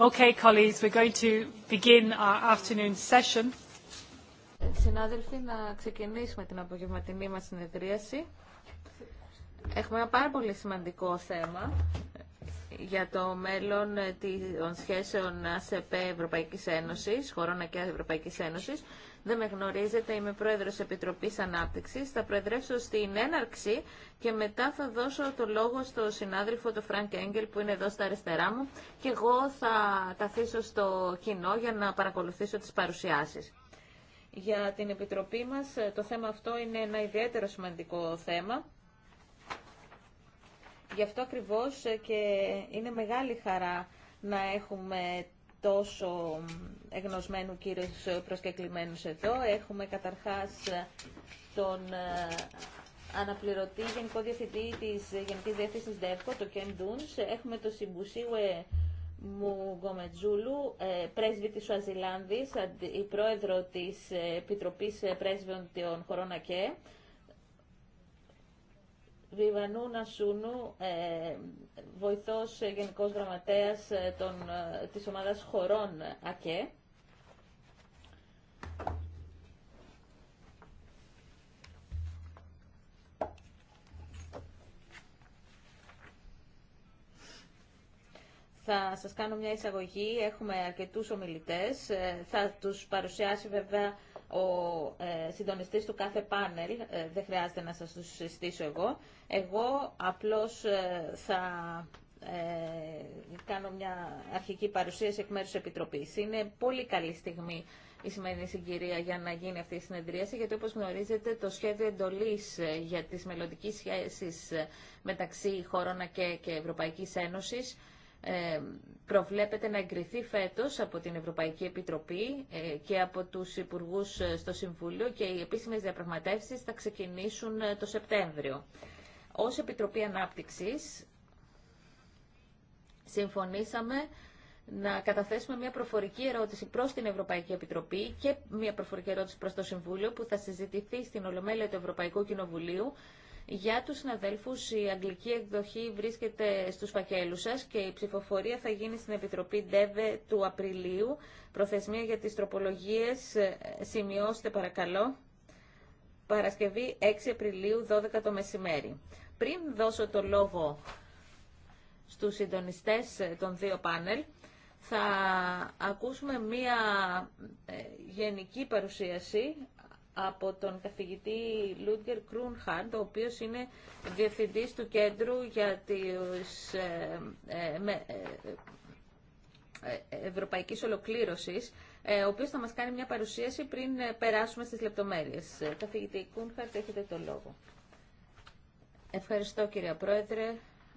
Okay, colleagues, we're going to begin our afternoon session. Συνάδελφοι, να ξεκινήσουμε την απογευματινή μας συνεδρίαση. Έχουμε ένα πάρα πολύ σημαντικό θέμα για το μέλλον ε, των σχέσεων ΑΣΕΠΕ Ευρωπαϊκής Ένωσης, χωρών και Ευρωπαϊκής Ένωσης. Δεν με γνωρίζετε, είμαι πρόεδρος Επιτροπής Ανάπτυξης. Θα προεδρεύσω στην έναρξη και μετά θα δώσω το λόγο στο συνάδελφο του Φρανκ Έγκελ που είναι εδώ στα αριστερά μου και εγώ θα τα αφήσω στο κοινό για να παρακολουθήσω τι παρουσιάσει. Για την Επιτροπή μας ε, το θέμα αυτό είναι ένα ιδιαίτερο σημαντικό θέμα Γι' αυτό ακριβώς ε, και είναι μεγάλη χαρά να έχουμε τόσο εγνωσμένου κύριους ε, προσκεκλημένους εδώ. Έχουμε καταρχάς ε, τον αναπληρωτή Γενικό Διευθυντή της Γενικής Διεύθυνσης ΔΕΒΚΟ, το Κεν Ντούνς. Έχουμε τον μου Γκομετζούλου, πρέσβη της Σουαζιλάνδης, η πρόεδρο της Επιτροπής Πρέσβεων των Χωρών ΑΚΕ. Βιβανού Νασούνου, ε, βοηθός ε, γενικός γραμματέας ε, των, ε, της ομάδας χωρών ΑΚΕ. Θα σας κάνω μια εισαγωγή. Έχουμε αρκετούς ομιλητές. Θα τους παρουσιάσει βέβαια ο ε, συντονιστής του κάθε πάνελ, ε, δεν χρειάζεται να σας τους συστήσω εγώ. Εγώ απλώς ε, θα ε, κάνω μια αρχική παρουσίαση εκ μέρους Επιτροπής. Είναι πολύ καλή στιγμή η σημερινή συγκυρία για να γίνει αυτή η συνεδρίαση, γιατί όπως γνωρίζετε το σχέδιο εντολής για τις μελλοντικές σχέσεις μεταξύ χωρών και, και Ευρωπαϊκής Ένωσης ε, προβλέπεται να εγκριθεί φέτος από την Ευρωπαϊκή Επιτροπή ε, και από τους Υπουργούς ε, στο Συμβούλιο και οι επίσημες διαπραγματεύσεις θα ξεκινήσουν το Σεπτέμβριο. Ως Επιτροπή Ανάπτυξης συμφωνήσαμε να καταθέσουμε μια προφορική ερώτηση προς την Ευρωπαϊκή Επιτροπή και μια προφορική ερώτηση προς το Συμβούλιο που θα συζητηθεί στην Ολομέλεια του Ευρωπαϊκού Κοινοβουλίου για τους συναδέλφους η αγγλική εκδοχή βρίσκεται στους φακέλους σας και η ψηφοφορία θα γίνει στην Επιτροπή ΔΕΒΕ του Απριλίου. Προθεσμία για τις τροπολογίες ε, σημειώστε παρακαλώ. Παρασκευή 6 Απριλίου 12 το μεσημέρι. Πριν δώσω το λόγο στους συντονιστές ε, των δύο πάνελ, θα ακούσουμε μία ε, γενική παρουσίαση από τον καθηγητή Λούντγκερ Κρούνχαρντ, ο οποίος είναι διευθυντής του Κέντρου για τις ε, ε, ε, ε Ευρωπαϊκής Ολοκλήρωσης, ε, ο οποίος θα μας κάνει μια παρουσίαση πριν περάσουμε στις λεπτομέρειες. Καθηγητή Κρούνχαρντ, έχετε το λόγο. Ευχαριστώ κύριε Πρόεδρε,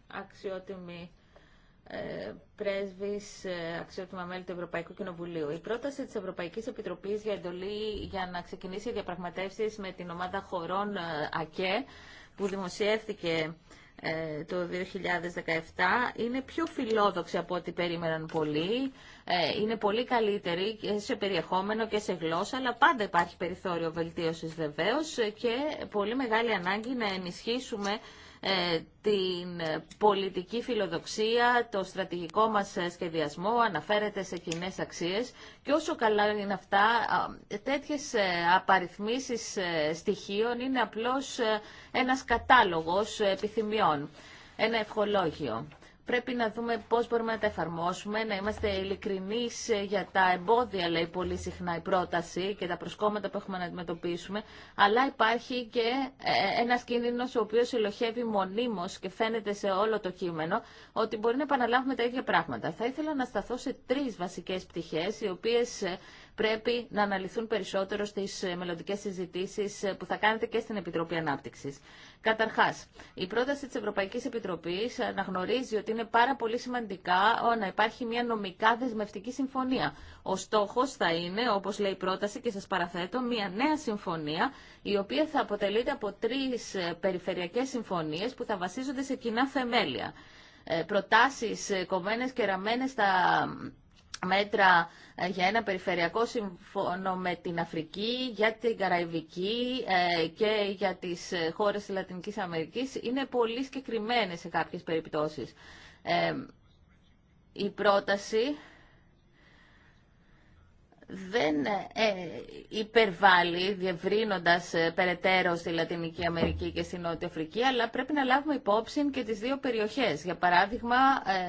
αξιότιμη. Ε, πρέσβης ε, αξιότιμα μέλη του Ευρωπαϊκού Κοινοβουλίου. Η πρόταση της Ευρωπαϊκής Επιτροπής για εντολή για να ξεκινήσει διαπραγματεύσεις με την ομάδα χωρών ε, ΑΚΕ που δημοσιεύθηκε το 2017 είναι πιο φιλόδοξη από ό,τι περίμεναν πολλοί. Είναι πολύ καλύτερη και σε περιεχόμενο και σε γλώσσα, αλλά πάντα υπάρχει περιθώριο βελτίωσης βεβαίως και πολύ μεγάλη ανάγκη να ενισχύσουμε ε, την πολιτική φιλοδοξία, το στρατηγικό μας σχεδιασμό, αναφέρεται σε κοινέ αξίες και όσο καλά είναι αυτά, ε, τέτοιες ε, απαριθμίσεις στοιχείων είναι απλώς ένας κατάλογος επιθυμιών, ένα ευχολόγιο πρέπει να δούμε πώς μπορούμε να τα εφαρμόσουμε, να είμαστε ειλικρινεί ε, για τα εμπόδια, λέει πολύ συχνά η πρόταση και τα προσκόμματα που έχουμε να αντιμετωπίσουμε, αλλά υπάρχει και ε, ένας κίνδυνος ο οποίος ελοχεύει μονίμως και φαίνεται σε όλο το κείμενο ότι μπορεί να επαναλάβουμε τα ίδια πράγματα. Θα ήθελα να σταθώ σε τρεις βασικές πτυχές, οι οποίες ε, πρέπει να αναλυθούν περισσότερο στι ε, μελλοντικέ συζητήσει ε, που θα κάνετε και στην Επιτροπή ανάπτυξη. Καταρχά, η πρόταση τη Ευρωπαϊκή Επιτροπή αναγνωρίζει ότι είναι πάρα πολύ σημαντικά να υπάρχει μια νομικά δεσμευτική συμφωνία. Ο στόχο θα είναι, όπω λέει η πρόταση και σα παραθέτω, μια νέα συμφωνία η οποία θα αποτελείται από τρει ε, περιφερειακέ συμφωνίε που θα βασίζονται σε κοινά θεμέλια. Προτάσεις κομμένες και ραμμένες στα μέτρα ε, για ένα περιφερειακό σύμφωνο με την Αφρική, για την Καραϊβική ε, και για τις ε, χώρες της Λατινικής Αμερικής είναι πολύ συγκεκριμένε σε κάποιες περιπτώσεις. Η πρόταση δεν ε, ε, υπερβάλλει διευρύνοντας ε, περαιτέρω στη Λατινική Αμερική και στη Νότια Αφρική, αλλά πρέπει να λάβουμε υπόψη και τις δύο περιοχές. Για παράδειγμα,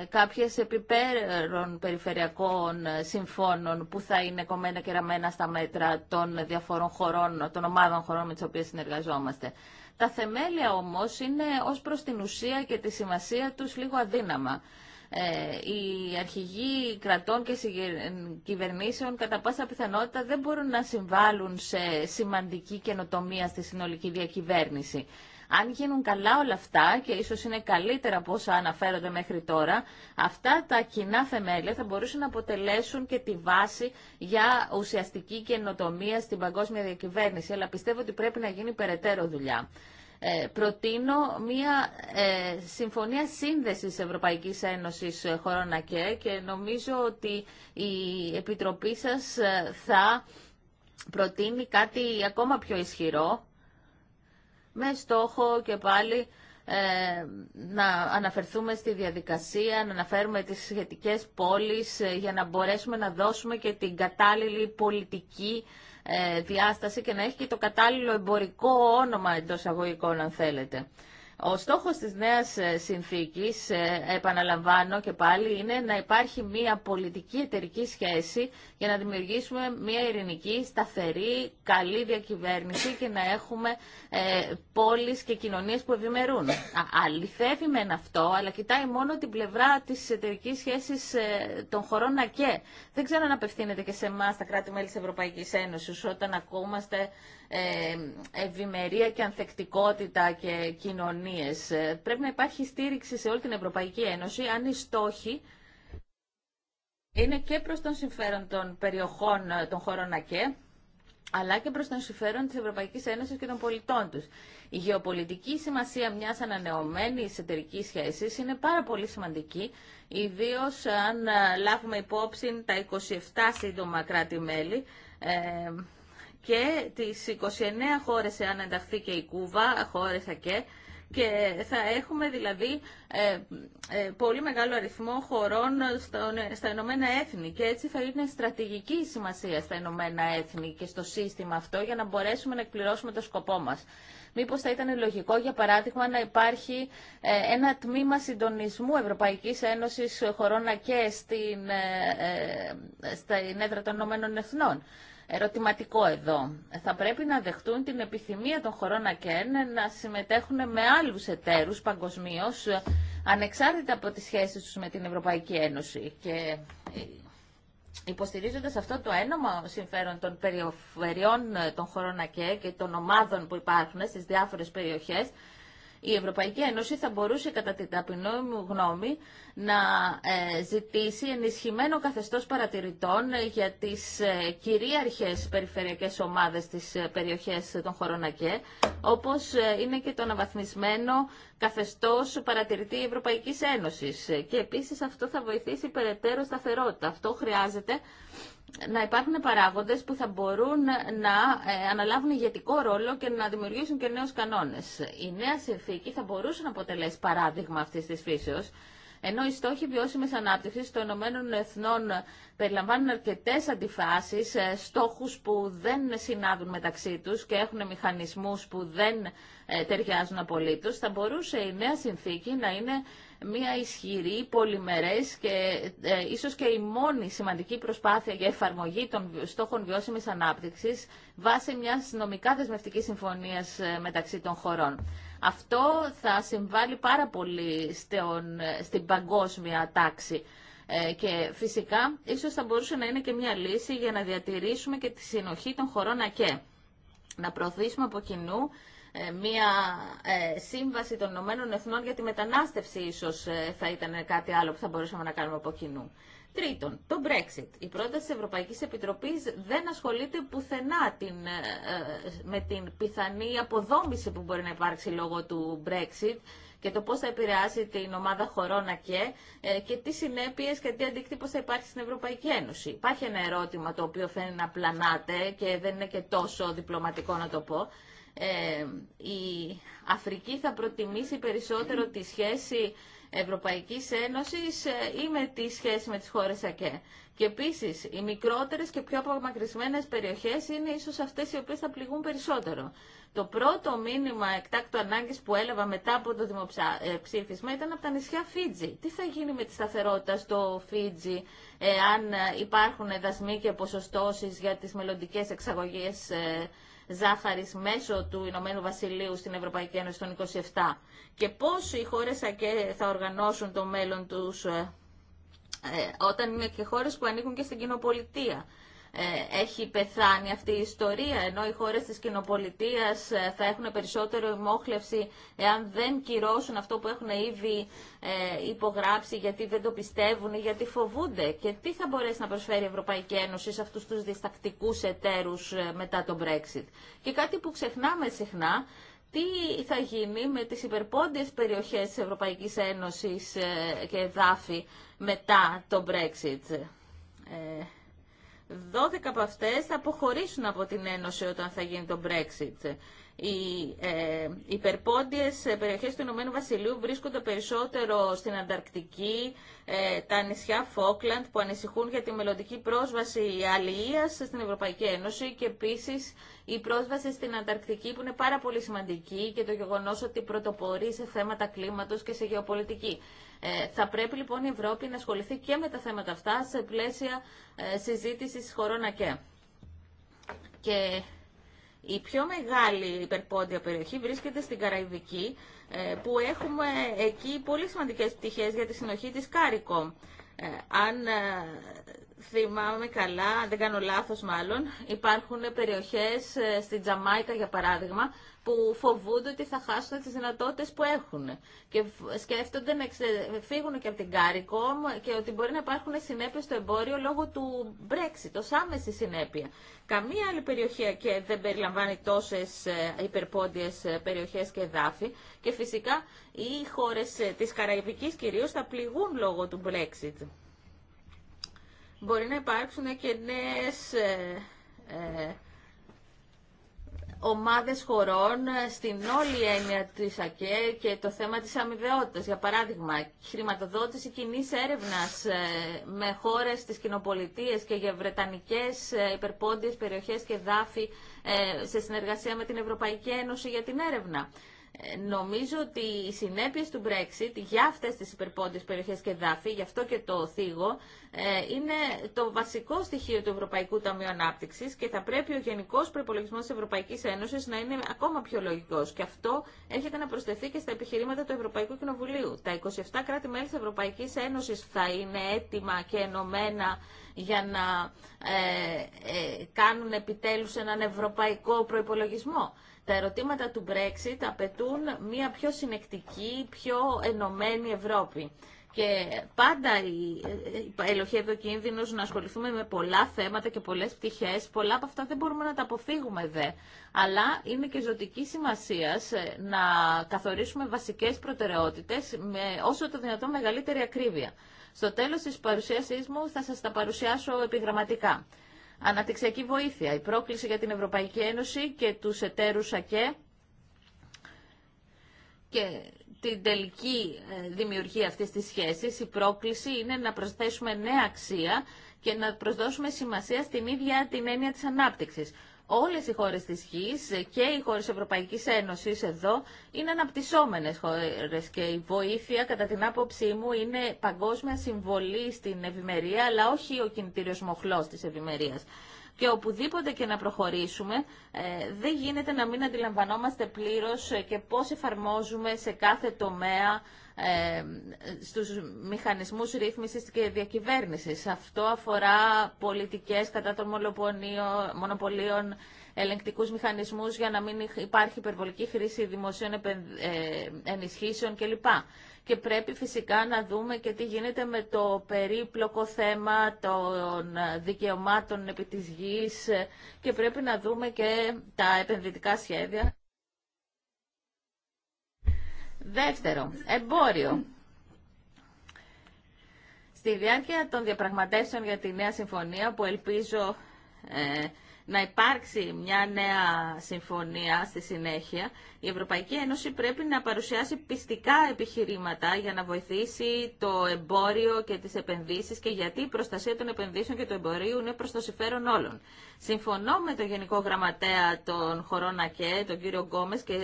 ε, κάποιες επιπέρων περιφερειακών ε, συμφώνων που θα είναι κομμένα και ραμμένα στα μέτρα των διαφορών χωρών, των ομάδων χωρών με τις οποίες συνεργαζόμαστε. Τα θεμέλια όμως είναι ως προς την ουσία και τη σημασία τους λίγο αδύναμα. Ε, οι αρχηγοί κρατών και ε, κυβερνήσεων κατά πάσα πιθανότητα δεν μπορούν να συμβάλλουν σε σημαντική καινοτομία στη συνολική διακυβέρνηση. Αν γίνουν καλά όλα αυτά και ίσως είναι καλύτερα από όσα αναφέρονται μέχρι τώρα, αυτά τα κοινά θεμέλια θα μπορούσαν να αποτελέσουν και τη βάση για ουσιαστική καινοτομία στην παγκόσμια διακυβέρνηση. Αλλά πιστεύω ότι πρέπει να γίνει περαιτέρω δουλειά. Ε, προτείνω μία ε, συμφωνία σύνδεσης Ευρωπαϊκής Ένωσης ε, χωρών και νομίζω ότι η Επιτροπή σας θα προτείνει κάτι ακόμα πιο ισχυρό με στόχο και πάλι να αναφερθούμε στη διαδικασία, να αναφέρουμε τις σχετικές πόλεις για να μπορέσουμε να δώσουμε και την κατάλληλη πολιτική ε, διάσταση και να έχει και το κατάλληλο εμπορικό όνομα εντό αγωγικών αν θέλετε. Ο στόχος της νέας ε, συνθήκης, ε, επαναλαμβάνω και πάλι, είναι να υπάρχει μια πολιτική εταιρική σχέση για να δημιουργήσουμε μια ειρηνική, σταθερή, καλή διακυβέρνηση και να έχουμε ε, πόλεις και κοινωνίες που ευημερούν. αληθεύει μεν αυτό, αλλά κοιτάει μόνο την πλευρά της εταιρική σχέσης ε, των χωρών και. Δεν ξέρω αν απευθύνεται και σε εμά τα κράτη-μέλη της Ευρωπαϊκής Ένωσης όταν ακούμαστε ε, ευημερία και ανθεκτικότητα και κοινωνίες. Ε, πρέπει να υπάρχει στήριξη σε όλη την Ευρωπαϊκή Ένωση αν οι στόχοι είναι και προς τον συμφέρον των περιοχών ε, των χωρών ΑΚΕ, αλλά και προς τον συμφέρον της Ευρωπαϊκής Ένωσης και των πολιτών τους. Η γεωπολιτική σημασία μιας ανανεωμένης εταιρικής σχέσης είναι πάρα πολύ σημαντική, ιδίως αν ε, λάβουμε υπόψη τα 27 σύντομα κράτη-μέλη, ε, και τις 29 χώρες εάν ενταχθεί και η Κούβα, χώρες ΑΚΕ, και θα έχουμε δηλαδή ε, ε, πολύ μεγάλο αριθμό χωρών στα Ηνωμένα Έθνη και έτσι θα είναι στρατηγική σημασία στα Ηνωμένα Έθνη και στο σύστημα αυτό για να μπορέσουμε να εκπληρώσουμε το σκοπό μας. Μήπως θα ήταν λογικό, για παράδειγμα, να υπάρχει ε, ένα τμήμα συντονισμού Ευρωπαϊκής Ένωσης χωρών και στην, στην έδρα των Ηνωμένων Εθνών ερωτηματικό εδώ. Θα πρέπει να δεχτούν την επιθυμία των χωρών ΑΚΕΝ να συμμετέχουν με άλλους εταίρους παγκοσμίω, ανεξάρτητα από τις σχέσεις τους με την Ευρωπαϊκή Ένωση. Και ε, υποστηρίζοντας αυτό το ένομα συμφέρον των περιοφεριών ε, των χωρών ΑΚΕ και των ομάδων που υπάρχουν στις διάφορες περιοχές, η Ευρωπαϊκή Ένωση θα μπορούσε κατά την ταπεινό μου γνώμη να ε, ζητήσει ενισχυμένο καθεστώς παρατηρητών ε, για τις ε, κυρίαρχες περιφερειακές ομάδες της περιοχές των χωρών ΑΚΕ, όπως είναι και το αναβαθμισμένο καθεστώς παρατηρητή Ευρωπαϊκής Ένωσης. Και επίσης αυτό θα βοηθήσει περαιτέρω σταθερότητα. Αυτό χρειάζεται να υπάρχουν παράγοντε που θα μπορούν να ε, αναλάβουν ηγετικό ρόλο και να δημιουργήσουν και νέους κανόνες. Η νέα συνθήκη θα μπορούσε να αποτελέσει παράδειγμα αυτής της φύσεως, ενώ οι στόχοι βιώσιμη ανάπτυξη των ΗΠΑ Εθνών περιλαμβάνουν αρκετέ αντιφάσει, ε, στόχου που δεν συνάδουν μεταξύ του και έχουν μηχανισμού που δεν ε, ταιριάζουν απολύτω, θα μπορούσε η νέα συνθήκη να είναι μια ισχυρή, πολυμερές και ε, ίσως και η μόνη σημαντική προσπάθεια για εφαρμογή των στόχων βιώσιμης ανάπτυξης βάσει μιας νομικά δεσμευτικής συμφωνίας ε, μεταξύ των χωρών. Αυτό θα συμβάλλει πάρα πολύ ε, στην παγκόσμια τάξη ε, και φυσικά ίσως θα μπορούσε να είναι και μια λύση για να διατηρήσουμε και τη συνοχή των χωρών ΑΚΕ. Να προωθήσουμε από κοινού ε, μια ε, σύμβαση των Ηνωμένων Εθνών για τη μετανάστευση ίσως ε, θα ήταν κάτι άλλο που θα μπορούσαμε να κάνουμε από κοινού. Τρίτον, το Brexit. Η πρόταση της Ευρωπαϊκής Επιτροπής δεν ασχολείται πουθενά την, με την πιθανή αποδόμηση που μπορεί να υπάρξει λόγω του Brexit και το πώς θα επηρεάσει την ομάδα χωρών και τι συνέπειες και τι αντίκτυπο θα υπάρχει στην Ευρωπαϊκή Ένωση. Υπάρχει ένα ερώτημα το οποίο φαίνεται να πλανάται και δεν είναι και τόσο διπλωματικό να το πω η Αφρική θα προτιμήσει περισσότερο τη σχέση Ευρωπαϊκής Ένωσης ε, ή με τη σχέση με τις χώρες ΑΚΕ. Και επίσης, οι μικρότερες και πιο απομακρυσμένες περιοχές είναι ίσως αυτές οι οποίες θα πληγούν περισσότερο. Το πρώτο μήνυμα εκτάκτου ανάγκης που έλαβα μετά από το δημοψήφισμα ε, ήταν από τα νησιά Φίτζι. Τι θα γίνει με τη σταθερότητα στο Φίτζι, ε, αν υπάρχουν δασμοί και ποσοστώσεις για τις μελλοντικέ εξαγωγές Ζάχαρη μέσω του Ηνωμένου Βασιλείου στην Ευρωπαϊκή Ένωση των 27 και πώ οι χώρες θα οργανώσουν το μέλλον τους ε, ε, όταν είναι και χώρες που ανήκουν και στην κοινοπολιτεία. Ε, έχει πεθάνει αυτή η ιστορία, ενώ οι χώρες της κοινοπολιτείας ε, θα έχουν περισσότερο ημόχλευση εάν δεν κυρώσουν αυτό που έχουν ήδη ε, υπογράψει γιατί δεν το πιστεύουν ή γιατί φοβούνται. Και τι θα μπορέσει να προσφέρει η Ευρωπαϊκή Ένωση σε αυτούς τους διστακτικούς εταίρους μετά τον Brexit. Και κάτι που ξεχνάμε συχνά, τι θα γίνει με τις υπερπόντιες περιοχές της Ευρωπαϊκής Ένωσης και εδάφη μετά το Brexit. 12 από αυτές θα αποχωρήσουν από την Ένωση όταν θα γίνει το Brexit. Οι ε, υπερπόντιες περιοχές του Ηνωμένου Βασιλείου βρίσκονται περισσότερο στην Ανταρκτική, ε, τα νησιά Φόκλαντ που ανησυχούν για τη μελλοντική πρόσβαση αλληλείας στην Ευρωπαϊκή Ένωση και επίσης η πρόσβαση στην Ανταρκτική που είναι πάρα πολύ σημαντική και το γεγονός ότι πρωτοπορεί σε θέματα κλίματος και σε γεωπολιτική. Ε, θα πρέπει λοιπόν η Ευρώπη να ασχοληθεί και με τα θέματα αυτά σε πλαίσια ε, συζήτησης χωρών Και η πιο μεγάλη υπερπόντια περιοχή βρίσκεται στην Καραϊβική, ε, που έχουμε εκεί πολύ σημαντικές πτυχές για τη συνοχή της Κάρικο. Ε, αν ε, θυμάμαι καλά, αν δεν κάνω λάθος μάλλον, υπάρχουν περιοχές στην Τζαμάικα για παράδειγμα, που φοβούνται ότι θα χάσουν τις δυνατότητες που έχουν και σκέφτονται να φύγουν και από την Caricom και ότι μπορεί να υπάρχουν συνέπειες στο εμπόριο λόγω του Brexit, ως άμεση συνέπεια. Καμία άλλη περιοχή και δεν περιλαμβάνει τόσες ε, υπερπόντιες ε, περιοχές και εδάφη και φυσικά οι χώρες ε, της Καραϊβικής κυρίως θα πληγούν λόγω του Brexit. Μπορεί να υπάρξουν και νέες... ε, ομάδες χωρών ε, στην όλη έννοια της ΑΚΕ και το θέμα της αμοιβαιότητας. Για παράδειγμα, χρηματοδότηση κοινή έρευνας ε, με χώρες της κοινοπολιτείας και για βρετανικές ε, υπερπόντιες περιοχές και δάφη σε συνεργασία με την Ευρωπαϊκή Ένωση για την έρευνα νομίζω ότι οι συνέπειες του Brexit για αυτές τις υπερπόντιες περιοχές και δάφη, γι' αυτό και το θίγω, ε, είναι το βασικό στοιχείο του Ευρωπαϊκού Ταμείου Ανάπτυξης και θα πρέπει ο γενικός προπολογισμό της Ευρωπαϊκής Ένωσης να είναι ακόμα πιο λογικός. Και αυτό έρχεται να προσθεθεί και στα επιχειρήματα του Ευρωπαϊκού Κοινοβουλίου. Τα 27 κράτη-μέλη της Ευρωπαϊκής Ένωσης θα είναι έτοιμα και ενωμένα για να ε, ε κάνουν επιτέλους έναν ευρωπαϊκό προπολογισμό. Τα ερωτήματα του Brexit απαιτούν μια πιο συνεκτική, πιο ενωμένη Ευρώπη. Και πάντα ελοχεύει ο κίνδυνο να ασχοληθούμε με πολλά θέματα και πολλέ πτυχέ. Πολλά από αυτά δεν μπορούμε να τα αποφύγουμε δε. Αλλά είναι και ζωτική σημασία ε, να καθορίσουμε βασικέ προτεραιότητε με όσο το δυνατόν μεγαλύτερη ακρίβεια. Στο τέλο τη παρουσίασή μου θα σα τα παρουσιάσω επιγραμματικά. Αναπτυξιακή βοήθεια, η πρόκληση για την Ευρωπαϊκή Ένωση και τους εταίρους ΑΚΕ και την τελική ε, δημιουργία αυτής της σχέσης, η πρόκληση είναι να προσθέσουμε νέα αξία και να προσδώσουμε σημασία στην ίδια την έννοια της ανάπτυξης όλες οι χώρες της Γης και οι χώρες Ευρωπαϊκής Ένωσης εδώ είναι αναπτυσσόμενες χώρες και η βοήθεια κατά την άποψή μου είναι παγκόσμια συμβολή στην ευημερία αλλά όχι ο κινητήριος μοχλός της ευημερίας. Και οπουδήποτε και να προχωρήσουμε, ε, δεν γίνεται να μην αντιλαμβανόμαστε πλήρως ε, και πώς εφαρμόζουμε σε κάθε τομέα στους μηχανισμούς ρύθμισης και διακυβέρνησης. Αυτό αφορά πολιτικές κατά των μονοπωλίων, ελεγκτικούς μηχανισμούς για να μην υπάρχει υπερβολική χρήση δημοσίων ε, ενισχύσεων κλπ. Και πρέπει φυσικά να δούμε και τι γίνεται με το περίπλοκο θέμα των δικαιωμάτων επί της γης και πρέπει να δούμε και τα επενδυτικά σχέδια. Δεύτερο, εμπόριο. Στη διάρκεια των διαπραγματεύσεων για τη νέα συμφωνία που ελπίζω ε, να υπάρξει μια νέα συμφωνία στη συνέχεια, η Ευρωπαϊκή Ένωση πρέπει να παρουσιάσει πιστικά επιχειρήματα για να βοηθήσει το εμπόριο και τις επενδύσεις και γιατί η προστασία των επενδύσεων και του εμπορίου είναι προς το συμφέρον όλων. Συμφωνώ με τον Γενικό Γραμματέα των χωρών ΑΚΕ, τον κύριο Γκόμες και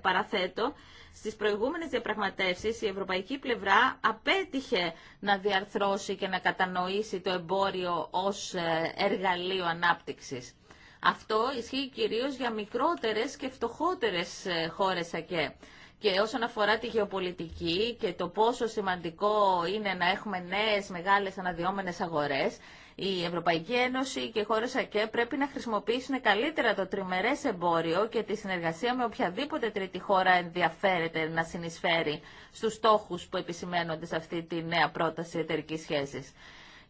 παραθέτω στις προηγούμενες διαπραγματεύσεις η ευρωπαϊκή πλευρά απέτυχε να διαρθρώσει και να κατανοήσει το εμπόριο ως ε, εργαλείο ανάπτυξης. Αυτό ισχύει κυρίως για μικρότερες και φτωχότερες ε, χώρες ΑΚΕ. Και όσον αφορά τη γεωπολιτική και το πόσο σημαντικό είναι να έχουμε νέες μεγάλες αναδυόμενες αγορές, η Ευρωπαϊκή Ένωση και οι χώρες ΑΚΕ πρέπει να χρησιμοποιήσουν καλύτερα το τριμερές εμπόριο και τη συνεργασία με οποιαδήποτε τρίτη χώρα ενδιαφέρεται να συνεισφέρει στου στόχου που επισημαίνονται σε αυτή τη νέα πρόταση εταιρική σχέσης.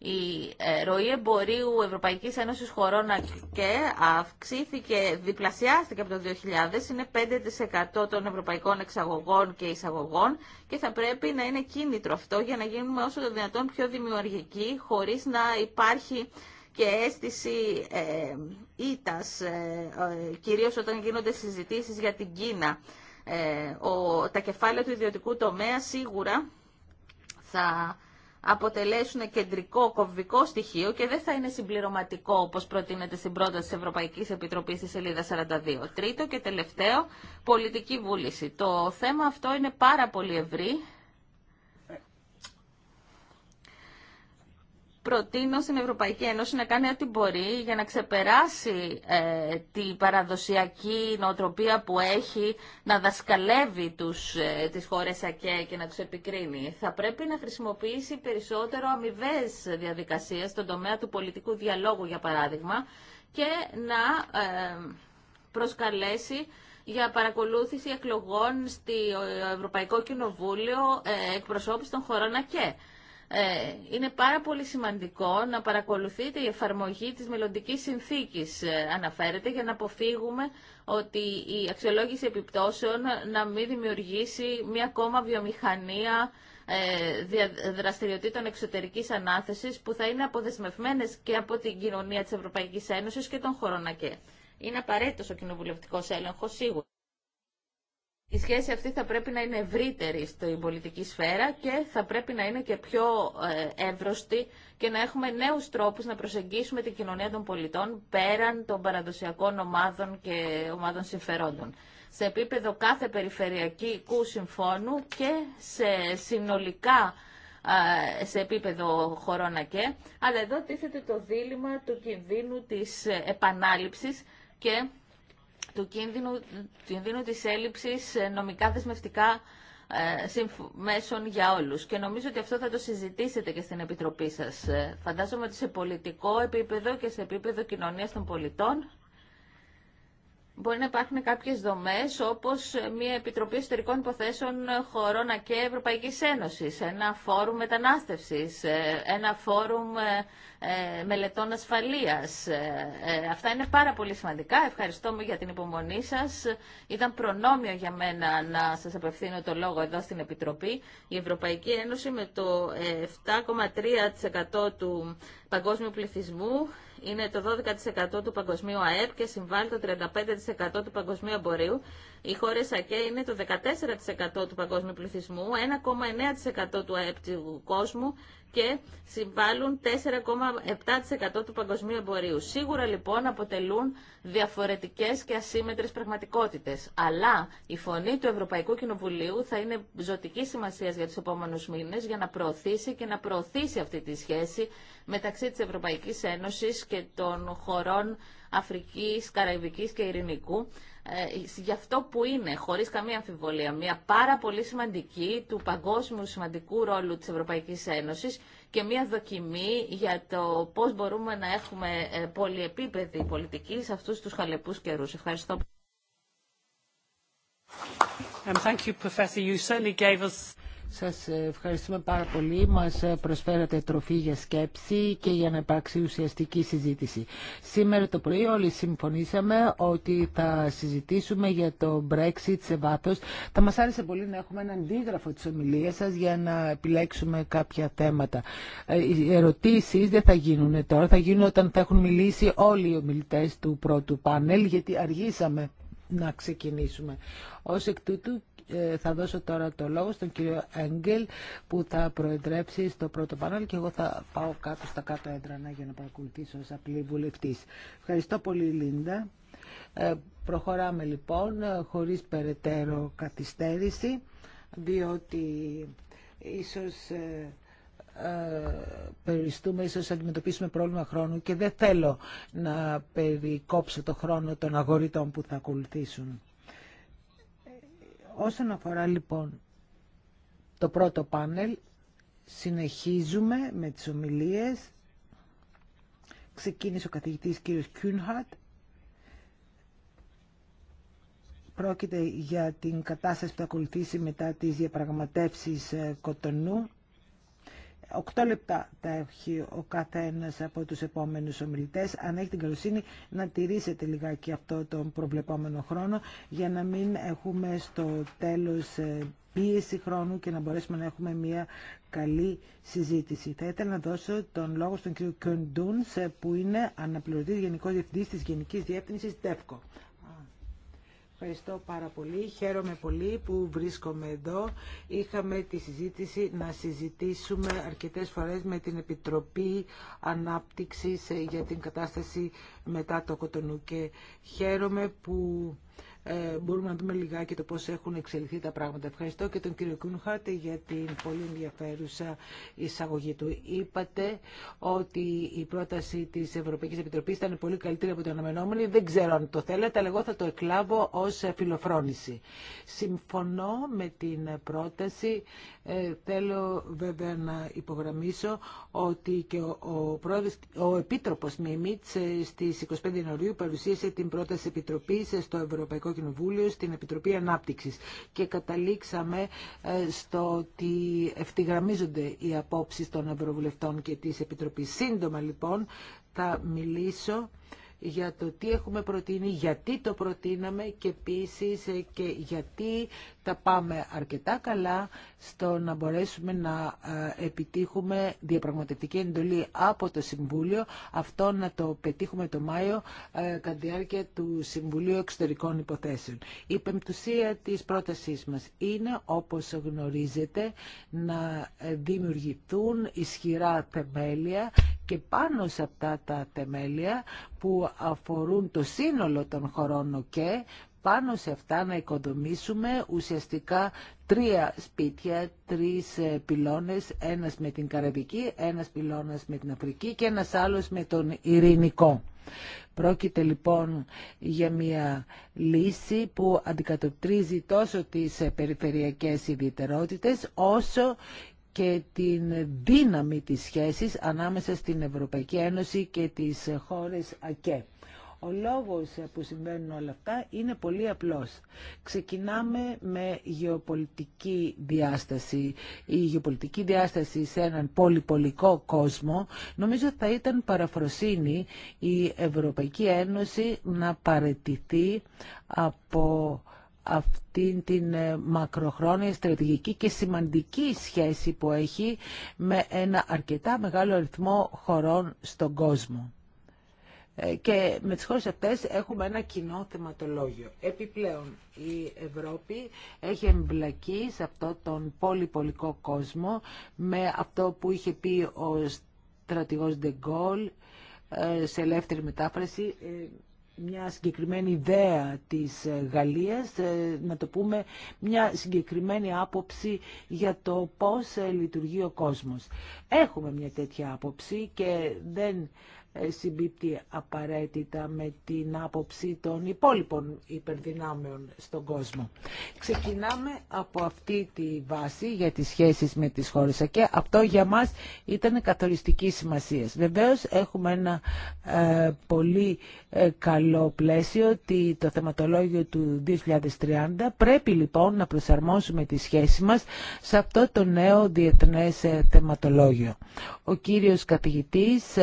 Η ε, ροή εμπορίου Ευρωπαϊκής Ένωσης χωρών και αυξήθηκε, διπλασιάστηκε από το 2000, είναι 5% των ευρωπαϊκών εξαγωγών και εισαγωγών και θα πρέπει να είναι κίνητρο αυτό για να γίνουμε όσο το δυνατόν πιο δημιουργικοί χωρίς να υπάρχει και αίσθηση ε, ήτας, ε, ε, κυρίως όταν γίνονται συζητήσεις για την Κίνα. ο, τα κεφάλαια του ιδιωτικού τομέα σίγουρα θα αποτελέσουν κεντρικό κομβικό στοιχείο και δεν θα είναι συμπληρωματικό όπως προτείνεται στην πρόταση τη Ευρωπαϊκή Επιτροπή στη σελίδα 42. Τρίτο και τελευταίο, πολιτική βούληση. Το θέμα αυτό είναι πάρα πολύ ευρύ προτείνω στην Ευρωπαϊκή Ένωση να κάνει ό,τι μπορεί για να ξεπεράσει ε, τη παραδοσιακή νοοτροπία που έχει να δασκαλεύει τους, ε, τις χώρες ΑΚΕ και να τους επικρίνει. Θα πρέπει να χρησιμοποιήσει περισσότερο αμοιβέ διαδικασίες στον τομέα του πολιτικού διαλόγου, για παράδειγμα, και να ε, προσκαλέσει για παρακολούθηση εκλογών στο Ευρωπαϊκό Κοινοβούλιο ε, εκπροσώπηση των χωρών ΑΚΕ. Ε, είναι πάρα πολύ σημαντικό να παρακολουθείτε η εφαρμογή της μελλοντική συνθήκης ε, αναφέρεται για να αποφύγουμε ότι η αξιολόγηση επιπτώσεων να μην δημιουργήσει μια ακόμα βιομηχανία ε, δραστηριοτήτων εξωτερικής ανάθεσης που θα είναι αποδεσμευμένες και από την κοινωνία της Ευρωπαϊκής Ένωσης και των χωρών ΑΚΕ. Είναι απαραίτητος ο κοινοβουλευτικός έλεγχος σίγουρα. Η σχέση αυτή θα πρέπει να είναι ευρύτερη στην πολιτική σφαίρα και θα πρέπει να είναι και πιο ε, εύρωστη και να έχουμε νέους τρόπους να προσεγγίσουμε την κοινωνία των πολιτών πέραν των παραδοσιακών ομάδων και ομάδων συμφερόντων. Σε επίπεδο κάθε περιφερειακού συμφώνου και σε συνολικά σε επίπεδο χωρών και. αλλά εδώ τίθεται το δίλημα του κινδύνου της επανάληψης και του κίνδυνου, κίνδυνου της έλλειψης ε, νομικά δεσμευτικά ε, μέσων για όλους. Και νομίζω ότι αυτό θα το συζητήσετε και στην Επιτροπή σας. Ε, φαντάζομαι ότι σε πολιτικό επίπεδο και σε επίπεδο κοινωνίας των πολιτών Μπορεί να υπάρχουν κάποιες δομές όπως μια Επιτροπή Εσωτερικών Υποθέσεων Χωρών και Ευρωπαϊκής Ένωσης, ένα φόρουμ μετανάστευσης, ε, ένα φόρουμ ε, ε, μελετών ασφαλείας. Αυτά είναι πάρα πολύ σημαντικά. Ευχαριστώ για την υπομονή σας. Ήταν προνόμιο για μένα να σας απευθύνω το λόγο εδώ στην Επιτροπή. Η Ευρωπαϊκή Ένωση με το 7,3% του παγκόσμιου πληθυσμού είναι το 12% του παγκοσμίου ΑΕΠ και συμβάλλει το 35% του παγκοσμίου εμπορίου, η χώρα ΑΚΕ είναι το 14% του παγκόσμιου πληθυσμού, 1,9% του ΑΕΠ κόσμου και συμβάλλουν 4,7% του παγκοσμίου εμπορίου. Σίγουρα λοιπόν αποτελούν διαφορετικές και ασύμετρες πραγματικότητες. Αλλά η φωνή του Ευρωπαϊκού Κοινοβουλίου θα είναι ζωτική σημασία για τους επόμενους μήνες για να προωθήσει και να προωθήσει αυτή τη σχέση μεταξύ της Ευρωπαϊκής Ένωσης και των χωρών Αφρικής, Καραϊβικής και Ειρηνικού ε, γι' αυτό που είναι, χωρίς καμία αμφιβολία, μια πάρα πολύ σημαντική του παγκόσμιου σημαντικού ρόλου της Ευρωπαϊκής Ένωσης και μια δοκιμή για το πώς μπορούμε να έχουμε ε, πολυεπίπεδη πολιτική σε αυτούς τους χαλεπούς καιρούς. Ευχαριστώ. Σας ευχαριστούμε πάρα πολύ. Μας προσφέρατε τροφή για σκέψη και για να υπάρξει ουσιαστική συζήτηση. Σήμερα το πρωί όλοι συμφωνήσαμε ότι θα συζητήσουμε για το Brexit σε βάθος. Θα μας άρεσε πολύ να έχουμε έναν αντίγραφο της ομιλίας σας για να επιλέξουμε κάποια θέματα. Ε, οι ερωτήσεις δεν θα γίνουν τώρα, θα γίνουν όταν θα έχουν μιλήσει όλοι οι ομιλητές του πρώτου πάνελ, γιατί αργήσαμε να ξεκινήσουμε. Ως εκ τούτου ε, θα δώσω τώρα το λόγο στον κύριο Έγγελ που θα προεδρέψει στο πρώτο πανέλ και εγώ θα πάω κάτω στα κάτω έντρανα για να παρακολουθήσω ως απλή βουλευτής. Ευχαριστώ πολύ Λίντα. Ε, προχωράμε λοιπόν ε, χωρίς περαιτέρω καθυστέρηση διότι ίσως ε, ε, περιστούμε, ίσως αντιμετωπίσουμε πρόβλημα χρόνου και δεν θέλω να περικόψω το χρόνο των αγορητών που θα ακολουθήσουν. Όσον αφορά λοιπόν το πρώτο πάνελ, συνεχίζουμε με τις ομιλίες. Ξεκίνησε ο καθηγητής κύριος Κιούνχατ. Πρόκειται για την κατάσταση που θα ακολουθήσει μετά τις διαπραγματεύσεις ε, Κοτονού. Οκτώ λεπτά τα έχει ο καθένας από τους επόμενους ομιλητές. Αν έχει την καλοσύνη να τηρήσετε λιγάκι αυτό τον προβλεπόμενο χρόνο για να μην έχουμε στο τέλος ε, πίεση χρόνου και να μπορέσουμε να έχουμε μια καλή συζήτηση. Θα ήθελα να δώσω τον λόγο στον κύριο Κιοντούν ε, που είναι αναπληρωτής Γενικός Διευθυντής της Γενικής Διεύθυνσης ΤΕΦΚΟ. Ευχαριστώ πάρα πολύ. Χαίρομαι πολύ που βρίσκομαι εδώ. Είχαμε τη συζήτηση να συζητήσουμε αρκετές φορές με την Επιτροπή Ανάπτυξης ε, για την κατάσταση μετά το Κοτονού και χαίρομαι που ε, μπορούμε να δούμε λιγάκι το πώς έχουν εξελιχθεί τα πράγματα. Ευχαριστώ και τον κύριο Κούνχαρτ για την πολύ ενδιαφέρουσα εισαγωγή του. Είπατε ότι η πρόταση της Ευρωπαϊκής Επιτροπής ήταν πολύ καλύτερη από την αναμενόμενη. Δεν ξέρω αν το θέλετε, αλλά εγώ θα το εκλάβω ως φιλοφρόνηση. Συμφωνώ με την πρόταση. Ε, θέλω βέβαια να υπογραμμίσω ότι και ο, ο, ο Επίτροπος Μιμίτς ε, στις 25 Ιανουαρίου παρουσίασε την πρόταση Επιτροπής στο Ευρωπαϊκό Ευρωπαϊκό Κοινοβούλιο στην Επιτροπή Ανάπτυξης και καταλήξαμε ε, στο ότι ευθυγραμμίζονται οι απόψεις των Ευρωβουλευτών και της Επιτροπής. Σύντομα λοιπόν θα μιλήσω για το τι έχουμε προτείνει, γιατί το προτείναμε και επίση ε, και γιατί τα πάμε αρκετά καλά στο να μπορέσουμε να ε, επιτύχουμε διαπραγματευτική εντολή από το Συμβούλιο, αυτό να το πετύχουμε το Μάιο ε, κατά τη διάρκεια του Συμβουλίου Εξωτερικών Υποθέσεων. Η πεμπτουσία της πρότασής μας είναι, όπως γνωρίζετε, να δημιουργηθούν ισχυρά θεμέλια και πάνω σε αυτά τα θεμέλια που αφορούν το σύνολο των χωρών και πάνω σε αυτά να οικοδομήσουμε ουσιαστικά τρία σπίτια, τρεις ε, πυλώνες, ένας με την Καραβική, ένας πυλώνας με την Αφρική και ένας άλλος με τον Ειρηνικό. Πρόκειται λοιπόν για μια λύση που αντικατοπτρίζει τόσο τις ε, περιφερειακές ιδιαιτερότητες όσο και την δύναμη της σχέσης ανάμεσα στην Ευρωπαϊκή Ένωση και τις χώρες ΑΚΕ. Ο λόγος που συμβαίνουν όλα αυτά είναι πολύ απλός. Ξεκινάμε με γεωπολιτική διάσταση. Η γεωπολιτική διάσταση σε έναν πολυπολικό κόσμο νομίζω θα ήταν παραφροσύνη η Ευρωπαϊκή Ένωση να παρετηθεί από αυτήν την ε, μακροχρόνια στρατηγική και σημαντική σχέση που έχει με ένα αρκετά μεγάλο αριθμό χωρών στον κόσμο. Ε, και με τις χώρες αυτές έχουμε ένα κοινό θεματολόγιο. Επιπλέον, η Ευρώπη έχει εμπλακεί σε αυτό τον πολυπολικό κόσμο με αυτό που είχε πει ο στρατηγός Ντεγκόλ σε ελεύθερη μετάφραση ε, μια συγκεκριμένη ιδέα της ε, Γαλλίας, ε, να το πούμε μια συγκεκριμένη άποψη για το πώς ε, λειτουργεί ο κόσμος. Έχουμε μια τέτοια άποψη και δεν ε, συμπίπτει απαραίτητα με την άποψη των υπόλοιπων υπερδυνάμεων στον κόσμο. Ξεκινάμε από αυτή τη βάση για τις σχέσεις με τις χώρες και αυτό για μας ήταν καθοριστική σημασία. Βεβαίως έχουμε ένα ε, πολύ ε, καλό πλαίσιο ότι το θεματολόγιο του 2030 πρέπει λοιπόν να προσαρμόσουμε τη σχέση μας σε αυτό το νέο διεθνές θεματολόγιο. Ο κύριος καθηγητής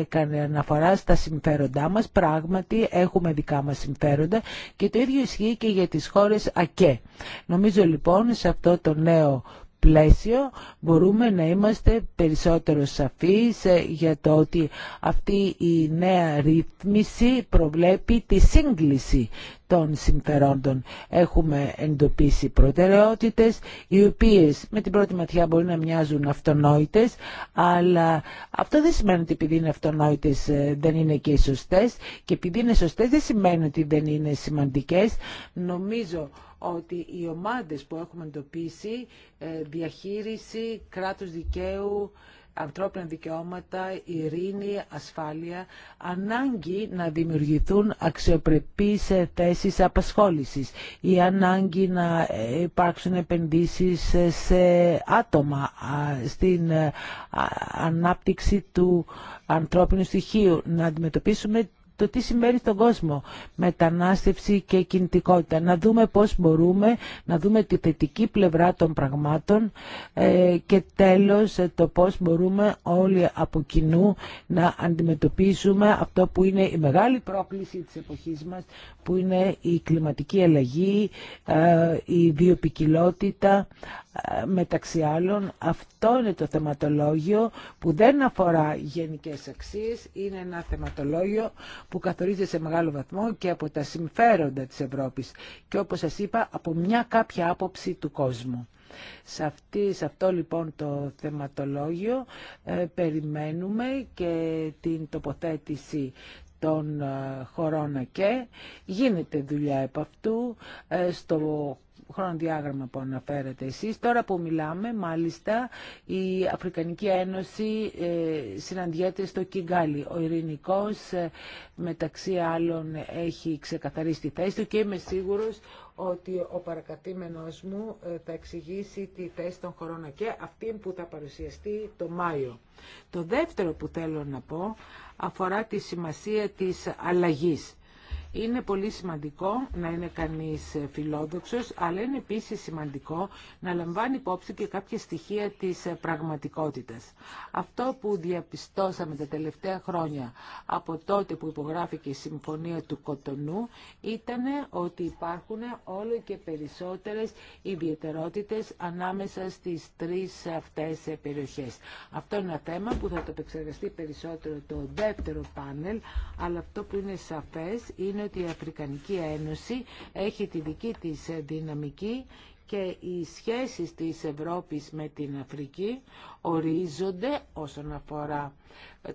έκανε αναφορά στα συμφέροντά μας. Πράγματι έχουμε δικά μας συμφέροντα και το ίδιο ισχύει και για τις χώρες ΑΚΕ. Νομίζω λοιπόν σε αυτό το νέο πλαίσιο μπορούμε να είμαστε περισσότερο σαφείς ε, για το ότι αυτή η νέα ρύθμιση προβλέπει τη σύγκληση των συμφερόντων. Έχουμε εντοπίσει προτεραιότητες οι οποίες με την πρώτη ματιά μπορεί να μοιάζουν αυτονόητες αλλά αυτό δεν σημαίνει ότι επειδή είναι αυτονόητες ε, δεν είναι και σωστές και επειδή είναι σωστές δεν σημαίνει ότι δεν είναι σημαντικές. Νομίζω ότι οι ομάδες που έχουμε εντοπίσει, ε, διαχείριση, κράτος δικαίου, ανθρώπινα δικαιώματα, ειρήνη, ασφάλεια, ανάγκη να δημιουργηθούν αξιοπρεπείς θέσεις απασχόλησης, η ανάγκη να υπάρξουν επενδύσεις σε άτομα, στην ε, ανάπτυξη του ανθρώπινου στοιχείου, να αντιμετωπίσουμε το τι συμβαίνει στον κόσμο. Μετανάστευση και κινητικότητα. Να δούμε πώς μπορούμε να δούμε τη θετική πλευρά των πραγμάτων ε, και τέλος ε, το πώς μπορούμε όλοι από κοινού να αντιμετωπίσουμε αυτό που είναι η μεγάλη πρόκληση της εποχής μας που είναι η κλιματική αλλαγή, ε, η βιοπικιλότητα μεταξύ άλλων αυτό είναι το θεματολόγιο που δεν αφορά γενικές αξίες είναι ένα θεματολόγιο που καθορίζεται σε μεγάλο βαθμό και από τα συμφέροντα της Ευρώπης και όπως σας είπα από μια κάποια άποψη του κόσμου. Σε, αυτή, σε αυτό λοιπόν το θεματολόγιο ε, περιμένουμε και την τοποθέτηση των ε, χωρών και γίνεται δουλειά επ' αυτού ε, στο χρονοδιάγραμμα που αναφέρατε εσείς. Τώρα που μιλάμε, μάλιστα, η Αφρικανική Ένωση ε, συναντιέται στο Κιγκάλι. Ο Ειρηνικός, ε, μεταξύ άλλων, έχει ξεκαθαρίσει τη θέση του και είμαι σίγουρος ότι ο παρακατήμενος μου ε, θα εξηγήσει τη θέση των χωρών και αυτή που θα παρουσιαστεί το Μάιο. Το δεύτερο που θέλω να πω αφορά τη σημασία της αλλαγής. Είναι πολύ σημαντικό να είναι κανείς φιλόδοξος, αλλά είναι επίσης σημαντικό να λαμβάνει υπόψη και κάποια στοιχεία της πραγματικότητας. Αυτό που διαπιστώσαμε τα τελευταία χρόνια από τότε που υπογράφηκε η Συμφωνία του Κοτονού ήταν ότι υπάρχουν όλο και περισσότερες ιδιαιτερότητες ανάμεσα στις τρεις αυτές περιοχές. Αυτό είναι ένα θέμα που θα το επεξεργαστεί περισσότερο το δεύτερο πάνελ, αλλά αυτό που είναι σαφές είναι ότι η Αφρικανική Ένωση έχει τη δική της δυναμική και οι σχέσεις της Ευρώπης με την Αφρική ορίζονται όσον αφορά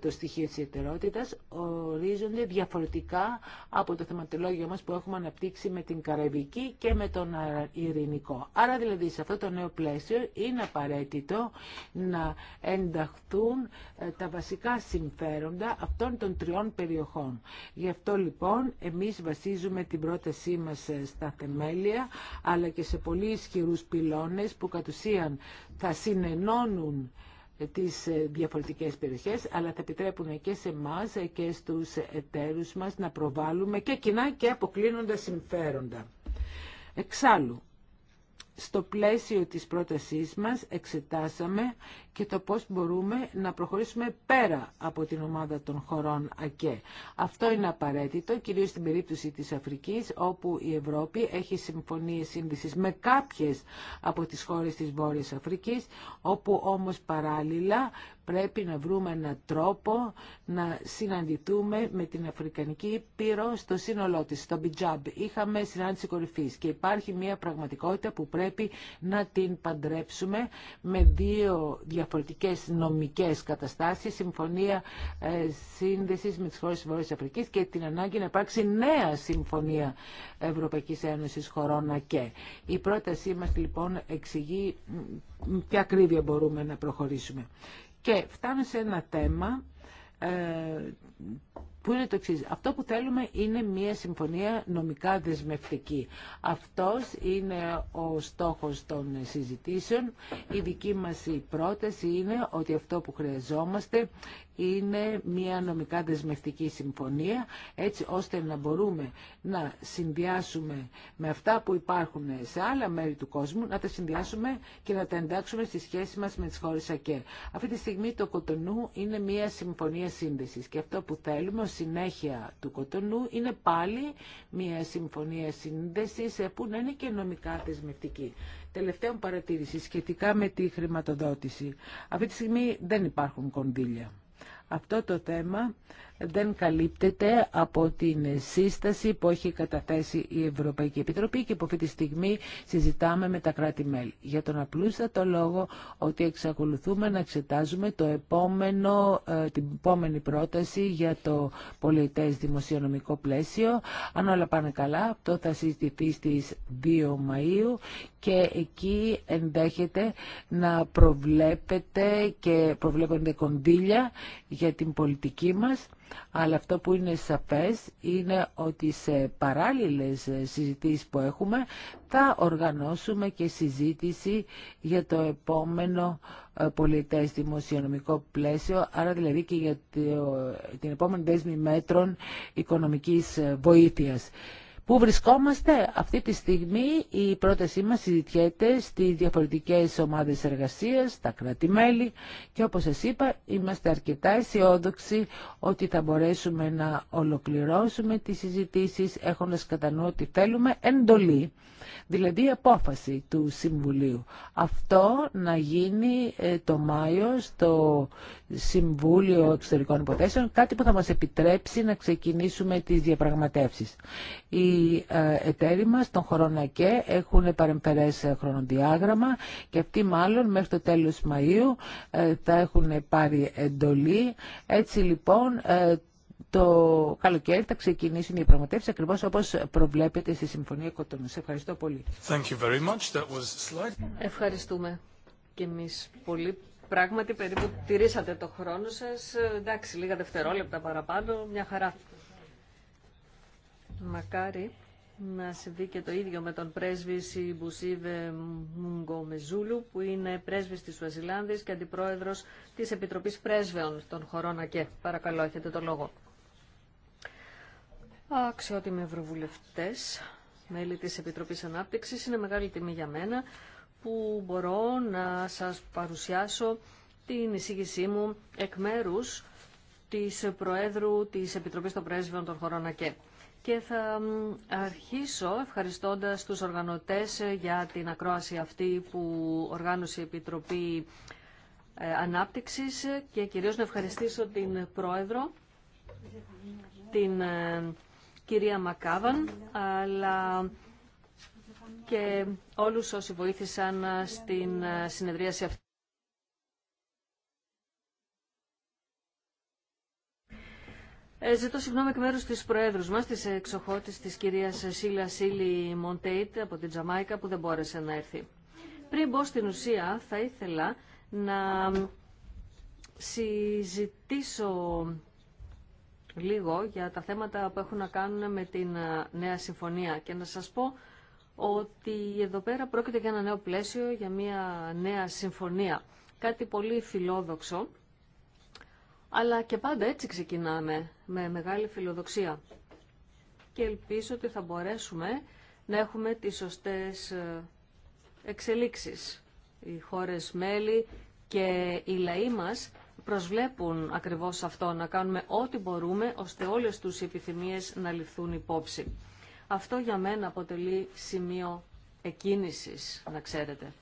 το στοιχείο της ιδιαιτερότητας ορίζονται διαφορετικά από το θεματολόγιο μας που έχουμε αναπτύξει με την Καραϊβική και με τον Ειρηνικό. Άρα δηλαδή σε αυτό το νέο πλαίσιο είναι απαραίτητο να ενταχθούν ε, τα βασικά συμφέροντα αυτών των τριών περιοχών. Γι' αυτό λοιπόν εμείς βασίζουμε την πρότασή μας ε, στα θεμέλια αλλά και σε πολύ ισχυρούς πυλώνες που κατ' ουσίαν θα συνενώνουν τις ε, διαφορετικές περιοχές, αλλά θα επιτρέπουν και σε εμά ε, και στους εταίρους μας να προβάλλουμε και κοινά και αποκλίνοντα συμφέροντα. Εξάλλου, στο πλαίσιο της πρότασής μας εξετάσαμε και το πώς μπορούμε να προχωρήσουμε πέρα από την ομάδα των χωρών ΑΚΕ. Αυτό είναι απαραίτητο, κυρίως στην περίπτωση της Αφρικής, όπου η Ευρώπη έχει συμφωνίες σύνδεσης με κάποιες από τις χώρες της Βόρειας Αφρικής, όπου όμως παράλληλα πρέπει να βρούμε έναν τρόπο να συναντηθούμε με την Αφρικανική Πύρο στο σύνολό της, στο Μπιτζάμπ. Είχαμε συνάντηση κορυφής και υπάρχει μια πραγματικότητα που πρέπει να την παντρέψουμε με δύο διαφορετικές διαφορετικές νομικές καταστάσεις, συμφωνία ε, σύνδεσης με τις χώρες της Βόρειας Αφρικής και την ανάγκη να υπάρξει νέα συμφωνία Ευρωπαϊκής Ένωσης χωρών και. Η πρότασή μας λοιπόν εξηγεί ποια ακρίβεια μπορούμε να προχωρήσουμε. Και φτάνω σε ένα θέμα ε, που είναι Αυτό που θέλουμε είναι μια συμφωνία νομικά δεσμευτική. Αυτός είναι ο στόχος των συζητήσεων. Η δική μας η πρόταση είναι ότι αυτό που χρειαζόμαστε είναι μια νομικά δεσμευτική συμφωνία έτσι ώστε να μπορούμε να συνδυάσουμε με αυτά που υπάρχουν σε άλλα μέρη του κόσμου να τα συνδυάσουμε και να τα εντάξουμε στη σχέση μας με τις χώρες ΑΚΕ. Αυτή τη στιγμή το Κοτονού είναι μια συμφωνία σύνδεσης και αυτό που θέλουμε ως συνέχεια του Κοτονού είναι πάλι μια συμφωνία σύνδεσης ε, που να είναι και νομικά δεσμευτική. Τελευταία παρατήρηση σχετικά με τη χρηματοδότηση. Αυτή τη στιγμή δεν υπάρχουν κονδύλια αυτό το θέμα δεν καλύπτεται από την σύσταση που έχει καταθέσει η Ευρωπαϊκή Επιτροπή και που αυτή τη στιγμή συζητάμε με τα κράτη-μέλη. Για τον απλούστατο λόγο ότι εξακολουθούμε να εξετάζουμε το επόμενο, ε, την επόμενη πρόταση για το πολιτές δημοσιονομικό πλαίσιο. Αν όλα πάνε καλά, αυτό θα συζητηθεί στις 2 Μαΐου και εκεί ενδέχεται να προβλέπεται και προβλέπονται κονδύλια για την πολιτική μας. Αλλά αυτό που είναι σαφές είναι ότι σε παράλληλες συζητήσεις που έχουμε θα οργανώσουμε και συζήτηση για το επόμενο ε, πολιτές δημοσιονομικό πλαίσιο, άρα δηλαδή και για την επόμενη δέσμη μέτρων οικονομικής ε, βοήθειας. Πού βρισκόμαστε αυτή τη στιγμή, η πρότασή μας συζητιέται στις διαφορετικές ομάδες εργασίας, τα κρατη και όπως σας είπα είμαστε αρκετά αισιόδοξοι ότι θα μπορέσουμε να ολοκληρώσουμε τις συζητήσεις έχοντας κατά νου ότι θέλουμε εντολή δηλαδή η απόφαση του Συμβουλίου. Αυτό να γίνει ε, το Μάιο στο Συμβούλιο Εξωτερικών Υποθέσεων, κάτι που θα μας επιτρέψει να ξεκινήσουμε τις διαπραγματεύσεις. Οι ε, εταίροι μας των χωρών έχουν παρεμφερές ε, χρονοδιάγραμμα και αυτοί μάλλον μέχρι το τέλος Μαΐου θα έχουν πάρει εντολή. Έτσι λοιπόν το καλοκαίρι θα ξεκινήσουν οι πραγματεύσει ακριβώς όπως προβλέπεται στη Συμφωνία Κοτώνου. Σε ευχαριστώ πολύ. Ευχαριστούμε και εμείς πολύ. Πράγματι, περίπου τηρήσατε το χρόνο σας. Εντάξει, λίγα δευτερόλεπτα παραπάνω, μια χαρά. Μακάρι να συμβεί και το ίδιο με τον πρέσβη Σιμπουσίβε Μουγκομεζούλου, που είναι πρέσβης της Σουαζιλάνδης και αντιπρόεδρος της Επιτροπής Πρέσβεων των χωρών ΑΚΕ. Παρακαλώ, έχετε το λόγο. Αξιότιμοι ευρωβουλευτέ, μέλη της Επιτροπής ανάπτυξη. είναι μεγάλη τιμή για μένα που μπορώ να σας παρουσιάσω την εισήγησή μου εκ μέρου της Προέδρου της Επιτροπής των Πρέσβειων των χωρών ΑΚΕ. Και θα αρχίσω ευχαριστώντας τους οργανωτές για την ακρόαση αυτή που οργάνωσε η Επιτροπή ε, Ανάπτυξης και κυρίως να ευχαριστήσω την Πρόεδρο, την ε, κυρία Μακάβαν, αλλά και όλους όσοι βοήθησαν ε, στην ε, συνεδρίαση αυτή. Ε, ζητώ συγγνώμη εκ μέρους της Προέδρους μας, της εξοχώτης της κυρίας Σίλα Σίλι Μοντέιτ από την Τζαμάικα που δεν μπόρεσε να έρθει. Πριν μπω στην ουσία θα ήθελα να συζητήσω λίγο για τα θέματα που έχουν να κάνουν με την ε, νέα συμφωνία και να σας πω ότι εδώ πέρα πρόκειται για ένα νέο πλαίσιο, για μια νέα συμφωνία. Κάτι πολύ φιλόδοξο, αλλά και πάντα έτσι ξεκινάμε, με μεγάλη φιλοδοξία. Και ελπίζω ότι θα μπορέσουμε να έχουμε τις σωστές ε, εξελίξεις. Οι χώρες μέλη και οι λαοί μας προσβλέπουν ακριβώς αυτό, να κάνουμε ό,τι μπορούμε ώστε όλες τους επιθυμίες να ληφθούν υπόψη. Αυτό για μένα αποτελεί σημείο εκκίνησης, να ξέρετε.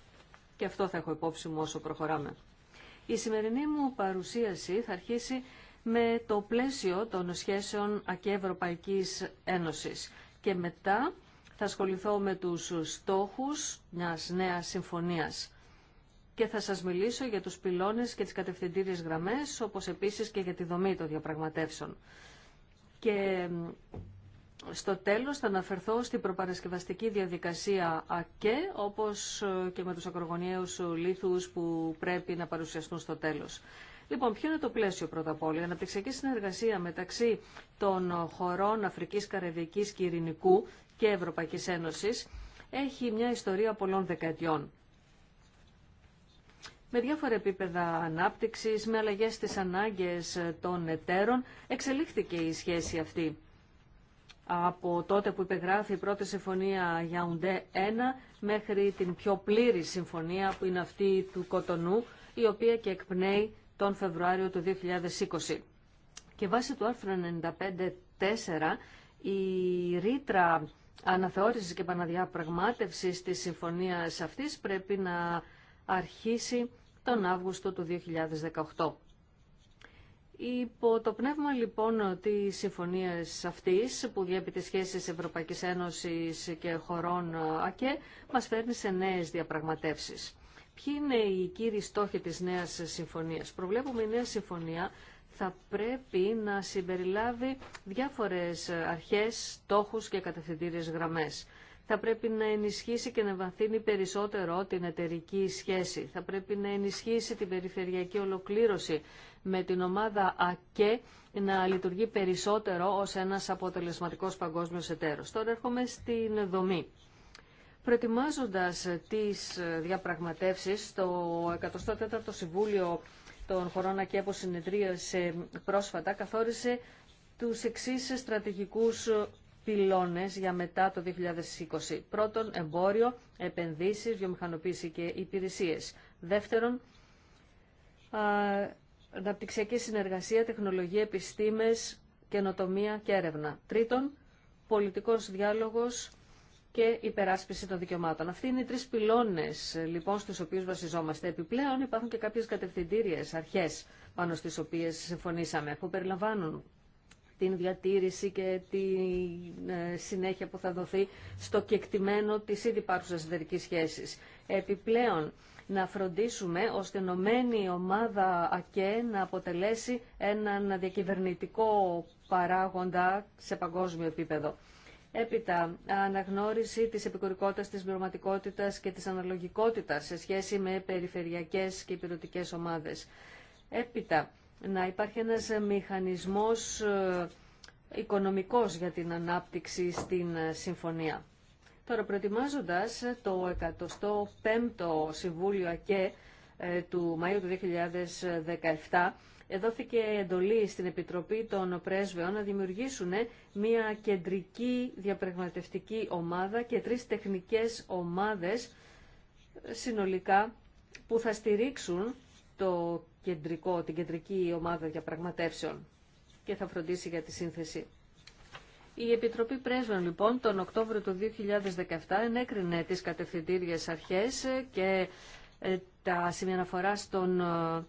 Και αυτό θα έχω υπόψη μου όσο προχωράμε. Η σημερινή μου παρουσίαση θα αρχίσει με το πλαίσιο των σχέσεων ΑΚΕ Ένωσης και μετά θα ασχοληθώ με τους στόχους μιας νέας συμφωνίας και θα σας μιλήσω για τους πυλώνες και τις κατευθυντήριες γραμμές, όπως επίσης και για τη δομή των διαπραγματεύσεων. Και στο τέλος θα αναφερθώ στην προπαρασκευαστική διαδικασία ΑΚΕ, όπως ε, και με τους ακρογωνιαίους λίθους που πρέπει να παρουσιαστούν στο τέλος. Λοιπόν, ποιο είναι το πλαίσιο πρώτα απ' όλα. Η αναπτυξιακή συνεργασία μεταξύ των χωρών Αφρικής, Καραβικής και Ειρηνικού και Ευρωπαϊκής Ένωσης έχει μια ιστορία πολλών δεκαετιών με διάφορα επίπεδα ανάπτυξης, με αλλαγές στις ανάγκες των εταίρων, εξελίχθηκε η σχέση αυτή. Από τότε που υπεγράφει η πρώτη συμφωνία για οντέ 1 μέχρι την πιο πλήρη συμφωνία που είναι αυτή του Κοτονού, η οποία και εκπνέει τον Φεβρουάριο του 2020. Και βάσει του άρθρου 95.4 η ρήτρα αναθεώρησης και επαναδιαπραγμάτευσης της συμφωνίας αυτής πρέπει να αρχίσει τον Αύγουστο του 2018. Υπό το πνεύμα λοιπόν τη συμφωνία αυτή, που διέπει τι σχέσει Ευρωπαϊκή Ένωση και χωρών ε, ΑΚΕ μα φέρνει σε νέε διαπραγματεύσει. Ποιοι είναι οι κύριοι στόχοι της νέας συμφωνίας. Προβλέπουμε η νέα συμφωνία θα πρέπει να συμπεριλάβει διάφορες αρχές, στόχους και κατευθυντήριε γραμμές θα πρέπει να ενισχύσει και να βαθύνει περισσότερο την εταιρική σχέση. Θα πρέπει να ενισχύσει την περιφερειακή ολοκλήρωση με την ομάδα ΑΚΕ να λειτουργεί περισσότερο ως ένας αποτελεσματικός παγκόσμιος εταίρος. Τώρα έρχομαι στην δομή. Προετοιμάζοντας τις διαπραγματεύσεις το 104ο Συμβούλιο των χωρών ΑΚΕ που συνεδρίασε πρόσφατα καθόρισε τους εξής στρατηγικούς πυλώνες για μετά το 2020. Πρώτον, εμπόριο, επενδύσεις, βιομηχανοποίηση και υπηρεσίες. Δεύτερον, αναπτυξιακή συνεργασία, τεχνολογία, επιστήμες, καινοτομία και έρευνα. Τρίτον, πολιτικός διάλογος και υπεράσπιση των δικαιωμάτων. Αυτοί είναι οι τρεις πυλώνες λοιπόν στους οποίους βασιζόμαστε. Επιπλέον υπάρχουν και κάποιες κατευθυντήριες αρχές πάνω στις οποίες συμφωνήσαμε, που περιλαμβάνουν την διατήρηση και τη ε, συνέχεια που θα δοθεί στο κεκτημένο της ήδη υπάρχουσας εταιρικής σχέσης. Επιπλέον, να φροντίσουμε ώστε η ομάδα ΑΚΕ να αποτελέσει έναν διακυβερνητικό παράγοντα σε παγκόσμιο επίπεδο. Έπειτα, αναγνώριση της επικορικότητας, της πληρωματικότητας και της αναλογικότητας σε σχέση με περιφερειακές και υπηρετικές ομάδες. Έπειτα, να υπάρχει ένας μηχανισμός ε, οικονομικός για την ανάπτυξη στην ε, συμφωνία. Τώρα προετοιμάζοντας το 105ο Συμβούλιο ΑΚΕ ε, του Μαΐου του 2017, δόθηκε εντολή στην Επιτροπή των Πρέσβεων να δημιουργήσουν μια κεντρική διαπραγματευτική ομάδα και τρεις τεχνικές ομάδες συνολικά που θα στηρίξουν το κεντρικό, την κεντρική ομάδα διαπραγματεύσεων και θα φροντίσει για τη σύνθεση. Η Επιτροπή Πρέσβων λοιπόν τον Οκτώβριο του 2017 ενέκρινε τις κατευθυντήριες αρχές και ε, τα σημεία αναφορά των ε,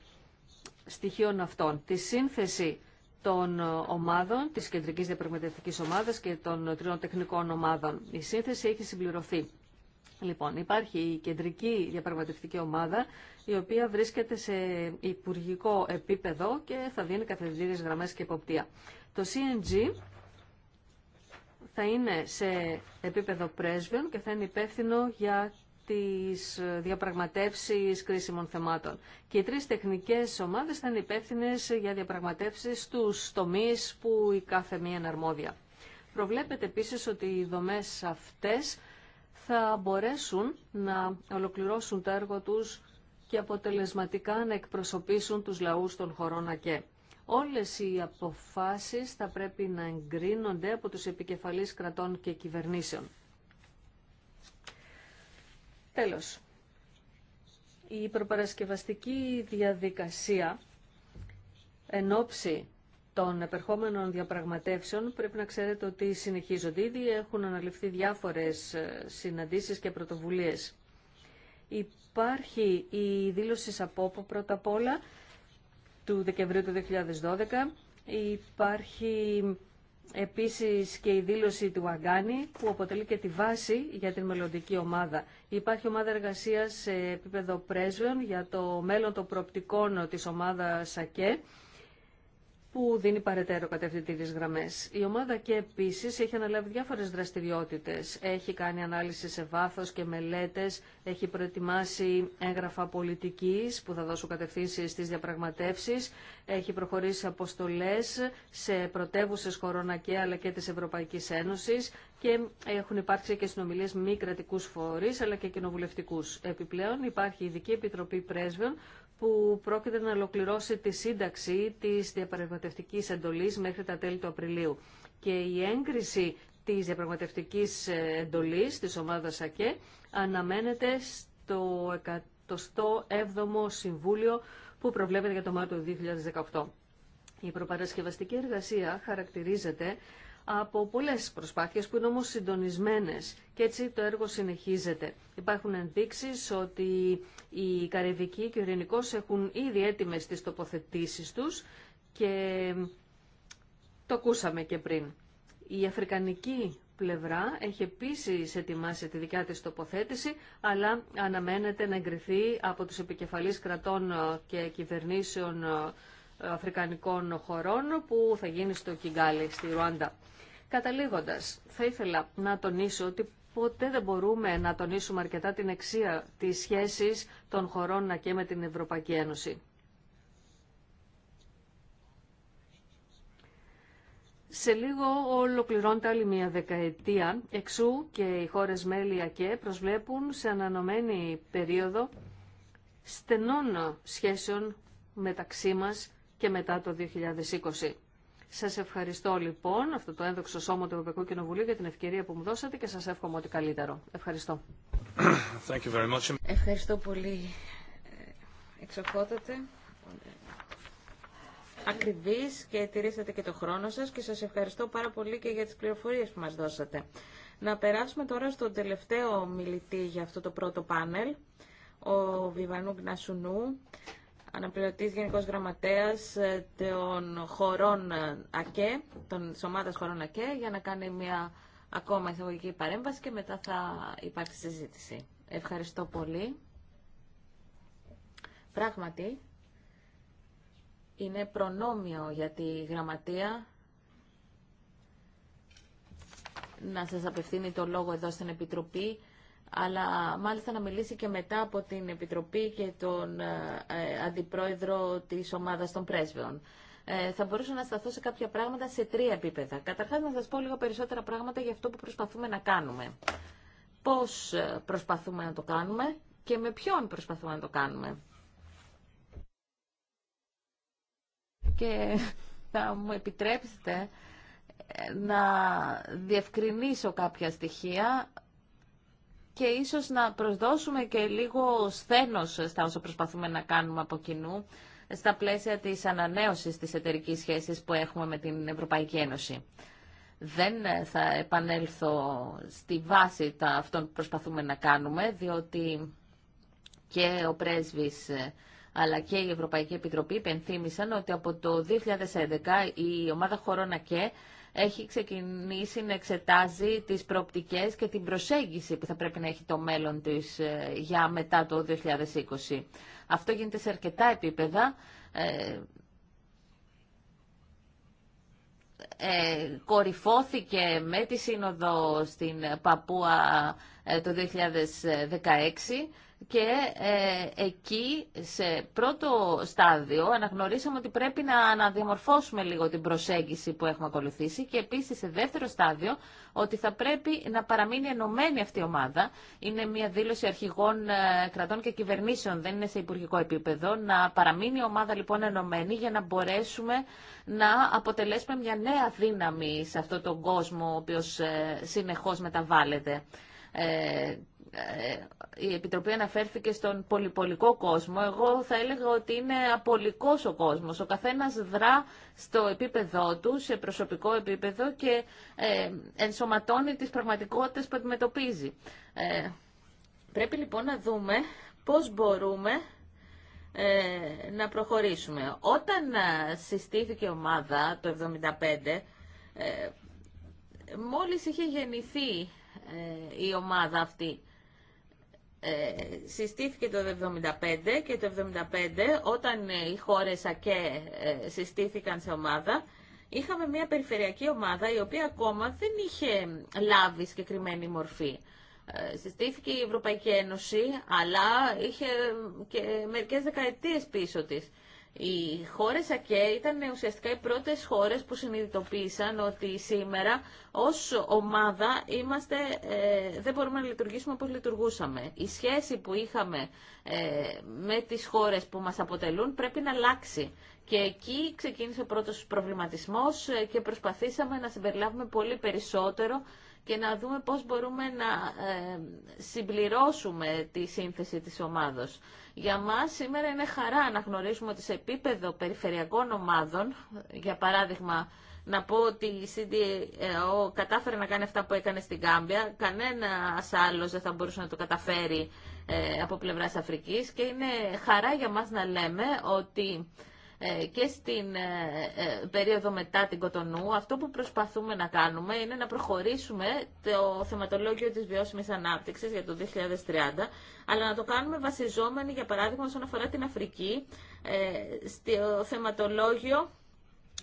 στοιχείων αυτών. Τη σύνθεση των ε, ομάδων, της κεντρικής διαπραγματευτικής ομάδας και των τριών τεχνικών ομάδων. Η σύνθεση έχει συμπληρωθεί. Λοιπόν, υπάρχει η κεντρική διαπραγματευτική ομάδα η οποία βρίσκεται σε υπουργικό επίπεδο και θα δίνει καθεδρίες γραμμές και υποπτία. Το CNG θα είναι σε επίπεδο πρέσβεων και θα είναι υπεύθυνο για τις διαπραγματεύσεις κρίσιμων θεμάτων. Και οι τρεις τεχνικές ομάδες θα είναι υπεύθυνε για διαπραγματεύσεις στους τομείς που η κάθε μία είναι αρμόδια. Προβλέπεται επίσης ότι οι δομές αυτές θα μπορέσουν να ολοκληρώσουν το έργο τους και αποτελεσματικά να εκπροσωπήσουν τους λαούς των χωρών ΑΚΕ. Όλες οι αποφάσεις θα πρέπει να εγκρίνονται από τους επικεφαλείς κρατών και κυβερνήσεων. Τέλος, η προπαρασκευαστική διαδικασία εν ώψη των επερχόμενων διαπραγματεύσεων πρέπει να ξέρετε ότι συνεχίζονται. Ήδη έχουν αναλυφθεί διάφορες ε, συναντήσεις και πρωτοβουλίες υπάρχει η δήλωση Σαπόπο πρώτα απ' όλα του Δεκεμβρίου του 2012. Υπάρχει επίσης και η δήλωση του Αγκάνη που αποτελεί και τη βάση για την μελλοντική ομάδα. Υπάρχει ομάδα εργασίας σε επίπεδο πρέσβεων για το μέλλον των προοπτικών της ομάδας ΑΚΕ που δίνει παρετέρω κατευθυντήριες γραμμέ. Η ομάδα και επίση έχει αναλάβει διάφορε δραστηριότητε. Έχει κάνει ανάλυση σε βάθο και μελέτε, έχει προετοιμάσει έγγραφα πολιτική που θα δώσουν κατευθύνσει στι διαπραγματεύσει. έχει προχωρήσει αποστολέ σε πρωτεύουσε χωρών και αλλά και τη Ευρωπαϊκή Ένωση και έχουν υπάρξει και συνομιλίε μη κρατικού φορεί, αλλά και κοινοβουλευτικού. Επιπλέον υπάρχει ειδική επιτροπή πρέσβεων που πρόκειται να ολοκληρώσει τη σύνταξη της διαπραγματευτικής εντολής μέχρι τα τέλη του Απριλίου. Και η έγκριση της διαπραγματευτικής εντολής της ομάδας ΑΚΕ αναμένεται στο 107ο Συμβούλιο που προβλέπεται για το Μάρτιο του 2018. Η προπαρασκευαστική εργασία χαρακτηρίζεται από πολλές προσπάθειες που είναι όμως συντονισμένες και έτσι το έργο συνεχίζεται. Υπάρχουν ενδείξεις ότι οι Καρεβικοί και ο Ειρηνικός έχουν ήδη έτοιμες τις τοποθετήσεις τους και το ακούσαμε και πριν. Η Αφρικανική πλευρά έχει επίσης ετοιμάσει τη δικιά της τοποθέτηση, αλλά αναμένεται να εγκριθεί από τους επικεφαλείς κρατών και κυβερνήσεων ε, αφρικανικών χωρών που θα γίνει στο Κιγκάλι, στη Ρουάντα. Καταλήγοντας, θα ήθελα να τονίσω ότι ποτέ δεν μπορούμε να τονίσουμε αρκετά την αξία της σχέσης των χωρών και με την Ευρωπαϊκή Ένωση. Σε λίγο ολοκληρώνεται άλλη μια δεκαετία, εξού και οι χώρες μέλη ΑΚΕ προσβλέπουν σε ανανομένη περίοδο στενών σχέσεων μεταξύ μας και μετά το 2020. Σας ευχαριστώ λοιπόν αυτό το ένδοξο σώμα του Ευρωπαϊκού Κοινοβουλίου για την ευκαιρία που μου δώσατε και σας εύχομαι ότι καλύτερο. Ευχαριστώ. Thank you very much. Ευχαριστώ πολύ ε, εξοχότατε. Ακριβή και τηρήσατε και το χρόνο σας και σας ευχαριστώ πάρα πολύ και για τις πληροφορίε που μας δώσατε. Να περάσουμε τώρα στον τελευταίο μιλητή για αυτό το πρώτο πάνελ, ο Βιβανού Γνασουνού, αναπληρωτής Γενικός Γραμματέας ε, των χωρών ε, ΑΚΕ, των σωμάτων χωρών ΑΚΕ, για να κάνει μια ακόμα εισαγωγική παρέμβαση και μετά θα υπάρξει συζήτηση. Ευχαριστώ πολύ. Πράγματι, είναι προνόμιο για τη Γραμματεία να σας απευθύνει το λόγο εδώ στην Επιτροπή αλλά μάλιστα να μιλήσει και μετά από την Επιτροπή και τον ε, ε, Αντιπρόεδρο της Ομάδας των Πρέσβεων. Ε, θα μπορούσα να σταθώ σε κάποια πράγματα σε τρία επίπεδα. Καταρχάς να σας πω λίγο περισσότερα πράγματα για αυτό που προσπαθούμε να κάνουμε. Πώς προσπαθούμε να το κάνουμε και με ποιον προσπαθούμε να το κάνουμε. Και θα μου επιτρέψετε να διευκρινίσω κάποια στοιχεία και ίσως να προσδώσουμε και λίγο σθένος στα όσα προσπαθούμε να κάνουμε από κοινού στα πλαίσια της ανανέωσης της εταιρική σχέσης που έχουμε με την Ευρωπαϊκή Ένωση. Δεν θα επανέλθω στη βάση τα αυτών που προσπαθούμε να κάνουμε, διότι και ο πρέσβης αλλά και η Ευρωπαϊκή Επιτροπή υπενθύμησαν ότι από το 2011 η ομάδα χωρών ΑΚΕ έχει ξεκινήσει να εξετάζει τις προοπτικές και την προσέγγιση που θα πρέπει να έχει το μέλλον της ε, για μετά το 2020. Αυτό γίνεται σε αρκετά επίπεδα. Ε, ε κορυφώθηκε με τη σύνοδο στην Παπούα ε, το 2016 και ε, εκεί σε πρώτο στάδιο αναγνωρίσαμε ότι πρέπει να αναδιαμορφώσουμε λίγο την προσέγγιση που έχουμε ακολουθήσει και επίσης σε δεύτερο στάδιο ότι θα πρέπει να παραμείνει ενωμένη αυτή η ομάδα. Είναι μια δήλωση αρχηγών ε, κρατών και κυβερνήσεων, δεν είναι σε υπουργικό επίπεδο. Να παραμείνει η ομάδα λοιπόν ενωμένη για να μπορέσουμε να αποτελέσουμε μια νέα δύναμη σε αυτόν τον κόσμο ο οποίος ε, συνεχώς μεταβάλλεται ε, ε, η Επιτροπή αναφέρθηκε στον πολυπολικό κόσμο. Εγώ θα έλεγα ότι είναι απολικός ο κόσμος. Ο καθένας δρά στο επίπεδό του, σε προσωπικό επίπεδο και ε, ενσωματώνει τις πραγματικότητες που αντιμετωπίζει. Ε, πρέπει λοιπόν να δούμε πώς μπορούμε ε, να προχωρήσουμε. Όταν ε, συστήθηκε η ομάδα το 1975, μόλις είχε γεννηθεί η ομάδα αυτή ε, συστήθηκε το 1975 και το 1975 όταν ε, οι χώρες ΑΚΕ ε, συστήθηκαν σε ομάδα είχαμε μια περιφερειακή ομάδα η οποία ακόμα δεν είχε λάβει συγκεκριμένη μορφή. Ε, συστήθηκε η Ευρωπαϊκή Ένωση αλλά είχε και μερικές δεκαετίες πίσω της. Οι χώρες ΑΚΕ ήταν ουσιαστικά οι πρώτες χώρες που συνειδητοποίησαν ότι σήμερα ως ομάδα είμαστε, ε, δεν μπορούμε να λειτουργήσουμε όπως λειτουργούσαμε. Η σχέση που είχαμε ε, με τις χώρες που μας αποτελούν πρέπει να αλλάξει. Και εκεί ξεκίνησε ο πρώτος προβληματισμό ε, και προσπαθήσαμε να συμπεριλάβουμε πολύ περισσότερο και να δούμε πώς μπορούμε να ε, συμπληρώσουμε τη σύνθεση της ομάδος. Για μας σήμερα είναι χαρά να γνωρίσουμε ότι σε επίπεδο περιφερειακών ομάδων, για παράδειγμα να πω ότι η CDO e κατάφερε να κάνει αυτά που έκανε στην Κάμπια, κανένα άλλος δεν θα μπορούσε να το καταφέρει ε, από πλευράς Αφρικής και είναι χαρά για μας να λέμε ότι ε, και στην ε, ε, περίοδο μετά την Κοτονού, αυτό που προσπαθούμε να κάνουμε είναι να προχωρήσουμε το θεματολόγιο της βιώσιμης ανάπτυξης για το 2030, αλλά να το κάνουμε βασιζόμενοι, για παράδειγμα, όσον αφορά την Αφρική, στο θεματολόγιο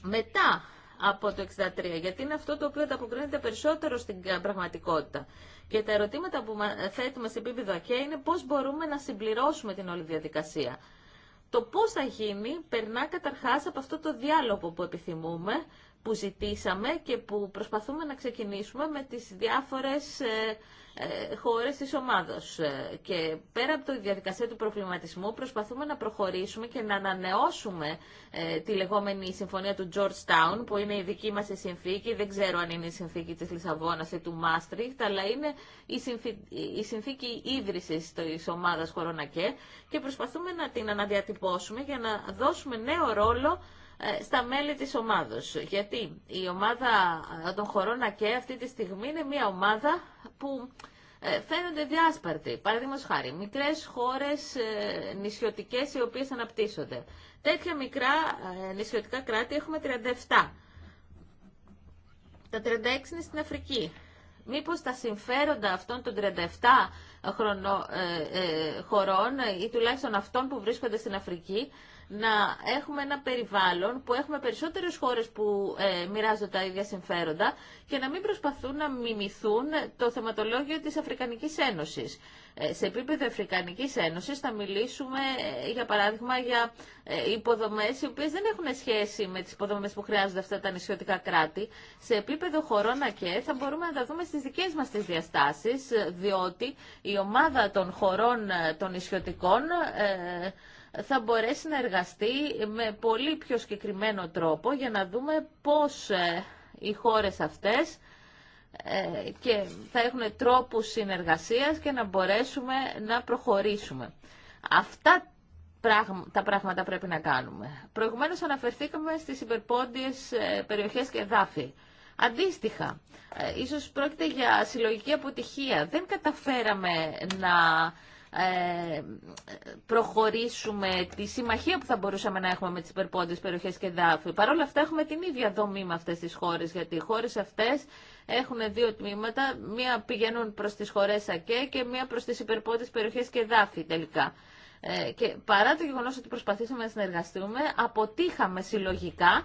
μετά από το 63, γιατί είναι αυτό το οποίο ανταποκρίνεται περισσότερο στην πραγματικότητα. Και τα ερωτήματα που θέτουμε σε επίπεδο ΑΚΕ είναι πώς μπορούμε να συμπληρώσουμε την όλη διαδικασία. Το πώς θα γίνει περνά καταρχάς από αυτό το διάλογο που επιθυμούμε, που ζητήσαμε και που προσπαθούμε να ξεκινήσουμε με τις διάφορες ε, ε, χώρες της ομάδος. Ε, και πέρα από τη διαδικασία του προβληματισμού προσπαθούμε να προχωρήσουμε και να ανανεώσουμε ε, τη λεγόμενη συμφωνία του Georgetown που είναι η δική μας συνθήκη, δεν ξέρω αν είναι η συνθήκη της Λισαβόνα ή του Μάσρι, αλλά είναι η, συνθή... η συνθηκη ιδρυση τη ομάδας Κορονακέ και προσπαθούμε να την αναδιατυπώσουμε για να δώσουμε νέο ρόλο ε, στα μέλη της ομάδος. Γιατί η ομάδα των χωρών ΑΚΕ αυτή τη στιγμή είναι μια ομάδα που ε, φαίνονται διάσπαρτοι. Παραδείγματο χάρη, μικρέ χώρες ε, νησιωτικές οι οποίες αναπτύσσονται. Τέτοια μικρά νησιωτικά κράτη έχουμε 37. Τα 36 είναι στην Αφρική. Μήπως τα συμφέροντα αυτών των 37 χρονο, ε, χωρών ή τουλάχιστον αυτών που βρίσκονται στην Αφρική να έχουμε ένα περιβάλλον που έχουμε περισσότερες χώρες που ε, μοιράζονται τα ίδια συμφέροντα και να μην προσπαθούν να μιμηθούν το θεματολόγιο της Αφρικανικής Ένωσης. Ε, σε επίπεδο Αφρικανικής Ένωσης θα μιλήσουμε, ε, για παράδειγμα, για υποδομές οι οποίες δεν έχουν σχέση με τις υποδομές που χρειάζονται αυτά τα νησιωτικά κράτη. Σε επίπεδο χωρών ΑΚΕ θα μπορούμε να τα δούμε στις δικές μας τις διαστάσεις, διότι η ομάδα των χωρών των νησιωτικών θα μπορέσει να εργαστεί με πολύ πιο συγκεκριμένο τρόπο για να δούμε πώς ε, οι χώρες αυτές ε, και θα έχουν τρόπους συνεργασίας και να μπορέσουμε να προχωρήσουμε. Αυτά τα πράγματα πρέπει να κάνουμε. Προηγουμένως αναφερθήκαμε στις υπερπόντιες ε, περιοχές και εδάφη. Αντίστοιχα, ίσως πρόκειται για συλλογική αποτυχία. Δεν καταφέραμε να ε, προχωρήσουμε τη συμμαχία που θα μπορούσαμε να έχουμε με τις υπερπόντες περιοχές και δάφη. Παρ' όλα αυτά έχουμε την ίδια δομή με αυτές τις χώρες, γιατί οι χώρες αυτές έχουν δύο τμήματα, μία πηγαίνουν προς τις χωρές ΑΚΕ και μία προς τις υπερπόντες περιοχές και δάφη τελικά. Ε, και παρά το γεγονός ότι προσπαθήσαμε να συνεργαστούμε, αποτύχαμε συλλογικά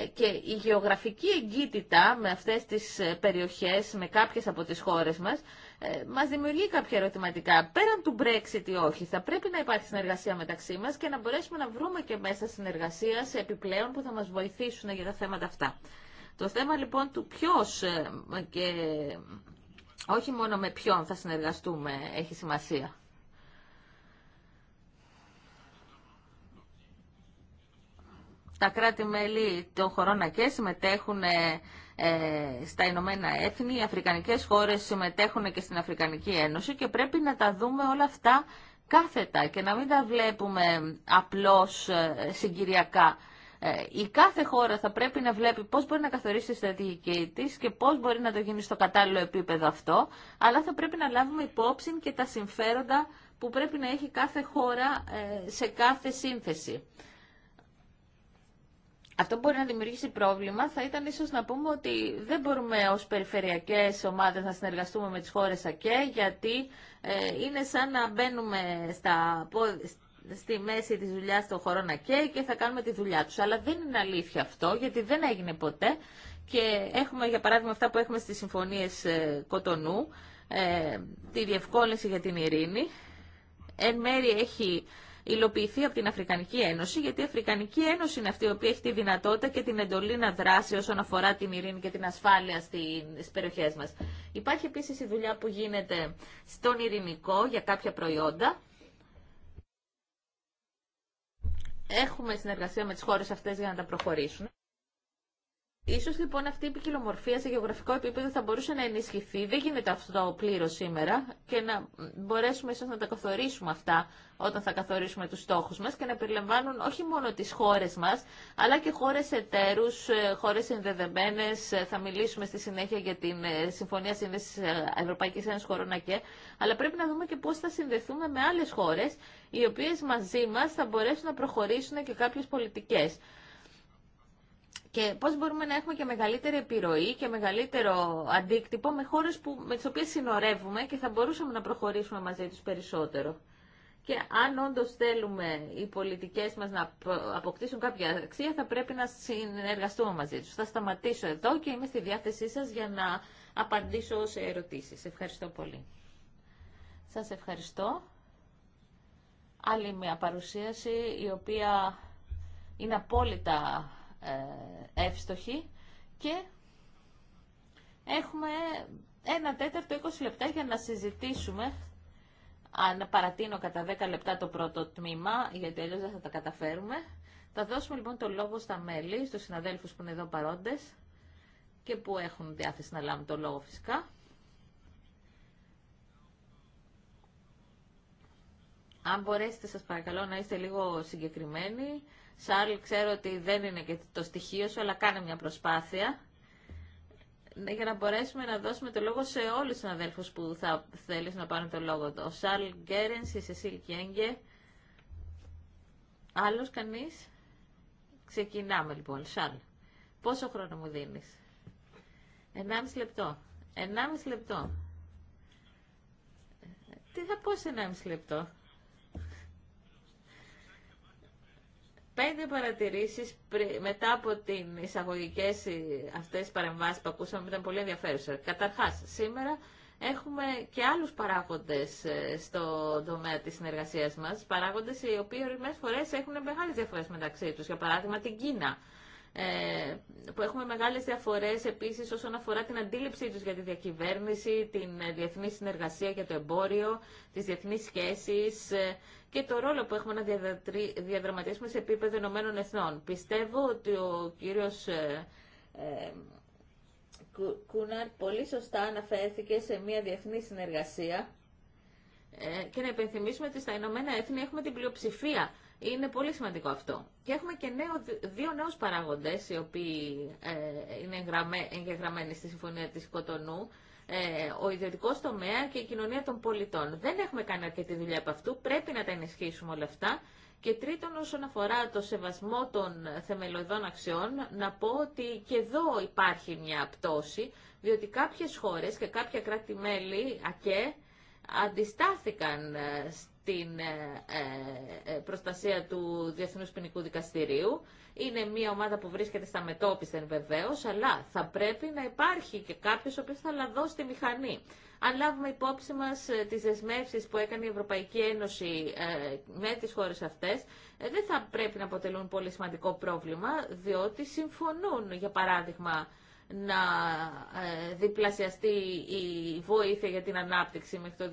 ε, και η γεωγραφική εγκύτητα με αυτές τις περιοχές, με κάποιες από τις χώρες μας, ε, μας δημιουργεί κάποια ερωτηματικά. Πέραν του Brexit ή όχι, θα πρέπει να υπάρχει συνεργασία μεταξύ μας και να μπορέσουμε να βρούμε και μέσα συνεργασία επιπλέον που θα μας βοηθήσουν για τα θέματα αυτά. Το θέμα λοιπόν του ποιος ε, και όχι μόνο με ποιον θα συνεργαστούμε έχει σημασία. Τα κράτη-μέλη των χωρών και συμμετέχουν ε, στα Ηνωμένα Έθνη, οι αφρικανικές χώρες συμμετέχουν και στην Αφρικανική Ένωση και πρέπει να τα δούμε όλα αυτά κάθετα και να μην τα βλέπουμε απλώς ε, συγκυριακά. Ε, η κάθε χώρα θα πρέπει να βλέπει πώς μπορεί να καθορίσει τη στρατηγική της και πώς μπορεί να το γίνει στο κατάλληλο επίπεδο αυτό, αλλά θα πρέπει να λάβουμε υπόψη και τα συμφέροντα που πρέπει να έχει κάθε χώρα σε κάθε σύνθεση. Αυτό που μπορεί να δημιουργήσει πρόβλημα θα ήταν ίσως να πούμε ότι δεν μπορούμε ως περιφερειακές ομάδες να συνεργαστούμε με τις χώρε ΑΚΕ γιατί ε, είναι σαν να μπαίνουμε στα, στη μέση της δουλειά των χωρών ΑΚΕ και θα κάνουμε τη δουλειά του. Αλλά δεν είναι αλήθεια αυτό γιατί δεν έγινε ποτέ και έχουμε για παράδειγμα αυτά που έχουμε στις συμφωνίες ε, Κοτονού, ε, τη διευκόλυνση για την ειρήνη. Εν έχει υλοποιηθεί από την Αφρικανική Ένωση, γιατί η Αφρικανική Ένωση είναι αυτή η οποία έχει τη δυνατότητα και την εντολή να δράσει όσον αφορά την ειρήνη και την ασφάλεια στι περιοχέ μα. Υπάρχει επίση η δουλειά που γίνεται στον ειρηνικό για κάποια προϊόντα. Έχουμε συνεργασία με τις χώρες αυτές για να τα προχωρήσουν σω λοιπόν αυτή η ποικιλομορφία σε γεωγραφικό επίπεδο θα μπορούσε να ενισχυθεί. Δεν γίνεται αυτό πλήρω σήμερα και να μπορέσουμε ίσως να τα καθορίσουμε αυτά όταν θα καθορίσουμε του στόχου μα και να περιλαμβάνουν όχι μόνο τι χώρε μα, αλλά και χώρε εταίρου, ε, χώρε συνδεδεμένε, ε, Θα μιλήσουμε στη συνέχεια για την ε, Συμφωνία Σύνδεση Ευρωπαϊκής Ένωση Κορονακέ, αλλά πρέπει να δούμε και πώ θα συνδεθούμε με άλλε χώρε, οι οποίε μαζί μα θα μπορέσουν να προχωρήσουν και κάποιε πολιτικέ και πώς μπορούμε να έχουμε και μεγαλύτερη επιρροή και μεγαλύτερο αντίκτυπο με χώρες που, με τις οποίες συνορεύουμε και θα μπορούσαμε να προχωρήσουμε μαζί τους περισσότερο. Και αν όντω θέλουμε οι πολιτικές μας να αποκτήσουν κάποια αξία, θα πρέπει να συνεργαστούμε μαζί τους. Θα σταματήσω εδώ και είμαι στη διάθεσή σας για να απαντήσω σε ερωτήσεις. Ευχαριστώ πολύ. Σας ευχαριστώ. Άλλη μια παρουσίαση η οποία είναι απόλυτα ε, εύστοχη και έχουμε ένα τέταρτο 20 λεπτά για να συζητήσουμε αν παρατείνω κατά 10 λεπτά το πρώτο τμήμα, γιατί αλλιώς δεν θα τα καταφέρουμε. Θα δώσουμε λοιπόν το λόγο στα μέλη, στους συναδέλφους που είναι εδώ παρόντες και που έχουν διάθεση να λάβουν το λόγο φυσικά. Αν μπορέσετε σας παρακαλώ να είστε λίγο συγκεκριμένοι, Σάρλ, ξέρω ότι δεν είναι και το στοιχείο σου, αλλά κάνε μια προσπάθεια ναι, για να μπορέσουμε να δώσουμε το λόγο σε όλους τους αδέλφους που θα θέλεις να πάρουν το λόγο. Ο Σάρλ Γκέρενς, η Σεσίλ Κιέγγε. Άλλος κανείς. Ξεκινάμε λοιπόν. Σάρλ, πόσο χρόνο μου δίνεις. 1,5 λεπτό. 1,5 λεπτό. Τι θα πω σε 1,5 λεπτό. πέντε παρατηρήσεις μετά από την εισαγωγικές ε, αυτές τις παρεμβάσεις που ακούσαμε ήταν πολύ ενδιαφέρουσα. Καταρχάς, σήμερα έχουμε και άλλους παράγοντες ε, στο τομέα της συνεργασίας μας, παράγοντες οι οποίοι ορισμένες φορές έχουν μεγάλες διαφορές μεταξύ τους, για παράδειγμα την Κίνα. Ε, που έχουμε μεγάλες διαφορές επίσης όσον αφορά την αντίληψή τους για τη διακυβέρνηση, την ε, διεθνή συνεργασία για το εμπόριο, τις διεθνείς σχέσεις ε, και το ρόλο που έχουμε να διαδραματίσουμε σε επίπεδο Ηνωμένων Εθνών. Πιστεύω ότι ο κύριος Κούναρ πολύ σωστά αναφέρθηκε σε μια διεθνή συνεργασία και να υπενθυμίσουμε ότι στα Ηνωμένα Έθνη έχουμε την πλειοψηφία είναι πολύ σημαντικό αυτό. Και έχουμε και νέο, δύο νέους παράγοντες οι οποίοι ε, είναι εγγεγραμμένοι στη Συμφωνία της Κοτονού. Ε, ο ιδιωτικό τομέα και η κοινωνία των πολιτών. Δεν έχουμε κάνει αρκετή δουλειά από αυτού, πρέπει να τα ενισχύσουμε όλα αυτά. Και τρίτον, όσον αφορά το σεβασμό των θεμελιωδών αξιών, να πω ότι και εδώ υπάρχει μια πτώση, διότι κάποιες χώρες και κάποια κράτη-μέλη, ΑΚΕ, αντιστάθηκαν ε, την ε, ε, προστασία του Διεθνούς Ποινικού Δικαστηρίου. Είναι μια ομάδα που βρίσκεται στα μετώπιστεν βεβαίω, αλλά θα πρέπει να υπάρχει και κάποιο ο οποίο θα λαδώσει τη μηχανή. Αν λάβουμε υπόψη μα ε, τι δεσμεύσει που έκανε η Ευρωπαϊκή Ένωση με τι χώρε αυτέ, δεν θα πρέπει να αποτελούν πολύ σημαντικό πρόβλημα, διότι συμφωνούν, για παράδειγμα, να ε, διπλασιαστεί η βοήθεια για την ανάπτυξη μέχρι το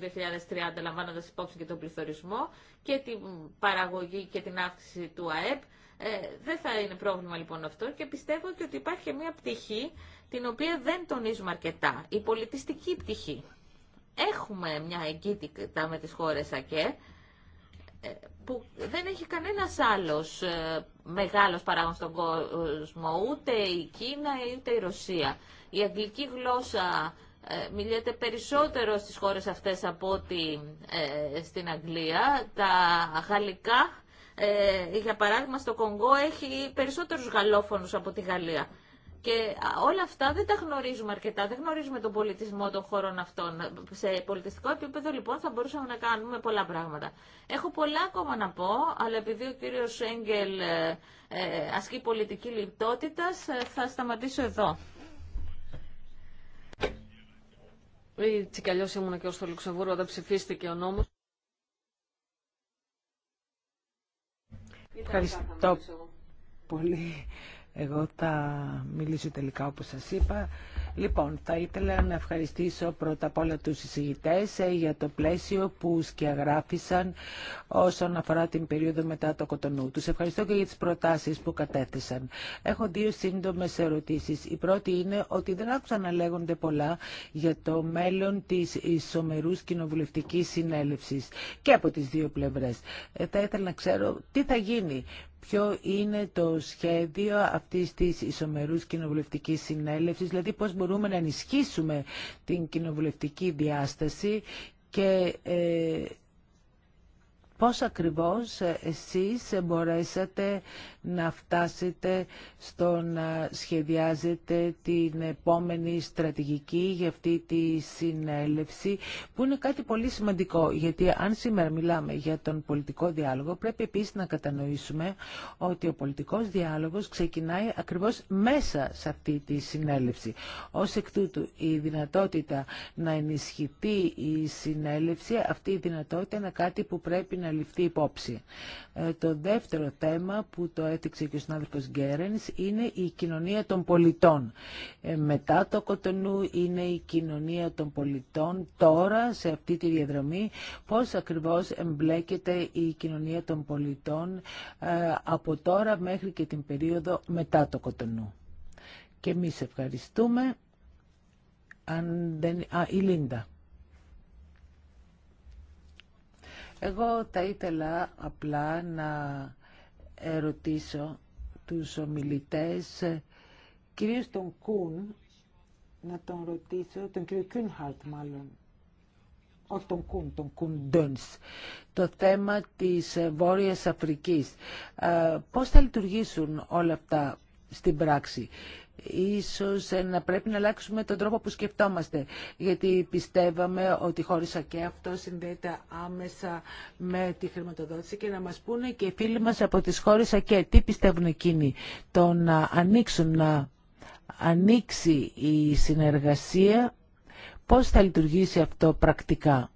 2030, λαμβάνοντα υπόψη και τον πληθωρισμό και την παραγωγή και την αύξηση του ΑΕΠ. Ε, δεν θα είναι πρόβλημα λοιπόν αυτό και πιστεύω ότι υπάρχει μια πτυχή την οποία δεν τονίζουμε αρκετά, η πολιτιστική πτυχή. Έχουμε μια εγκύτητα με τις χώρες ΑΚΕ, ε, που δεν έχει κανένας άλλος ε, μεγάλος παράγον στον κόσμο, ούτε η Κίνα ούτε η Ρωσία. Η αγγλική γλώσσα ε, μιλιέται περισσότερο στις χώρες αυτές από ότι στην Αγγλία. Τα γαλλικά, για παράδειγμα στο Κονγκό, έχει περισσότερους γαλλόφωνους από τη Γαλλία. Και όλα αυτά δεν τα γνωρίζουμε αρκετά, δεν γνωρίζουμε τον πολιτισμό των χωρών αυτών. Σε πολιτιστικό επίπεδο λοιπόν θα μπορούσαμε να κάνουμε πολλά πράγματα. Έχω πολλά ακόμα να πω, αλλά επειδή ο κύριος Έγγελ ε, ε ασκεί πολιτική λιπτότητα, ε, θα σταματήσω εδώ. Έτσι κι ήμουν και ως το Λουξεμβούργο όταν ψηφίστηκε ο νόμος. Ευχαριστώ πολύ. Εγώ θα μιλήσω τελικά όπως σας είπα. Λοιπόν, θα ήθελα να ευχαριστήσω πρώτα απ' όλα τους συζητητές ε, για το πλαίσιο που σκιαγράφησαν όσον αφορά την περίοδο μετά το Κοτονού. Τους ευχαριστώ και για τις προτάσεις που κατέθεσαν. Έχω δύο σύντομες ερωτήσεις. Η πρώτη είναι ότι δεν άκουσα να λέγονται πολλά για το μέλλον της ισομερούς κοινοβουλευτικής συνέλευσης και από τις δύο πλευρές. Ε, θα ήθελα να ξέρω τι θα γίνει ποιο είναι το σχέδιο αυτής της ισομερούς κοινοβουλευτικής συνέλευσης, δηλαδή πώς μπορούμε να ενισχύσουμε την κοινοβουλευτική διάσταση και ε, πώς ακριβώς εσείς μπορέσατε να φτάσετε στο να σχεδιάζετε την επόμενη στρατηγική για αυτή τη συνέλευση που είναι κάτι πολύ σημαντικό γιατί αν σήμερα μιλάμε για τον πολιτικό διάλογο πρέπει επίσης να κατανοήσουμε ότι ο πολιτικός διάλογος ξεκινάει ακριβώς μέσα σε αυτή τη συνέλευση. Ως εκ τούτου η δυνατότητα να ενισχυθεί η συνέλευση αυτή η δυνατότητα είναι κάτι που πρέπει να υπόψη. Ε, το δεύτερο θέμα που το έθιξε και ο συνάδελφος Γκέρενς είναι η κοινωνία των πολιτών. Ε, μετά το Κοτονού είναι η κοινωνία των πολιτών τώρα σε αυτή τη διαδρομή πώς ακριβώς εμπλέκεται η κοινωνία των πολιτών ε, από τώρα μέχρι και την περίοδο μετά το Κοτονού. Και εμείς ευχαριστούμε. Αν δεν... Α, η Λίντα. Εγώ τα ήθελα απλά να ερωτήσω τους ομιλητές, κυρίως τον Κούν, να τον ρωτήσω, τον κύριο Κούνχαρτ μάλλον, όχι τον Κούν, τον Ντονς, το θέμα της Βόρειας Αφρικής. Πώς θα λειτουργήσουν όλα αυτά στην πράξη ίσως ε, να πρέπει να αλλάξουμε τον τρόπο που σκεφτόμαστε. Γιατί πιστεύαμε ότι χώρισα και αυτό συνδέεται άμεσα με τη χρηματοδότηση και να μας πούνε και οι φίλοι μας από τις χώρες και τι πιστεύουν εκείνοι. Το να ανοίξουν, να ανοίξει η συνεργασία, πώς θα λειτουργήσει αυτό πρακτικά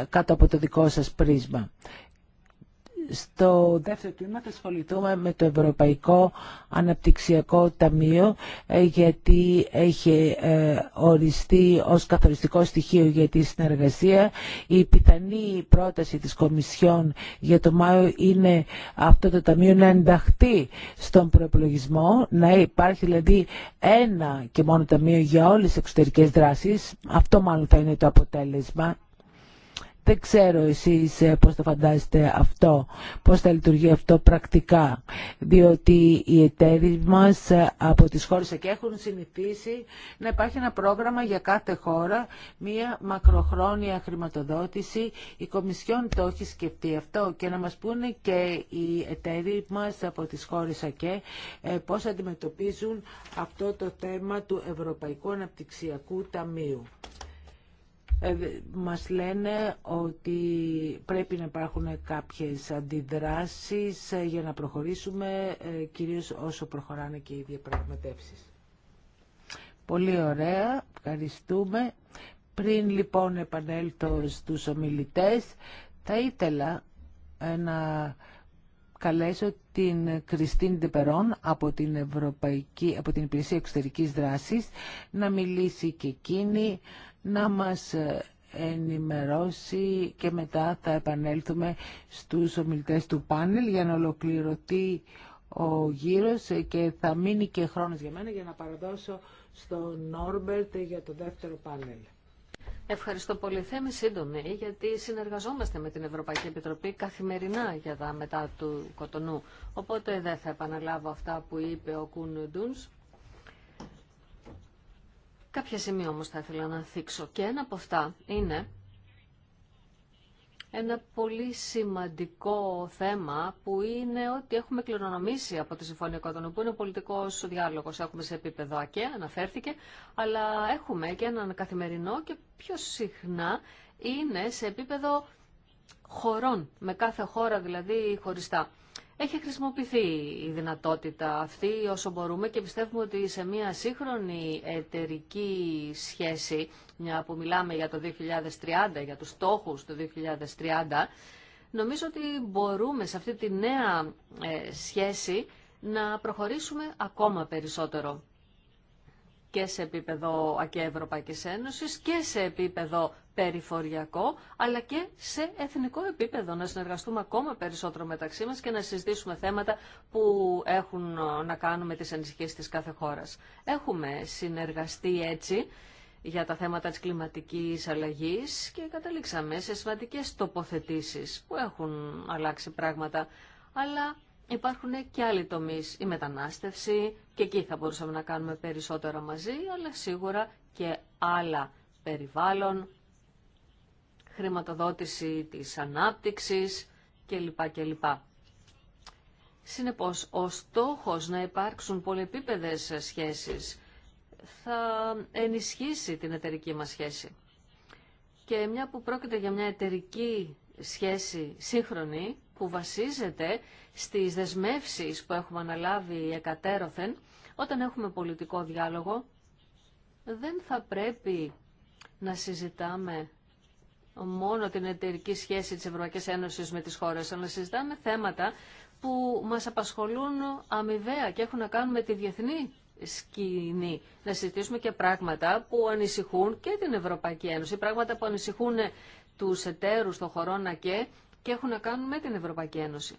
ε, κάτω από το δικό σας πρίσμα. Στο δεύτερο τμήμα θα ασχοληθούμε με το Ευρωπαϊκό Αναπτυξιακό Ταμείο ε, γιατί έχει ε, οριστεί ως καθοριστικό στοιχείο για τη συνεργασία. Η πιθανή πρόταση της Κομισιόν για το Μάιο είναι αυτό το Ταμείο να ενταχθεί στον προεπλογισμό, να υπάρχει δηλαδή ένα και μόνο Ταμείο για όλες τις εξωτερικές δράσεις. Αυτό μάλλον θα είναι το αποτέλεσμα δεν ξέρω εσείς ε, πώς το φαντάζεστε αυτό, πώς θα λειτουργεί αυτό πρακτικά, διότι οι εταίροι μας ε, από τις χώρες ΑΚΕ έχουν συνηθίσει να υπάρχει ένα πρόγραμμα για κάθε χώρα, μία μακροχρόνια χρηματοδότηση. Η Κομισιόν το έχει σκεφτεί αυτό και να μας πούνε και οι εταίροι μας από τις χώρες ΑΚΕ ε, πώς αντιμετωπίζουν αυτό το θέμα του Ευρωπαϊκού Αναπτυξιακού Ταμείου. Ε, μας λένε ότι πρέπει να υπάρχουν κάποιες αντιδράσεις ε, για να προχωρήσουμε, ε, κυρίως όσο προχωράνε και οι διαπραγματεύσεις. Πολύ ωραία, ευχαριστούμε. Πριν λοιπόν επανέλθω στους ομιλητές, θα ήθελα να καλέσω την Κριστίν Ντεπερόν από την, Ευρωπαϊκή, από την Υπηρεσία Εξωτερικής Δράσης να μιλήσει και εκείνη να μας ε, ενημερώσει και μετά θα επανέλθουμε στους ομιλητές του πάνελ για να ολοκληρωθεί ο γύρος ε, και θα μείνει και χρόνος για μένα για να παραδώσω στον Νόρμπερτ ε, για το δεύτερο πάνελ. Ευχαριστώ πολύ. Θα είμαι σύντομη γιατί συνεργαζόμαστε με την Ευρωπαϊκή Επιτροπή καθημερινά για τα μετά του Κοτονού. Οπότε δεν θα επαναλάβω αυτά που είπε ο Κούν Ντούνς. Κάποια σημεία όμως θα ήθελα να θίξω και ένα από αυτά είναι ένα πολύ σημαντικό θέμα που είναι ότι έχουμε κληρονομήσει από τη Συμφωνία Κότων, που είναι ο πολιτικός διάλογος. Έχουμε σε επίπεδο ΑΚΕ, αναφέρθηκε, αλλά έχουμε και έναν καθημερινό και πιο συχνά είναι σε επίπεδο χωρών, με κάθε χώρα δηλαδή χωριστά. Έχει χρησιμοποιηθεί η δυνατότητα αυτή όσο μπορούμε και πιστεύουμε ότι σε μια σύγχρονη εταιρική σχέση, μια που μιλάμε για το 2030, για τους στόχους του 2030, νομίζω ότι μπορούμε σε αυτή τη νέα ε, σχέση να προχωρήσουμε ακόμα περισσότερο και σε επίπεδο ΑΚΕ Ευρωπαϊκής Ένωσης και σε επίπεδο περιφοριακό, αλλά και σε εθνικό επίπεδο. Να συνεργαστούμε ακόμα περισσότερο μεταξύ μας και να συζητήσουμε θέματα που έχουν ε, να κάνουν με τις ανησυχίες της κάθε χώρας. Έχουμε συνεργαστεί έτσι για τα θέματα της κλιματικής αλλαγής και καταλήξαμε σε σημαντικές τοποθετήσεις που έχουν αλλάξει πράγματα, αλλά Υπάρχουν και άλλοι τομείς, η μετανάστευση, και εκεί θα μπορούσαμε να κάνουμε περισσότερα μαζί, αλλά σίγουρα και άλλα περιβάλλον, χρηματοδότηση της ανάπτυξης κλπ. κλπ. Συνεπώς, ο στόχος να υπάρξουν πολυεπίπεδες σχέσεις θα ενισχύσει την εταιρική μας σχέση. Και μια που πρόκειται για μια εταιρική σχέση σύγχρονη, που βασίζεται στις δεσμεύσεις που έχουμε αναλάβει εκατέρωθεν, όταν έχουμε πολιτικό διάλογο, δεν θα πρέπει να συζητάμε μόνο την εταιρική σχέση της Ευρωπαϊκής Ένωσης με τις χώρες, αλλά να συζητάμε θέματα που μας απασχολούν αμοιβαία και έχουν να κάνουν με τη διεθνή σκηνή. Να συζητήσουμε και πράγματα που ανησυχούν και την Ευρωπαϊκή Ένωση, πράγματα που ανησυχούν τους εταίρους των χωρών και και έχουν να κάνουν με την Ευρωπαϊκή Ένωση.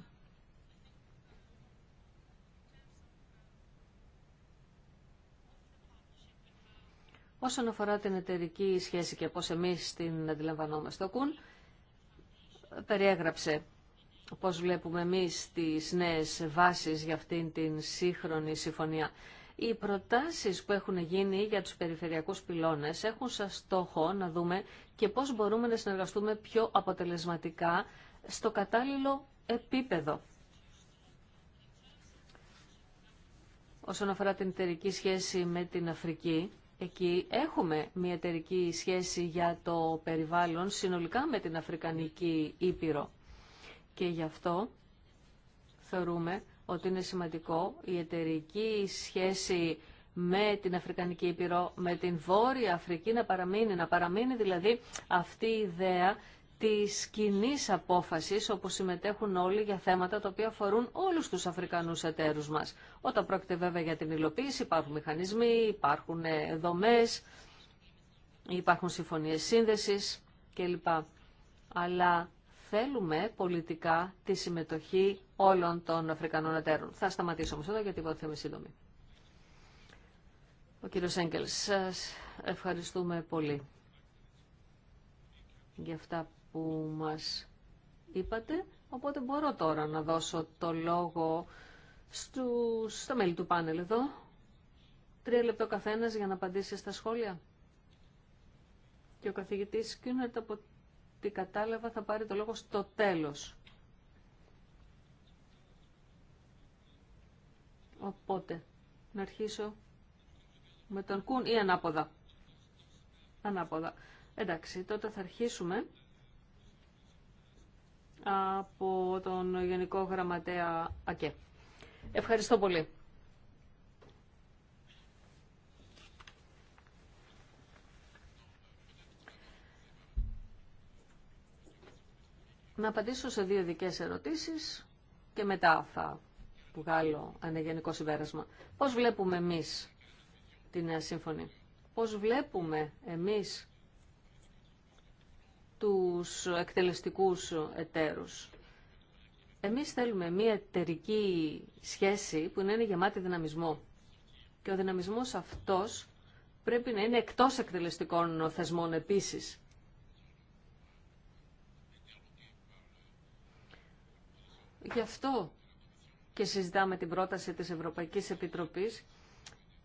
Όσον αφορά την εταιρική σχέση και πώς εμείς την αντιλαμβανόμαστε, ο Κουν περιέγραψε πώς βλέπουμε εμείς τις νέες βάσεις για αυτήν την σύγχρονη συμφωνία. Οι προτάσεις που έχουν γίνει για τους περιφερειακούς πυλώνες έχουν σαν στόχο να δούμε και πώς μπορούμε να συνεργαστούμε πιο αποτελεσματικά στο κατάλληλο επίπεδο. Όσον αφορά την εταιρική σχέση με την Αφρική, εκεί έχουμε μια εταιρική σχέση για το περιβάλλον συνολικά με την Αφρικανική Ήπειρο. Και γι' αυτό θεωρούμε ότι είναι σημαντικό η εταιρική σχέση με την Αφρικανική Ήπειρο, με την Βόρεια Αφρική να παραμείνει, να παραμείνει δηλαδή αυτή η ιδέα της κοινή απόφασης όπω συμμετέχουν όλοι για θέματα τα οποία αφορούν όλους τους Αφρικανούς εταίρους μας. Όταν πρόκειται βέβαια για την υλοποίηση υπάρχουν μηχανισμοί, υπάρχουν ε, δομές, υπάρχουν συμφωνίες σύνδεσης κλπ. Αλλά θέλουμε πολιτικά τη συμμετοχή όλων των Αφρικανών εταίρων. Θα σταματήσω όμως εδώ γιατί θα είμαι σύντομη. Ο κύριος Έγκελ, σας ευχαριστούμε πολύ για αυτά που μας είπατε, οπότε μπορώ τώρα να δώσω το λόγο στου, στα μέλη του πάνελ εδώ. Τρία λεπτό καθένας για να απαντήσει στα σχόλια. Και ο καθηγητής Κιούνερτ από ό,τι κατάλαβα θα πάρει το λόγο στο τέλος. Οπότε, να αρχίσω με τον Κουν ή ανάποδα. Ανάποδα. Εντάξει, τότε θα αρχίσουμε από τον Γενικό Γραμματέα ΑΚΕ. Ευχαριστώ πολύ. Να απαντήσω σε δύο δικές ερωτήσεις και μετά θα βγάλω ένα γενικό συμπέρασμα. Πώς βλέπουμε εμείς την Νέα Σύμφωνη. Πώς βλέπουμε εμείς τους εκτελεστικούς εταίρους. Εμείς θέλουμε μια εταιρική σχέση που να είναι γεμάτη δυναμισμό. Και ο δυναμισμός αυτός πρέπει να είναι εκτός εκτελεστικών θεσμών επίσης. Γι' αυτό και συζητάμε την πρόταση της Ευρωπαϊκής Επιτροπής,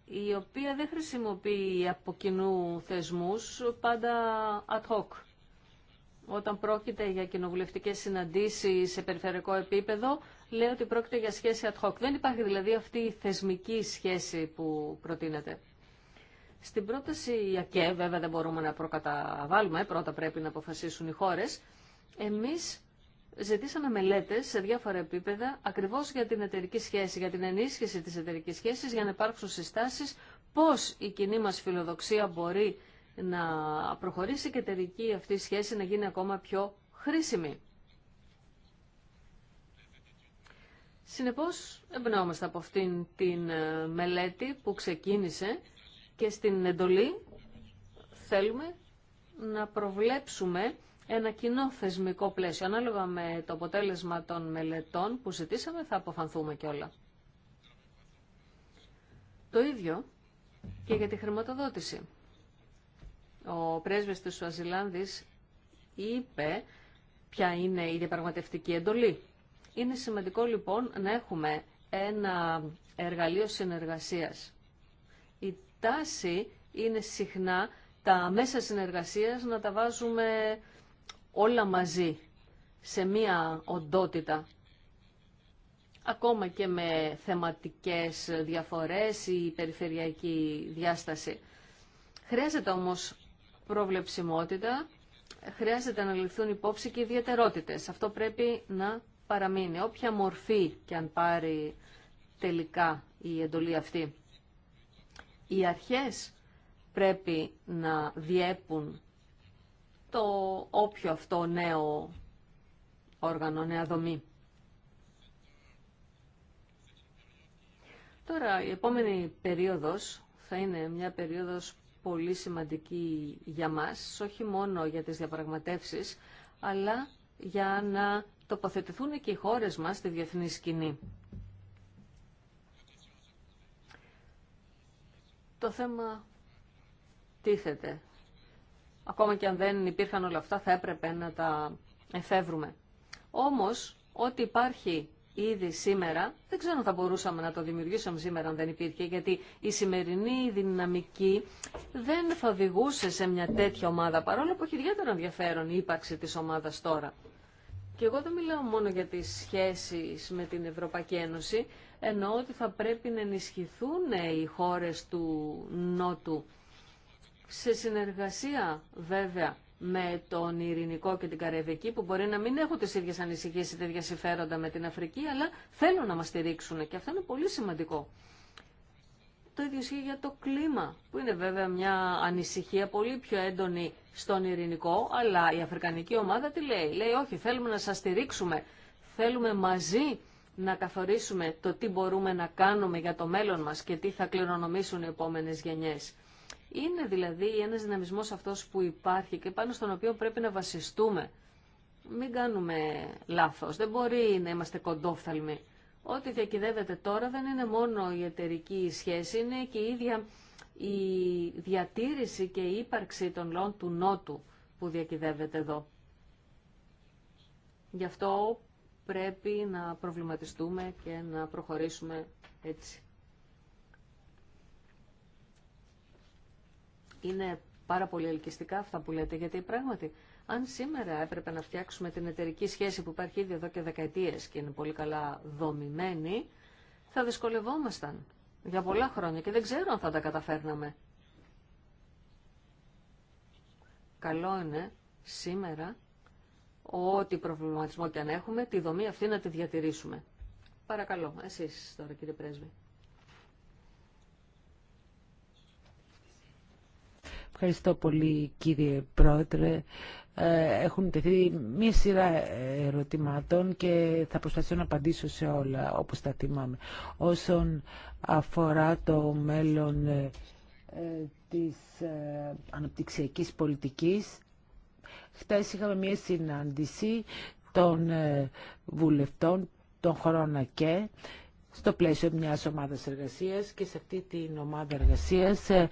η οποία δεν χρησιμοποιεί από κοινού θεσμούς, πάντα ad hoc όταν πρόκειται για κοινοβουλευτικέ συναντήσει σε περιφερειακό επίπεδο, λέει ότι πρόκειται για σχέση ad hoc. Δεν υπάρχει δηλαδή αυτή η θεσμική σχέση που προτείνεται. Στην πρόταση ΑΚΕ, βέβαια δεν μπορούμε να προκαταβάλουμε, πρώτα πρέπει να αποφασίσουν οι χώρε. Εμεί ζητήσαμε μελέτε σε διάφορα επίπεδα ακριβώ για την εταιρική σχέση, για την ενίσχυση τη εταιρική σχέση, για να υπάρξουν συστάσει πώ η κοινή μα φιλοδοξία μπορεί να προχωρήσει και τελική αυτή η σχέση να γίνει ακόμα πιο χρήσιμη. Συνεπώς εμπνεόμαστε από αυτήν την ε, μελέτη που ξεκίνησε και στην εντολή θέλουμε να προβλέψουμε ένα κοινό θεσμικό πλαίσιο. Ανάλογα με το αποτέλεσμα των μελετών που ζητήσαμε θα αποφανθούμε κιόλα. Το ίδιο και για τη χρηματοδότηση. Ο πρέσβης του Σουαζιλάνδης είπε ποια είναι η διαπραγματευτική εντολή. Είναι σημαντικό λοιπόν να έχουμε ένα εργαλείο συνεργασίας. Η τάση είναι συχνά τα μέσα συνεργασίας να τα βάζουμε όλα μαζί σε μία οντότητα. Ακόμα και με θεματικές διαφορές ή περιφερειακή διάσταση. Χρειάζεται όμως προβλεψιμότητα χρειάζεται να ληφθούν υπόψη και ιδιαιτερότητες. Αυτό πρέπει να παραμείνει, όποια μορφή και αν πάρει τελικά η εντολή αυτή. Οι αρχές πρέπει να διέπουν το όποιο αυτό νέο όργανο, νέα δομή. Τώρα, η επόμενη περίοδος θα είναι μια περίοδος πολύ σημαντική για μας, όχι μόνο για τις διαπραγματεύσεις, αλλά για να τοποθετηθούν και οι χώρες μας στη διεθνή σκηνή. Το θέμα τίθεται. Ακόμα και αν δεν υπήρχαν όλα αυτά, θα έπρεπε να τα εφεύρουμε. Όμως, ό,τι υπάρχει ήδη σήμερα, δεν ξέρω αν θα μπορούσαμε να το δημιουργήσουμε σήμερα αν δεν υπήρχε, γιατί η σημερινή δυναμική δεν θα οδηγούσε σε μια τέτοια ομάδα, παρόλο που έχει ιδιαίτερο ενδιαφέρον η ύπαρξη της ομάδας τώρα. Και εγώ δεν μιλάω μόνο για τις σχέσεις με την Ευρωπαϊκή Ένωση, ενώ ότι θα πρέπει να ενισχυθούν οι χώρες του Νότου, σε συνεργασία βέβαια με τον Ειρηνικό και την Καραϊβική που μπορεί να μην έχουν τις ίδιες ανησυχίες ή τέτοια συμφέροντα με την Αφρική αλλά θέλουν να μας στηρίξουν και αυτό είναι πολύ σημαντικό. Το ίδιο ισχύει για το κλίμα που είναι βέβαια μια ανησυχία πολύ πιο έντονη στον Ειρηνικό αλλά η Αφρικανική ομάδα τι λέει. Λέει όχι θέλουμε να σας στηρίξουμε, θέλουμε μαζί να καθορίσουμε το τι μπορούμε να κάνουμε για το μέλλον μας και τι θα κληρονομήσουν οι επόμενες γενιές. Είναι δηλαδή ένας δυναμισμός αυτός που υπάρχει και πάνω στον οποίο πρέπει να βασιστούμε. Μην κάνουμε λάθος. Δεν μπορεί να είμαστε κοντόφθαλμοι. Ό,τι διακυδεύεται τώρα δεν είναι μόνο η εταιρική σχέση, είναι και η ίδια η διατήρηση και η ύπαρξη των λόγων του Νότου που διακυδεύεται εδώ. Γι' αυτό πρέπει να προβληματιστούμε και να προχωρήσουμε έτσι. είναι πάρα πολύ ελκυστικά αυτά που λέτε, γιατί πράγματι αν σήμερα έπρεπε να φτιάξουμε την εταιρική σχέση που υπάρχει ήδη εδώ και δεκαετίε και είναι πολύ καλά δομημένη, θα δυσκολευόμασταν για πολλά χρόνια και δεν ξέρω αν θα τα καταφέρναμε. Καλό είναι σήμερα ό,τι προβληματισμό και αν έχουμε, τη δομή αυτή να τη διατηρήσουμε. Παρακαλώ, εσείς τώρα κύριε Πρέσβη. Ευχαριστώ πολύ κύριε Πρόεδρε. Ε, έχουν τεθεί μία σειρά ερωτημάτων και θα προσπαθήσω να απαντήσω σε όλα όπως τα θυμάμαι. Όσον αφορά το μέλλον ε, της ε, αναπτυξιακής πολιτικής, χτες είχαμε μία συνάντηση των βουλευτών των χωρών ΑΚΕ στο πλαίσιο μιας ομάδας εργασίας και σε αυτή την ομάδα εργασίας ε,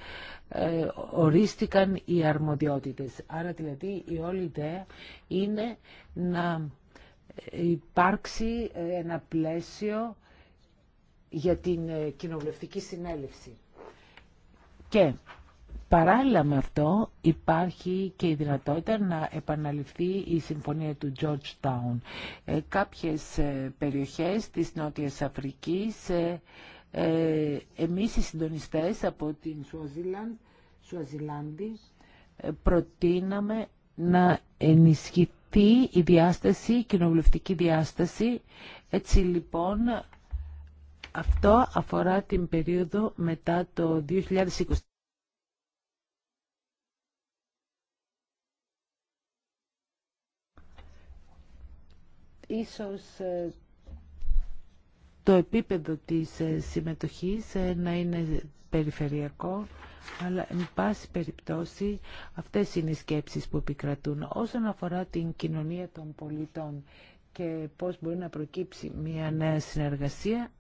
ε, ορίστηκαν οι αρμοδιότητες. Άρα δηλαδή η όλη ιδέα είναι να υπάρξει ε, ένα πλαίσιο για την κοινοβουλευτική συνέλευση. Και Παράλληλα με αυτό υπάρχει και η δυνατότητα να επαναληφθεί η συμφωνία του Georgetown. Ε, κάποιες ε, περιοχές της Νότιας Αφρικής, ε, ε, εμείς οι συντονιστές από την Σουαζιλάνδη ε, προτείναμε να ενισχυθεί η διάσταση, η κοινοβουλευτική διάσταση. Έτσι λοιπόν αυτό αφορά την περίοδο μετά το 2020. ίσως ε, το επίπεδο της ε, συμμετοχής ε, να είναι περιφερειακό, αλλά εν πάση περιπτώσει αυτές είναι οι σκέψεις που επικρατούν. Όσον αφορά την κοινωνία των πολιτών και πώς μπορεί να προκύψει μια νέα συνεργασία,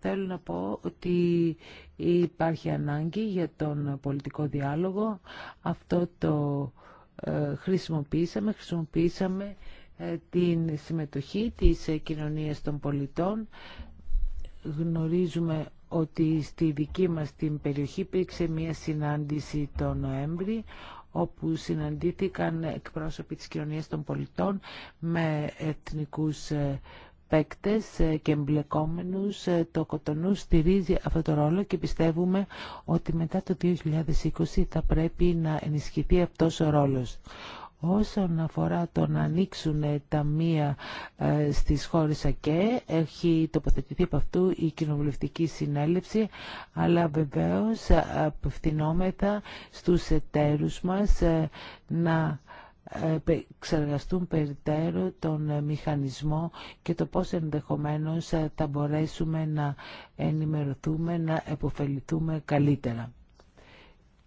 θέλω να πω ότι υπάρχει ανάγκη για τον πολιτικό διάλογο. Αυτό το χρησιμοποίησαμε, χρησιμοποίησαμε ε, την συμμετοχή της ε, κοινωνίας των πολιτών. Γνωρίζουμε ότι στη δική μας την περιοχή υπήρξε μια συνάντηση τον Νοέμβρη όπου συναντήθηκαν εκπρόσωποι της κοινωνίας των πολιτών με εθνικούς ε, παίκτες και εμπλεκόμενους. Το Κοτονού στηρίζει αυτό το ρόλο και πιστεύουμε ότι μετά το 2020 θα πρέπει να ενισχυθεί αυτός ο ρόλος. Όσον αφορά το να ανοίξουν τα μία ε, στις χώρες ΑΚΕ, έχει τοποθετηθεί από αυτού η κοινοβουλευτική συνέλευση, αλλά βεβαίως ε, απευθυνόμεθα στους εταίρους μας ε, να εξεργαστούν περιττέρω τον μηχανισμό και το πώς ενδεχομένως θα μπορέσουμε να ενημερωθούμε, να επωφεληθούμε καλύτερα.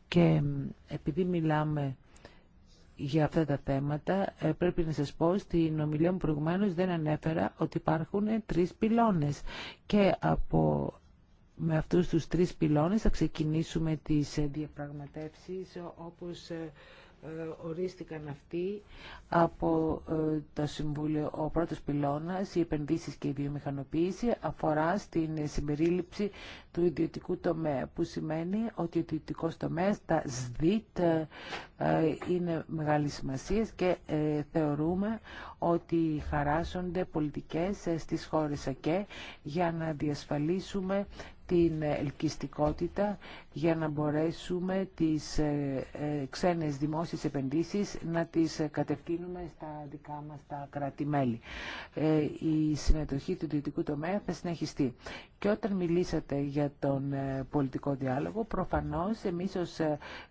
Και επειδή μιλάμε για αυτά τα θέματα, ε, πρέπει να σας πω, στην ομιλία μου προηγουμένως δεν ανέφερα ότι υπάρχουν τρεις πυλώνες και από με αυτούς τους τρεις πυλώνες θα ξεκινήσουμε τις ε, διαπραγματεύσεις ε, όπως ε, ορίστηκαν αυτοί από ε, το Συμβούλιο. Ο πρώτος πυλώνας, οι επενδύσεις και η βιομηχανοποίηση, αφορά στην συμπερίληψη του ιδιωτικού τομέα, που σημαίνει ότι ο ιδιωτικό τομέας, τα ΣΔΙΤ, ε, είναι μεγάλη σημασία και θεωρούμε ότι χαράσσονται πολιτικές στις χώρες ΑΚΕ για να διασφαλίσουμε την ελκυστικότητα για να μπορέσουμε τις ε, ε, ξένες δημόσιες επενδύσεις να τις κατευθύνουμε στα δικά μας τα κράτη-μέλη. Ε, η συμμετοχή του ιδιωτικού τομέα θα συνεχιστεί. Και όταν μιλήσατε για τον πολιτικό διάλογο, προφανώς εμείς ως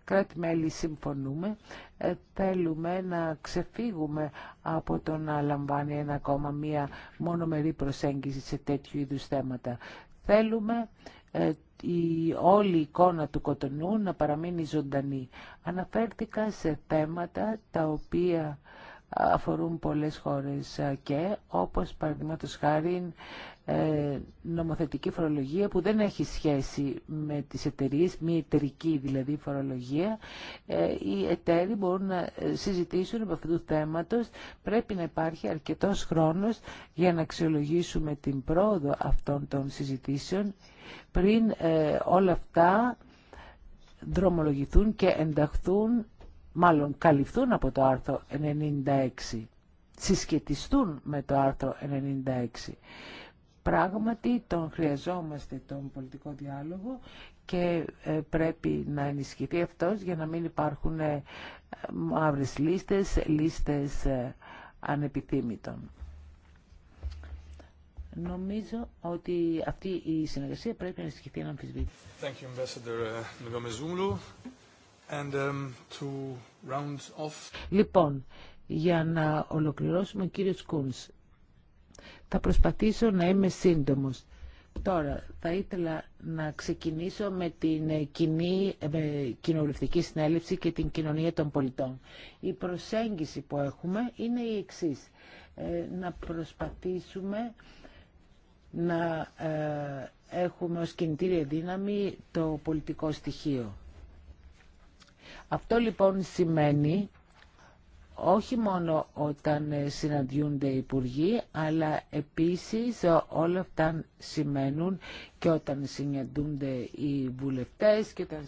κράτη-μέλη συμφωνούμε, θέλουμε να ξεφύγουμε από το να λαμβάνει ένα ακόμα μία μονομερή προσέγγιση σε τέτοιου είδους θέματα. Θέλουμε ε, η όλη η εικόνα του Κοτονού να παραμείνει ζωντανή. Αναφέρθηκα σε θέματα τα οποία αφορούν πολλές χώρες ε, και όπως παραδείγματο χάρη ε, νομοθετική φορολογία που δεν έχει σχέση με τις εταιρείε, μη εταιρική δηλαδή φορολογία. Ε, οι εταίροι μπορούν να συζητήσουν από αυτού του θέματος. Πρέπει να υπάρχει αρκετός χρόνος για να αξιολογήσουμε την πρόοδο αυτών των συζητήσεων πριν όλα αυτά δρομολογηθούν και ενταχθούν μάλλον καλυφθούν από το άρθρο 96, συσχετιστούν με το άρθρο 96. Πράγματι τον χρειαζόμαστε τον πολιτικό διάλογο και ε, πρέπει να ενισχυθεί αυτός για να μην υπάρχουν ε, μαύρες λίστες, λίστες ε, ανεπιθύμητων. Νομίζω ότι αυτή η συνεργασία πρέπει να ενισχυθεί να αμφισβήτηση. Um, λοιπόν, για να ολοκληρώσουμε, κύριε Κούνς, θα προσπαθήσω να είμαι σύντομος. Τώρα, θα ήθελα να ξεκινήσω με την ε, κοινή με κοινοβουλευτική συνέλευση και την κοινωνία των πολιτών. Η προσέγγιση που έχουμε είναι η εξής. Ε, να προσπαθήσουμε να ε, έχουμε ως κινητήρια δύναμη το πολιτικό στοιχείο. Αυτό λοιπόν σημαίνει όχι μόνο όταν συναντιούνται οι υπουργοί, αλλά επίσης όλα αυτά σημαίνουν και όταν συναντούνται οι βουλευτές και όταν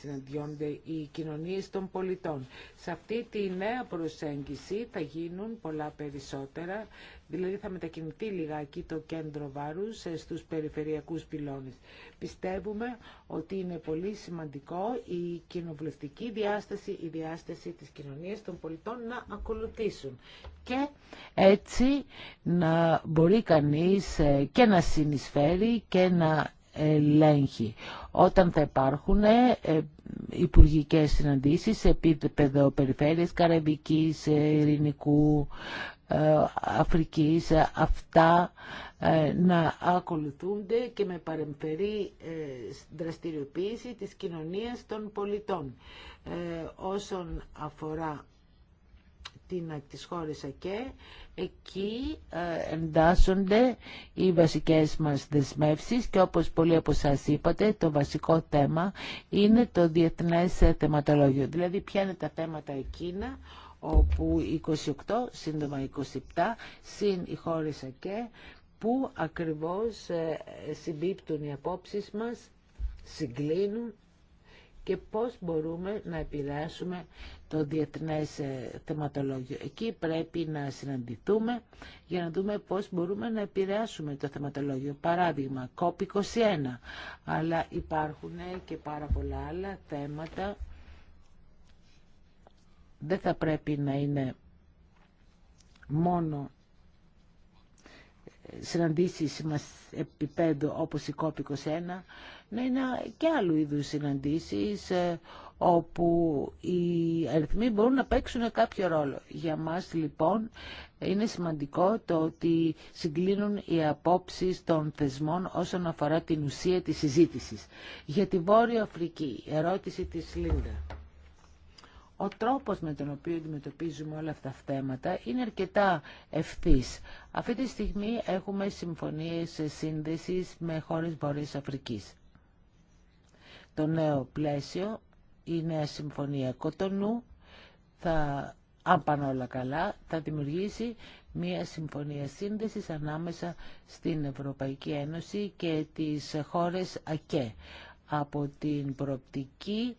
συναντιόνται οι κοινωνίες των πολιτών. Σε αυτή τη νέα προσέγγιση θα γίνουν πολλά περισσότερα, δηλαδή θα μετακινηθεί λιγάκι το κέντρο βάρους ε, στους περιφερειακούς πυλώνες. Πιστεύουμε ότι είναι πολύ σημαντικό η κοινοβουλευτική διάσταση, η διάσταση της κοινωνίας των πολιτών να ακολουθήσουν και έτσι να μπορεί κανείς ε, και να συνεισφέρει και να ελέγχει. Όταν θα υπάρχουν ε, ε, υπουργικέ συναντήσεις σε επίπεδο περιφέρειας Καραβικής, Ειρηνικού, ε, Αφρικής, αυτά να ακολουθούνται και με παρεμφερή δραστηριοποίηση της κοινωνίας των πολιτών. Όσον αφορά την, τις χώρες ΑΚΕ Εκεί ε, εντάσσονται οι βασικές μας δεσμεύσεις και όπως πολλοί από εσά είπατε το βασικό θέμα είναι το διεθνές θεματολόγιο. Δηλαδή ποια είναι τα θέματα εκείνα όπου 28, σύντομα 27, συν οι χώρες ΑΚΕ που ακριβώς ε, συμπίπτουν οι απόψεις μας, συγκλίνουν και πώς μπορούμε να επηρεάσουμε το διεθνές ε, θεματολόγιο. Εκεί πρέπει να συναντηθούμε για να δούμε πώς μπορούμε να επηρεάσουμε το θεματολόγιο. Παράδειγμα, COP21, αλλά υπάρχουν ε, και πάρα πολλά άλλα θέματα. Δεν θα πρέπει να είναι μόνο ε, συναντήσεις επίπεδο όπως η COP21, να είναι και άλλου είδους συναντήσεις ε, όπου οι αριθμοί μπορούν να παίξουν κάποιο ρόλο. Για μας λοιπόν είναι σημαντικό το ότι συγκλίνουν οι απόψεις των θεσμών όσον αφορά την ουσία της συζήτησης. Για τη Βόρεια Αφρική, ερώτηση της Λίντα. Ο τρόπος με τον οποίο αντιμετωπίζουμε όλα αυτά τα θέματα είναι αρκετά ευθύς. Αυτή τη στιγμή έχουμε συμφωνίες σύνδεσης με χώρες Βόρειας Αφρικής το νέο πλαίσιο, η νέα συμφωνία Κοτονού, θα, αν πάνε όλα καλά, θα δημιουργήσει μια συμφωνία σύνδεσης ανάμεσα στην Ευρωπαϊκή Ένωση και τις χώρες ΑΚΕ από την προοπτική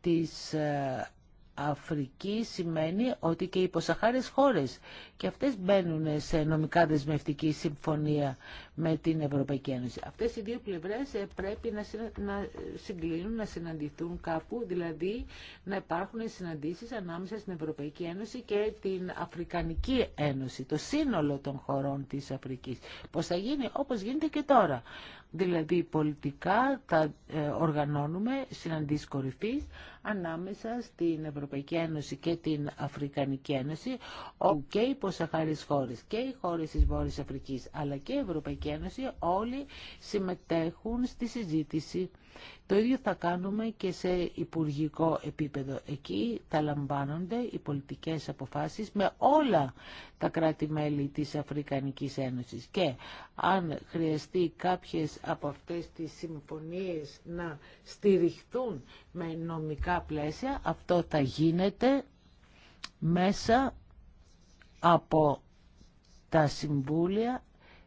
της ε, Αφρική σημαίνει ότι και οι υποσαχάρες χώρες και αυτές μπαίνουν σε νομικά δεσμευτική συμφωνία με την Ευρωπαϊκή Ένωση. Αυτές οι δύο πλευρές ε, πρέπει να συγκλίνουν, να συναντηθούν κάπου, δηλαδή να υπάρχουν συναντήσεις ανάμεσα στην Ευρωπαϊκή Ένωση και την Αφρικανική Ένωση, το σύνολο των χωρών της Αφρικής. Πώς θα γίνει, όπως γίνεται και τώρα. Δηλαδή πολιτικά θα ε, οργανώνουμε συναντήσεις κορυφής ανάμεσα στην Ευρωπαϊκή Ένωση και την Αφρικανική Ένωση και οι ποσαχάρες χώρες και οι χώρες της Βόρειας Αφρικής αλλά και η Ευρωπαϊκή όλοι συμμετέχουν στη συζήτηση. Το ίδιο θα κάνουμε και σε υπουργικό επίπεδο. Εκεί θα λαμβάνονται οι πολιτικές αποφάσεις με όλα τα κράτη-μέλη της Αφρικανικής Ένωσης. Και αν χρειαστεί κάποιες από αυτές τις συμφωνίες να στηριχτούν με νομικά πλαίσια, αυτό θα γίνεται μέσα από τα συμβούλια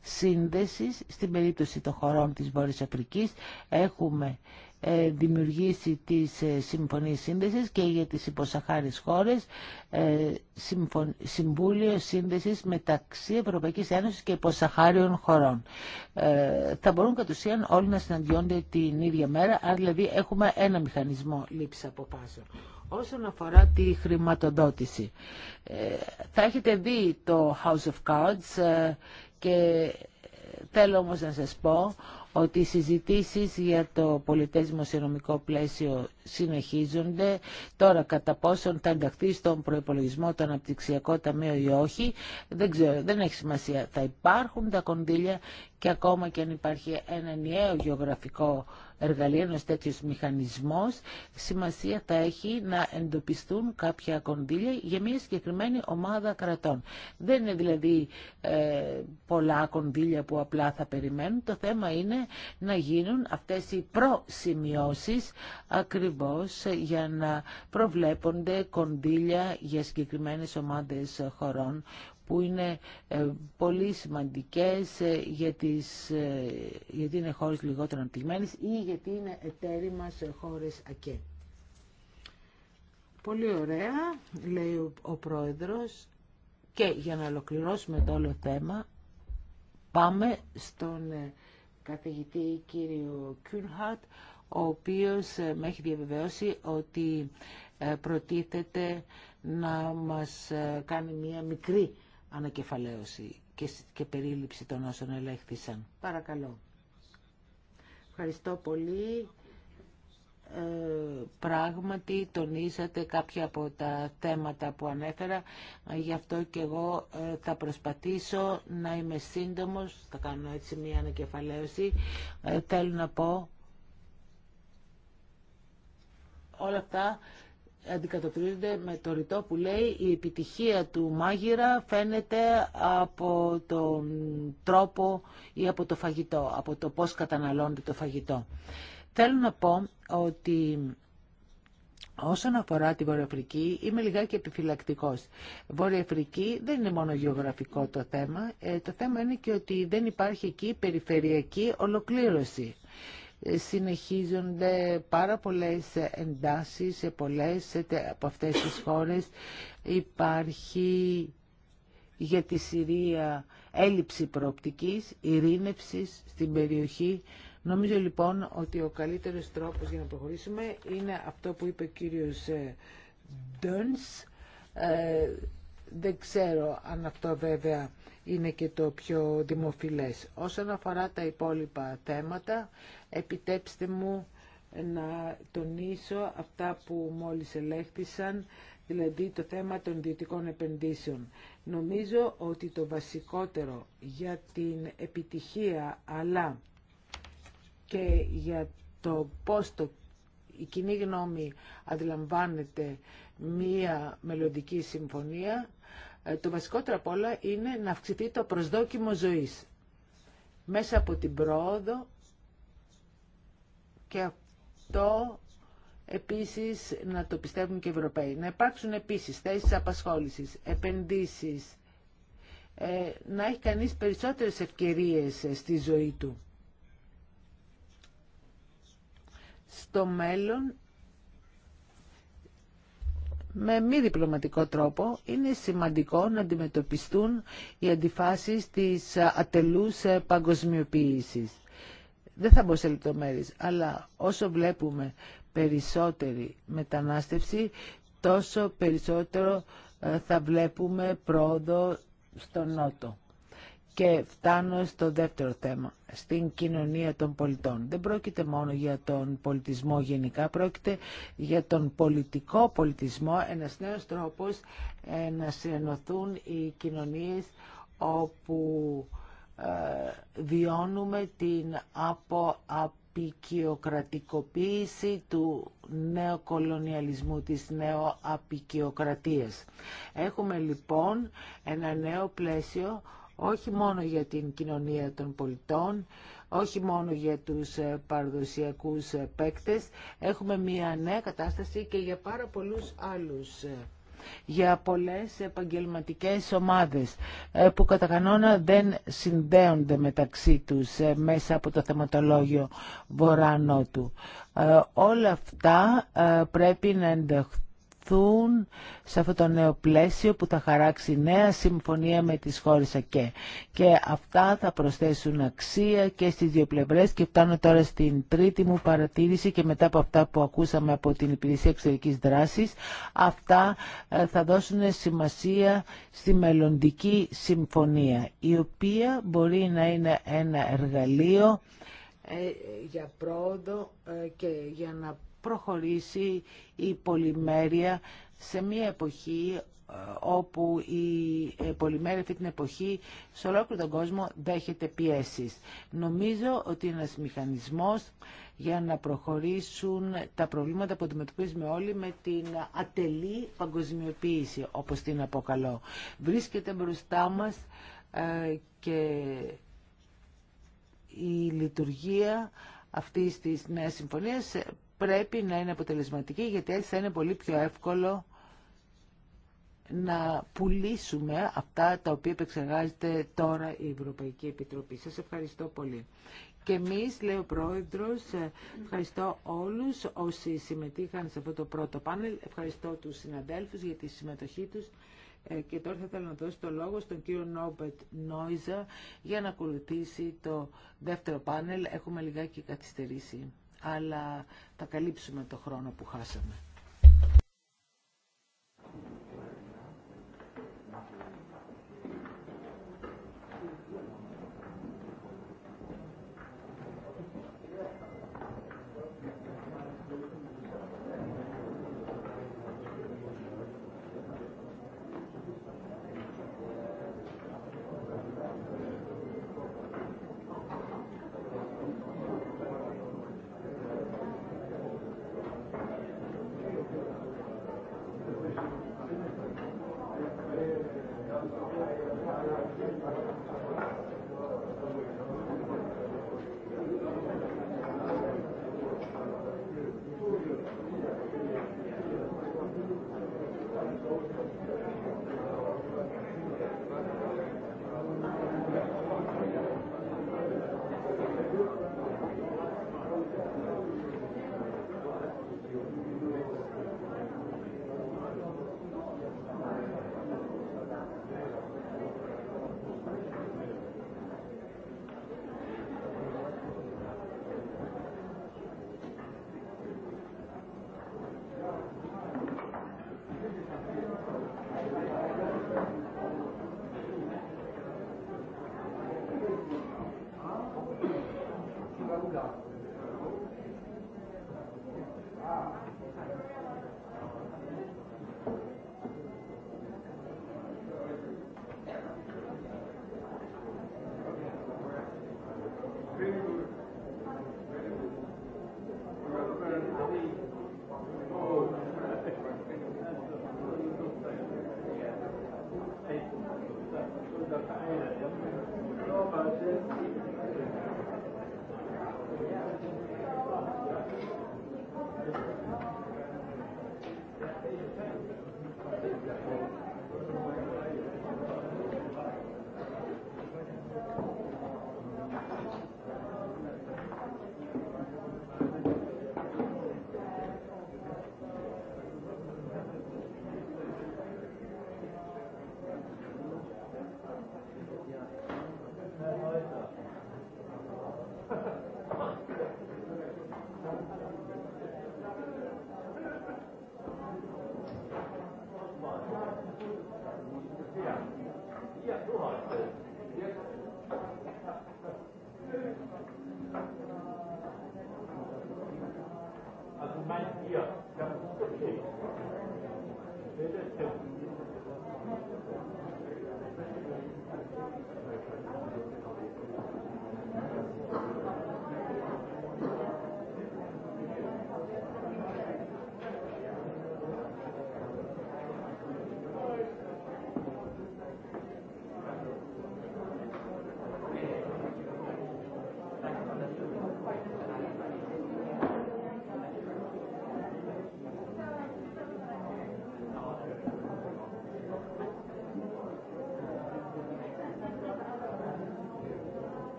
σύνδεσης. Στην περίπτωση των χωρών της Βόρειας Αφρικής έχουμε ε, δημιουργήσει τις ε, συμφωνίες σύνδεσης και για τις υποσαχάρες χώρες ε, Συμβούλιο Σύνδεσης μεταξύ Ευρωπαϊκής Ένωσης και υποσαχάριων χωρών. Θα μπορούν κατ' ουσίαν όλοι να συναντιόνται την ίδια μέρα, άρα δηλαδή έχουμε ένα μηχανισμό λήψης αποφάσεων. Όσον αφορά τη χρηματοδότηση, θα έχετε δει το House of Cards και θέλω όμως να σας πω ότι οι συζητήσεις για το πολιτές δημοσιονομικό πλαίσιο συνεχίζονται. Τώρα κατά πόσον θα ενταχθεί στον προϋπολογισμό το αναπτυξιακό ταμείο ή όχι, δεν έχει σημασία. Θα υπάρχουν τα κονδύλια και ακόμα και αν υπάρχει ένα νέο γεωγραφικό εργαλείο, ένας τέτοιος μηχανισμός, σημασία θα έχει να εντοπιστούν κάποια κονδύλια για μια συγκεκριμένη ομάδα κρατών. Δεν είναι δηλαδή ε, πολλά κονδύλια που απλά θα περιμένουν. Το θέμα είναι να γίνουν αυτές οι προσημειώσεις ακριβώς για να προβλέπονται κονδύλια για συγκεκριμένες ομάδες χωρών που είναι ε, πολύ σημαντικές ε, για, τις, ε, γιατί είναι χώρες λιγότερο αναπτυγμένες ή γιατί είναι εταίροι μας σε χώρες ΑΚΕ. Πολύ ωραία, λέει ο Πρόεδρος. Και για να ολοκληρώσουμε το όλο θέμα, πάμε στον καθηγητή κύριο Κιούνχατ, ο οποίος με έχει διαβεβαιώσει ότι προτίθεται να μας κάνει μία μικρή ανακεφαλαίωση και, και περίληψη των όσων ελέγχθησαν. Παρακαλώ. Ευχαριστώ πολύ. Ε, πράγματι τονίσατε κάποια από τα θέματα που ανέφερα ε, γι' αυτό και εγώ ε, θα προσπαθήσω να είμαι σύντομος θα κάνω έτσι μια ανακεφαλαίωση ε, θέλω να πω όλα αυτά αντικατοπτρίζονται με το ρητό που λέει η επιτυχία του μάγειρα φαίνεται από τον τρόπο ή από το φαγητό, από το πώς καταναλώνεται το φαγητό. Θέλω να πω ότι Όσον αφορά τη Βόρεια Αφρική, είμαι λιγάκι επιφυλακτικός. Βόρεια δεν είναι μόνο γεωγραφικό το θέμα. Ε, το θέμα είναι και ότι δεν υπάρχει εκεί περιφερειακή ολοκλήρωση συνεχίζονται πάρα πολλές εντάσεις σε πολλές από αυτές τις χώρες. Υπάρχει για τη Συρία έλλειψη προοπτικής, ειρήνευσης στην περιοχή. Νομίζω λοιπόν ότι ο καλύτερος τρόπος για να προχωρήσουμε είναι αυτό που είπε ο κύριος ε, Ντόνς. Ε, δεν ξέρω αν αυτό βέβαια είναι και το πιο δημοφιλές. Όσον αφορά τα υπόλοιπα θέματα, επιτέψτε μου να τονίσω αυτά που μόλις ελέγχθησαν, δηλαδή το θέμα των ιδιωτικών επενδύσεων. Νομίζω ότι το βασικότερο για την επιτυχία, αλλά και για το πώς το, η κοινή γνώμη αντιλαμβάνεται μία μελλοντική συμφωνία, ε, το βασικότερο απ' όλα είναι να αυξηθεί το προσδόκιμο ζωής μέσα από την πρόοδο και αυτό επίσης να το πιστεύουν και οι Ευρωπαίοι. Να υπάρξουν επίσης θέσεις απασχόλησης, επενδύσεις, ε, να έχει κανείς περισσότερες ευκαιρίες ε, στη ζωή του. Στο μέλλον με μη διπλωματικό τρόπο είναι σημαντικό να αντιμετωπιστούν οι αντιφάσεις της ατελούς παγκοσμιοποίησης. Δεν θα μπω σε λεπτομέρειες, αλλά όσο βλέπουμε περισσότερη μετανάστευση, τόσο περισσότερο ε, θα βλέπουμε πρόοδο στον Νότο. Και φτάνω στο δεύτερο θέμα, στην κοινωνία των πολιτών. Δεν πρόκειται μόνο για τον πολιτισμό γενικά, πρόκειται για τον πολιτικό πολιτισμό, ένας νέος τρόπος ε, να συνενωθούν οι κοινωνίες όπου ε, βιώνουμε την αποαπικιοκρατικοποίηση του νεοκολονιαλισμού, της νεοαπικιοκρατίας. Έχουμε λοιπόν ένα νέο πλαίσιο όχι μόνο για την κοινωνία των πολιτών, όχι μόνο για τους ε, παραδοσιακούς ε, παίκτες. Έχουμε μια νέα κατάσταση και για πάρα πολλούς άλλους ε, για πολλές επαγγελματικές ομάδες που κατά κανόνα δεν συνδέονται μεταξύ τους μέσα από το θεματολόγιο βορρά-νότου. Όλα αυτά πρέπει να ενταχθούν ενταχθούν σε αυτό το νέο πλαίσιο που θα χαράξει νέα συμφωνία με τις χώρες ΑΚΕ. Και αυτά θα προσθέσουν αξία και στις δύο πλευρές και φτάνω τώρα στην τρίτη μου παρατήρηση και μετά από αυτά που ακούσαμε από την Υπηρεσία Εξωτερικής Δράσης, αυτά ε, θα δώσουν σημασία στη μελλοντική συμφωνία, η οποία μπορεί να είναι ένα εργαλείο ε, για πρόοδο ε, και για να προχωρήσει η πολυμέρεια σε μια εποχή ε, όπου η ε, πολυμέρεια αυτή την εποχή σε ολόκληρο τον κόσμο δέχεται πιέσεις. Νομίζω ότι είναι ένας μηχανισμός για να προχωρήσουν τα προβλήματα που αντιμετωπίζουμε όλοι με την ατελή παγκοσμιοποίηση, όπως την αποκαλώ. Βρίσκεται μπροστά μας ε, και η λειτουργία αυτής της νέας συμφωνίας πρέπει να είναι αποτελεσματική γιατί έτσι θα είναι πολύ πιο εύκολο να πουλήσουμε αυτά τα οποία επεξεργάζεται τώρα η Ευρωπαϊκή Επιτροπή. Σας ευχαριστώ πολύ. Και εμείς, λέει ο Πρόεδρος, ευχαριστώ όλους όσοι συμμετείχαν σε αυτό το πρώτο πάνελ. Ευχαριστώ τους συναδέλφους για τη συμμετοχή τους. Ε, και τώρα θα ήθελα να δώσω το λόγο στον κύριο Νόμπετ Νόιζα για να ακολουθήσει το δεύτερο πάνελ. Έχουμε λιγάκι καθυστερήσει αλλά θα καλύψουμε το χρόνο που χάσαμε.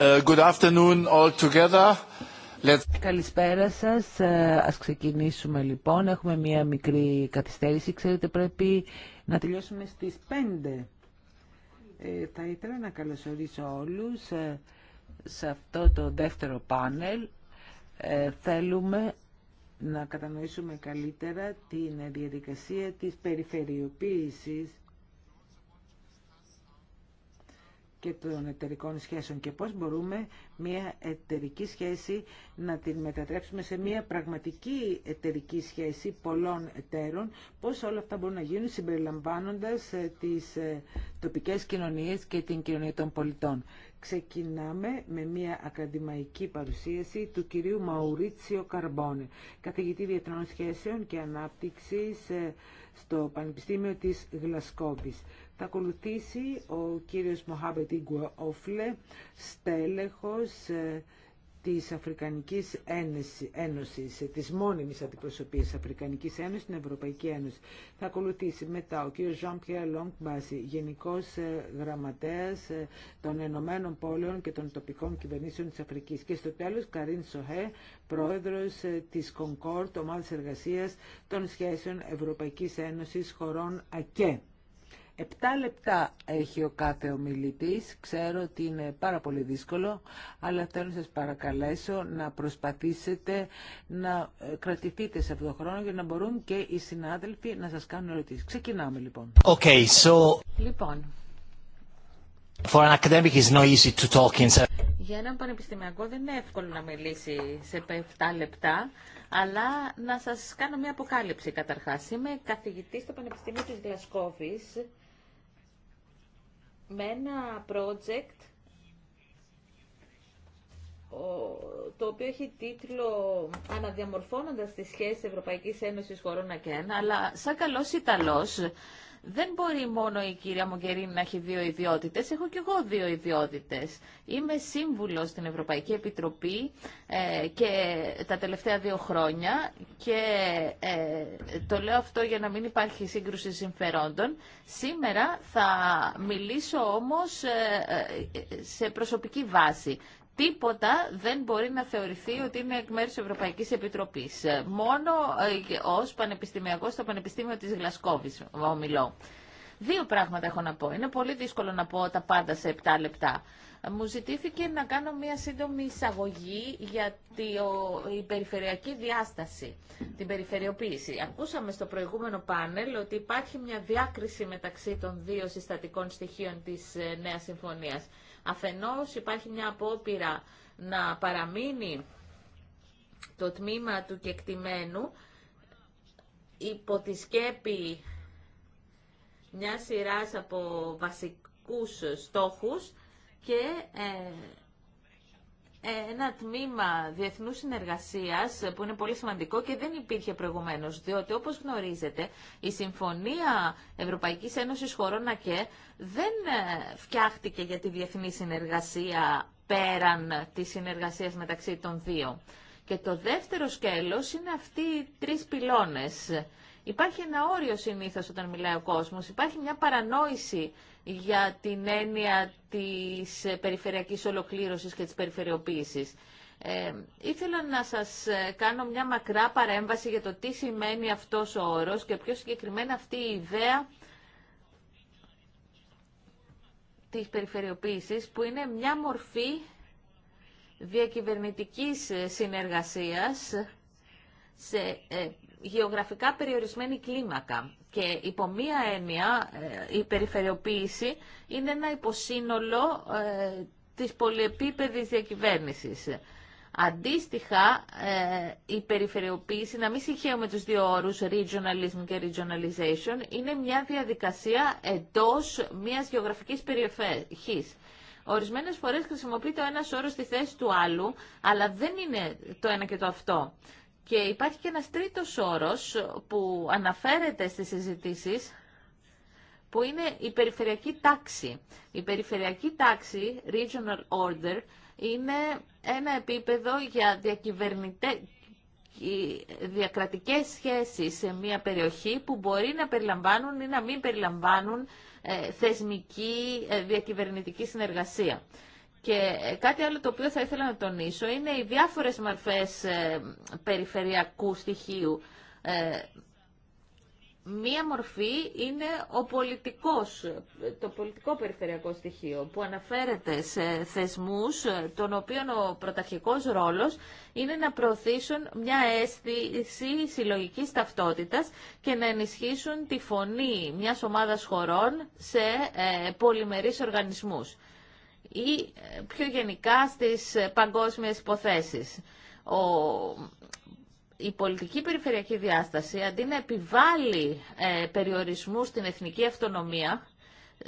Ε, Καλησπέρα σας. Ε, ας ξεκινήσουμε λοιπόν. Έχουμε μία μικρή καθυστέρηση. Ξέρετε πρέπει να τελειώσουμε στις 5. Ε, θα ήθελα να καλωσορίσω όλους σε αυτό το δεύτερο πάνελ. θέλουμε να κατανοήσουμε καλύτερα την διαδικασία της περιφερειοποίησης των εταιρικών σχέσεων και πώς μπορούμε μια εταιρική σχέση να την μετατρέψουμε σε μια πραγματική εταιρική σχέση πολλών εταίρων, πώς όλα αυτά μπορούν να γίνουν συμπεριλαμβάνοντας ε, τις ε, τοπικές κοινωνίες και την κοινωνία των πολιτών. Ξεκινάμε με μια ακαδημαϊκή παρουσίαση του κυρίου Μαουρίτσιο Καρμπόνε, καθηγητή διεθνών σχέσεων και ανάπτυξης ε, στο Πανεπιστήμιο της γλασκόπης. Θα ακολουθήσει ο κύριος Μοχάμπετ Ιγκουα Όφλε, στέλεχος ε, της Αφρικανικής Ένωσης, ε, της μόνιμης αντιπροσωπείας Αφρικανικής Ένωσης στην Ευρωπαϊκή Ένωση. Θα ακολουθήσει μετά ο κύριος Jean-Pierre Μπάση, Γενικός ε, Γραμματέας των Ενωμένων Πόλεων και των τοπικών κυβερνήσεων της Αφρικής. Και στο τέλος Καρίν Σοχέ, Πρόεδρος της Concord, Ομάδας Εργασίας των Σχέσεων Ευρωπαϊκής Ένωσης χωρών ΑΚΕ. Επτά λεπτά έχει ο κάθε ομιλητής. Ξέρω ότι είναι πάρα πολύ δύσκολο, αλλά θέλω να σας παρακαλέσω να προσπαθήσετε να ε, κρατηθείτε σε αυτό το χρόνο για να μπορούν και οι συνάδελφοι να σας κάνουν ερωτήσεις. Ξεκινάμε λοιπόν. Okay, so... Λοιπόν, For an academic it's not easy to talk in... Για έναν πανεπιστημιακό δεν είναι εύκολο να μιλήσει σε 7 λεπτά, αλλά να σας κάνω μια αποκάλυψη καταρχάς. Είμαι καθηγητής στο Πανεπιστήμιο της Γλασκόβης με ένα project το οποίο έχει τίτλο «Αναδιαμορφώνοντας τις σχέσεις Ευρωπαϊκής Ένωσης χωρών ΑΚΕΝ», αλλά σαν καλός Ιταλός δεν μπορεί μόνο η κυρία Μογκερίνη να έχει δύο ιδιότητε, Έχω κι εγώ δύο ιδιότητε. Είμαι σύμβουλο στην Ευρωπαϊκή Επιτροπή ε, και τα τελευταία δύο χρόνια και ε, το λέω αυτό για να μην υπάρχει σύγκρουση συμφερόντων. Σήμερα θα μιλήσω όμως ε, σε προσωπική βάση τίποτα δεν μπορεί να θεωρηθεί ότι είναι εκ μέρου Ευρωπαϊκή Επιτροπή. Επιτροπής. Μόνο ε, ω πανεπιστημιακό στο Πανεπιστήμιο τη Γλασκόβη ομιλώ. Δύο πράγματα έχω να πω. Είναι πολύ δύσκολο να πω τα πάντα σε 7 λεπτά. Μου ζητήθηκε να κάνω μία σύντομη εισαγωγή για τη η περιφερειακή διάσταση, την περιφερειοποίηση. Ακούσαμε στο προηγούμενο πάνελ ότι υπάρχει μια διάκριση μεταξύ των δύο συστατικών στοιχείων της ε, νέας συμφωνίας. Αφενός υπάρχει μια απόπειρα να παραμείνει το τμήμα του κεκτημένου υπό τη σκέπη μια σειράς από βασικούς στόχους και ε, ένα τμήμα διεθνούς συνεργασίας ε, που είναι πολύ σημαντικό και δεν υπήρχε προηγουμένω, διότι όπως γνωρίζετε η Συμφωνία Ευρωπαϊκής Ένωσης Χωρών ΑΚΕ δεν ε, φτιάχτηκε για τη διεθνή συνεργασία πέραν της συνεργασίας μεταξύ των δύο. Και το δεύτερο σκέλος είναι αυτοί οι τρεις πυλώνες. Υπάρχει ένα όριο συνήθως όταν μιλάει ο κόσμος. Υπάρχει μια παρανόηση για την έννοια της περιφερειακής ολοκλήρωσης και της περιφερειοποίησης. Ε, ήθελα να σας κάνω μια μακρά παρέμβαση για το τι σημαίνει αυτός ο όρος και πιο συγκεκριμένα αυτή η ιδέα της περιφερειοποίησης που είναι μια μορφή διακυβερνητικής συνεργασίας σε ε, γεωγραφικά περιορισμένη κλίμακα και υπό μία έννοια ε, η περιφερειοποίηση είναι ένα υποσύνολο ε, της πολυεπίπεδης διακυβέρνησης. Αντίστοιχα, ε, η περιφερειοποίηση, να μην συγχαίουμε τους δύο όρους regionalism και regionalization, είναι μια διαδικασία εντός μιας γεωγραφικής περιοχής. Ορισμένες φορές χρησιμοποιείται ο ένας όρος στη θέση του άλλου, αλλά δεν είναι το ένα και το αυτό. Και υπάρχει και ένας τρίτος όρος που αναφέρεται στις συζητήσεις που είναι η περιφερειακή τάξη. Η περιφερειακή τάξη, regional order, είναι ένα επίπεδο για διακυβερνητέ, διακρατικές σχέσεις σε μια περιοχή που μπορεί να περιλαμβάνουν ή να μην περιλαμβάνουν ε, θεσμική ε, διακυβερνητική συνεργασία. Και ε, κάτι άλλο το οποίο θα ήθελα να τονίσω είναι οι διάφορες μορφές ε, περιφερειακού στοιχείου. Ε, μία μορφή είναι ο πολιτικός, το πολιτικό περιφερειακό στοιχείο που αναφέρεται σε θεσμούς των οποίων ο πρωταρχικός ρόλος είναι να προωθήσουν μια αίσθηση συλλογικής ταυτότητας και να ενισχύσουν τη φωνή μιας ομάδας χωρών σε πολυμερείς οργανισμούς ή ε, πιο γενικά στις ε, παγκόσμιες υποθέσεις. Ο, η πολιτική περιφερειακή διάσταση, αντί να επιβάλλει ε, περιορισμού στην εθνική αυτονομία,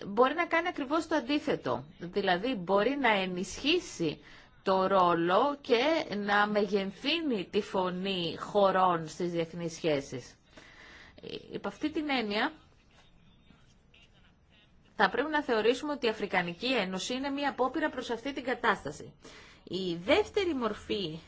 μπορεί να κάνει ακριβώς το αντίθετο. Δηλαδή, μπορεί να ενισχύσει το ρόλο και να μεγενθύνει τη φωνή χωρών στις διεθνείς σχέσεις. Ε, υπ' αυτή την έννοια, θα πρέπει να θεωρήσουμε ότι η Αφρικανική Ένωση είναι μια απόπειρα προς αυτή την κατάσταση. Η δεύτερη μορφή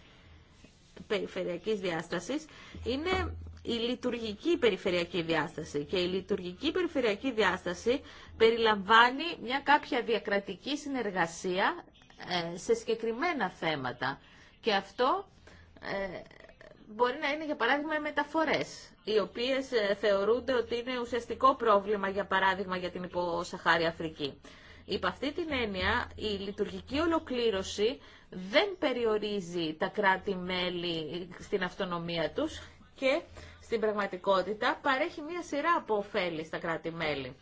περιφερειακής διάστασης είναι η λειτουργική περιφερειακή διάσταση. Και η λειτουργική περιφερειακή διάσταση περιλαμβάνει μια κάποια διακρατική συνεργασία ε, σε συγκεκριμένα θέματα. Και αυτό ε, μπορεί να είναι, για παράδειγμα, οι μεταφορές οι οποίες ε, θεωρούνται ότι είναι ουσιαστικό πρόβλημα, για παράδειγμα, για την υποσαχάρη Αφρική. Υπ' αυτή την έννοια, η λειτουργική ολοκλήρωση δεν περιορίζει τα κράτη-μέλη στην αυτονομία τους και στην πραγματικότητα παρέχει μία σειρά από ωφέλη στα κράτη-μέλη.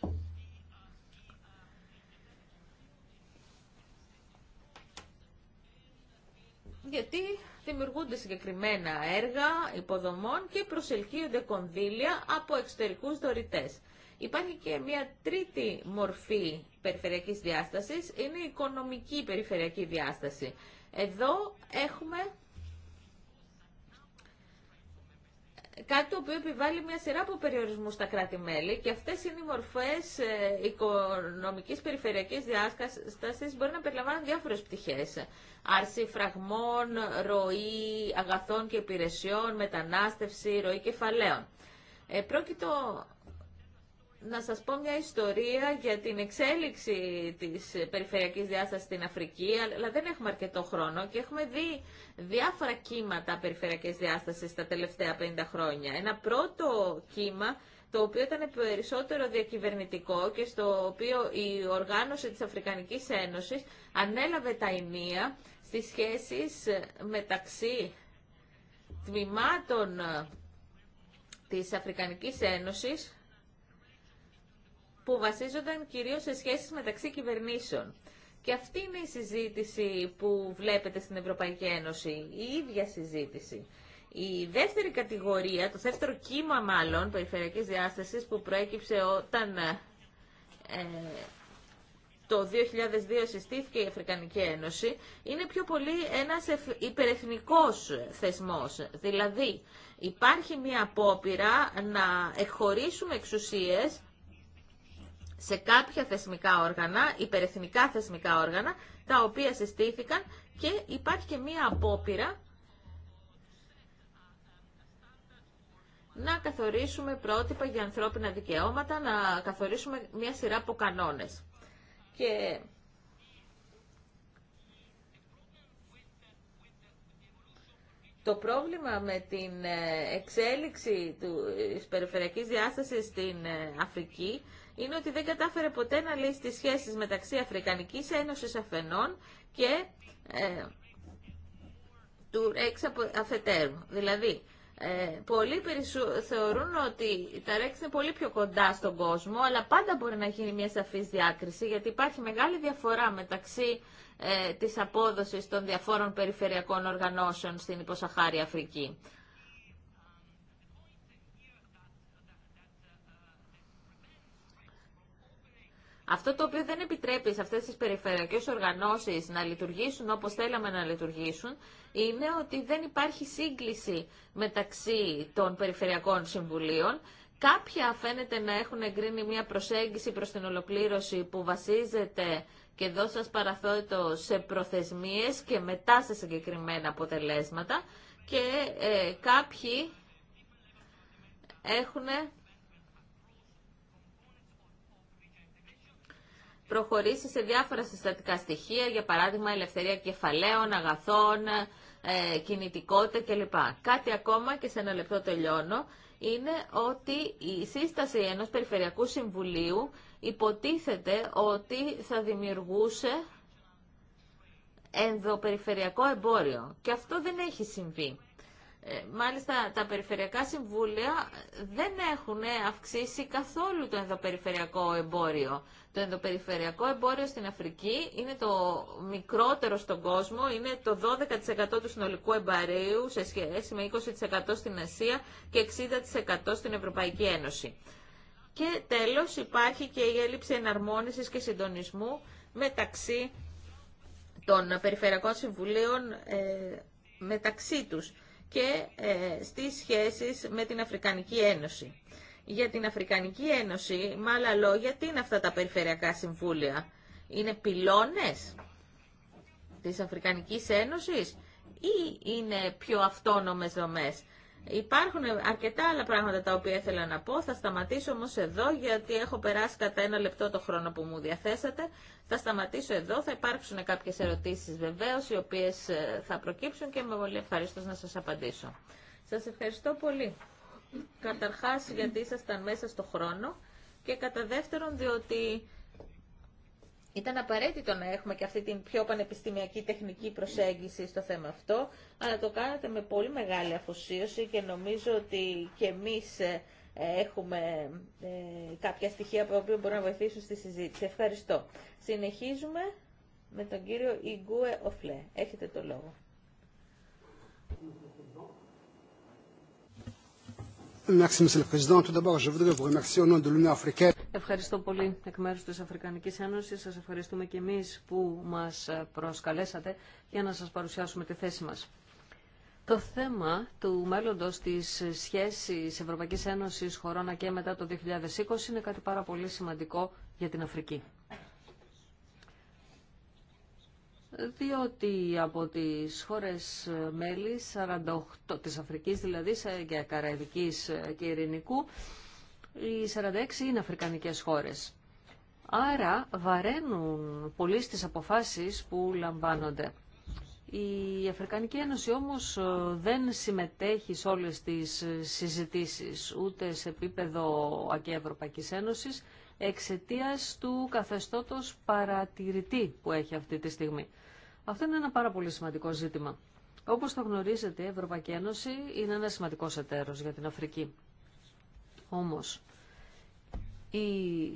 Γιατί δημιουργούνται συγκεκριμένα έργα υποδομών και προσελκύονται κονδύλια από εξωτερικούς δωρητές. Υπάρχει και μια τρίτη μορφή περιφερειακής διάστασης, είναι η οικονομική περιφερειακή διάσταση. Εδώ έχουμε κάτι το οποίο επιβάλλει μια σειρά από περιορισμού στα κράτη-μέλη και αυτές είναι οι μορφές ε, οικονομικής περιφερειακής διάσταση μπορεί να περιλαμβάνουν διάφορες πτυχές. Άρση φραγμών, ροή αγαθών και υπηρεσιών, μετανάστευση, ροή κεφαλαίων. Ε, πρόκειτο να σας πω μια ιστορία για την εξέλιξη της περιφερειακής διάστασης στην Αφρική, αλλά δεν έχουμε αρκετό χρόνο και έχουμε δει διάφορα κύματα περιφερειακής διάστασης τα τελευταία 50 χρόνια. Ένα πρώτο κύμα το οποίο ήταν περισσότερο διακυβερνητικό και στο οποίο η οργάνωση της Αφρικανικής Ένωσης ανέλαβε τα ενία στις σχέσεις μεταξύ τμήματων της Αφρικανικής Ένωσης που βασίζονταν κυρίως σε σχέσεις μεταξύ κυβερνήσεων. Και αυτή είναι η συζήτηση που βλέπετε στην Ευρωπαϊκή Ένωση, η ίδια συζήτηση. Η δεύτερη κατηγορία, το δεύτερο κύμα μάλλον περιφερειακής διάστασης που προέκυψε όταν ε, το 2002 συστήθηκε η Αφρικανική Ένωση, είναι πιο πολύ ένας υπερεθνικός θεσμός. Δηλαδή υπάρχει μια απόπειρα να εχωρίσουμε εξουσίες σε κάποια θεσμικά όργανα, υπερεθνικά θεσμικά όργανα, τα οποία συστήθηκαν και υπάρχει και μία απόπειρα να καθορίσουμε πρότυπα για ανθρώπινα δικαιώματα, να καθορίσουμε μία σειρά από κανόνες. Και Το πρόβλημα με την ε, εξέλιξη του, ε, της περιφερειακής διάστασης στην ε, Αφρική είναι ότι δεν κατάφερε ποτέ να λύσει τις σχέσεις μεταξύ Αφρικανικής Ένωσης Αφενών και ε, του ΡΕΚΣ αφετέρου. Δηλαδή, ε, πολλοί θεωρούν ότι τα ΡΕΚΣ είναι πολύ πιο κοντά στον κόσμο, αλλά πάντα μπορεί να γίνει μια σαφής διάκριση, γιατί υπάρχει μεγάλη διαφορά μεταξύ ε, της απόδοσης των διαφόρων περιφερειακών οργανώσεων στην Υποσαχάρη Αφρική. Αυτό το οποίο δεν επιτρέπει σε αυτές τις περιφερειακές οργανώσεις να λειτουργήσουν όπως θέλαμε να λειτουργήσουν είναι ότι δεν υπάρχει σύγκληση μεταξύ των περιφερειακών συμβουλίων. Κάποια φαίνεται να έχουν εγκρίνει μια προσέγγιση προς την ολοκλήρωση που βασίζεται και εδώ σας παραθέτω σε προθεσμίες και μετά σε συγκεκριμένα αποτελέσματα και ε, κάποιοι έχουν προχωρήσει σε διάφορα συστατικά στοιχεία, για παράδειγμα ελευθερία κεφαλαίων, αγαθών, ε, κινητικότητα κλπ. Κάτι ακόμα και σε ένα λεπτό τελειώνω είναι ότι η σύσταση ενός Περιφερειακού Συμβουλίου υποτίθεται ότι θα δημιουργούσε ενδοπεριφερειακό εμπόριο. Και αυτό δεν έχει συμβεί. Ε, μάλιστα τα περιφερειακά συμβούλια δεν έχουν αυξήσει καθόλου το ενδοπεριφερειακό εμπόριο. Το ενδοπεριφερειακό εμπόριο στην Αφρική είναι το μικρότερο στον κόσμο, είναι το 12% του συνολικού εμπαρίου σε σχέση με 20% στην Ασία και 60% στην Ευρωπαϊκή Ένωση. Και τέλος υπάρχει και η έλλειψη εναρμόνισης και συντονισμού μεταξύ των περιφερειακών συμβουλίων ε, μεταξύ τους και ε, στις σχέσεις με την Αφρικανική Ένωση. Για την Αφρικανική Ένωση, με άλλα λόγια, τι είναι αυτά τα περιφερειακά συμβούλια. Είναι πυλώνες της Αφρικανικής Ένωσης ή είναι πιο αυτόνομες δομές. Υπάρχουν αρκετά άλλα πράγματα τα οποία ήθελα να πω. Θα σταματήσω όμως εδώ γιατί έχω περάσει κατά ένα λεπτό το χρόνο που μου διαθέσατε. Θα σταματήσω εδώ. Θα υπάρξουν κάποιες ερωτήσεις βεβαίως οι οποίες ε, θα προκύψουν και είμαι πολύ ευχαριστώ να σας απαντήσω. Σας ευχαριστώ πολύ. Καταρχάς γιατί ήσασταν μέσα στο χρόνο και κατά δεύτερον διότι ήταν απαραίτητο να έχουμε και αυτή την πιο πανεπιστημιακή τεχνική προσέγγιση στο θέμα αυτό, αλλά το κάνατε με πολύ μεγάλη αφοσίωση και νομίζω ότι και εμείς ε, έχουμε ε, κάποια στοιχεία από τα οποία μπορούν να βοηθήσουν στη συζήτηση. Ευχαριστώ. Συνεχίζουμε με τον κύριο Ιγκούε Οφλέ. Έχετε το λόγο. Ευχαριστώ πολύ εκ μέρους της Αφρικανικής Ένωσης. Σας ευχαριστούμε και εμείς που μας προσκαλέσατε για να σας παρουσιάσουμε τη θέση μας. Το θέμα του μέλλοντος της σχέσης Ευρωπαϊκής Ένωσης χωρών και μετά το 2020 είναι κάτι πάρα πολύ σημαντικό για την Αφρική. διότι από τις χώρες μέλη 48, της Αφρικής δηλαδή και Καραϊβικής και Ειρηνικού οι 46 είναι αφρικανικές χώρες. Άρα βαραίνουν πολύ στις αποφάσεις που λαμβάνονται. Η Αφρικανική Ένωση όμως ε, δεν συμμετέχει σε όλες τις συζητήσεις, ούτε σε επίπεδο και Ευρωπαϊκής Ένωσης, εξαιτίας του καθεστώτος παρατηρητή που έχει αυτή τη στιγμή. Αυτό είναι ένα πάρα πολύ σημαντικό ζήτημα. Όπως θα γνωρίζετε, η Ευρωπαϊκή Ένωση είναι ένα σημαντικό εταίρος για την Αφρική. Όμως, η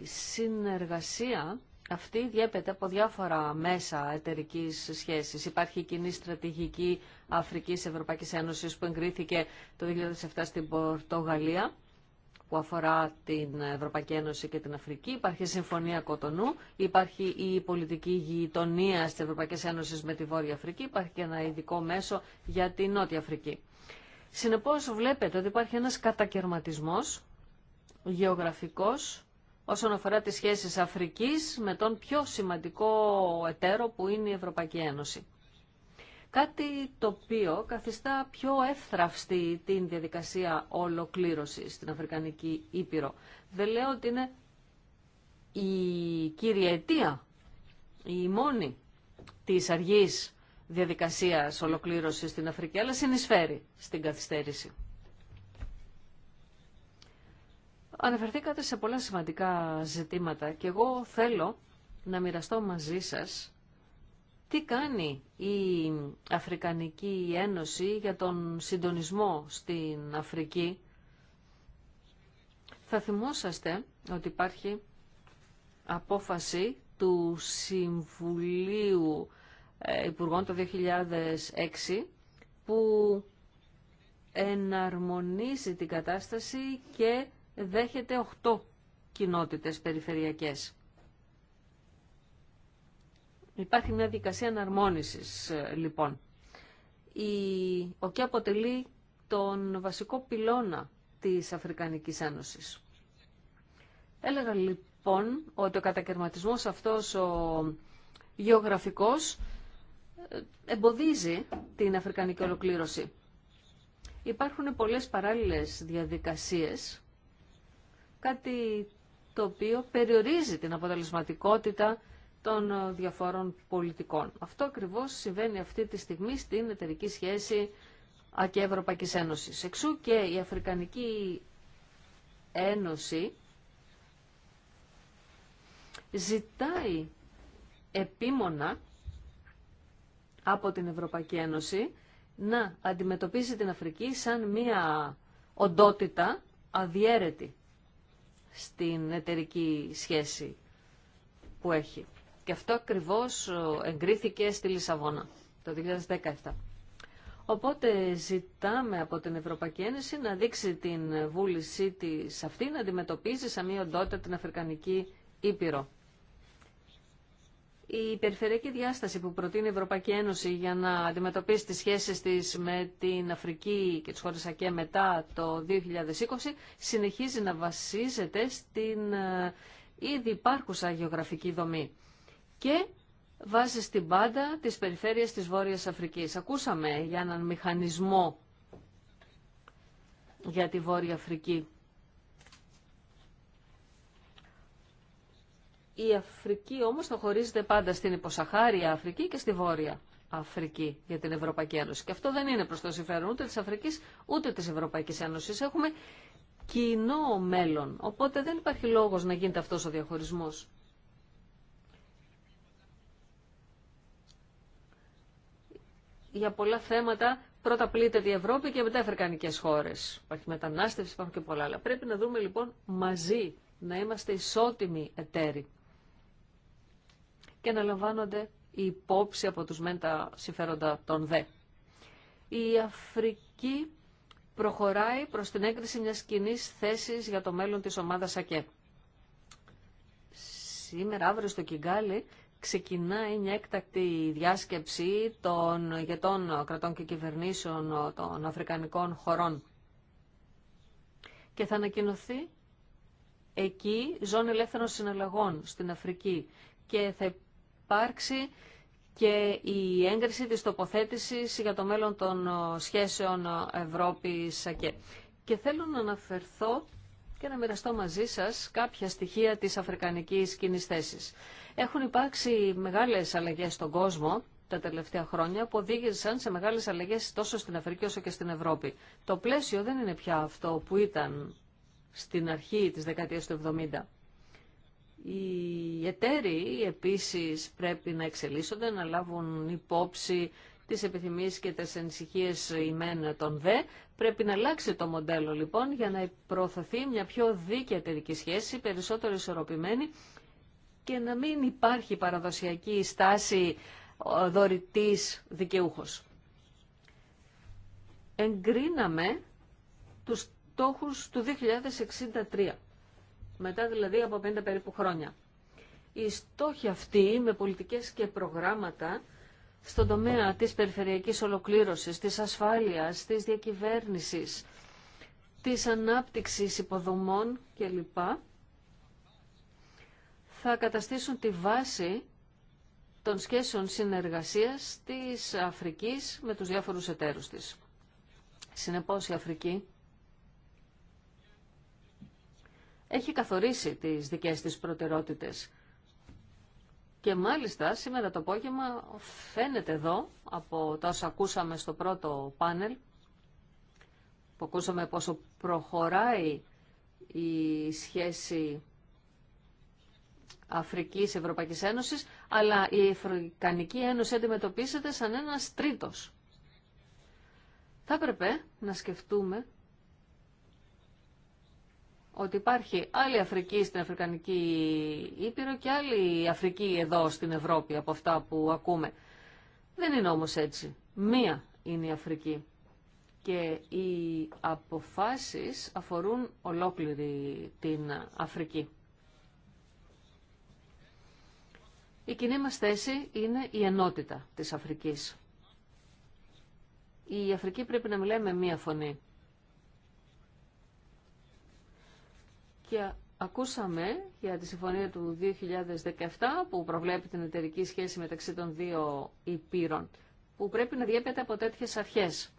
συνεργασία αυτή διέπεται από διάφορα μέσα εταιρική σχέση. Υπάρχει η κοινή στρατηγική Αφρικής Ευρωπαϊκή Ένωση που εγκρίθηκε το 2007 στην Πορτογαλία που αφορά την Ευρωπαϊκή Ένωση και την Αφρική. Υπάρχει συμφωνία Κοτονού, υπάρχει η πολιτική γειτονία τη Ευρωπαϊκή Ένωση με τη Βόρεια Αφρική, υπάρχει και ένα ειδικό μέσο για τη Νότια Αφρική. Συνεπώ, βλέπετε ότι υπάρχει ένα κατακαιρματισμό γεωγραφικό όσον αφορά τις σχέσεις Αφρικής με τον πιο σημαντικό εταίρο που είναι η Ευρωπαϊκή Ένωση. Κάτι το οποίο καθιστά πιο εύθραυστη την διαδικασία ολοκλήρωσης στην Αφρικανική Ήπειρο. Δεν λέω ότι είναι η κύρια αιτία, η μόνη της αργής διαδικασίας ολοκλήρωσης στην Αφρική, αλλά συνεισφέρει στην καθυστέρηση. Αναφερθήκατε σε πολλά σημαντικά ζητήματα και εγώ θέλω να μοιραστώ μαζί σας τι κάνει η Αφρικανική Ένωση για τον συντονισμό στην Αφρική. Θα θυμόσαστε ότι υπάρχει απόφαση του Συμβουλίου ε, Υπουργών το 2006 που εναρμονίζει την κατάσταση και δέχεται 8 κοινότητες περιφερειακές. Υπάρχει μια δικασία αναρμόνισης ε, λοιπόν. Η ΟΚΕ αποτελεί τον βασικό πυλώνα της Αφρικανικής Ένωσης. Έλεγα λοιπόν ότι ο κατακαιρματισμός αυτός ο γεωγραφικός ε, εμποδίζει την Αφρικανική ολοκλήρωση. Υπάρχουν πολλές παράλληλες διαδικασίες, κάτι το οποίο περιορίζει την αποτελεσματικότητα των ε, διαφόρων πολιτικών. Αυτό ακριβώς συμβαίνει αυτή τη στιγμή στην εταιρική σχέση και Ευρωπαϊκής Ένωσης. Εξού και η Αφρικανική Ένωση ζητάει επίμονα από την Ευρωπαϊκή Ένωση να αντιμετωπίσει την Αφρική σαν μία οντότητα αδιέρετη στην εταιρική σχέση που έχει. Και αυτό ακριβώς ε, εγκρίθηκε στη Λισαβόνα το 2017. Οπότε ζητάμε από την Ευρωπαϊκή Ένωση να δείξει την βούλησή της αυτή να αντιμετωπίζει σαν μία οντότητα την Αφρικανική Ήπειρο. Η περιφερειακή διάσταση που προτείνει η Ευρωπαϊκή Ένωση για να αντιμετωπίσει τις σχέσεις της με την Αφρική και τις χώρες ΑΚΕ μετά το 2020 συνεχίζει να βασίζεται στην ε, ήδη υπάρχουσα γεωγραφική δομή και βάζει στην πάντα τις περιφέρειες της Βόρειας Αφρικής. Ακούσαμε για έναν μηχανισμό για τη Βόρεια Αφρική. Η Αφρική όμως θα χωρίζεται πάντα στην υποσαχάρια Αφρική και στη Βόρεια Αφρική για την Ευρωπαϊκή Ένωση. Και αυτό δεν είναι προς το συμφέρον ούτε της Αφρικής ούτε της Ευρωπαϊκής Ένωσης. Έχουμε κοινό μέλλον, οπότε δεν υπάρχει λόγος να γίνεται αυτός ο διαχωρισμός. για πολλά θέματα πρώτα πλήττεται η Ευρώπη και μετά αφρικανικέ χώρε. Υπάρχει μετανάστευση, υπάρχουν και πολλά άλλα. Πρέπει να δούμε λοιπόν μαζί να είμαστε ισότιμοι εταίροι και να λαμβάνονται οι υπόψη από τους μεν τα συμφέροντα των δε. Η Αφρική προχωράει προς την έγκριση μιας κοινή θέσης για το μέλλον της ομάδας ΑΚΕ. Σήμερα, αύριο στο Κιγκάλι, ξεκινάει μια έκτακτη διάσκεψη των ηγετών κρατών και κυβερνήσεων των Αφρικανικών χωρών. Και θα ανακοινωθεί εκεί ζώνη ελεύθερων συναλλαγών στην Αφρική και θα υπάρξει και η έγκριση της τοποθέτησης για το μέλλον των σχέσεων και. Και θέλω να αναφερθώ και να μοιραστώ μαζί σας κάποια στοιχεία της αφρικανικής κοινή θέση. Έχουν υπάρξει μεγάλες αλλαγές στον κόσμο τα τελευταία χρόνια που οδήγησαν σε μεγάλες αλλαγές τόσο στην Αφρική όσο και στην Ευρώπη. Το πλαίσιο δεν είναι πια αυτό που ήταν στην αρχή της δεκαετίας του 70. Οι εταίροι επίσης πρέπει να εξελίσσονται, να λάβουν υπόψη τις επιθυμίες και τις ανησυχίες ημέν των ΔΕ. Πρέπει να αλλάξει το μοντέλο λοιπόν για να προωθηθεί μια πιο δίκαια εταιρική σχέση, περισσότερο ισορροπημένη και να μην υπάρχει παραδοσιακή στάση δωρητής δικαιούχος. Εγκρίναμε τους στόχους του 2063, μετά δηλαδή από 50 περίπου χρόνια. Οι στόχοι αυτοί με πολιτικές και προγράμματα στον τομέα της περιφερειακής ολοκλήρωσης, της ασφάλειας, της διακυβέρνησης, της ανάπτυξης υποδομών κλπ. θα καταστήσουν τη βάση των σχέσεων συνεργασίας της Αφρικής με τους διάφορους εταίρους της. Συνεπώς η Αφρική έχει καθορίσει τις δικές της προτερότητες και μάλιστα σήμερα το απόγευμα φαίνεται εδώ από τα όσα ακούσαμε στο πρώτο πάνελ που ακούσαμε πόσο προχωράει η σχέση Αφρικής Ευρωπαϊκής Ένωσης αλλά η Αφρικανική Ένωση αντιμετωπίζεται σαν ένας τρίτος. Θα έπρεπε να σκεφτούμε ότι υπάρχει άλλη Αφρική στην Αφρικανική Ήπειρο και άλλη Αφρική εδώ στην Ευρώπη από αυτά που ακούμε. Δεν είναι όμως έτσι. Μία είναι η Αφρική. Και οι αποφάσεις αφορούν ολόκληρη την Αφρική. Η κοινή μας θέση είναι η ενότητα της Αφρικής. Η Αφρική πρέπει να μιλάει με μία φωνή. Και ακούσαμε για τη συμφωνία του 2017 που προβλέπει την εταιρική σχέση μεταξύ των δύο υπήρων που πρέπει να διέπεται από τέτοιες αρχές.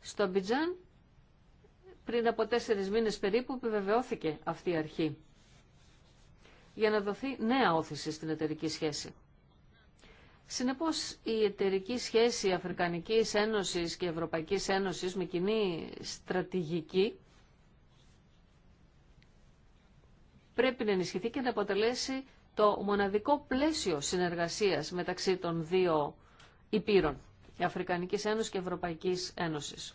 Στο Μπιτζάν πριν από τέσσερις μήνες περίπου επιβεβαιώθηκε αυτή η αρχή για να δοθεί νέα όθηση στην εταιρική σχέση. Συνεπώς, η εταιρική σχέση Αφρικανικής Ένωσης και Ευρωπαϊκής Ένωσης με κοινή στρατηγική πρέπει να ενισχυθεί και να αποτελέσει το μοναδικό πλαίσιο συνεργασίας μεταξύ των δύο υπήρων, Αφρικανικής Ένωσης και Ευρωπαϊκής Ένωσης.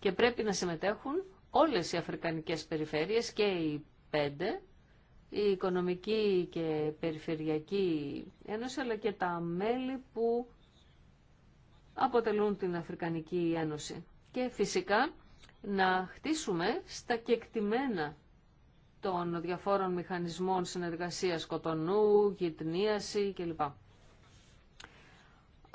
Και πρέπει να συμμετέχουν όλες οι αφρικανικές περιφέρειες και οι πέντε, η Οικονομική και Περιφερειακή Ένωση, αλλά και τα μέλη που αποτελούν την Αφρικανική Ένωση. Και φυσικά να χτίσουμε στα κεκτημένα των διαφόρων μηχανισμών συνεργασίας κοτονού, γυτνίαση κλπ.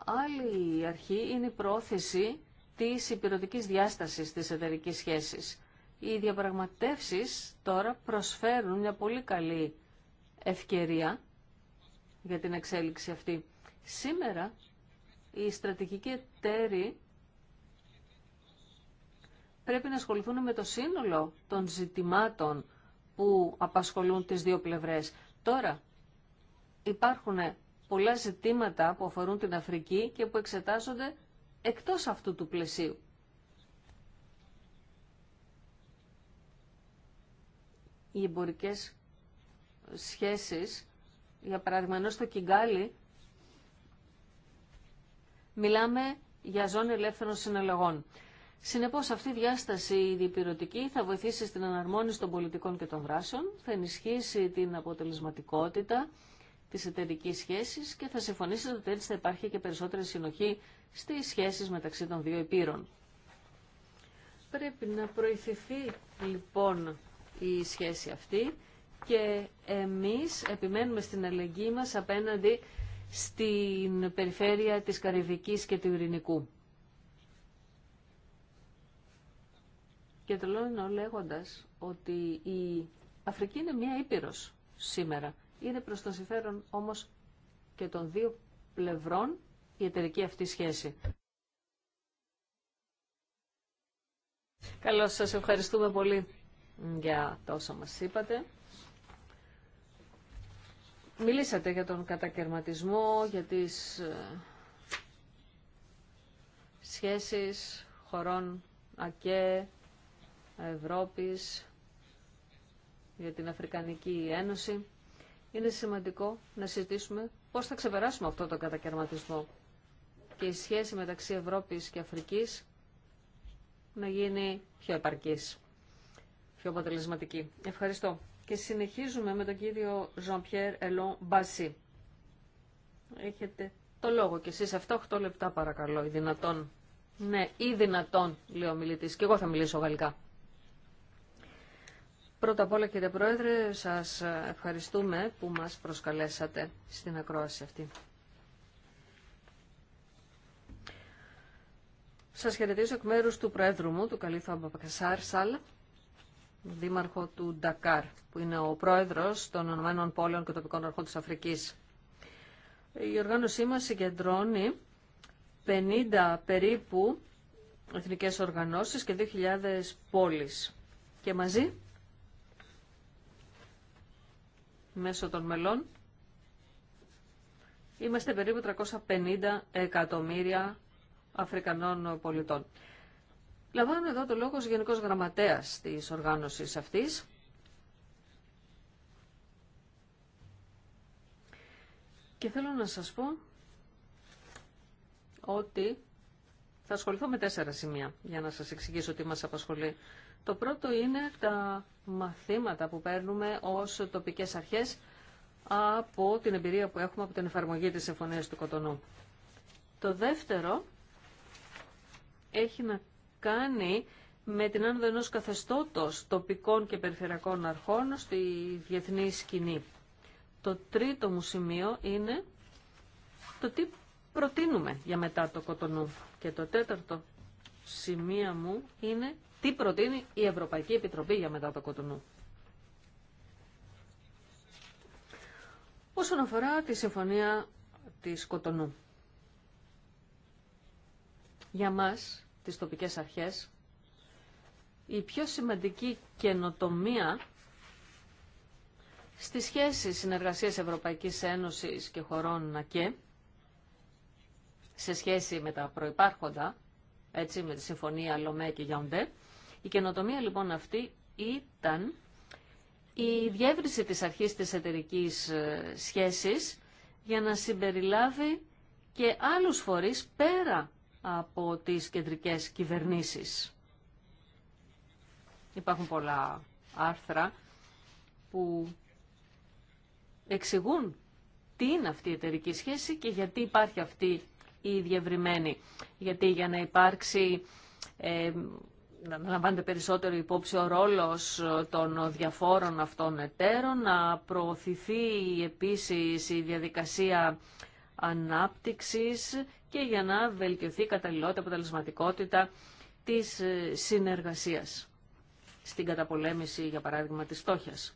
Άλλη αρχή είναι η πρόθεση της υπηρετικής διάστασης της εταιρική σχέσης. Οι διαπραγματεύσεις τώρα προσφέρουν μια πολύ καλή ευκαιρία για την εξέλιξη αυτή. Σήμερα οι στρατηγικοί εταίροι πρέπει να ασχοληθούν με το σύνολο των ζητημάτων που απασχολούν τις δύο πλευρές. Τώρα υπάρχουν πολλά ζητήματα που αφορούν την Αφρική και που εξετάζονται εκτός αυτού του πλαισίου. Οι εμπορικέ σχέσεις, για παράδειγμα, ενώ στο Κιγκάλι μιλάμε για ζώνη ελεύθερων συναλλαγών. Συνεπώ αυτή η διάσταση η διπυρωτική θα βοηθήσει στην αναρμόνιση των πολιτικών και των δράσεων, θα ενισχύσει την αποτελεσματικότητα τη εταιρική σχέση και θα συμφωνήσει ότι έτσι θα υπάρχει και περισσότερη συνοχή στι σχέσει μεταξύ των δύο υπήρων. Πρέπει να προηθηθεί λοιπόν η σχέση αυτή και εμείς επιμένουμε στην αλληλεγγύη μας απέναντι στην περιφέρεια της Καρυβικής και του Ειρηνικού. Και τελώνω λέγοντα ότι η Αφρική είναι μία ήπειρο σήμερα. Είναι προ το συμφέρον όμως και των δύο πλευρών η εταιρική αυτή σχέση. Καλώς σας ευχαριστούμε πολύ για τα όσα μας είπατε. Μιλήσατε για τον κατακαιρματισμό, για τις ε, σχέσεις χωρών ΑΚΕ Ευρώπης, για την Αφρικανική Ένωση, είναι σημαντικό να συζητήσουμε πώς θα ξεπεράσουμε αυτό το κατακαιρματισμό και η σχέση μεταξύ Ευρώπης και Αφρικής να γίνει πιο επαρκής, πιο αποτελεσματική. Ευχαριστώ. Και συνεχίζουμε με τον κύριο Jean-Pierre Ελόν Μπασί. Έχετε το λόγο και εσείς 7-8 λεπτά παρακαλώ, ή δυνατόν. Ναι, ή δυνατόν, λέει ο μιλητής. Και εγώ θα μιλήσω γαλλικά. Πρώτα απ' όλα κύριε Πρόεδρε, σας ευχαριστούμε που μας προσκαλέσατε στην ακρόαση αυτή. Σας χαιρετίζω εκ μέρους του Πρόεδρου μου, του Καλήθου Αμπαπακασάρ Σάλ, δήμαρχο του Ντακάρ, που είναι ο πρόεδρος των Ηνωμένων Πόλεων και Τοπικών Αρχών της Αφρικής. Η οργάνωσή μας συγκεντρώνει 50 περίπου εθνικές οργανώσεις και 2.000 πόλεις. Και μαζί μέσω των μελών. Είμαστε περίπου 350 εκατομμύρια Αφρικανών πολιτών. Λαμβάνω εδώ το λόγο ως Γενικός Γραμματέας της οργάνωσης αυτής. Και θέλω να σας πω ότι θα ασχοληθώ με τέσσερα σημεία για να σας εξηγήσω τι μας απασχολεί. Το πρώτο είναι τα μαθήματα που παίρνουμε ως τοπικές αρχές από την εμπειρία που έχουμε από την εφαρμογή της Συμφωνίας του Κοτονού. Το δεύτερο έχει να κάνει με την άνοδο ενό καθεστώτος τοπικών και περιφερειακών αρχών στη διεθνή σκηνή. Το τρίτο μου σημείο είναι το τι προτείνουμε για μετά το κοτονού. Και το τέταρτο σημείο μου είναι τι προτείνει η Ευρωπαϊκή Επιτροπή για μετά το Κοτονού. Όσον αφορά τη συμφωνία της Κοτονού. Για μας, τις τοπικές αρχές, η πιο σημαντική καινοτομία στη σχέση συνεργασίας Ευρωπαϊκής Ένωσης και χωρών ΑΚΕ, σε σχέση με τα προϋπάρχοντα, έτσι με τη Συμφωνία Λομέ και η καινοτομία λοιπόν αυτή ήταν η διεύρυνση της αρχής της εταιρική ε, σχέσης για να συμπεριλάβει και άλλους φορείς πέρα από τις κεντρικές κυβερνήσεις. Υπάρχουν πολλά άρθρα που εξηγούν τι είναι αυτή η εταιρική σχέση και γιατί υπάρχει αυτή η διευρυμένη. Γιατί για να υπάρξει ε, να λαμβάνεται περισσότερο υπόψη ο ρόλος των διαφόρων αυτών εταίρων, να προωθηθεί επίσης η διαδικασία ανάπτυξης και για να βελτιωθεί η καταλληλότητα, αποτελεσματικότητα της συνεργασίας στην καταπολέμηση, για παράδειγμα, της στόχιας.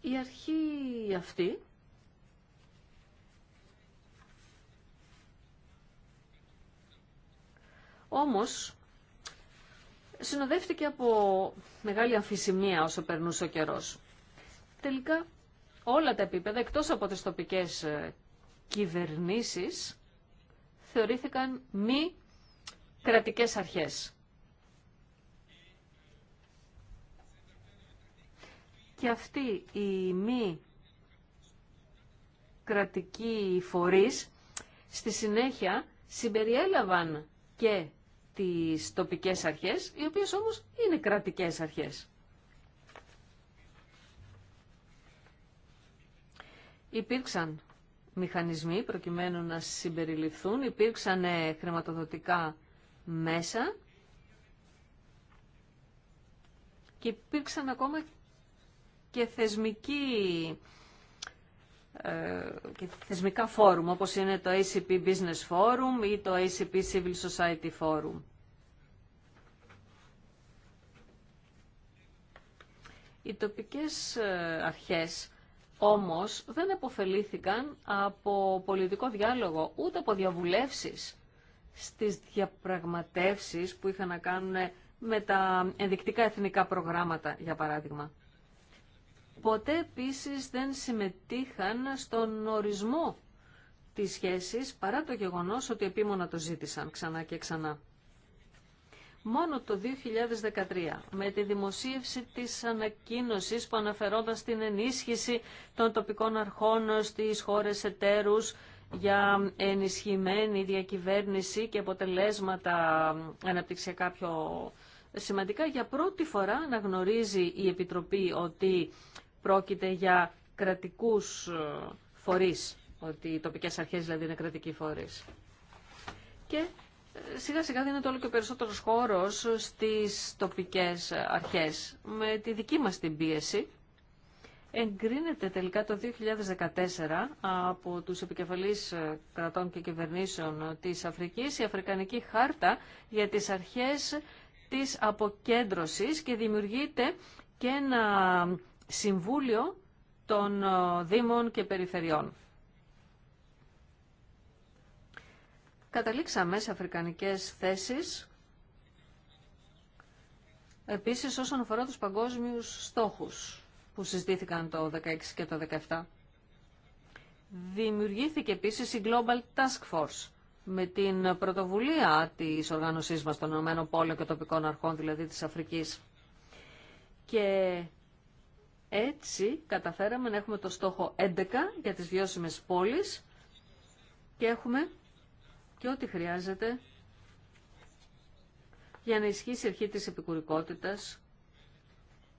Η αρχή αυτή Όμως, συνοδεύτηκε από μεγάλη αμφισημία όσο περνούσε ο καιρός. Τελικά, όλα τα επίπεδα, εκτός από τις τοπικές ε, κυβερνήσεις, θεωρήθηκαν μη κρατικές αρχές. Και αυτή η μη κρατική φορείς στη συνέχεια συμπεριέλαβαν και τις τοπικές αρχές, οι οποίες όμως είναι κρατικές αρχές. Υπήρξαν μηχανισμοί προκειμένου να συμπεριληφθούν, υπήρξαν ε, χρηματοδοτικά μέσα και υπήρξαν ακόμα και θεσμικοί ε, και θεσμικά φόρουμ όπως είναι το ACP Business Forum ή το ACP Civil Society Forum. Οι τοπικές ε, αρχές όμως δεν επωφελήθηκαν από πολιτικό διάλογο ούτε από διαβουλεύσεις στις διαπραγματεύσεις που είχαν να κάνουν με τα ενδεικτικά εθνικά προγράμματα, για παράδειγμα ποτέ επίσης δεν συμμετείχαν στον ορισμό της σχέσης παρά το γεγονός ότι επίμονα το ζήτησαν ξανά και ξανά. Μόνο το 2013, με τη δημοσίευση της ανακοίνωσης που αναφερόταν στην ενίσχυση των τοπικών αρχών στις χώρες εταίρους για ενισχυμένη διακυβέρνηση και αποτελέσματα αναπτυξιακά πιο σημαντικά, για πρώτη φορά αναγνωρίζει η Επιτροπή ότι πρόκειται για κρατικούς ε, φορείς, ότι οι τοπικές αρχές δηλαδή είναι κρατικοί φορείς. Και ε, σιγά σιγά δίνεται όλο και περισσότερο χώρος στις τοπικές αρχές. Με τη δική μας την πίεση εγκρίνεται τελικά το 2014 από τους επικεφαλείς ε, κρατών και κυβερνήσεων της Αφρικής η Αφρικανική Χάρτα για τις αρχές της αποκέντρωσης και δημιουργείται και ένα Συμβούλιο των ε, Δήμων και Περιφερειών. Καταλήξαμε σε αφρικανικές θέσεις, επίσης όσον αφορά τους παγκόσμιους στόχους που συζητήθηκαν το 2016 και το 2017, Δημιουργήθηκε επίσης η Global Task Force με την πρωτοβουλία της οργάνωσής μας των ΗΠΑ και τοπικών αρχών, δηλαδή της Αφρικής. Και έτσι καταφέραμε να έχουμε το στόχο 11 για τις βιώσιμες πόλεις και έχουμε και ό,τι χρειάζεται για να ισχύσει η αρχή της επικουρικότητας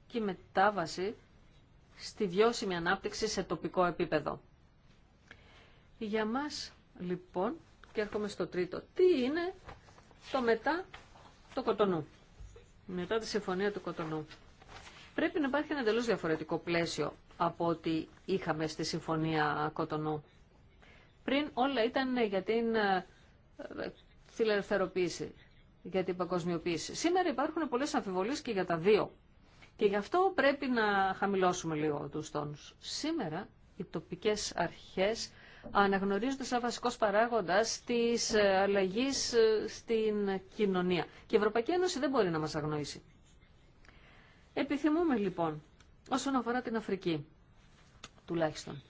και η μετάβαση στη βιώσιμη ανάπτυξη σε τοπικό επίπεδο. Για μας λοιπόν, και έρχομαι στο τρίτο, τι είναι το μετά το κοτονού, μετά τη συμφωνία του κοτονού πρέπει να υπάρχει ένα εντελώ διαφορετικό πλαίσιο από ό,τι είχαμε στη Συμφωνία Κοτονού. Πριν όλα ήταν για την ε, φιλελευθερωποίηση, για την παγκοσμιοποίηση. Σήμερα υπάρχουν πολλέ αμφιβολίες και για τα δύο. Και γι' αυτό πρέπει να χαμηλώσουμε λίγο του τόνου. Σήμερα οι τοπικέ αρχέ αναγνωρίζονται σαν βασικό παράγοντα τη ε, αλλαγή ε, στην κοινωνία. Και η Ευρωπαϊκή Ένωση δεν μπορεί να μα αγνοήσει. Επιθυμούμε λοιπόν, όσον αφορά την Αφρική, τουλάχιστον,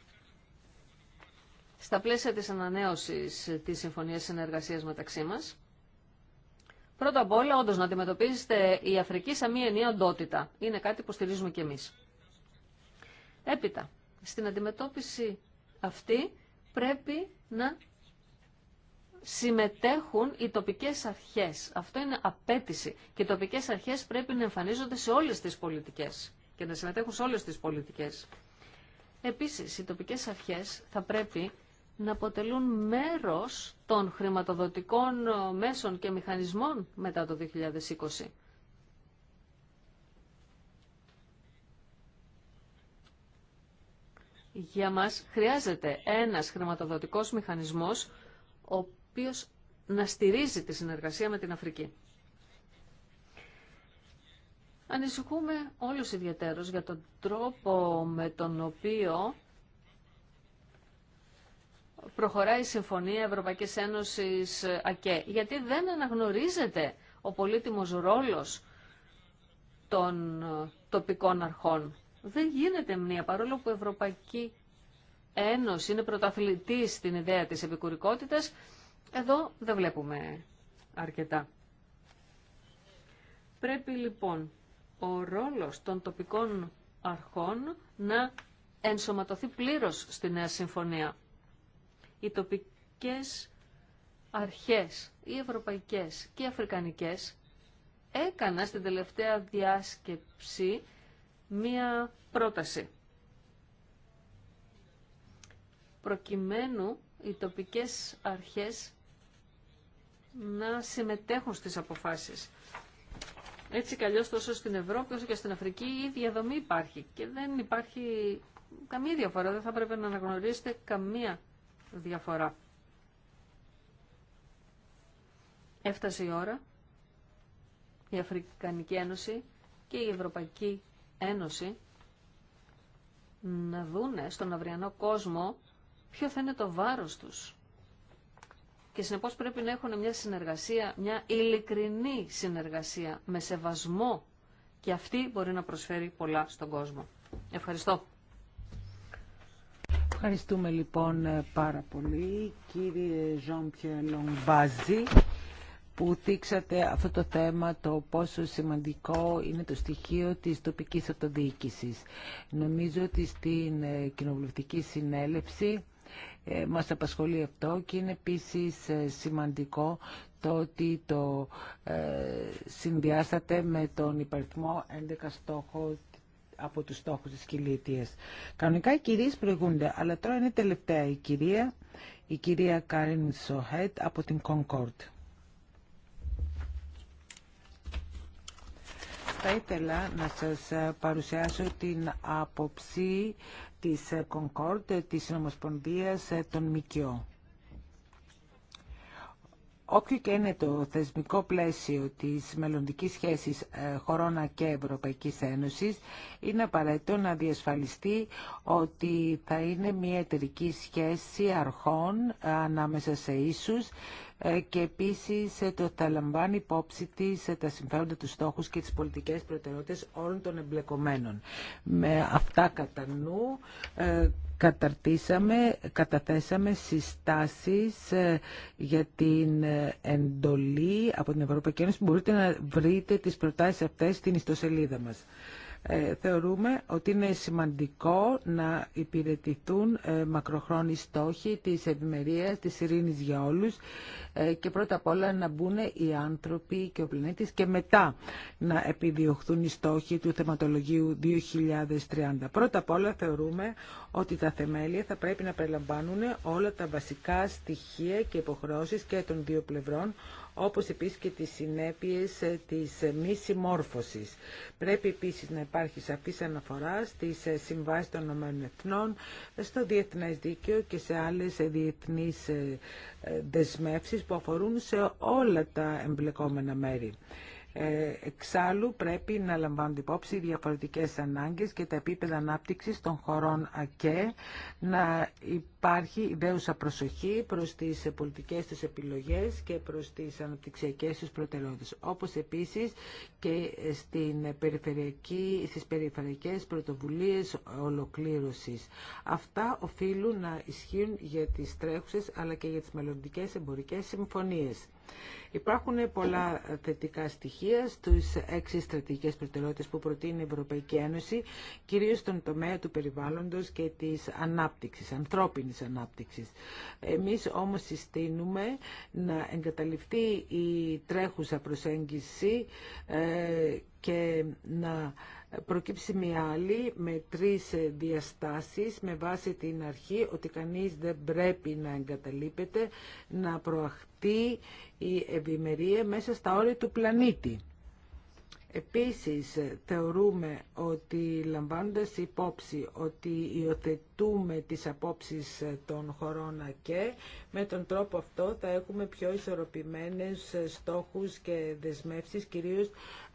στα πλαίσια της ανανέωσης της Συμφωνίας Συνεργασίας μεταξύ μας, πρώτα απ' όλα όντως να αντιμετωπίζετε η Αφρική σαν μία ενιαία οντότητα. Είναι κάτι που στηρίζουμε κι εμείς. Έπειτα, στην αντιμετώπιση αυτή πρέπει να συμμετέχουν οι τοπικές αρχές. Αυτό είναι απέτηση. Και οι τοπικές αρχές πρέπει να εμφανίζονται σε όλες τις πολιτικές και να συμμετέχουν σε όλες τις πολιτικές. Επίσης, οι τοπικές αρχές θα πρέπει να αποτελούν μέρος των χρηματοδοτικών μέσων και μηχανισμών μετά το 2020. Για μας χρειάζεται ένας χρηματοδοτικός μηχανισμός ο οποίο να στηρίζει τη συνεργασία με την Αφρική. Ανησυχούμε όλους ιδιαίτερως για τον τρόπο με τον οποίο προχωράει η Συμφωνία Ευρωπαϊκής Ένωσης ΑΚΕ, γιατί δεν αναγνωρίζεται ο πολύτιμος ρόλος των τοπικών αρχών. Δεν γίνεται μία, παρόλο που η Ευρωπαϊκή Ένωση είναι πρωταθλητής στην ιδέα της επικουρικότητας, εδώ δεν βλέπουμε αρκετά. Πρέπει λοιπόν ο ρόλος των τοπικών αρχών να ενσωματωθεί πλήρως στη Νέα Συμφωνία. Οι τοπικές αρχές, οι ευρωπαϊκές και οι αφρικανικές, έκαναν στην τελευταία διάσκεψη μία πρόταση. Προκειμένου οι τοπικές αρχές να συμμετέχουν στις αποφάσεις. Έτσι κι τόσο στην Ευρώπη όσο και στην Αφρική η διαδομή υπάρχει και δεν υπάρχει καμία διαφορά, δεν θα πρέπει να αναγνωρίσετε καμία διαφορά. Έφτασε η ώρα, η Αφρικανική Ένωση και η Ευρωπαϊκή Ένωση να δούνε στον αυριανό κόσμο ποιο θα είναι το βάρος τους και συνεπώ πρέπει να έχουν μια συνεργασία, μια ειλικρινή συνεργασία με σεβασμό και αυτή μπορεί να προσφέρει πολλά στον κόσμο. Ευχαριστώ. Ευχαριστούμε λοιπόν ε, πάρα πολύ κύριε Ζόμπιε Λομπάζη που δείξατε αυτό το θέμα το πόσο σημαντικό είναι το στοιχείο της τοπικής αυτοδιοίκησης. Νομίζω ότι στην ε, κοινοβουλευτική συνέλευση ε, μας απασχολεί αυτό και είναι επίσης ε, σημαντικό το ότι το ε, συνδυάσατε με τον υπαριθμό 11 στόχο από τους στόχους της κυλίτιας. Κανονικά οι κυρίες προηγούνται, αλλά τώρα είναι τελευταία η κυρία, η κυρία Κάριν Σοχέτ από την Concord. Θα ήθελα να σας παρουσιάσω την άποψη της Concord, της Ομοσπονδίας ε, των ΜΚΟ. Όποιο και είναι το θεσμικό πλαίσιο της μελλοντικής σχέσης ε, χωρών και Ευρωπαϊκής Ένωσης, είναι απαραίτητο να διασφαλιστεί ότι θα είναι μια εταιρική σχέση αρχών ε, ανάμεσα σε ίσους ε, και επίσης το θα λαμβάνει υπόψη της τα συμφέροντα, του στόχους και τις πολιτικές προτεραιότητες όλων των εμπλεκομένων. Με αυτά κατά νου Καταρτήσαμε, καταθέσαμε συστάσεις ε, για την ε, εντολή από την Ευρωπαϊκή Ένωση. Μπορείτε να βρείτε τις προτάσεις αυτές στην ιστοσελίδα μας. Ε, θεωρούμε ότι είναι σημαντικό να υπηρετηθούν ε, μακροχρόνιοι στόχοι της ευημερίας, της ειρήνης για όλους ε, και πρώτα απ' όλα να μπουν οι άνθρωποι και ο πλανήτης και μετά να επιδιωχθούν οι στόχοι του θεματολογίου 2030. Πρώτα απ' όλα θεωρούμε ότι τα θεμέλια θα πρέπει να περιλαμβάνουν όλα τα βασικά στοιχεία και υποχρεώσεις και των δύο πλευρών όπως επίσης και τις συνέπειες ε, της ε, μη συμμόρφωσης. Πρέπει επίσης να υπάρχει σαφής αναφορά στις ε, συμβάσεις των ΗΕ, στο διεθνές δίκαιο και σε άλλες διεθνείς δεσμεύσεις που αφορούν σε όλα τα εμπλεκόμενα μέρη. Ε, εξάλλου πρέπει να λαμβάνονται υπόψη οι διαφορετικές ανάγκες και τα επίπεδα ανάπτυξης των χωρών ΑΚΕ, να υπάρχει ιδέουσα προσοχή προς τις πολιτικές τους επιλογές και προς τις αναπτυξιακές τους προτεραιότητες. Όπως επίσης και στην περιφερειακή, στις περιφερειακές πρωτοβουλίες ολοκλήρωσης. Αυτά οφείλουν να ισχύουν για τις τρέχουσες αλλά και για τις μελλοντικές εμπορικές συμφωνίες. Υπάρχουν πολλά θετικά στοιχεία στις έξι στρατηγικές προτεραιότητες που προτείνει η Ευρωπαϊκή Ένωση, κυρίως στον τομέα του περιβάλλοντος και της ανάπτυξης, ανθρώπινης ανάπτυξης. Εμείς όμως συστήνουμε να εγκαταλειφθεί η τρέχουσα προσέγγιση ε, και να προκύψει μια άλλη με τρεις ε, διαστάσεις με βάση την αρχή ότι κανείς δεν πρέπει να εγκαταλείπεται να προαχθεί η ευημερία μέσα στα όρια του πλανήτη. Επίσης, θεωρούμε ότι λαμβάνοντας υπόψη ότι υιοθετούμε τις απόψεις των χωρών και με τον τρόπο αυτό θα έχουμε πιο ισορροπημένες στόχους και δεσμεύσεις, κυρίως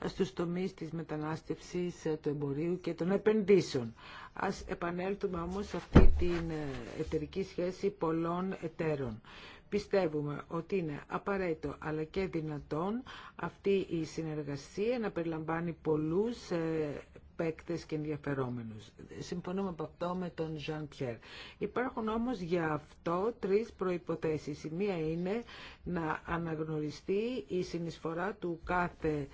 στους τομείς της μετανάστευσης, του εμπορίου και των επενδύσεων. Ας επανέλθουμε όμως σε αυτή την εταιρική σχέση πολλών εταίρων. Πιστεύουμε ότι είναι απαραίτητο αλλά και δυνατόν αυτή η συνεργασία να περιλαμβάνει πολλούς ε, παίκτες και ενδιαφερόμενους. Συμφωνούμε από αυτό με τον Ζαν Πιέρ. Υπάρχουν όμως για αυτό τρεις προϋποθέσεις. Η μία είναι να αναγνωριστεί η συνεισφορά του κάθε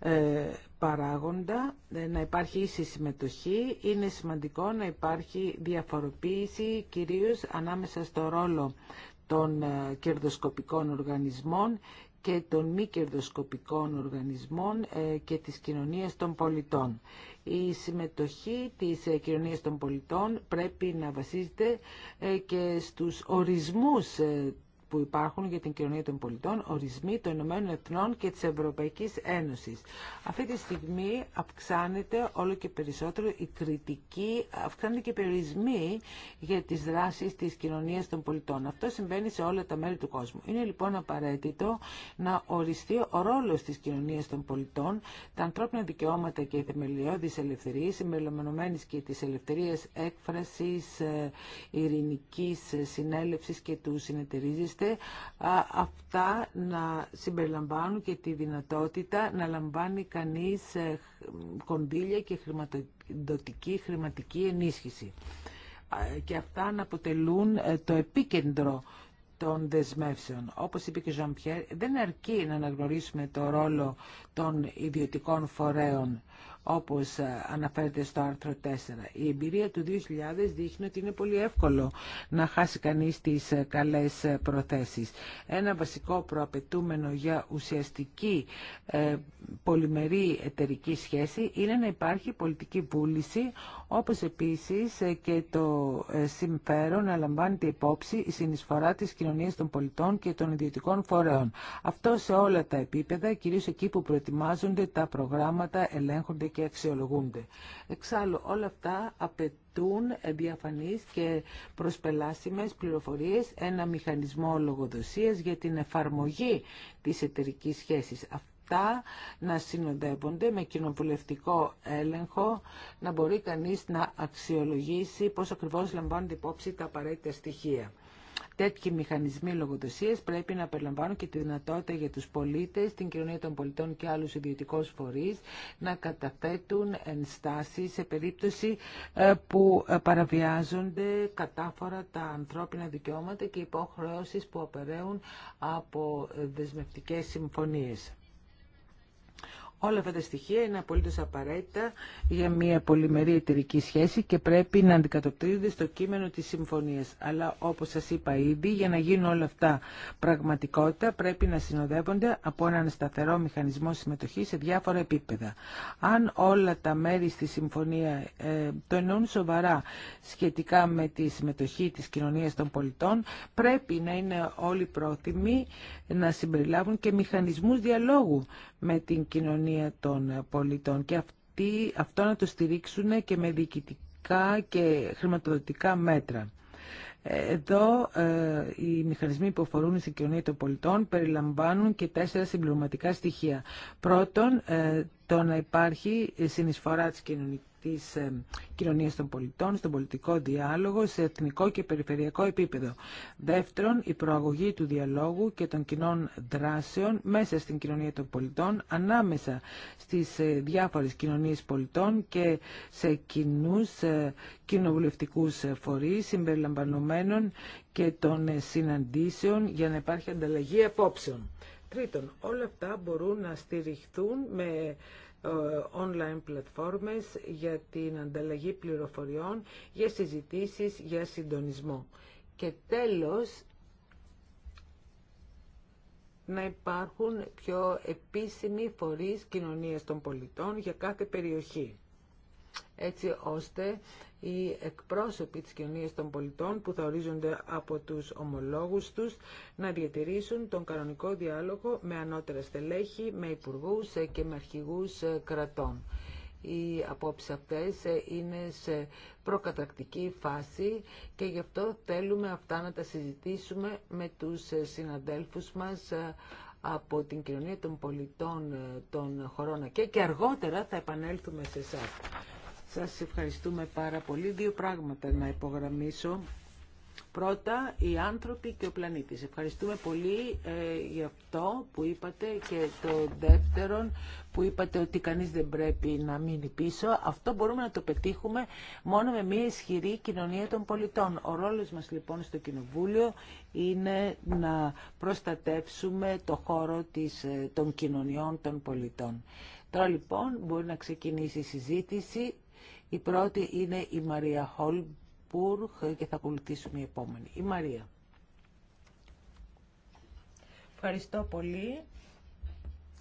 ε, παράγοντα, ε, να υπάρχει ίση συμμετοχή. Είναι σημαντικό να υπάρχει διαφοροποίηση κυρίως ανάμεσα στο ρόλο των ε, κερδοσκοπικών οργανισμών και των μη κερδοσκοπικών οργανισμών ε, και της κοινωνίας των πολιτών. Η συμμετοχή της ε, κοινωνίας των πολιτών πρέπει να βασίζεται και στους ορισμούς που υπάρχουν για την κοινωνία των πολιτών, ορισμοί των Ηνωμένων Εθνών και της Ευρωπαϊκής Ένωσης. Αυτή τη στιγμή αυξάνεται όλο και περισσότερο η κριτική, αυξάνεται και περιορισμοί για τις δράσεις της κοινωνίας των πολιτών. Αυτό συμβαίνει σε όλα τα μέρη του κόσμου. Είναι λοιπόν απαραίτητο να οριστεί ο ρόλος της κοινωνίας των πολιτών, τα ανθρώπινα δικαιώματα και οι θεμελιώδεις ελευθερίες, συμπεριλαμβανομένης και της ελευθερίας έκφρασης, ε, ειρηνικής συνέλευσης και του συνεταιρίζεις αυτά να συμπεριλαμβάνουν και τη δυνατότητα να λαμβάνει κανείς ε, κονδύλια και χρηματοδοτική χρηματική ενίσχυση. Και αυτά να αποτελούν ε, το επίκεντρο των δεσμεύσεων. Όπως είπε και ο Ζαμπιέρ, δεν αρκεί να αναγνωρίσουμε το ρόλο των ιδιωτικών φορέων όπως ε, αναφέρεται στο άρθρο 4. Η εμπειρία του 2000 δείχνει ότι είναι πολύ εύκολο να χάσει κανείς τις ε, καλές ε, προθέσεις. Ένα βασικό προαπαιτούμενο για ουσιαστική πολυμερή εταιρική σχέση είναι να υπάρχει πολιτική βούληση, όπως επίσης και το συμφέρον να λαμβάνεται υπόψη η συνεισφορά της κοινωνίας των πολιτών και των ιδιωτικών φορέων. Αυτό σε όλα τα επίπεδα, κυρίως εκεί που προετοιμάζονται τα προγράμματα, ελέγχονται και αξιολογούνται. Εξάλλου όλα αυτά απαιτούν διαφανείς και προσπελάσιμες πληροφορίες, ένα μηχανισμό λογοδοσίας για την εφαρμογή της εταιρικής σχέσης να συνοδεύονται με κοινοβουλευτικό έλεγχο, να μπορεί κανείς να αξιολογήσει πώς ακριβώς λαμβάνονται υπόψη τα απαραίτητα στοιχεία τέτοιοι μηχανισμοί λογοδοσίας πρέπει να περιλαμβάνουν και τη δυνατότητα για τους πολίτες, την κοινωνία των πολιτών και άλλους ιδιωτικούς φορείς να καταθέτουν ενστάσεις σε περίπτωση ε, που ε, παραβιάζονται κατάφορα τα ανθρώπινα δικαιώματα και υποχρεώσεις που απεραίουν από ε, δεσμευτικές συμφωνίες. Όλα αυτά τα στοιχεία είναι απολύτω απαραίτητα για μια πολυμερή εταιρική σχέση και πρέπει να αντικατοπτρίζονται στο κείμενο τη συμφωνία. Αλλά όπω σα είπα ήδη, για να γίνουν όλα αυτά πραγματικότητα πρέπει να συνοδεύονται από έναν σταθερό μηχανισμό συμμετοχή σε διάφορα επίπεδα. Αν όλα τα μέρη στη συμφωνία ε, το εννοούν σοβαρά σχετικά με τη συμμετοχή τη κοινωνία των πολιτών, πρέπει να είναι όλοι πρόθυμοι να συμπεριλάβουν και μηχανισμού διαλόγου με την κοινωνία των πολιτών και αυτοί, αυτό να το στηρίξουν και με διοικητικά και χρηματοδοτικά μέτρα. Εδώ ε, οι μηχανισμοί που αφορούν στην κοινωνία των πολιτών περιλαμβάνουν και τέσσερα συμπληρωματικά στοιχεία. Πρώτον, ε, το να υπάρχει συνεισφορά της κοινωνικής της ε, κοινωνίας των πολιτών, στον πολιτικό διάλογο, σε εθνικό και περιφερειακό επίπεδο. Δεύτερον, η προαγωγή του διαλόγου και των κοινών δράσεων μέσα στην κοινωνία των πολιτών, ανάμεσα στις ε, διάφορες κοινωνίες πολιτών και σε κοινούς ε, κοινοβουλευτικούς φορείς συμπεριλαμβανομένων και των συναντήσεων για να υπάρχει ανταλλαγή απόψεων. Τρίτον, όλα αυτά μπορούν να στηριχθούν με ε, online πλατφόρμες για την ανταλλαγή πληροφοριών, για συζητήσεις, για συντονισμό. Και τέλος, να υπάρχουν πιο επίσημοι φορείς κοινωνίας των πολιτών για κάθε περιοχή, έτσι ώστε οι εκπρόσωποι της κοινωνία των πολιτών που θα ορίζονται από τους ομολόγους τους να διατηρήσουν τον κανονικό διάλογο με ανώτερα στελέχη, με υπουργούς και με αρχηγούς κρατών. Οι απόψεις αυτές είναι σε προκατακτική φάση και γι' αυτό θέλουμε αυτά να τα συζητήσουμε με τους συναδέλφους μας από την κοινωνία των πολιτών των χωρών και, και αργότερα θα επανέλθουμε σε εσά. Σας ευχαριστούμε πάρα πολύ. Δύο πράγματα να υπογραμμίσω. Πρώτα, οι άνθρωποι και ο πλανήτης. Ευχαριστούμε πολύ ε, για αυτό που είπατε και το δεύτερον που είπατε ότι κανείς δεν πρέπει να μείνει πίσω. Αυτό μπορούμε να το πετύχουμε μόνο με μια ισχυρή κοινωνία των πολιτών. Ο ρόλος μας λοιπόν στο Κοινοβούλιο είναι να προστατεύσουμε το χώρο της, ε, των κοινωνιών των πολιτών. Τώρα λοιπόν μπορεί να ξεκινήσει η συζήτηση. Η πρώτη είναι η Μαρία Χόλμπουργ και θα ακολουθήσουμε η επόμενη. Η Μαρία. Ευχαριστώ πολύ.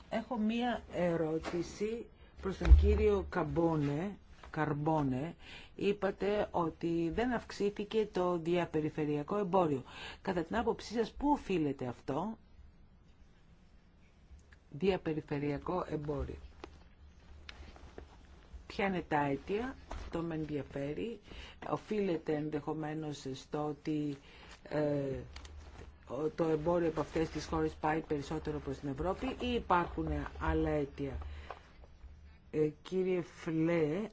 Έχω μία ερώτηση προς τον κύριο Καμπόνε, Καρμπόνε. Είπατε ότι δεν αυξήθηκε το διαπεριφερειακό εμπόριο. Κατά την άποψή σας, πού οφείλεται αυτό διαπεριφερειακό εμπόριο. Ποια είναι τα αίτια, αυτό με ενδιαφέρει. Οφείλεται ενδεχομένως στο ότι ε, το εμπόριο από αυτές τις χώρες πάει περισσότερο προς την Ευρώπη ή υπάρχουν άλλα αίτια. Ε, κύριε Φλέ,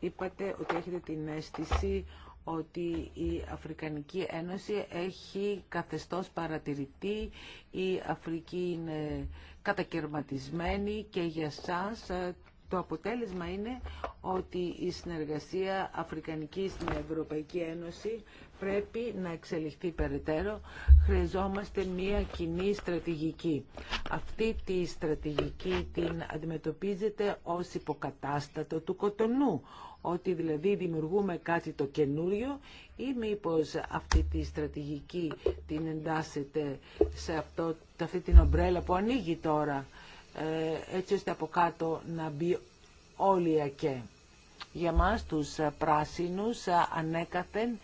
είπατε ότι έχετε την αίσθηση ότι η Αφρικανική κυριε έχει καθεστώς παρατηρητή, η Αφρική είναι κατακαιρματισμένη και για σας ε, το αποτέλεσμα είναι ότι η συνεργασία Αφρικανική στην Ευρωπαϊκή Ένωση πρέπει να εξελιχθεί περαιτέρω. Χρειαζόμαστε μία κοινή στρατηγική. Αυτή τη στρατηγική την αντιμετωπίζεται ως υποκατάστατο του κοτονού. Ότι δηλαδή δημιουργούμε κάτι το καινούριο ή μήπως αυτή τη στρατηγική την εντάσσεται σε, αυτό, σε αυτή την ομπρέλα που ανοίγει τώρα ε, έτσι ώστε από κάτω να μπει όλη η ΑΚΕ. Για μας τους πράσινους ανέκαθεν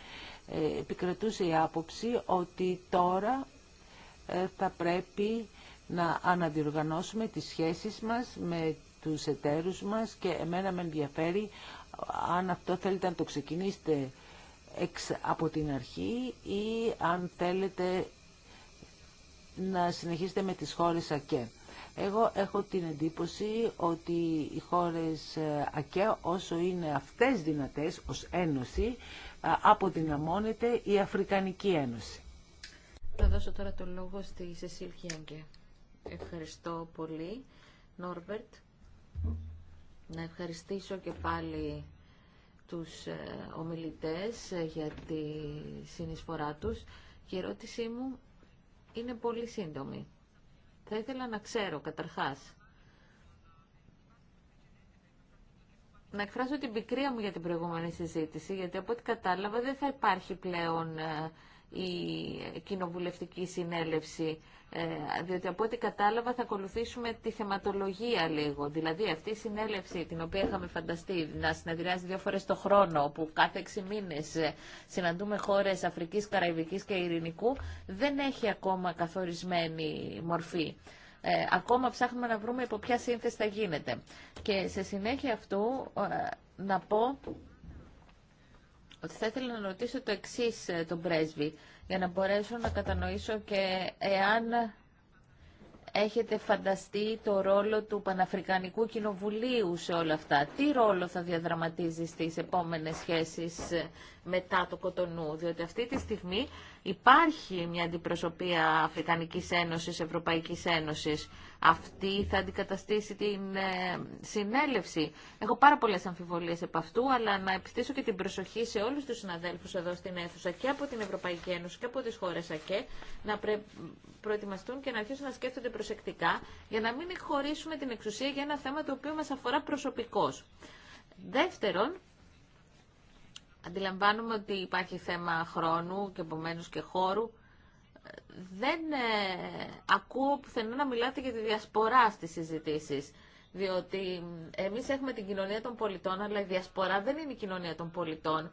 ε, επικρατούσε η άποψη ότι τώρα ε, θα πρέπει να αναδιοργανώσουμε τις σχέσεις μας με τους εταίρους μας και εμένα με ενδιαφέρει αν αυτό θέλετε να το ξεκινήσετε από την αρχή ή αν θέλετε να συνεχίσετε με τις χώρες ΑΚΕ. Εγώ έχω την εντύπωση ότι οι χώρες ε, ΑΚΕ όσο είναι αυτές δυνατές ως ένωση ε, αποδυναμώνεται η Αφρικανική Ένωση. Θα δώσω τώρα το λόγο στη Σεσίλ Χιέγκε. Ευχαριστώ πολύ, Νόρβερτ. Να ευχαριστήσω και πάλι τους ε, ομιλητές για τη συνεισφορά τους. η ερώτησή μου είναι πολύ σύντομη. Θα ήθελα να ξέρω καταρχάς να εκφράσω την πικρία μου για την προηγούμενη συζήτηση, γιατί από ό,τι κατάλαβα δεν θα υπάρχει πλέον ε, η κοινοβουλευτική συνέλευση, ε, διότι από ό,τι κατάλαβα θα ακολουθήσουμε τη θεματολογία λίγο. Δηλαδή αυτή η συνέλευση την οποία είχαμε φανταστεί να συνεδριάζει δύο φορές το χρόνο, που κάθε έξι μήνες ε, συναντούμε χώρες Αφρικής, Καραϊβικής και Ειρηνικού, δεν έχει ακόμα καθορισμένη μορφή. Ε, ακόμα ψάχνουμε να βρούμε υπό ποια σύνθεση θα γίνεται. Και σε συνέχεια αυτού να πω ότι θα ήθελα να ρωτήσω το εξή ε, τον πρέσβη, για να μπορέσω να κατανοήσω και εάν έχετε φανταστεί το ρόλο του Παναφρικανικού Κοινοβουλίου σε όλα αυτά. Τι ρόλο θα διαδραματίζει στις επόμενες σχέσεις ε, μετά το Κοτονού, διότι αυτή τη στιγμή Υπάρχει μια αντιπροσωπεία Αφρικανικής Ένωσης, Ευρωπαϊκής Ένωσης. Αυτή θα αντικαταστήσει την ε, συνέλευση. Έχω πάρα πολλές αμφιβολίες επ' αυτού, αλλά να επιστήσω και την προσοχή σε όλους τους συναδέλφους εδώ στην αίθουσα και από την Ευρωπαϊκή Ένωση και από τις χώρες ΑΚΕ να πρε... προετοιμαστούν και να αρχίσουν να σκέφτονται προσεκτικά για να μην χωρίσουμε την εξουσία για ένα θέμα το οποίο μας αφορά προσωπικώς. Δεύτερον, Αντιλαμβάνομαι ότι υπάρχει θέμα χρόνου και επομένω και χώρου. Δεν ε, ακούω πουθενά να μιλάτε για τη διασπορά στις συζητήσεις. Διότι εμείς έχουμε την κοινωνία των πολιτών, αλλά η διασπορά δεν είναι η κοινωνία των πολιτών.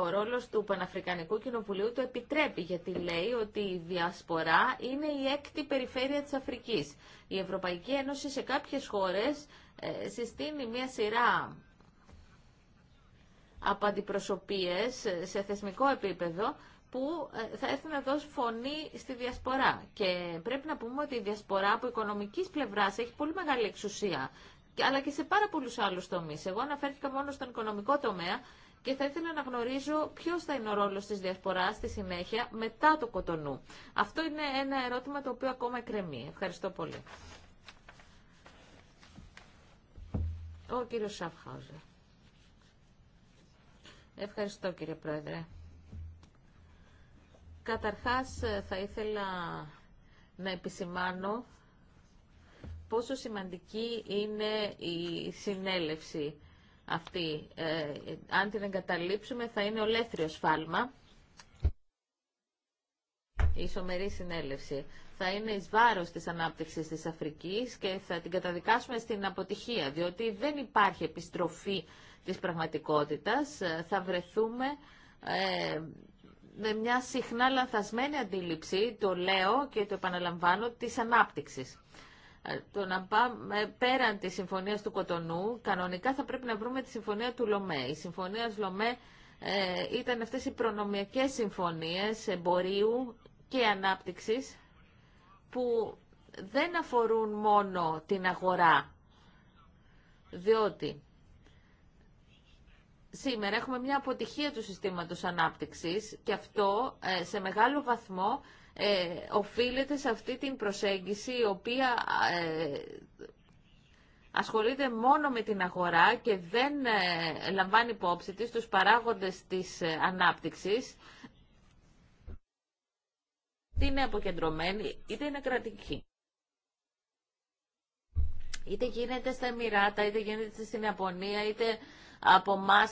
Ο ρόλος του Παναφρικανικού Κοινοβουλίου το επιτρέπει, γιατί λέει ότι η διασπορά είναι η έκτη περιφέρεια της Αφρικής. Η Ευρωπαϊκή Ένωση σε κάποιες χώρες ε, συστήνει μια σειρά από αντιπροσωπείες σε θεσμικό επίπεδο που ε, θα έρθουν να δώσουν φωνή στη διασπορά. Και πρέπει να πούμε ότι η διασπορά από οικονομικής πλευράς έχει πολύ μεγάλη εξουσία, αλλά και σε πάρα πολλούς άλλους τομείς. Εγώ αναφέρθηκα μόνο στον οικονομικό τομέα και θα ήθελα να γνωρίζω ποιος θα είναι ο ρόλος της διασποράς στη συνέχεια μετά το κοτονού. Αυτό είναι ένα ερώτημα το οποίο ακόμα εκκρεμεί. Ευχαριστώ πολύ. Ο κύριος Σαφχάουζερ. Ευχαριστώ κύριε Πρόεδρε. Καταρχάς ε, θα ήθελα να επισημάνω πόσο σημαντική είναι η συνέλευση αυτή. Ε, αν την εγκαταλείψουμε θα είναι ολέθριο σφάλμα. Η ισομερή συνέλευση θα είναι εις βάρος της ανάπτυξης της Αφρικής και θα την καταδικάσουμε στην αποτυχία, διότι δεν υπάρχει επιστροφή της πραγματικότητας, ε, θα βρεθούμε ε, με μια συχνά λανθασμένη αντίληψη, το λέω και το επαναλαμβάνω, της ανάπτυξης. Ε, το να πάμε πέραν της συμφωνίας του Κοτονού, κανονικά θα πρέπει να βρούμε τη συμφωνία του Λομέ. Η συμφωνία Λομέ ε, ήταν αυτές οι προνομιακές συμφωνίες εμπορίου και ανάπτυξης που δεν αφορούν μόνο την αγορά, διότι σήμερα έχουμε μια αποτυχία του συστήματος ανάπτυξης και αυτό ε, σε μεγάλο βαθμό ε, οφείλεται σε αυτή την προσέγγιση η οποία ε, ασχολείται μόνο με την αγορά και δεν λαμβάνει υπόψη της τους παράγοντες της ανάπτυξης είτε είναι αποκεντρωμένη είτε είναι κρατική. Είτε γίνεται στα Εμμυράτα, είτε γίνεται στην Ιαπωνία, είτε από εμά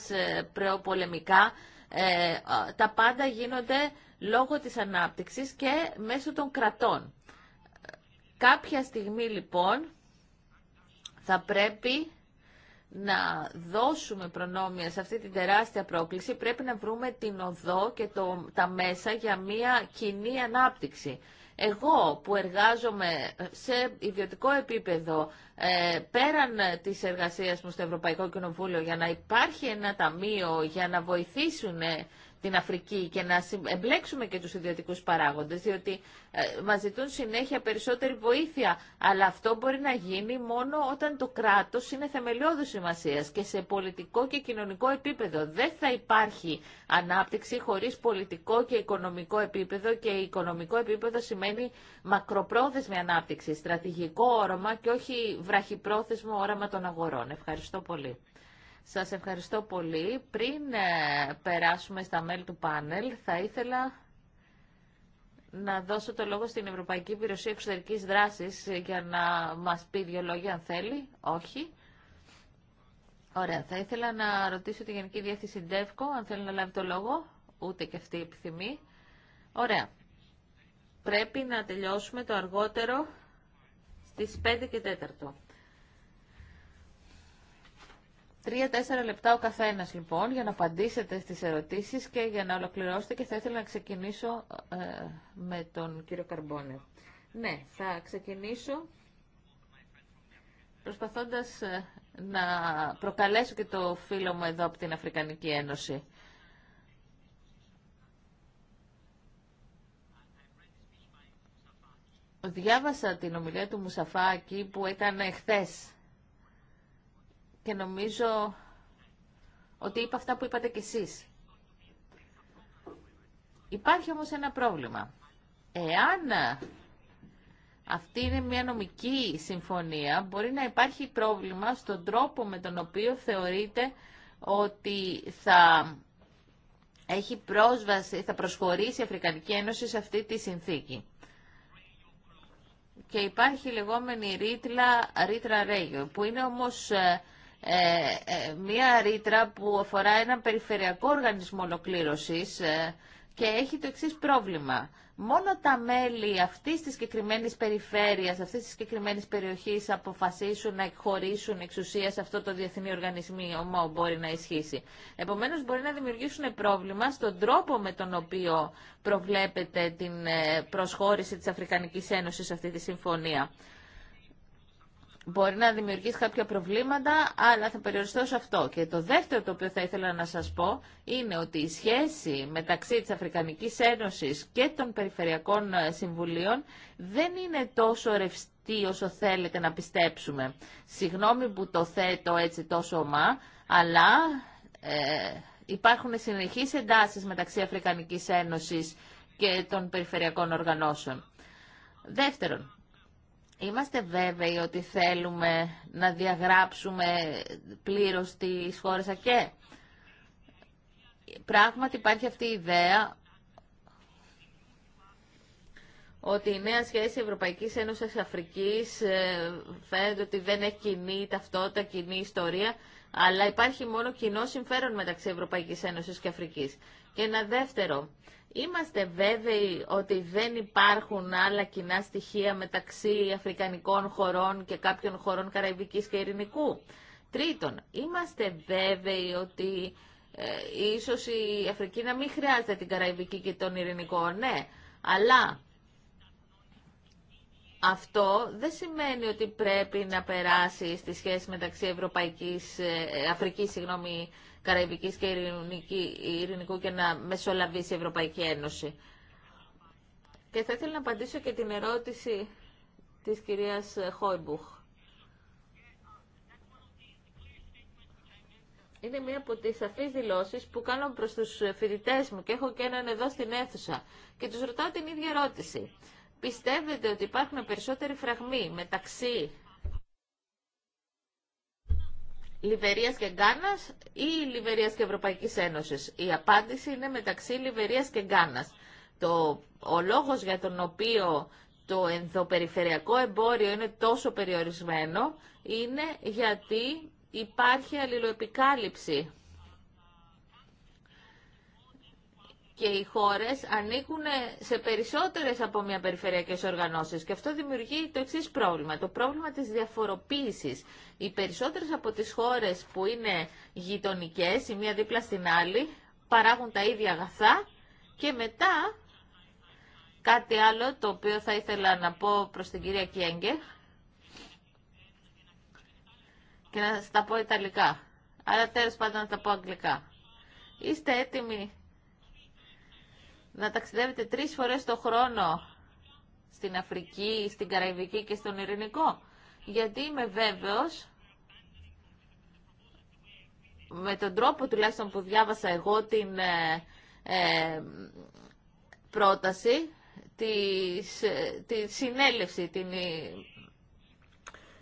προπολεμικά. Ε, τα πάντα γίνονται λόγω της ανάπτυξης και μέσω των κρατών. Κάποια στιγμή λοιπόν θα πρέπει να δώσουμε προνόμια σε αυτή την τεράστια πρόκληση, πρέπει να βρούμε την οδό και τα μέσα για μια κοινή ανάπτυξη. Εγώ που εργάζομαι σε ιδιωτικό επίπεδο ε, πέραν της εργασίας μου στο Ευρωπαϊκό Κοινοβούλιο για να υπάρχει ένα ταμείο για να βοηθήσουν την Αφρική και να εμπλέξουμε και τους ιδιωτικούς παράγοντες, διότι ε, μας ζητούν συνέχεια περισσότερη βοήθεια. Αλλά αυτό μπορεί να γίνει μόνο όταν το κράτος είναι θεμελιώδης σημασία και σε πολιτικό και κοινωνικό επίπεδο. Δεν θα υπάρχει ανάπτυξη χωρίς πολιτικό και οικονομικό επίπεδο και οικονομικό επίπεδο σημαίνει μακροπρόθεσμη ανάπτυξη, στρατηγικό όρομα και όχι βραχυπρόθεσμο όραμα των αγορών. Ευχαριστώ πολύ. Σας ευχαριστώ πολύ. Πριν ε, περάσουμε στα μέλη του πάνελ, θα ήθελα να δώσω το λόγο στην Ευρωπαϊκή Υπηρεσία Εξωτερικής Δράσης για να μας πει δύο λόγια αν θέλει. Όχι. Ωραία. Θα ήθελα να ρωτήσω τη Γενική Διεύθυνση Ντεύκο αν θέλει να λάβει το λόγο. Ούτε και αυτή επιθυμεί. Ωραία. Πρέπει να τελειώσουμε το αργότερο στις 5 και 4. Τρία-τέσσερα λεπτά ο καθένα λοιπόν για να απαντήσετε στις ερωτήσεις και για να ολοκληρώσετε και θα ήθελα να ξεκινήσω ε, με τον κύριο Καρμπόνε. Ναι, θα ξεκινήσω προσπαθώντας ε, να προκαλέσω και το φίλο μου εδώ από την Αφρικανική Ένωση. Διάβασα την ομιλία του Μουσαφάκη που έκανε χθες και νομίζω ότι είπα αυτά που είπατε κι εσείς. Υπάρχει όμως ένα πρόβλημα. Εάν αυτή είναι μια νομική συμφωνία, μπορεί να υπάρχει πρόβλημα στον τρόπο με τον οποίο θεωρείται ότι θα έχει πρόσβαση, θα προσχωρήσει η Αφρικανική Ένωση σε αυτή τη συνθήκη. Και υπάρχει η λεγόμενη ρήτρα, ρήτρα Ρέγιο, που είναι όμως ε, ε, ε, μία ρήτρα που αφορά έναν περιφερειακό οργανισμό ολοκλήρωσης ε, και έχει το εξής πρόβλημα. Μόνο τα μέλη αυτής της συγκεκριμένη περιφέρειας, αυτής της συγκεκριμένη περιοχής αποφασίσουν να εκχωρήσουν εξουσία σε αυτό το διεθνή οργανισμό μπορεί να ισχύσει. Επομένως μπορεί να δημιουργήσουν πρόβλημα στον τρόπο με τον οποίο προβλέπεται την προσχώρηση της Αφρικανικής Ένωσης σε αυτή τη συμφωνία μπορεί να δημιουργήσει κάποια προβλήματα, αλλά θα περιοριστώ σε αυτό. Και το δεύτερο το οποίο θα ήθελα να σας πω είναι ότι η σχέση μεταξύ της Αφρικανικής Ένωσης και των Περιφερειακών ε, Συμβουλίων δεν είναι τόσο ρευστή όσο θέλετε να πιστέψουμε. Συγγνώμη που το θέτω έτσι τόσο ομά, αλλά ε, υπάρχουν συνεχείς εντάσεις μεταξύ Αφρικανικής Ένωσης και των Περιφερειακών Οργανώσεων. Δεύτερον, Είμαστε βέβαιοι ότι θέλουμε να διαγράψουμε πλήρως τις χώρες ΑΚΕ. Πράγματι υπάρχει αυτή η ιδέα ότι η νέα σχέση Ευρωπαϊκής Ένωσης Αφρικής ε, φαίνεται ότι δεν έχει κοινή ταυτότητα, κοινή ιστορία, αλλά υπάρχει μόνο κοινό συμφέρον μεταξύ Ευρωπαϊκής Ένωσης και Αφρικής. Και ένα δεύτερο Είμαστε βέβαιοι ότι δεν υπάρχουν άλλα κοινά στοιχεία μεταξύ αφρικανικών χωρών και κάποιων χωρών Καραϊβικής και Ειρηνικού. Τρίτον, είμαστε βέβαιοι ότι ε, ίσως η Αφρική να μην χρειάζεται την Καραϊβική και τον Ειρηνικό, ναι, αλλά αυτό δεν σημαίνει ότι πρέπει να περάσει στη σχέση μεταξύ Ευρωπαϊκής, ε, ε Αφρικής, Καραϊβική και Ειρηνικού και να μεσολαβήσει η Ευρωπαϊκή Ένωση. Και θα ήθελα να απαντήσω και την ερώτηση της κυρίας Χόιμπουχ. Είναι μία από τις σαφείς δηλώσεις που κάνω προς τους φοιτητέ μου και έχω και έναν εδώ στην αίθουσα και τους ρωτάω την ίδια ερώτηση. Πιστεύετε ότι υπάρχουν περισσότεροι φραγμοί μεταξύ Λιβερίας και Γκάνας ή Λιβερίας και Ευρωπαϊκής Ένωσης. Η απάντηση είναι μεταξύ Λιβερίας και Γκάνας. Το, ο λόγος για τον οποίο το ενδοπεριφερειακό εμπόριο είναι τόσο περιορισμένο είναι γιατί υπάρχει αλληλοεπικάλυψη και οι χώρες ανήκουν σε περισσότερες από μια περιφερειακές οργανώσεις και αυτό δημιουργεί το εξή πρόβλημα, το πρόβλημα της διαφοροποίησης. Οι περισσότερες από τις χώρες που είναι γειτονικές, η μία δίπλα στην άλλη, παράγουν τα ίδια αγαθά και μετά κάτι άλλο το οποίο θα ήθελα να πω προς την κυρία Κιέγκε και να τα πω ιταλικά, άρα τέλος πάντων να τα πω αγγλικά. Είστε έτοιμοι να ταξιδεύετε τρεις φορές το χρόνο στην Αφρική, στην Καραϊβική και στον Ειρηνικό. Γιατί είμαι βέβαιος, με τον τρόπο τουλάχιστον που διάβασα εγώ την ε, ε, πρόταση, ε, τη, συνέλευση, την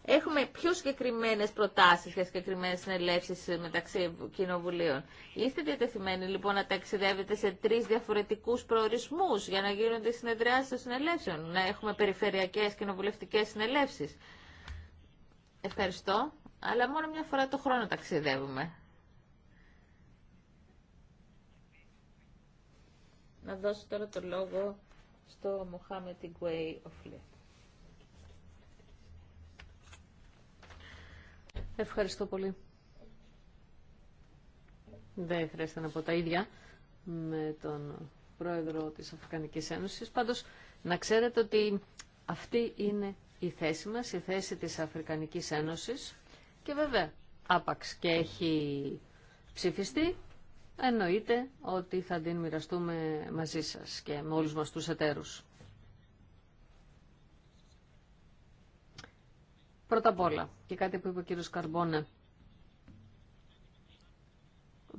Έχουμε πιο συγκεκριμένε προτάσεις και συγκεκριμένε συνελευσει μεταξύ κοινοβουλίων. Είστε διατεθειμένοι λοιπόν να ταξιδεύετε σε τρεις διαφορετικούς προορισμούς για να γίνονται συνεδριάσεις των συνελεύσεων, να έχουμε περιφερειακές κοινοβουλευτικέ συνελεύσει. Ευχαριστώ, αλλά μόνο μια φορά το χρόνο ταξιδεύουμε. Να δώσω τώρα το λόγο στο Μοχάμετ Γκουέι οφλίου. Ευχαριστώ πολύ. Δεν χρειάζεται να πω τα ίδια με τον πρόεδρο της Αφρικανικής Ένωσης. Πάντως, να ξέρετε ότι αυτή είναι η θέση μας, η θέση της Αφρικανικής Ένωσης και βέβαια άπαξ και έχει ψηφιστεί, εννοείται ότι θα την μοιραστούμε μαζί σας και με όλους μας τους εταίρους. Πρώτα απ' όλα, και κάτι που είπε ο κύριος Καρμπόνε,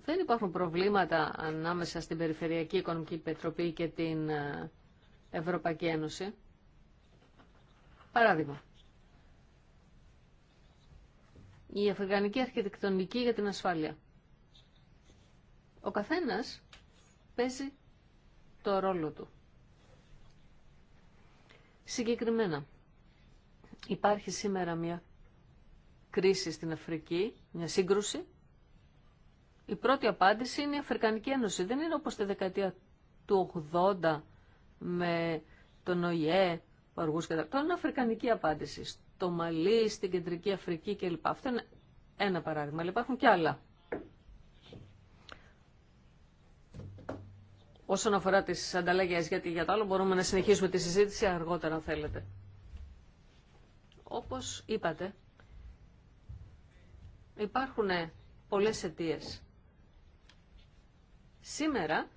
δεν υπάρχουν προβλήματα ανάμεσα στην Περιφερειακή Οικονομική Πετροπή και την ε, Ευρωπαϊκή Ένωση. Παράδειγμα, η Αφρικανική Αρχιτεκτονική για την Ασφάλεια. Ο καθένας παίζει το ρόλο του. Συγκεκριμένα, Υπάρχει σήμερα μια κρίση στην Αφρική, μια σύγκρουση. Η πρώτη απάντηση είναι η Αφρικανική Ένωση. Δεν είναι όπως τη δεκαετία του 80 με τον ΟΙΕ, παργούς και τα... είναι Αφρικανική απάντηση. Στο Μαλί, στην Κεντρική Αφρική κλπ. Αυτό είναι ένα παράδειγμα, αλλά υπάρχουν και άλλα. Όσον αφορά τις ανταλλαγές, γιατί για το άλλο μπορούμε να συνεχίσουμε τη συζήτηση αργότερα αν θέλετε. Όπως είπατε, υπάρχουν πολλές αιτίε. Σήμερα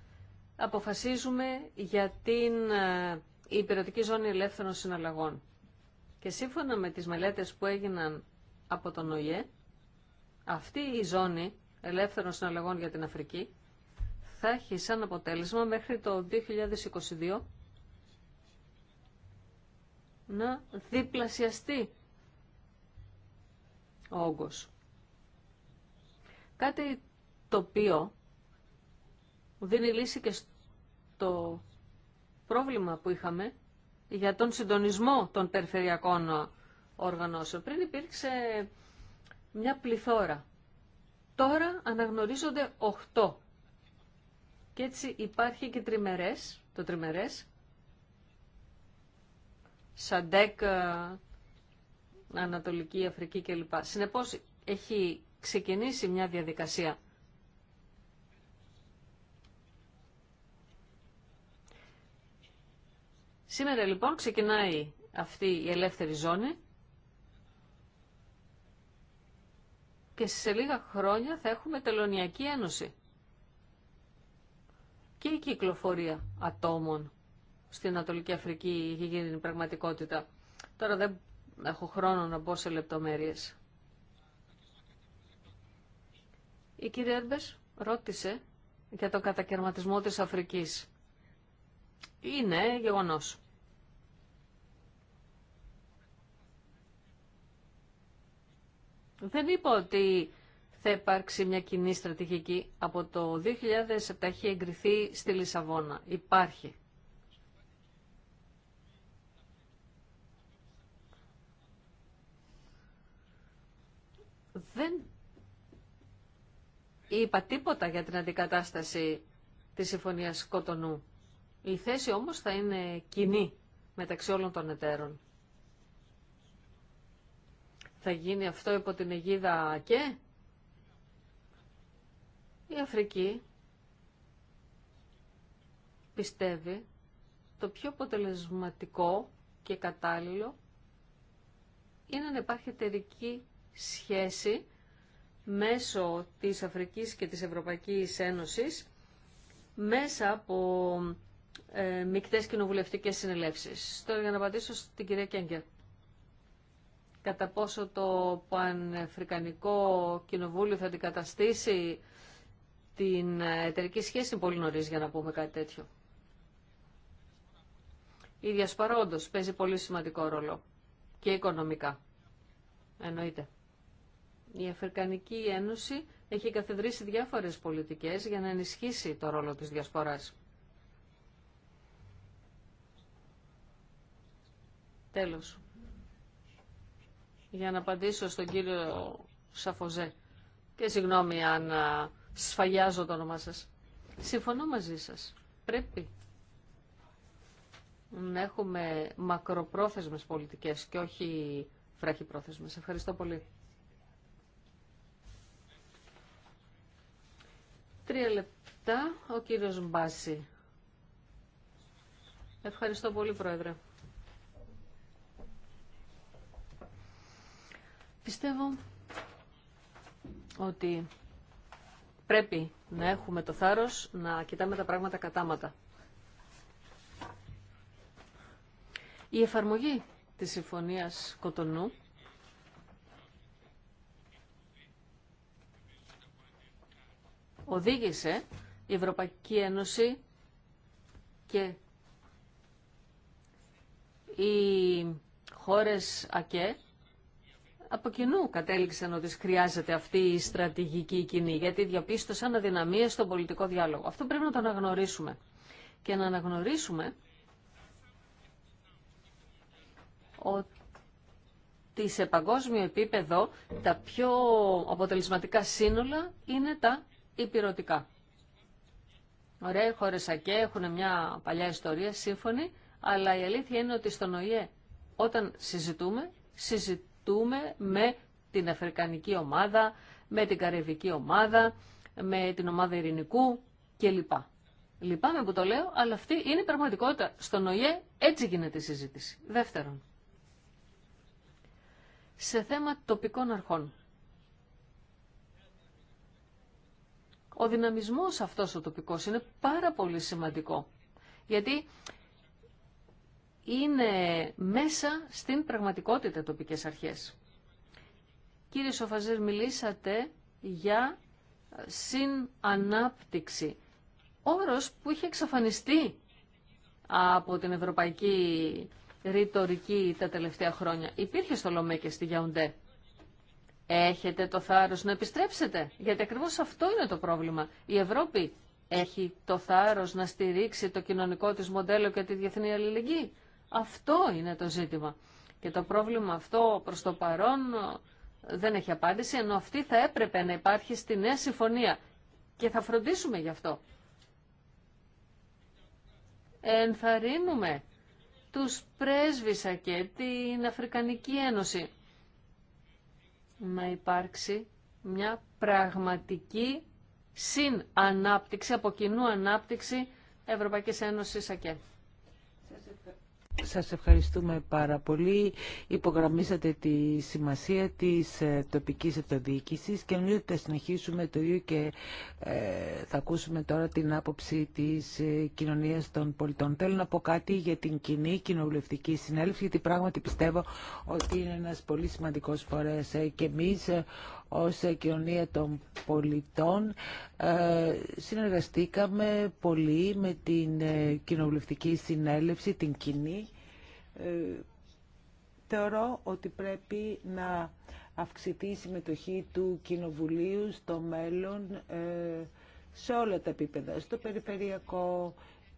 αποφασίζουμε για την ε, υπηρετική ζώνη ελεύθερων συναλλαγών. Και σύμφωνα με τις μελέτες που έγιναν από τον ΟΙΕ, αυτή η ζώνη ελεύθερων συναλλαγών για την Αφρική θα έχει σαν αποτέλεσμα μέχρι το 2022 να διπλασιαστεί ο όγκος. Κάτι το οποίο δίνει λύση και στο πρόβλημα που είχαμε για τον συντονισμό των περιφερειακών οργανώσεων. Πριν υπήρξε μια πληθώρα. Τώρα αναγνωρίζονται 8. Και έτσι υπάρχει και τριμερές, το τριμερές Σαντέκ, ε, Ανατολική Αφρική κλπ. Συνεπώς έχει ξεκινήσει μια διαδικασία. Σήμερα λοιπόν ξεκινάει αυτή η ελεύθερη ζώνη και σε λίγα χρόνια θα έχουμε τελωνιακή ένωση και η κυκλοφορία ατόμων στην Ανατολική Αφρική είχε γίνει πραγματικότητα. Τώρα δεν έχω χρόνο να μπω σε λεπτομέρειες. Η κυρία Έρμπες ρώτησε για τον κατακαιρματισμό της Αφρικής. Είναι γεγονός. Δεν είπα ότι θα υπάρξει μια κοινή στρατηγική. Από το 2007 έχει εγκριθεί στη Λισαβόνα. Υπάρχει δεν είπα τίποτα για την αντικατάσταση της Συμφωνίας Κοτονού. Η θέση όμως θα είναι κοινή μεταξύ όλων των εταίρων. Θα γίνει αυτό υπό την αιγίδα και η Αφρική πιστεύει το πιο αποτελεσματικό και κατάλληλο είναι να υπάρχει εταιρική σχέση μέσω της Αφρικής και της Ευρωπαϊκής Ένωσης μέσα από ε, μικτές κοινοβουλευτικές συνελεύσεις. Τώρα για να απαντήσω στην κυρία Κέγκερ. Κατά πόσο το Πανεφρικανικό Κοινοβούλιο θα αντικαταστήσει την εταιρική σχέση πολύ νωρίς για να πούμε κάτι τέτοιο. Η διασπαρόντος παίζει πολύ σημαντικό ρόλο και οικονομικά. Εννοείται. Η Αφρικανική Ένωση έχει καθεδρήσει διάφορες πολιτικές για να ενισχύσει το ρόλο της διασποράς. Τέλος. Για να απαντήσω στον κύριο Σαφοζέ. Και συγγνώμη αν σφαγιάζω το όνομά σας. Συμφωνώ μαζί σας. Πρέπει να έχουμε μακροπρόθεσμες πολιτικές και όχι βραχυπρόθεσμες. Ευχαριστώ πολύ. Τρία λεπτά, ο κύριος Μπάση. Ευχαριστώ πολύ, Πρόεδρε. Πιστεύω ότι πρέπει να έχουμε το θάρρος να κοιτάμε τα πράγματα κατάματα. Η εφαρμογή της Συμφωνίας Κοτονού οδήγησε η Ευρωπαϊκή Ένωση και οι χώρες ΑΚΕ από κοινού κατέληξαν ότι χρειάζεται αυτή η στρατηγική κοινή, γιατί διαπίστωσαν αδυναμίες στον πολιτικό διάλογο. Αυτό πρέπει να το αναγνωρίσουμε. Και να αναγνωρίσουμε ότι σε παγκόσμιο επίπεδο τα πιο αποτελεσματικά σύνολα είναι τα υπηρετικά. Ωραία, οι χώρε ΑΚΕ έχουν μια παλιά ιστορία, σύμφωνη, αλλά η αλήθεια είναι ότι στον ΟΗΕ όταν συζητούμε, συζητούμε με την Αφρικανική ομάδα, με την Καρεβική ομάδα, με την ομάδα Ειρηνικού κλπ. Λυπάμαι που το λέω, αλλά αυτή είναι η πραγματικότητα. Στον ΟΗΕ έτσι γίνεται η συζήτηση. Δεύτερον, σε θέμα τοπικών αρχών. Ο δυναμισμός αυτός ο τοπικός είναι πάρα πολύ σημαντικό. Γιατί είναι μέσα στην πραγματικότητα τοπικές αρχές. Κύριε Σοφαζέρ, μιλήσατε για συνανάπτυξη. Όρος που είχε εξαφανιστεί από την ευρωπαϊκή ρητορική τα τελευταία χρόνια. Υπήρχε στο Λομέ και στη Γιαουντέ. Έχετε το θάρρος να επιστρέψετε, γιατί ακριβώς αυτό είναι το πρόβλημα. Η Ευρώπη έχει το θάρρος να στηρίξει το κοινωνικό της μοντέλο και τη διεθνή αλληλεγγύη. Αυτό είναι το ζήτημα. Και το πρόβλημα αυτό προς το παρόν ε, δεν έχει απάντηση, ενώ αυτή θα έπρεπε να υπάρχει στη νέα συμφωνία. Και θα φροντίσουμε γι' αυτό. Ενθαρρύνουμε τους πρέσβησα και την Αφρικανική Ένωση να υπάρξει μια πραγματική συνανάπτυξη, από κοινού ανάπτυξη Ευρωπαϊκής Ένωσης ΑΚΕ. Σας ευχαριστούμε πάρα πολύ. Υπογραμμίσατε τη σημασία της ε, τοπικής αυτοδιοίκησης και νομίζω ότι θα συνεχίσουμε το ίδιο και ε, θα ακούσουμε τώρα την άποψη της ε, κοινωνίας των πολιτών. Θέλω να πω κάτι για την κοινή κοινοβουλευτική συνέλευση, γιατί πράγματι πιστεύω ότι είναι ένας πολύ σημαντικός φορέας και εμείς ως κοινωνία των πολιτών ε, συνεργαστήκαμε πολύ με την ε, κοινοβουλευτική συνέλευση, την κοινή. Ε, θεωρώ ότι πρέπει να αυξηθεί η συμμετοχή του Κοινοβουλίου στο μέλλον σε όλα τα επίπεδα, στο περιφερειακό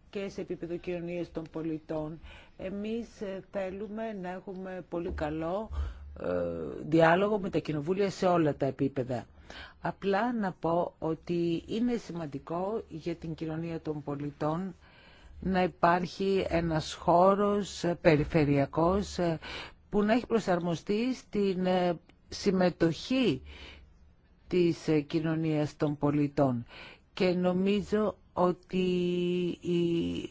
και σε επίπεδο κοινωνίας των πολιτών. Εμείς θέλουμε να έχουμε πολύ καλό ε, διάλογο με τα κοινοβούλια σε όλα τα επίπεδα. Απλά να πω ότι είναι σημαντικό για την κοινωνία των πολιτών να υπάρχει ένας χώρος περιφερειακός ε, που να έχει προσαρμοστεί στην ε, συμμετοχή της κοινωνίας των πολιτών. Και νομίζω ότι οι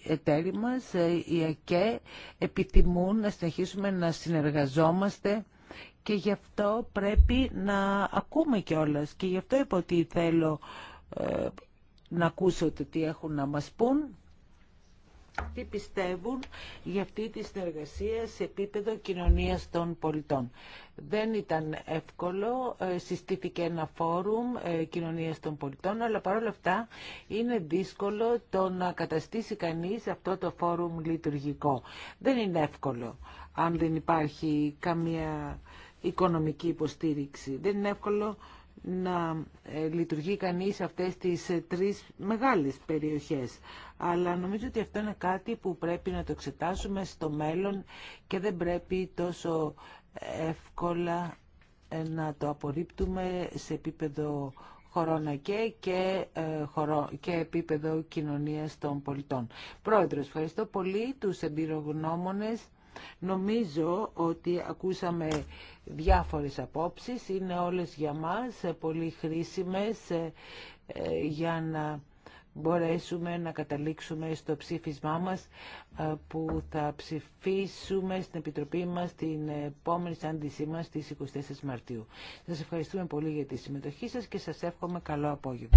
εταίροι μας, οι ΑΚΕ, επιθυμούν να συνεχίσουμε να συνεργαζόμαστε και γι' αυτό πρέπει να ακούμε κιόλα. και γι' αυτό είπα ότι θέλω ε, να ακούσω το τι έχουν να μας πούν τι πιστεύουν για αυτή τη συνεργασία σε επίπεδο κοινωνίας των πολιτών. Δεν ήταν εύκολο, ε, συστήθηκε ένα φόρουμ ε, κοινωνίας των πολιτών, αλλά παρόλα αυτά είναι δύσκολο το να καταστήσει κανείς αυτό το φόρουμ λειτουργικό. Δεν είναι εύκολο αν δεν υπάρχει καμία οικονομική υποστήριξη. Δεν είναι εύκολο να ε, λειτουργεί κανείς σε αυτές τις ε, τρεις μεγάλες περιοχές. Αλλά νομίζω ότι αυτό είναι κάτι που πρέπει να το εξετάσουμε στο μέλλον και δεν πρέπει τόσο εύκολα ε, να το απορρίπτουμε σε επίπεδο χωρώνα και, και, και επίπεδο κοινωνίας των πολιτών. Πρόεδρος, ευχαριστώ πολύ τους εμπειρογνώμονες Νομίζω ότι ακούσαμε διάφορες απόψεις, είναι όλες για μας πολύ χρήσιμες ε, για να μπορέσουμε να καταλήξουμε στο ψήφισμά μας ε, που θα ψηφίσουμε στην Επιτροπή μας την επόμενη σάντησή μας στις 24 Μαρτίου. Σας ευχαριστούμε πολύ για τη συμμετοχή σας και σας εύχομαι καλό απόγευμα.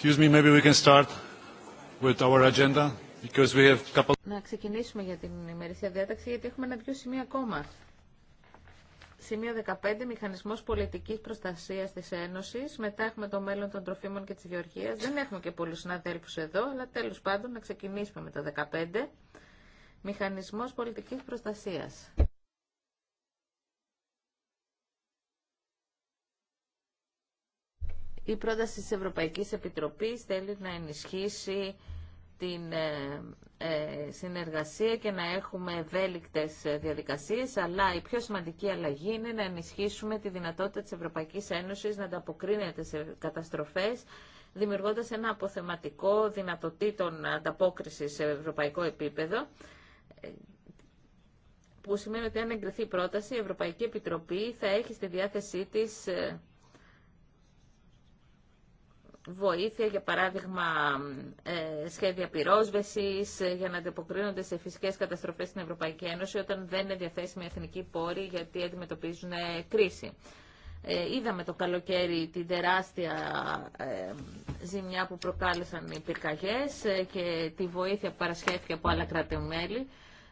Excuse me, maybe we can start with our agenda, because we have couple... Να ξεκινήσουμε για την ημερήσια διάταξη, γιατί έχουμε ένα-δυο σημεία ακόμα. Σημείο 15, Μηχανισμό πολιτική Προστασία τη Ένωση, Μετά έχουμε το μέλλον των τροφίμων και τη γεωργία. Δεν έχουμε και πολλού συναδέλφου εδώ, αλλά τέλο πάντων να ξεκινήσουμε με το 15. Μηχανισμό πολιτική Προστασία. Η πρόταση της Ευρωπαϊκής Επιτροπής θέλει να ενισχύσει την ε, ε, συνεργασία και να έχουμε ευέλικτες διαδικασίες, αλλά η πιο σημαντική αλλαγή είναι να ενισχύσουμε τη δυνατότητα της Ευρωπαϊκής Ένωσης να ανταποκρίνεται σε καταστροφές, δημιουργώντας ένα αποθεματικό δυνατοτήτων ανταπόκρισης σε ευρωπαϊκό επίπεδο, που σημαίνει ότι αν εγκριθεί η πρόταση, η Ευρωπαϊκή Επιτροπή θα έχει στη διάθεσή της ε, βοήθεια, για παράδειγμα ε, σχέδια πυρόσβεσης, ε, για να αντιποκρίνονται σε φυσικές καταστροφές στην Ευρωπαϊκή Ένωση όταν δεν είναι διαθέσιμη εθνική πόροι γιατί αντιμετωπίζουν ε, κρίση. Είδαμε το καλοκαίρι την τεράστια ζημιά που προκάλεσαν οι πυρκαγιές και τη βοήθεια που παρασχέθηκε από άλλα κράτη-μέλη.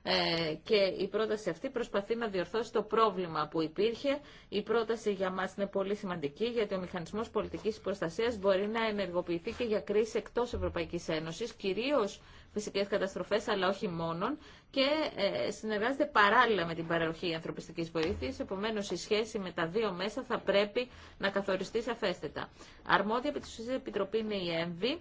Ε, και η πρόταση αυτή προσπαθεί να διορθώσει το πρόβλημα που υπήρχε. Η πρόταση για μας είναι πολύ σημαντική γιατί ο μηχανισμός πολιτικής προστασίας μπορεί να ενεργοποιηθεί και για κρίση εκτός Ευρωπαϊκής Ένωσης, κυρίως φυσικές καταστροφές αλλά όχι μόνον και ε, συνεργάζεται παράλληλα με την παροχή ανθρωπιστικής βοήθειας, επομένως η σχέση με τα δύο μέσα θα πρέπει να καθοριστεί σαφέστατα. Αρμόδια επιτροπή είναι η ΕΜΒΗ,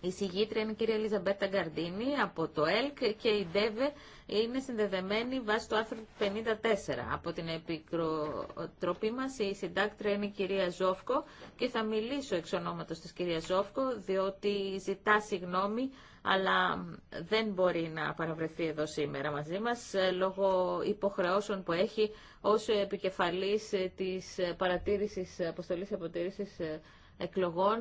η συγγήτρια είναι η κυρία Ελίζαμπέτα Γκαρντίνη από το ΕΛΚ και η ΔΕΒΕ είναι συνδεδεμένη βάσει του άρθρο 54. Από την επικροτροπή μας η συντάκτρια είναι η κυρία Ζόφκο και θα μιλήσω εξ ονόματος της κυρία Ζόφκο διότι ζητά συγγνώμη αλλά δεν μπορεί να παραβρεθεί εδώ σήμερα μαζί μας ε, λόγω υποχρεώσεων που έχει ως επικεφαλής της παρατήρησης, αποστολής αποτήρησης ε, εκλογών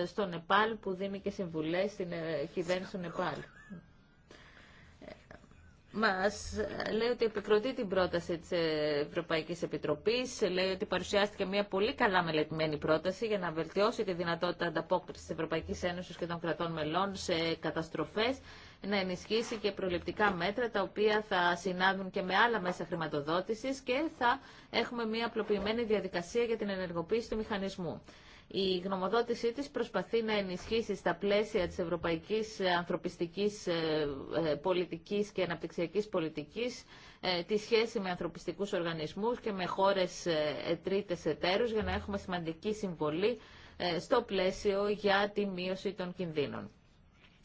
ε, στο Νεπάλ που δίνει και συμβουλές στην ε, κυβέρνηση του Νεπάλ. Μας ε, λέει ότι επικροτεί την πρόταση της Ευρωπαϊκής Επιτροπής, λέει ότι παρουσιάστηκε μια πολύ καλά μελετημένη πρόταση για να βελτιώσει τη δυνατότητα ανταπόκρισης της Ευρωπαϊκής Ένωσης και των κρατών μελών σε καταστροφές, να ενισχύσει και προληπτικά μέτρα τα οποία θα συνάδουν και με άλλα μέσα χρηματοδότησης και θα έχουμε μια απλοποιημένη διαδικασία για την ενεργοποίηση του μηχανισμού. Η γνωμοδότησή της προσπαθεί να ενισχύσει στα πλαίσια της ευρωπαϊκής ανθρωπιστικής ε, ε, πολιτικής και αναπτυξιακής πολιτικής ε, τη σχέση με ανθρωπιστικούς οργανισμούς και με χώρες τρίτες εταίρους για να έχουμε σημαντική συμβολή στο πλαίσιο για τη μείωση των κινδύνων.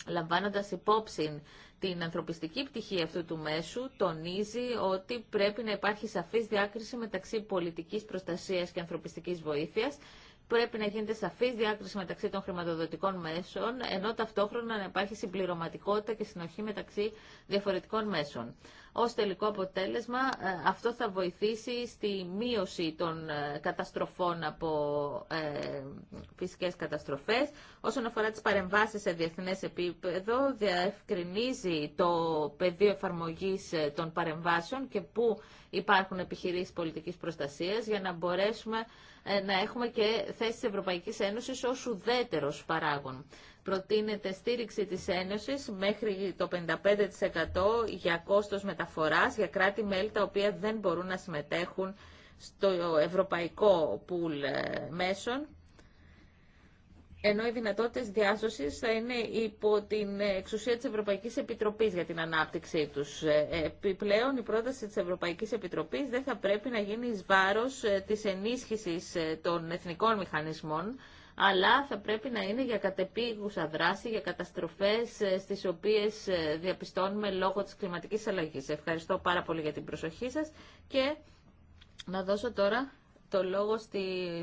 Λαμβάνοντας υπόψη την ανθρωπιστική πτυχή αυτού του μέσου, τονίζει ότι πρέπει να υπάρχει σαφής διάκριση μεταξύ πολιτικής προστασίας και ανθρωπιστικής βοήθειας Πρέπει να γίνεται σαφή διάκριση μεταξύ των χρηματοδοτικών μέσων, ενώ ταυτόχρονα να υπάρχει συμπληρωματικότητα και συνοχή μεταξύ διαφορετικών μέσων ως τελικό αποτέλεσμα ε, αυτό θα βοηθήσει στη μείωση των ε, καταστροφών από ε, φυσικές καταστροφές. Όσον αφορά τις παρεμβάσεις σε διεθνές επίπεδο, διευκρινίζει το πεδίο εφαρμογής των παρεμβάσεων και πού υπάρχουν επιχειρήσεις πολιτικής προστασίας για να μπορέσουμε να έχουμε και θέσεις Ευρωπαϊκής Ένωσης ως ουδέτερος παράγων προτείνεται στήριξη της Ένωσης μέχρι το 55% για κόστος μεταφοράς για κράτη-μέλη τα οποία δεν μπορούν να συμμετέχουν στο ευρωπαϊκό πουλ ε, μέσων ενώ οι δυνατότητες διάσωσης θα είναι υπό την εξουσία της Ευρωπαϊκής Επιτροπής για την ανάπτυξή τους. Ε, επιπλέον, η πρόταση της Ευρωπαϊκής Επιτροπής δεν θα πρέπει να γίνει εις βάρος ε, της ενίσχυσης των εθνικών μηχανισμών, αλλά θα πρέπει να είναι για κατεπίγουσα δράση, για καταστροφές ε, στις οποίες ε, διαπιστώνουμε λόγω της κλιματικής αλλαγής. Ευχαριστώ πάρα πολύ για την προσοχή σας και να δώσω τώρα το λόγο στη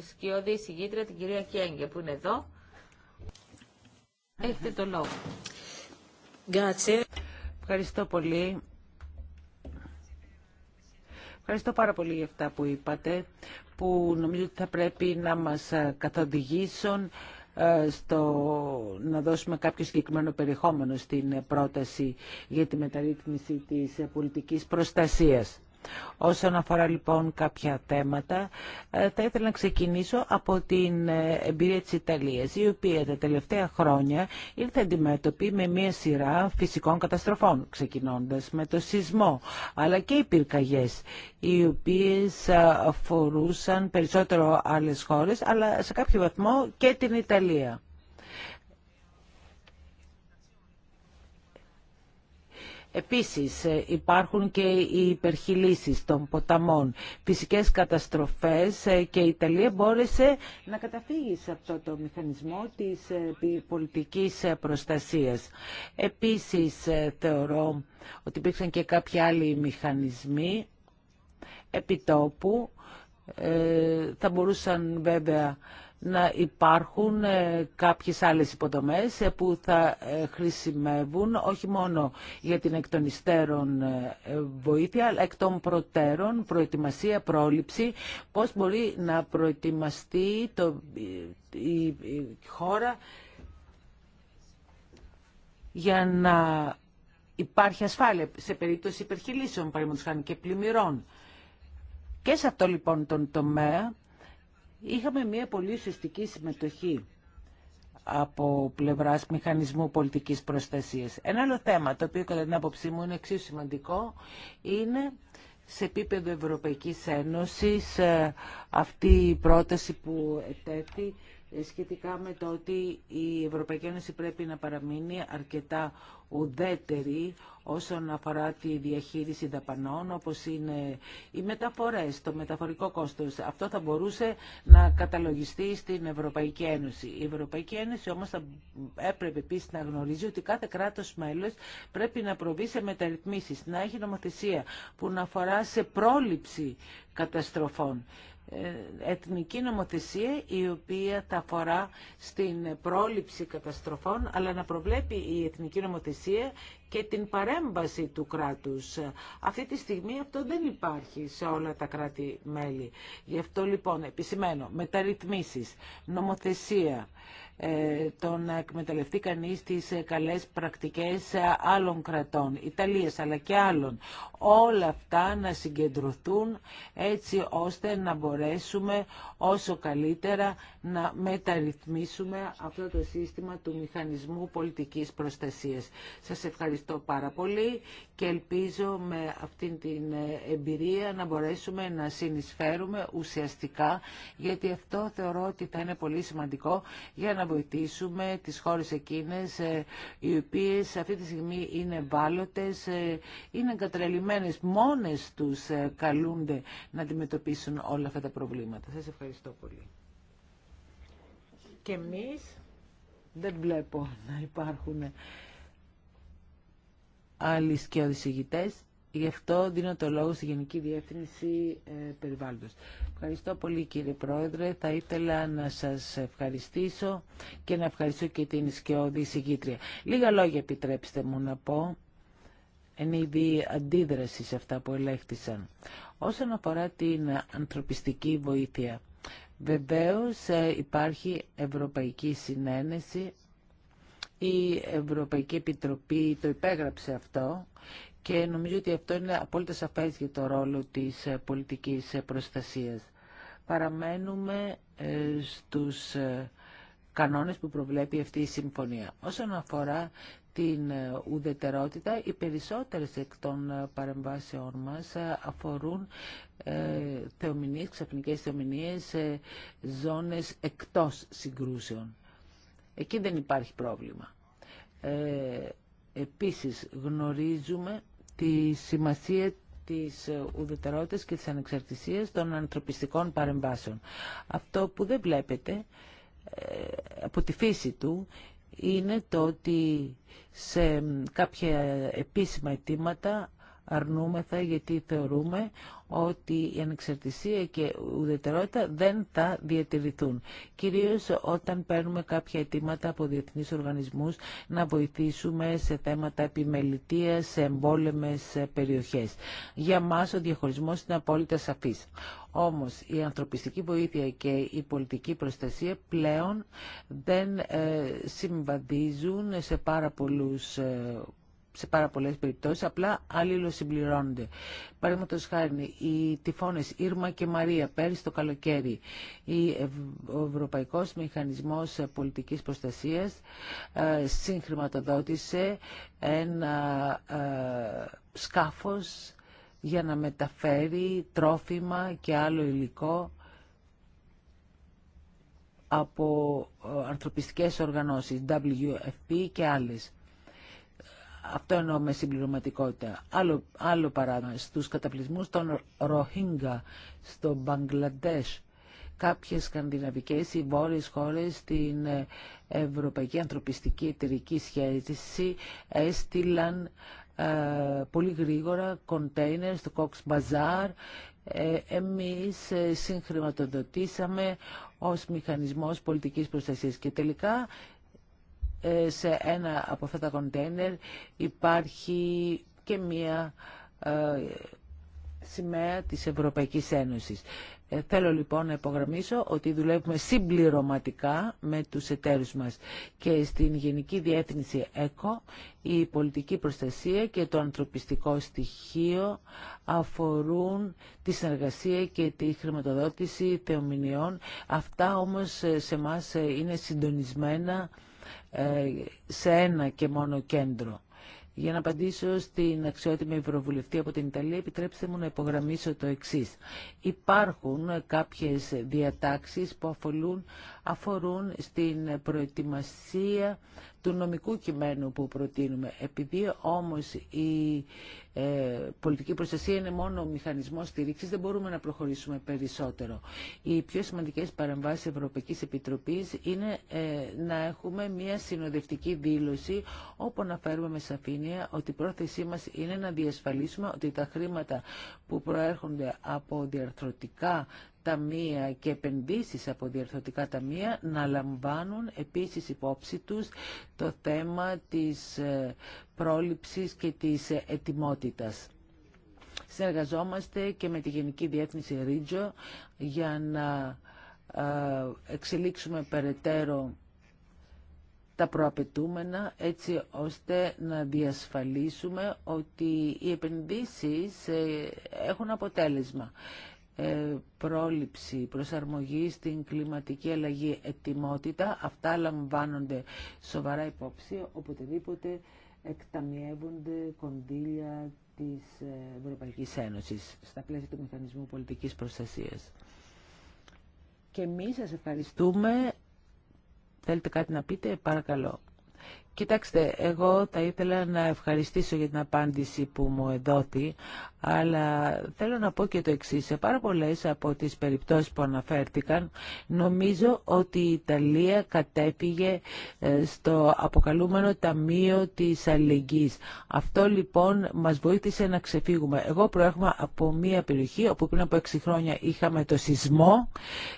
σκιώδη συγγήτρια την κυρία Κιέγγε που είναι εδώ. Έχετε το λόγο. Ευχαριστώ πολύ. Ευχαριστώ πάρα πολύ για αυτά που είπατε που νομίζω ότι θα πρέπει να μας ε, καθοδηγήσουν ε, στο να δώσουμε κάποιο συγκεκριμένο περιεχόμενο στην πρόταση για τη μεταρρύθμιση της ε, πολιτικής προστασίας. Όσον αφορά λοιπόν κάποια θέματα, ε, θα ήθελα να ξεκινήσω από την ε, εμπειρία της Ιταλίας, η οποία τα τελευταία χρόνια ήρθε αντιμέτωπη με μία σειρά φυσικών καταστροφών, ξεκινώντας με το σεισμό, αλλά και οι πυρκαγιές, οι οποίες αφορούσαν ε, περισσότερο άλλες χώρες, αλλά σε κάποιο βαθμό και την Ιταλία. Επίσης ε, υπάρχουν και οι υπερχιλήσεις των ποταμών, φυσικές καταστροφές ε, και η Ιταλία μπόρεσε να καταφύγει σε αυτό το μηχανισμό της ε, πολιτικής προστασίας. Επίσης θεωρώ ότι υπήρξαν και κάποιοι άλλοι μηχανισμοί επιτόπου, θα μπορούσαν βέβαια να υπάρχουν ε, κάποιες άλλες υποδομές ε, που θα ε, χρησιμεύουν όχι μόνο για την εκ των υστέρων βοήθεια, αλλά εκ των προτέρων, προετοιμασία, πρόληψη, πώς μπορεί να προετοιμαστεί το, η, χώρα για να υπάρχει ασφάλεια σε περίπτωση υπερχειλήσεων παραδείγματος και πλημμυρών. Και σε αυτό λοιπόν τον τομέα Είχαμε μια πολύ ουσιαστική συμμετοχή από πλευράς μηχανισμού πολιτικής προστασίας. Ένα άλλο θέμα, το οποίο κατά την άποψή μου είναι εξίσου σημαντικό, είναι σε επίπεδο Ευρωπαϊκής Ένωσης ε, αυτή η πρόταση που ετέθη ε, σχετικά με το ότι η Ευρωπαϊκή Ένωση πρέπει να παραμείνει αρκετά ουδέτερη όσον αφορά τη διαχείριση δαπανών, όπως είναι οι μεταφορές, το μεταφορικό κόστος. Αυτό θα μπορούσε να καταλογιστεί στην Ευρωπαϊκή Ένωση. Η Ευρωπαϊκή Ένωση όμως θα έπρεπε επίση να γνωρίζει ότι κάθε κράτος μέλος πρέπει να προβεί σε μεταρρυθμίσεις, να έχει νομοθεσία που να αφορά σε πρόληψη καταστροφών. Ε, εθνική νομοθεσία η οποία τα αφορά στην πρόληψη καταστροφών αλλά να προβλέπει η εθνική νομοθεσία και την παρέμβαση του κράτους. Αυτή τη στιγμή αυτό δεν υπάρχει σε όλα τα κράτη-μέλη. Γι' αυτό λοιπόν επισημαίνω μεταρρυθμίσεις, νομοθεσία, ε, το να εκμεταλλευτεί κανείς τις ε, καλές πρακτικές ε, άλλων κρατών, Ιταλίας αλλά και άλλων. Όλα αυτά να συγκεντρωθούν έτσι ώστε να μπορέσουμε όσο καλύτερα να μεταρρυθμίσουμε αυτό το σύστημα του μηχανισμού πολιτικής προστασίας. Σας ευχαριστώ πάρα πολύ και ελπίζω με αυτήν την ε, εμπειρία να μπορέσουμε να συνεισφέρουμε ουσιαστικά γιατί αυτό θεωρώ ότι θα είναι πολύ σημαντικό για να βοηθήσουμε τις χώρες εκείνες ε, οι οποίες αυτή τη στιγμή είναι ευάλωτες, ε, είναι εγκατρελειμμένες, μόνες τους καλούνται να αντιμετωπίσουν όλα αυτά τα προβλήματα. Σας ευχαριστώ πολύ. Και δεν βλέπω να υπάρχουν άλλοι σκιώδεις Γι' αυτό δίνω το λόγο στη Γενική Διεύθυνση ε, Περιβάλλοντος. Ευχαριστώ πολύ κύριε Πρόεδρε. Θα ήθελα να σας ευχαριστήσω και να ευχαριστώ και την σκιώδη συγκήτρια. Λίγα λόγια επιτρέψτε μου να πω εν είδη αντίδραση σε αυτά που ελέγχθησαν. Όσον αφορά την ανθρωπιστική βοήθεια, βεβαίως ε, υπάρχει ευρωπαϊκή συνένεση η Ευρωπαϊκή Επιτροπή το υπέγραψε αυτό και νομίζω ότι αυτό είναι απόλυτα σαφές για το ρόλο της πολιτικής προστασίας. Παραμένουμε ε, στους ε, κανόνες που προβλέπει αυτή η συμφωνία. Όσον αφορά την ε, ουδετερότητα, οι περισσότερες εκ των παρεμβάσεών μας αφορούν θεομηνίες, ξαφνικές θεομηνίες, ζώνες εκτός συγκρούσεων. Εκεί δεν υπάρχει πρόβλημα. Ε, επίσης γνωρίζουμε τη σημασία της ε, ουδετερότητας και της ανεξαρτησίας των ανθρωπιστικών παρεμβάσεων. Αυτό που δεν βλέπετε ε, από τη φύση του είναι το ότι σε κάποια επίσημα αιτήματα αρνούμεθα γιατί θεωρούμε ότι η ανεξαρτησία και ουδετερότητα δεν θα διατηρηθούν. Κυρίως όταν παίρνουμε κάποια αιτήματα από διεθνείς οργανισμούς να βοηθήσουμε σε θέματα επιμελητίας, σε εμπόλεμες περιοχές. Για μας ο διαχωρισμός είναι απόλυτα σαφής. Όμως η ανθρωπιστική βοήθεια και η πολιτική προστασία πλέον δεν ε, συμβαδίζουν σε πάρα πολλούς ε, σε πάρα πολλέ περιπτώσει, απλά αλληλοσυμπληρώνονται. Παραδείγματο χάρη, οι τυφώνες Ήρμα και Μαρία πέρυσι το καλοκαίρι, ο Ευρωπαϊκός Μηχανισμός Πολιτικής Προστασίας ε, συγχρηματοδότησε ένα ε, σκάφος για να μεταφέρει τρόφιμα και άλλο υλικό από ε, ανθρωπιστικές οργανώσεις, WFP και άλλες. Αυτό εννοώ με συμπληρωματικότητα. Άλλο, άλλο παράδειγμα, στους καταπλησμούς των Ροχίνγκα στο Μπαγκλαντές, κάποιες σκανδιναβικές ή βόρειες χώρες στην ε, Ευρωπαϊκή Ανθρωπιστική Εταιρική Σχέση έστειλαν ε, πολύ γρήγορα κοντέινερ στο Κόξ Μπαζάρ. Ε, εμείς ε, συγχρηματοδοτήσαμε ως μηχανισμός πολιτικής προστασίας και τελικά σε ένα από αυτά τα κοντέινερ υπάρχει και μία ε, σημαία της Ευρωπαϊκής Ένωσης. Ε, θέλω λοιπόν να υπογραμμίσω ότι δουλεύουμε συμπληρωματικά με τους εταίρους μας και στην Γενική Διεύθυνση ΕΚΟ η πολιτική προστασία και το ανθρωπιστικό στοιχείο αφορούν τη συνεργασία και τη χρηματοδότηση θεομηνιών. Αυτά όμως ε, σε μας είναι συντονισμένα ε, σε ένα και μόνο κέντρο. Για να απαντήσω στην αξιότιμη Ευρωβουλευτή από την Ιταλία, επιτρέψτε μου να υπογραμμίσω το εξής. Υπάρχουν κάποιες διατάξεις που αφορούν, αφορούν στην προετοιμασία του νομικού κειμένου που προτείνουμε. Επειδή όμως η ε, πολιτική προστασία είναι μόνο ο μηχανισμός στήριξης, δεν μπορούμε να προχωρήσουμε περισσότερο. Οι πιο σημαντικές παρεμβάσεις Ευρωπαϊκής Επιτροπής είναι ε, να έχουμε μια συνοδευτική δήλωση όπου να φέρουμε με σαφήνεια ότι η πρόθεσή μας είναι να διασφαλίσουμε ότι τα χρήματα που προέρχονται από διαρθρωτικά ταμεία και επενδύσεις από διαρθρωτικά ταμεία να λαμβάνουν επίσης υπόψη τους το θέμα της ε, πρόληψης και της ε, ετοιμότητας. Συνεργαζόμαστε και με τη Γενική Διεύθυνση Ρίτζο για να ε, εξελίξουμε περαιτέρω τα προαπαιτούμενα έτσι ώστε να διασφαλίσουμε ότι οι επενδύσεις έχουν αποτέλεσμα. Ε, πρόληψη, προσαρμογή στην κλιματική αλλαγή, ετοιμότητα, αυτά λαμβάνονται σοβαρά υπόψη οποτεδήποτε εκταμιεύονται κονδύλια της ε, Ευρωπαϊκής Ένωσης στα πλαίσια του Μηχανισμού Πολιτικής Προστασίας. Και εμείς σας ευχαριστούμε. Θέλετε κάτι να πείτε, παρακαλώ. Κοιτάξτε, εγώ θα ήθελα να ευχαριστήσω για την απάντηση που μου εδότη, αλλά θέλω να πω και το εξή. Σε πάρα πολλέ από τι περιπτώσει που αναφέρθηκαν, νομίζω ότι η Ιταλία κατέφυγε ε, στο αποκαλούμενο Ταμείο τη Αλληλεγγύη. Αυτό λοιπόν μα βοήθησε να ξεφύγουμε. Εγώ προέρχομαι από μία περιοχή όπου πριν από 6 χρόνια είχαμε το σεισμό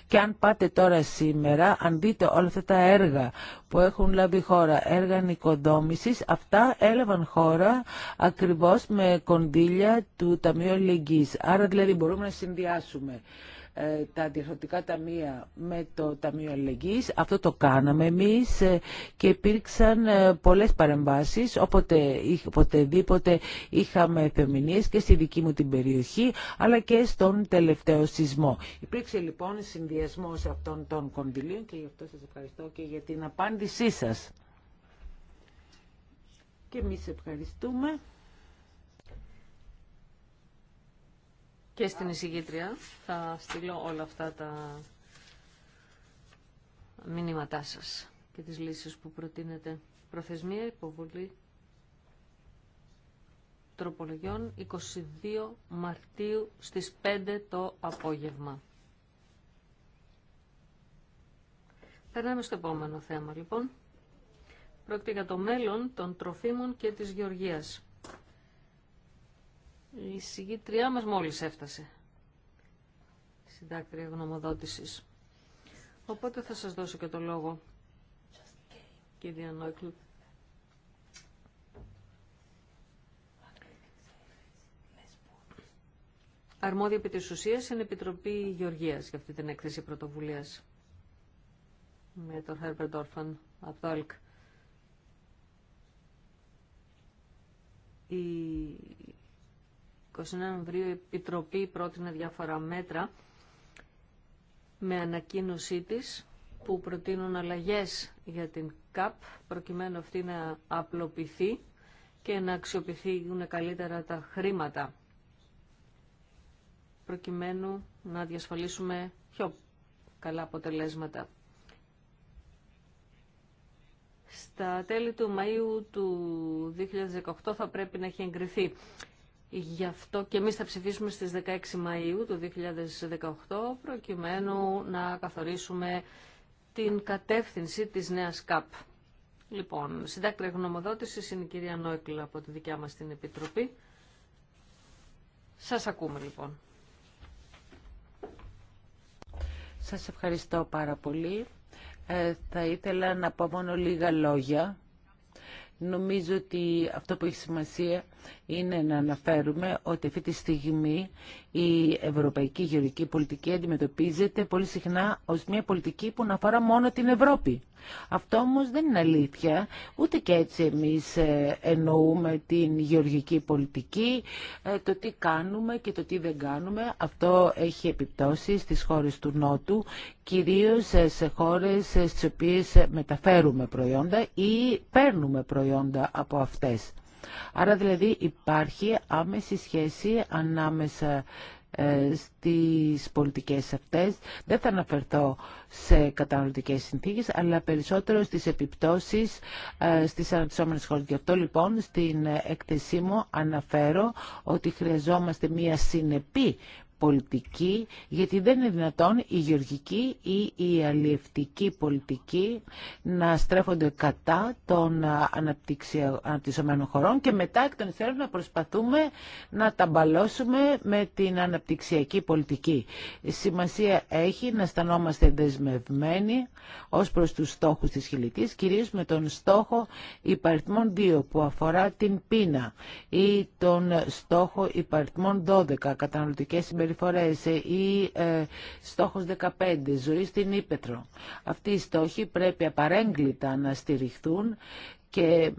και αν πάτε τώρα σήμερα, αν δείτε όλα αυτά τα έργα που έχουν λάβει χώρα, έργα οικοδόμησης. αυτά έλαβαν χώρα ακριβώς με κονδύλια του Ταμείου Αλληλεγγύης. Άρα δηλαδή μπορούμε να συνδυάσουμε ε, τα διευθυντικά ταμεία με το Ταμείο Αλληλεγγύης. Αυτό το κάναμε εμείς ε, και υπήρξαν ε, πολλές παρεμβάσεις, όποτε, οποτεδήποτε είχαμε φεμινίες και στη δική μου την περιοχή, αλλά και στον τελευταίο σεισμό. Υπήρξε λοιπόν συνδυασμός αυτών των κονδυλίων και γι' αυτό σας ευχαριστώ και για την απάντησή σας. Και εμείς ευχαριστούμε. Και στην εισηγήτρια θα στείλω όλα αυτά τα μηνύματά σας και τις λύσεις που προτείνετε. Προθεσμία υποβολή τροπολογιών 22 Μαρτίου στις 5 το απόγευμα. Περνάμε στο επόμενο θέμα λοιπόν. Πρόκειται για το μέλλον των τροφίμων και της γεωργίας. Η συγγήτριά μας μόλις έφτασε. Συντάκτρια γνωμοδότησης. Οπότε θα σας δώσω και το λόγο. κύριε Νόικλου. Αρμόδια επί της ουσίας είναι Επιτροπή Γεωργίας για αυτή την έκθεση πρωτοβουλίας. Με τον Herbert Orphan από το η 29 Νοεμβρίου η Επιτροπή πρότεινε διάφορα μέτρα με ανακοίνωσή της που προτείνουν αλλαγές για την ΚΑΠ προκειμένου αυτή να απλοποιηθεί και να αξιοποιηθούν καλύτερα τα χρήματα προκειμένου να διασφαλίσουμε πιο καλά αποτελέσματα. Στα τέλη του Μαΐου του 2018 θα πρέπει να έχει εγκριθεί. Γι' αυτό και εμείς θα ψηφίσουμε στις 16 Μαΐου του 2018 προκειμένου να καθορίσουμε την κατεύθυνση της νέας ΚΑΠ. Λοιπόν, συντάκτρια γνωμοδότηση είναι η κυρία Νόικλ από τη δικιά μας την Επιτροπή. Σας ακούμε λοιπόν. Σας ευχαριστώ πάρα πολύ. Ε, θα ήθελα να πω μόνο λίγα λόγια. Νομίζω ότι αυτό που έχει σημασία είναι να αναφέρουμε ότι αυτή τη στιγμή η ευρωπαϊκή γεωργική πολιτική αντιμετωπίζεται πολύ συχνά ως μια πολιτική που αναφορά μόνο την Ευρώπη. Αυτό όμως δεν είναι αλήθεια, ούτε και έτσι εμείς ε, εννοούμε την γεωργική πολιτική, ε, το τι κάνουμε και το τι δεν κάνουμε. Αυτό έχει επιπτώσει στις χώρες του Νότου, κυρίως ε, σε χώρες στις οποίες μεταφέρουμε προϊόντα ή παίρνουμε προϊόντα από αυτές. Άρα δηλαδή υπάρχει άμεση σχέση ανάμεσα ε, στις πολιτικές αυτές. Δεν θα αναφερθώ σε καταναλωτικές συνθήκες, αλλά περισσότερο στις επιπτώσεις ε, στις αναπτυσσόμενες χώρες. Γι' αυτό λοιπόν στην έκθεσή μου αναφέρω ότι χρειαζόμαστε μια συνεπή πολιτική, γιατί δεν είναι δυνατόν η γεωργική ή η αλλιευτική πολιτική να στρέφονται κατά των αναπτυξιωμένων χωρών και μετά εκ των υστέρων να προσπαθούμε να τα μπαλώσουμε με την αναπτυξιακή πολιτική. Σημασία έχει να αισθανόμαστε δεσμευμένοι ως προς τους στόχους της χιλικής, κυρίως με τον στόχο υπαριθμών 2 που αφορά την πείνα ή τον στόχο υπαριθμών 12 καταναλωτικές συμπεριφορές συμπεριφορές ή ε, στόχος 15, ζωή στην Ήπετρο. Αυτοί οι στόχοι πρέπει απαρέγκλιτα να στηριχθούν και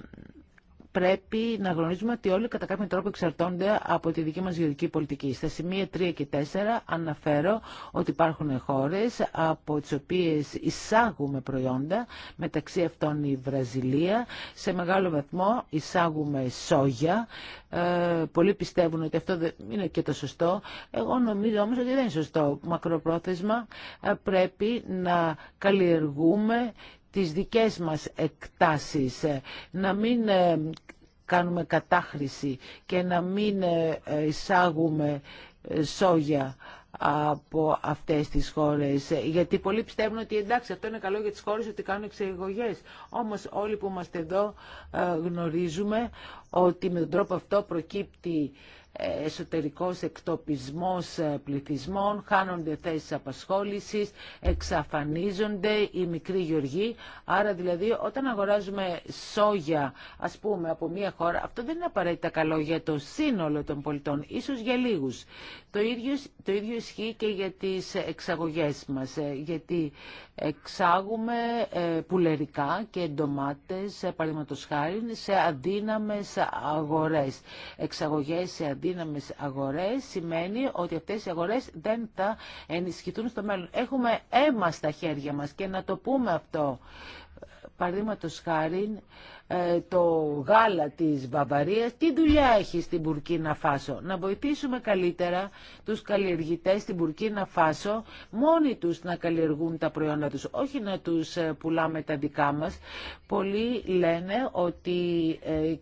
πρέπει να γνωρίζουμε ότι όλοι κατά κάποιο τρόπο εξαρτώνται από τη δική μας γεωργική πολιτική. Στα σημεία 3 και 4 αναφέρω ότι υπάρχουν χώρες από τις οποίες εισάγουμε προϊόντα, μεταξύ αυτών η Βραζιλία. Σε μεγάλο βαθμό εισάγουμε σόγια. Ε, πολλοί πιστεύουν ότι αυτό είναι και το σωστό. Εγώ νομίζω όμως ότι δεν είναι σωστό. Μακροπρόθεσμα ε, πρέπει να καλλιεργούμε τις δικές μας εκτάσεις, ε, να μην ε, κάνουμε κατάχρηση και να μην ε, εισάγουμε σόγια από αυτές τις χώρες. Γιατί πολλοί πιστεύουν ότι εντάξει αυτό είναι καλό για τις χώρες ότι κάνουν εξεγωγές. Όμως όλοι που είμαστε εδώ γνωρίζουμε ότι με τον τρόπο αυτό προκύπτει εσωτερικός εκτοπισμός ε, πληθυσμών, χάνονται θέσεις απασχόλησης, εξαφανίζονται οι μικροί γεωργοί. Άρα δηλαδή όταν αγοράζουμε σόγια ας πούμε από μια χώρα, αυτό δεν είναι απαραίτητα καλό για το σύνολο των πολιτών, ίσως για λίγους. Το ίδιο, το ίδιο ισχύει και για τις εξαγωγές μας, ε, γιατί εξάγουμε ε, πουλερικά και ντομάτες, παραδείγματος χάρη, σε αδύναμες αγορές. Εξαγωγές σε αδύναμες αδύναμες αγορές σημαίνει ότι αυτές οι αγορές δεν θα ενισχυθούν στο μέλλον. Έχουμε αίμα στα χέρια μας και να το πούμε αυτό. Παραδείγματο χάρη ε, το γάλα της Βαβαρίας, τι δουλειά έχει στην Μπουρκίνα Φάσο. Να βοηθήσουμε καλύτερα τους καλλιεργητές στην Μπουρκίνα Φάσο μόνοι τους να καλλιεργούν τα προϊόντα τους, όχι να τους ε, πουλάμε τα δικά μας. Πολλοί λένε ότι ε,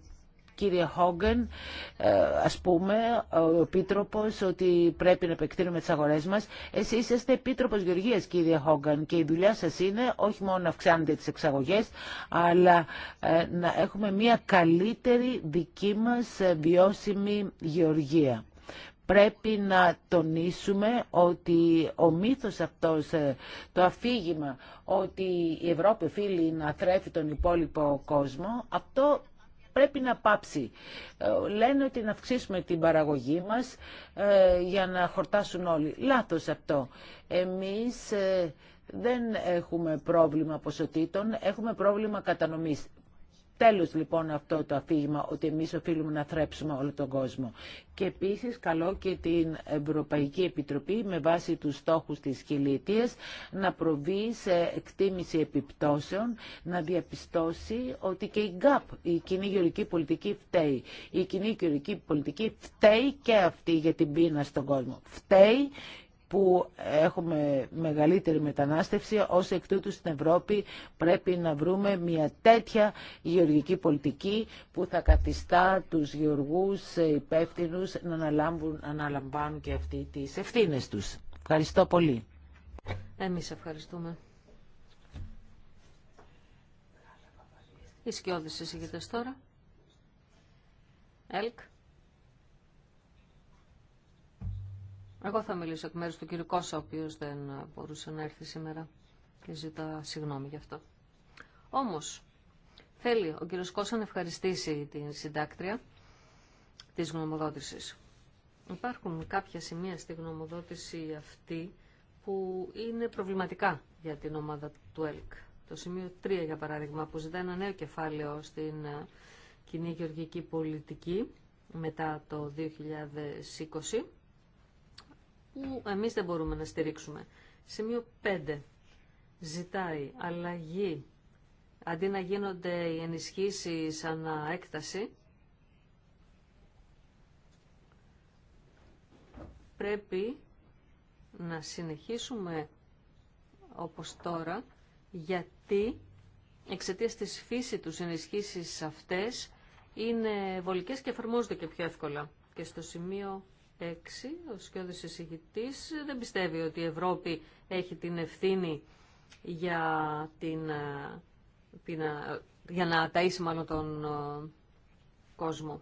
κύριε Χόγκεν, ε, ας πούμε, ο Επίτροπος, ότι πρέπει να επεκτείνουμε τις αγορές μας. Εσείς είστε Επίτροπος Γεωργίας, κύριε Χόγκεν, και η δουλειά σας είναι όχι μόνο να αυξάνετε τις εξαγωγές, αλλά ε, να έχουμε μια καλύτερη δική μας ε, βιώσιμη γεωργία πρέπει να τονίσουμε ότι ο μύθος αυτός, το αφήγημα ότι η Ευρώπη οφείλει να θρέφει τον υπόλοιπο κόσμο, αυτό πρέπει να πάψει. Ε, λένε ότι να αυξήσουμε την παραγωγή μας ε, για να χορτάσουν όλοι. Λάθος αυτό. Εμείς ε, δεν έχουμε πρόβλημα ποσοτήτων, έχουμε πρόβλημα κατανομής. Τέλος λοιπόν αυτό το αφήγημα ότι εμείς οφείλουμε να θρέψουμε όλο τον κόσμο. Και επίσης καλό και την Ευρωπαϊκή Επιτροπή με βάση τους στόχους της χιλιετίας να προβεί σε εκτίμηση επιπτώσεων, να διαπιστώσει ότι και η ΓΚΑΠ, η κοινή γεωρική πολιτική φταίει. Η κοινή γεωρική πολιτική φταίει και αυτή για την πείνα στον κόσμο. Φταίει που έχουμε μεγαλύτερη μετανάστευση, ως εκ τούτου στην Ευρώπη πρέπει να βρούμε μια τέτοια γεωργική πολιτική που θα καθιστά τους γεωργούς υπεύθυνου να αναλαμβάνουν, και αυτοί τις ευθύνες τους. Ευχαριστώ πολύ. Εμείς ευχαριστούμε. Οι σκιώδεις τώρα. ΕΛΚ. Εγώ θα μιλήσω εκ μέρους του κύριου Κώσσα, ο οποίος δεν μπορούσε να έρθει σήμερα και ζητά συγγνώμη γι' αυτό. Όμως, θέλει ο κύριος Κώσσα να ευχαριστήσει την συντάκτρια της γνωμοδότησης. Υπάρχουν κάποια σημεία στη γνωμοδότηση αυτή που είναι προβληματικά για την ομάδα του ΕΛΚ. Το σημείο 3, για παράδειγμα, που ζητά ένα νέο κεφάλαιο στην ε, κοινή γεωργική πολιτική μετά το 2020 που εμείς δεν μπορούμε να στηρίξουμε. Σημείο 5. Ζητάει αλλαγή αντί να γίνονται οι ενισχύσεις ανά έκταση, πρέπει να συνεχίσουμε όπως τώρα, γιατί εξαιτία της φύση τους ενισχύσεις αυτές είναι βολικές και εφαρμόζονται και πιο εύκολα. Και στο σημείο 6, ο Σκιώδης εισηγητής, δεν πιστεύει ότι η Ευρώπη έχει την ευθύνη για, την, ε, ε, για να ταΐσει μάλλον τον ε, κόσμο.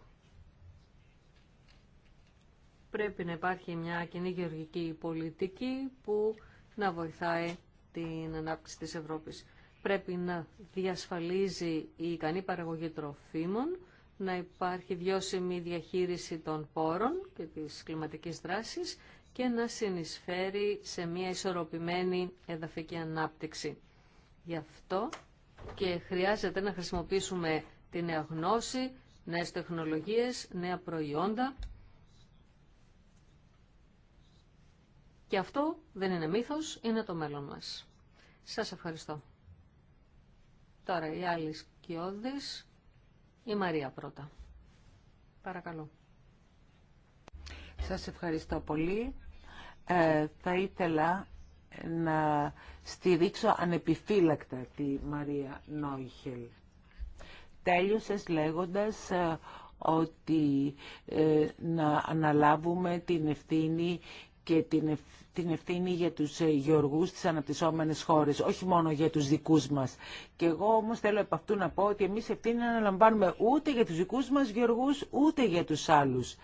Πρέπει να υπάρχει μια κοινή γεωργική πολιτική που να βοηθάει την ανάπτυξη της Ευρώπης. Πρέπει να διασφαλίζει η ικανή παραγωγή τροφίμων, να υπάρχει βιώσιμη διαχείριση των πόρων και της κλιματικής δράσης και να συνεισφέρει σε μια ισορροπημένη εδαφική ανάπτυξη. Γι' αυτό και χρειάζεται να χρησιμοποιήσουμε τη νέα γνώση, νέες τεχνολογίες, νέα προϊόντα. Και αυτό δεν είναι μύθος, είναι το μέλλον μας. Σας ευχαριστώ. Τώρα οι άλλοι σκιώδεις. Η Μαρία πρώτα. Παρακαλώ. Σας ευχαριστώ πολύ. Ε, θα ήθελα να στηρίξω ανεπιφύλακτα τη Μαρία Νόιχελ. Τέλειωσες λέγοντας ε, ότι ε, να αναλάβουμε την ευθύνη και την ευθύνη για τους ε, γεωργούς της αναπτυσσόμενης χώρες, όχι μόνο για τους δικούς μας. Και εγώ όμως θέλω από αυτού να πω ότι εμείς ευθύνη να αναλαμβάνουμε ούτε για τους δικούς μας γεωργούς, ούτε για τους άλλους.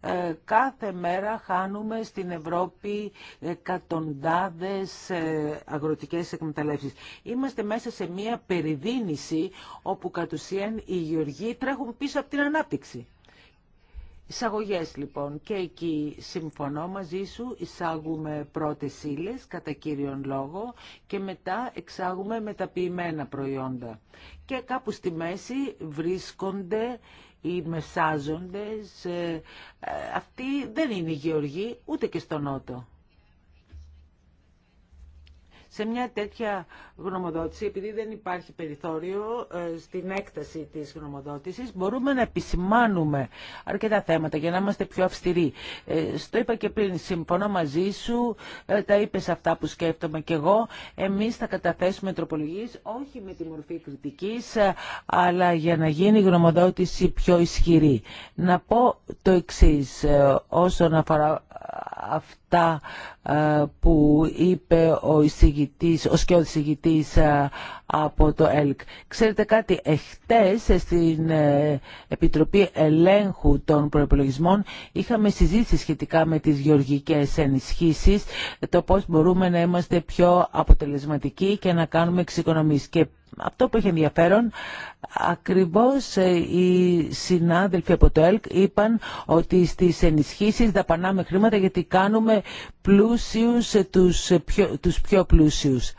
Ε, κάθε μέρα χάνουμε στην Ευρώπη εκατοντάδες ε, αγροτικές εκμεταλλεύσεις. Είμαστε μέσα σε μια περιδίνηση όπου κατ' ουσίαν οι γεωργοί τρέχουν πίσω από την ανάπτυξη. Εισαγωγές λοιπόν και εκεί συμφωνώ μαζί σου, εισάγουμε πρώτες ύλε κατά κύριον λόγο και μετά εξάγουμε μεταποιημένα προϊόντα. Και κάπου στη μέση βρίσκονται οι μεσάζοντες, ε, αυτοί δεν είναι οι ούτε και στον Νότο. Σε μια τέτοια γνωμοδότηση, επειδή δεν υπάρχει περιθώριο ε, στην έκταση της γνωμοδότησης, μπορούμε να επισημάνουμε αρκετά θέματα για να είμαστε πιο αυστηροί. Ε, στο είπα και πριν, συμφωνώ μαζί σου, ε, τα είπες αυτά που σκέφτομαι και εγώ. Εμείς θα καταθέσουμε τροπολογίες, όχι με τη μορφή κριτικής, αλλά για να γίνει η γνωμοδότηση πιο ισχυρή. Να πω το εξής, όσον αφορά αυτά που είπε ο εισηγητής εισηγητής, και ο εισηγητής ε, από το ΕΛΚ. Ξέρετε κάτι, εχθές ε, στην ε, Επιτροπή Ελέγχου των Προεπολογισμών είχαμε συζήτηση σχετικά με τις γεωργικές ενισχύσεις, το πώς μπορούμε να είμαστε πιο αποτελεσματικοί και να κάνουμε εξοικονομίες αυτό που έχει ενδιαφέρον, ακριβώς ε, οι συνάδελφοι από το ΕΛΚ είπαν ότι στις ενισχύσεις δαπανάμε χρήματα γιατί κάνουμε πλούσιους ε, τους ε, πιο, τους πιο πλούσιους.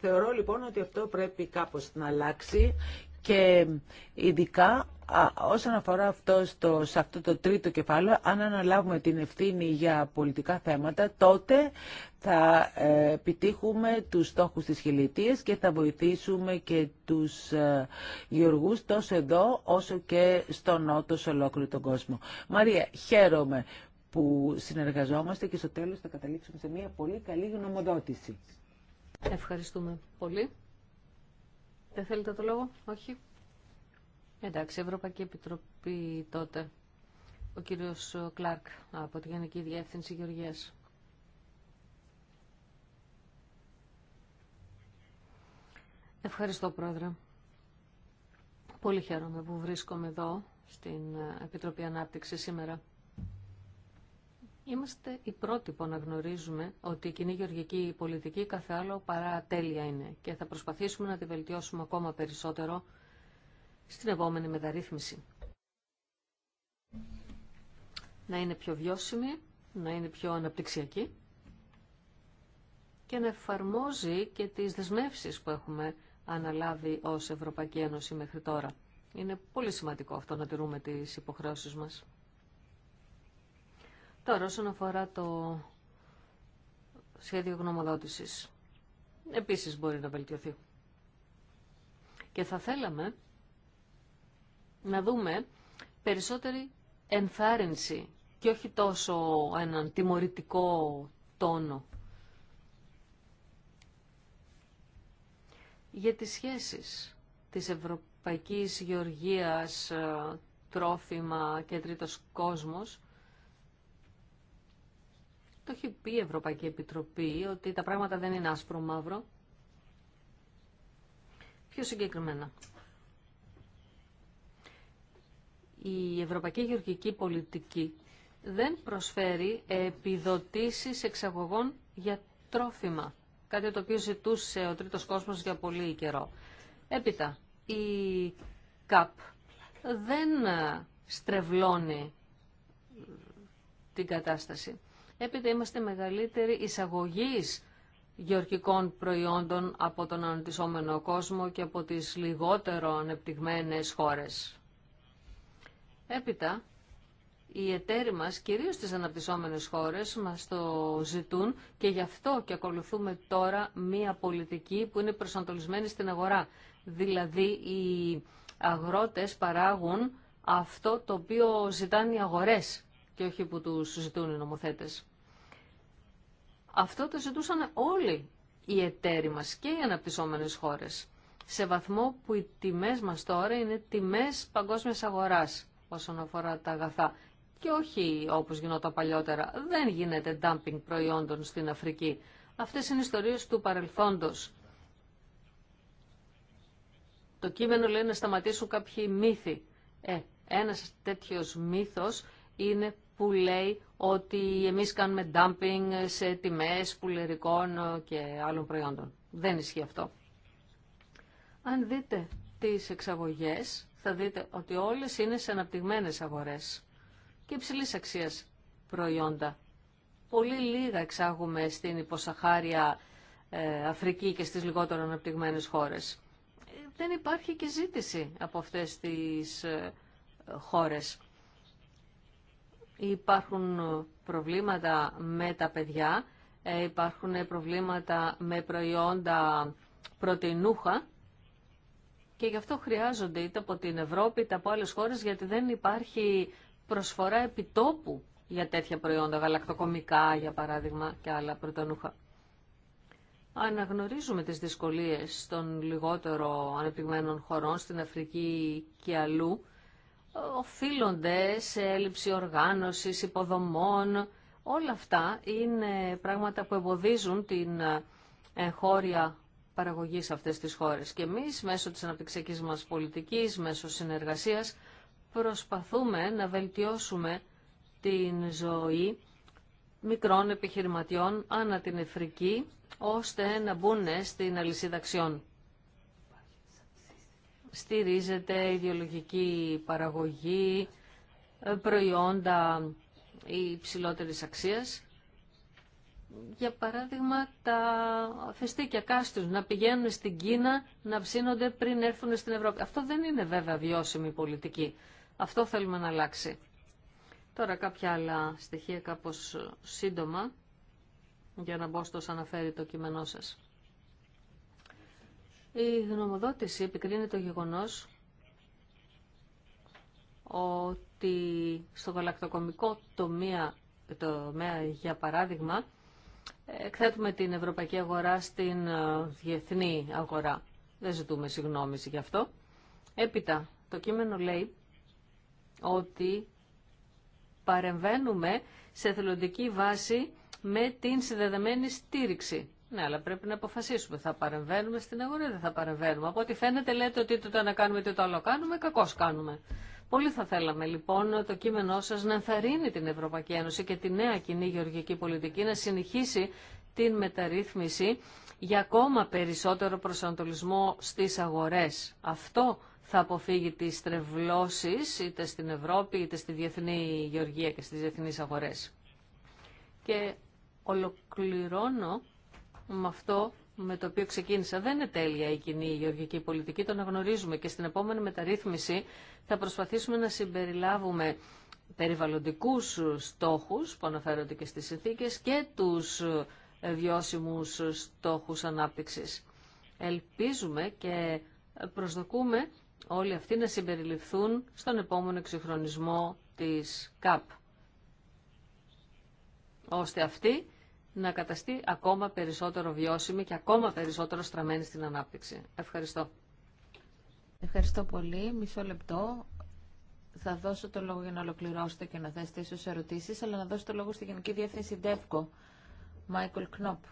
θεωρώ λοιπόν ότι αυτό πρέπει κάπως να αλλάξει και ειδικά όσον αφορά αυτό σε αυτό το τρίτο κεφάλαιο, αν αναλάβουμε την ευθύνη για πολιτικά θέματα, τότε θα ε, επιτύχουμε τους στόχους της χιλιτίας και θα βοηθήσουμε και τους ε, γεωργούς τόσο εδώ όσο και στο νότο σε ολόκληρο τον κόσμο. Μαρία, χαίρομαι που συνεργαζόμαστε και στο τέλος θα καταλήξουμε σε μια πολύ καλή γνωμοδότηση. Ευχαριστούμε πολύ. Δεν θέλετε το λόγο, όχι. Εντάξει, Ευρωπαϊκή Επιτροπή τότε. Ο κύριος Κλάρκ από τη Γενική Διεύθυνση Γεωργίας. Ευχαριστώ, Πρόεδρε. Πολύ χαίρομαι που βρίσκομαι εδώ στην Επιτροπή Ανάπτυξη σήμερα. Είμαστε οι πρώτοι που αναγνωρίζουμε ότι η κοινή γεωργική πολιτική κάθε άλλο παρά τέλεια είναι και θα προσπαθήσουμε να τη βελτιώσουμε ακόμα περισσότερο στην επόμενη μεταρρύθμιση. Να είναι πιο βιώσιμη, να είναι πιο αναπτυξιακή και να εφαρμόζει και τις δεσμεύσεις που έχουμε αναλάβει ως Ευρωπαϊκή Ένωση μέχρι τώρα. Είναι πολύ σημαντικό αυτό να τηρούμε τις υποχρεώσεις μας. Τώρα, όσον αφορά το σχέδιο γνωμοδότησης, επίσης μπορεί να βελτιωθεί. Και θα θέλαμε να δούμε περισσότερη ενθάρρυνση και όχι τόσο έναν τιμωρητικό τόνο. Για τις σχέσεις της Ευρωπαϊκής Γεωργίας, ε, τρόφιμα και τρίτος κόσμος, το έχει πει η Ευρωπαϊκή Επιτροπή ότι τα πράγματα δεν είναι άσπρο-μαύρο. Πιο συγκεκριμένα. Η Ευρωπαϊκή Γεωργική Πολιτική δεν προσφέρει επιδοτήσεις εξαγωγών για τρόφιμα. Κάτι το οποίο ζητούσε ο τρίτος κόσμος για πολύ καιρό. Έπειτα, η ΚΑΠ δεν στρεβλώνει την κατάσταση έπειτα είμαστε μεγαλύτερη εισαγωγής γεωργικών προϊόντων από τον αναπτυσσόμενο κόσμο και από τις λιγότερο ανεπτυγμένες χώρες. Έπειτα, οι εταίροι μας, κυρίως στις αναπτυσσόμενες χώρες, μας το ζητούν και γι' αυτό και ακολουθούμε τώρα μία πολιτική που είναι προσανατολισμένη στην αγορά. Δηλαδή, οι αγρότες παράγουν αυτό το οποίο ζητάνε οι αγορές και όχι που τους ζητούν οι νομοθέτες. Αυτό το ζητούσαν όλοι οι εταίροι μας και οι αναπτυσσόμενες χώρες. Σε βαθμό που οι τιμές μας τώρα είναι τιμές παγκόσμιας αγοράς όσον αφορά τα αγαθά. Και όχι όπως γινόταν παλιότερα. Δεν γίνεται dumping προϊόντων στην Αφρική. Αυτές είναι ιστορίες του παρελθόντος. Το κείμενο λέει να σταματήσουν κάποιοι μύθοι. Ε, ένας τέτοιος μύθος είναι που λέει ότι εμείς κάνουμε dumping σε τιμές πουλερικών ε, και άλλων προϊόντων. Δεν ισχύει αυτό. Αν δείτε τις εξαγωγές, θα δείτε ότι όλες είναι σε αναπτυγμένες αγορές και υψηλή αξίας προϊόντα. Πολύ λίγα εξάγουμε στην υποσαχάρια ε, Αφρική και στις λιγότερο αναπτυγμένες χώρες. Ε, δεν υπάρχει και ζήτηση από αυτές τις χώρες. Υπάρχουν ε, προβλήματα με τα παιδιά, ε, υπάρχουν ε, προβλήματα με προϊόντα πρωτεϊνούχα και γι' αυτό χρειάζονται είτε από την Ευρώπη είτε από άλλες χώρες γιατί δεν υπάρχει προσφορά επιτόπου για τέτοια προϊόντα, γαλακτοκομικά για παράδειγμα και άλλα πρωτεϊνούχα. Αναγνωρίζουμε τις δυσκολίες των λιγότερο ανεπτυγμένων χωρών στην Αφρική και αλλού οφείλονται σε έλλειψη οργάνωσης, υποδομών. Όλα αυτά είναι πράγματα που εμποδίζουν την ε, εγχώρια παραγωγή αυτές τις χώρες. Και εμείς μέσω της αναπτυξιακής μας πολιτικής, μέσω συνεργασίας, προσπαθούμε να βελτιώσουμε την ζωή μικρών επιχειρηματιών ανά την Εφρική, ώστε να μπουν στην αλυσίδα αξιών στηρίζεται ιδεολογική παραγωγή, ε, προϊόντα υψηλότερη αξίας. Για παράδειγμα, τα φεστίκια κάστους να πηγαίνουν στην Κίνα να ψήνονται πριν έρθουν στην Ευρώπη. Αυτό δεν είναι βέβαια βιώσιμη πολιτική. Αυτό θέλουμε να αλλάξει. Τώρα κάποια άλλα στοιχεία κάπως σύντομα για να μπω στο αναφέρει το κείμενό σας. Η γνωμοδότηση επικρίνει το γεγονός ότι στο γαλακτοκομικό τομέα, τομέα για παράδειγμα, εκθέτουμε την ευρωπαϊκή αγορά στην ε, διεθνή αγορά. Δεν ζητούμε συγγνώμηση γι' αυτό. Έπειτα, το κείμενο λέει ότι παρεμβαίνουμε σε θελοντική βάση με την συνδεδεμένη στήριξη. Ναι, αλλά πρέπει να αποφασίσουμε. Θα παρεμβαίνουμε στην αγορά ή δεν θα παρεμβαίνουμε. Από ό,τι φαίνεται λέτε ότι το ένα κάνουμε τι το άλλο κάνουμε, κακώ κάνουμε. Πολύ θα θέλαμε λοιπόν το κείμενό σα να ενθαρρύνει την Ευρωπαϊκή Ένωση και τη νέα κοινή γεωργική πολιτική να συνεχίσει την μεταρρύθμιση για ακόμα περισσότερο προσανατολισμό στι αγορέ. Αυτό θα αποφύγει τι τρευλώσει είτε στην Ευρώπη είτε στη διεθνή γεωργία και στι διεθνεί αγορέ. Και ολοκληρώνω με αυτό με το οποίο ξεκίνησα. Δεν είναι τέλεια η κοινή γεωργική πολιτική, το αναγνωρίζουμε και στην επόμενη μεταρρύθμιση θα προσπαθήσουμε να συμπεριλάβουμε περιβαλλοντικούς στόχους που αναφέρονται και στις συνθήκες και τους ε, βιώσιμους στόχους ανάπτυξης. Ελπίζουμε και προσδοκούμε όλοι αυτοί να συμπεριληφθούν στον επόμενο εξυγχρονισμό της ΚΑΠ, ώστε αυτοί να καταστεί ακόμα περισσότερο βιώσιμη και ακόμα περισσότερο στραμμένη στην ανάπτυξη. Ευχαριστώ. Ευχαριστώ πολύ. Μισό λεπτό. Θα δώσω το λόγο για να ολοκληρώσετε και να θέσετε ίσως ερωτήσεις, αλλά να δώσω το λόγο στη Γενική Διεύθυνση ΔΕΦΚΟ, Μάικλ Κνόπ.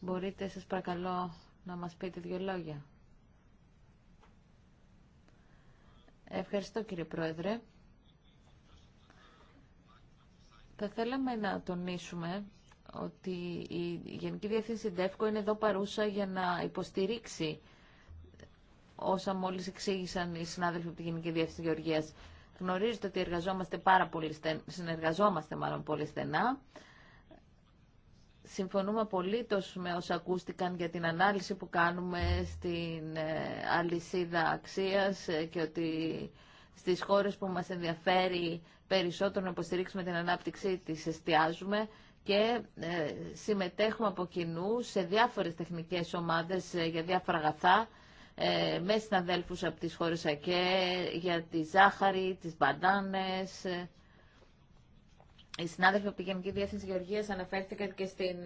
Μπορείτε, σας παρακαλώ, να μας πείτε δύο λόγια. Ευχαριστώ, κύριε Πρόεδρε. Θα θέλαμε να τονίσουμε ότι η Γενική Διεύθυνση ΔΕΦΚΟ είναι εδώ παρούσα για να υποστηρίξει όσα μόλις εξήγησαν οι συνάδελφοι από τη Γενική Διεύθυνση Γεωργίας. Γνωρίζετε ότι εργαζόμαστε πάρα πολύ συνεργαζόμαστε μάλλον πολύ στενά. Συμφωνούμε απολύτως με όσα ακούστηκαν για την ανάλυση που κάνουμε στην ε, αλυσίδα αξίας ε, και ότι στις χώρες που μας ενδιαφέρει περισσότερο να υποστηρίξουμε την ανάπτυξή της εστιάζουμε και ε, συμμετέχουμε από κοινού σε διάφορες τεχνικές ομάδες ε, για διάφορα αγαθά ε, με συναδέλφους από τις χώρες ΑΚΕ για τη ζάχαρη, τις μπαντάνες. Οι συνάδελφοι από τη Γενική Διεύθυνση Γεωργίας αναφέρθηκαν και στην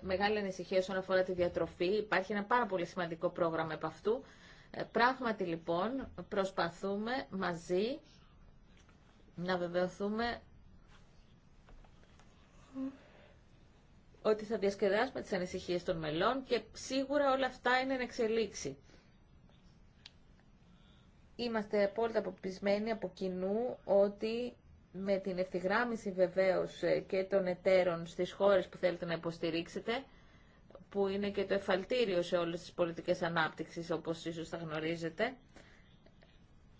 μεγάλη ανησυχία όσον αφορά τη διατροφή. Υπάρχει ένα πάρα πολύ σημαντικό πρόγραμμα επ' αυτού ε, πράγματι λοιπόν προσπαθούμε μαζί να βεβαιωθούμε ότι θα διασκεδάσουμε τις ανησυχίες των μελών και σίγουρα όλα αυτά είναι εν εξελίξη. Είμαστε απόλυτα αποπισμένοι από κοινού ότι με την ευθυγράμμιση βεβαίως ε, και των εταίρων στις χώρες που θέλετε να υποστηρίξετε, που είναι και το εφαλτήριο σε όλες τις πολιτικές ανάπτυξης, όπως ίσως θα γνωρίζετε.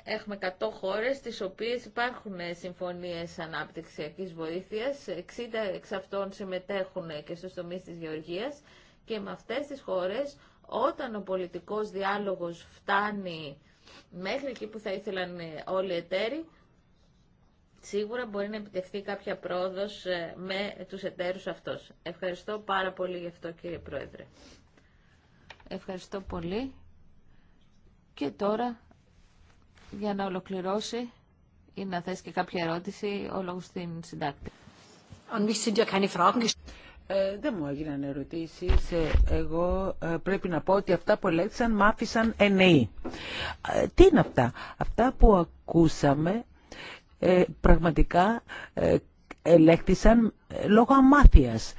Έχουμε 100 χώρες, τις οποίες υπάρχουν συμφωνίες ανάπτυξιακής βοήθειας. 60 εξ αυτών συμμετέχουν και στους τομείς της γεωργίας. Και με αυτές τις χώρες, όταν ο πολιτικός διάλογος φτάνει μέχρι εκεί που θα ήθελαν όλοι οι εταίροι, σίγουρα μπορεί να επιτευχθεί κάποια πρόοδος ε, με τους εταίρους αυτός. Ευχαριστώ πάρα πολύ γι' αυτό κύριε Πρόεδρε. Ευχαριστώ πολύ. Και τώρα, για να ολοκληρώσει ή να θέσει και κάποια ερώτηση, ο λόγος στην συντάκτη. Ε, δεν μου έγιναν ερωτήσεις. Ε, εγώ πρέπει να πω ότι αυτά που ελέγξαν μ' άφησαν εννοεί. τι είναι αυτά. Αυτά που ακούσαμε ε, πραγματικά ε, ελέγχθησαν ε, λόγω αμάθειας.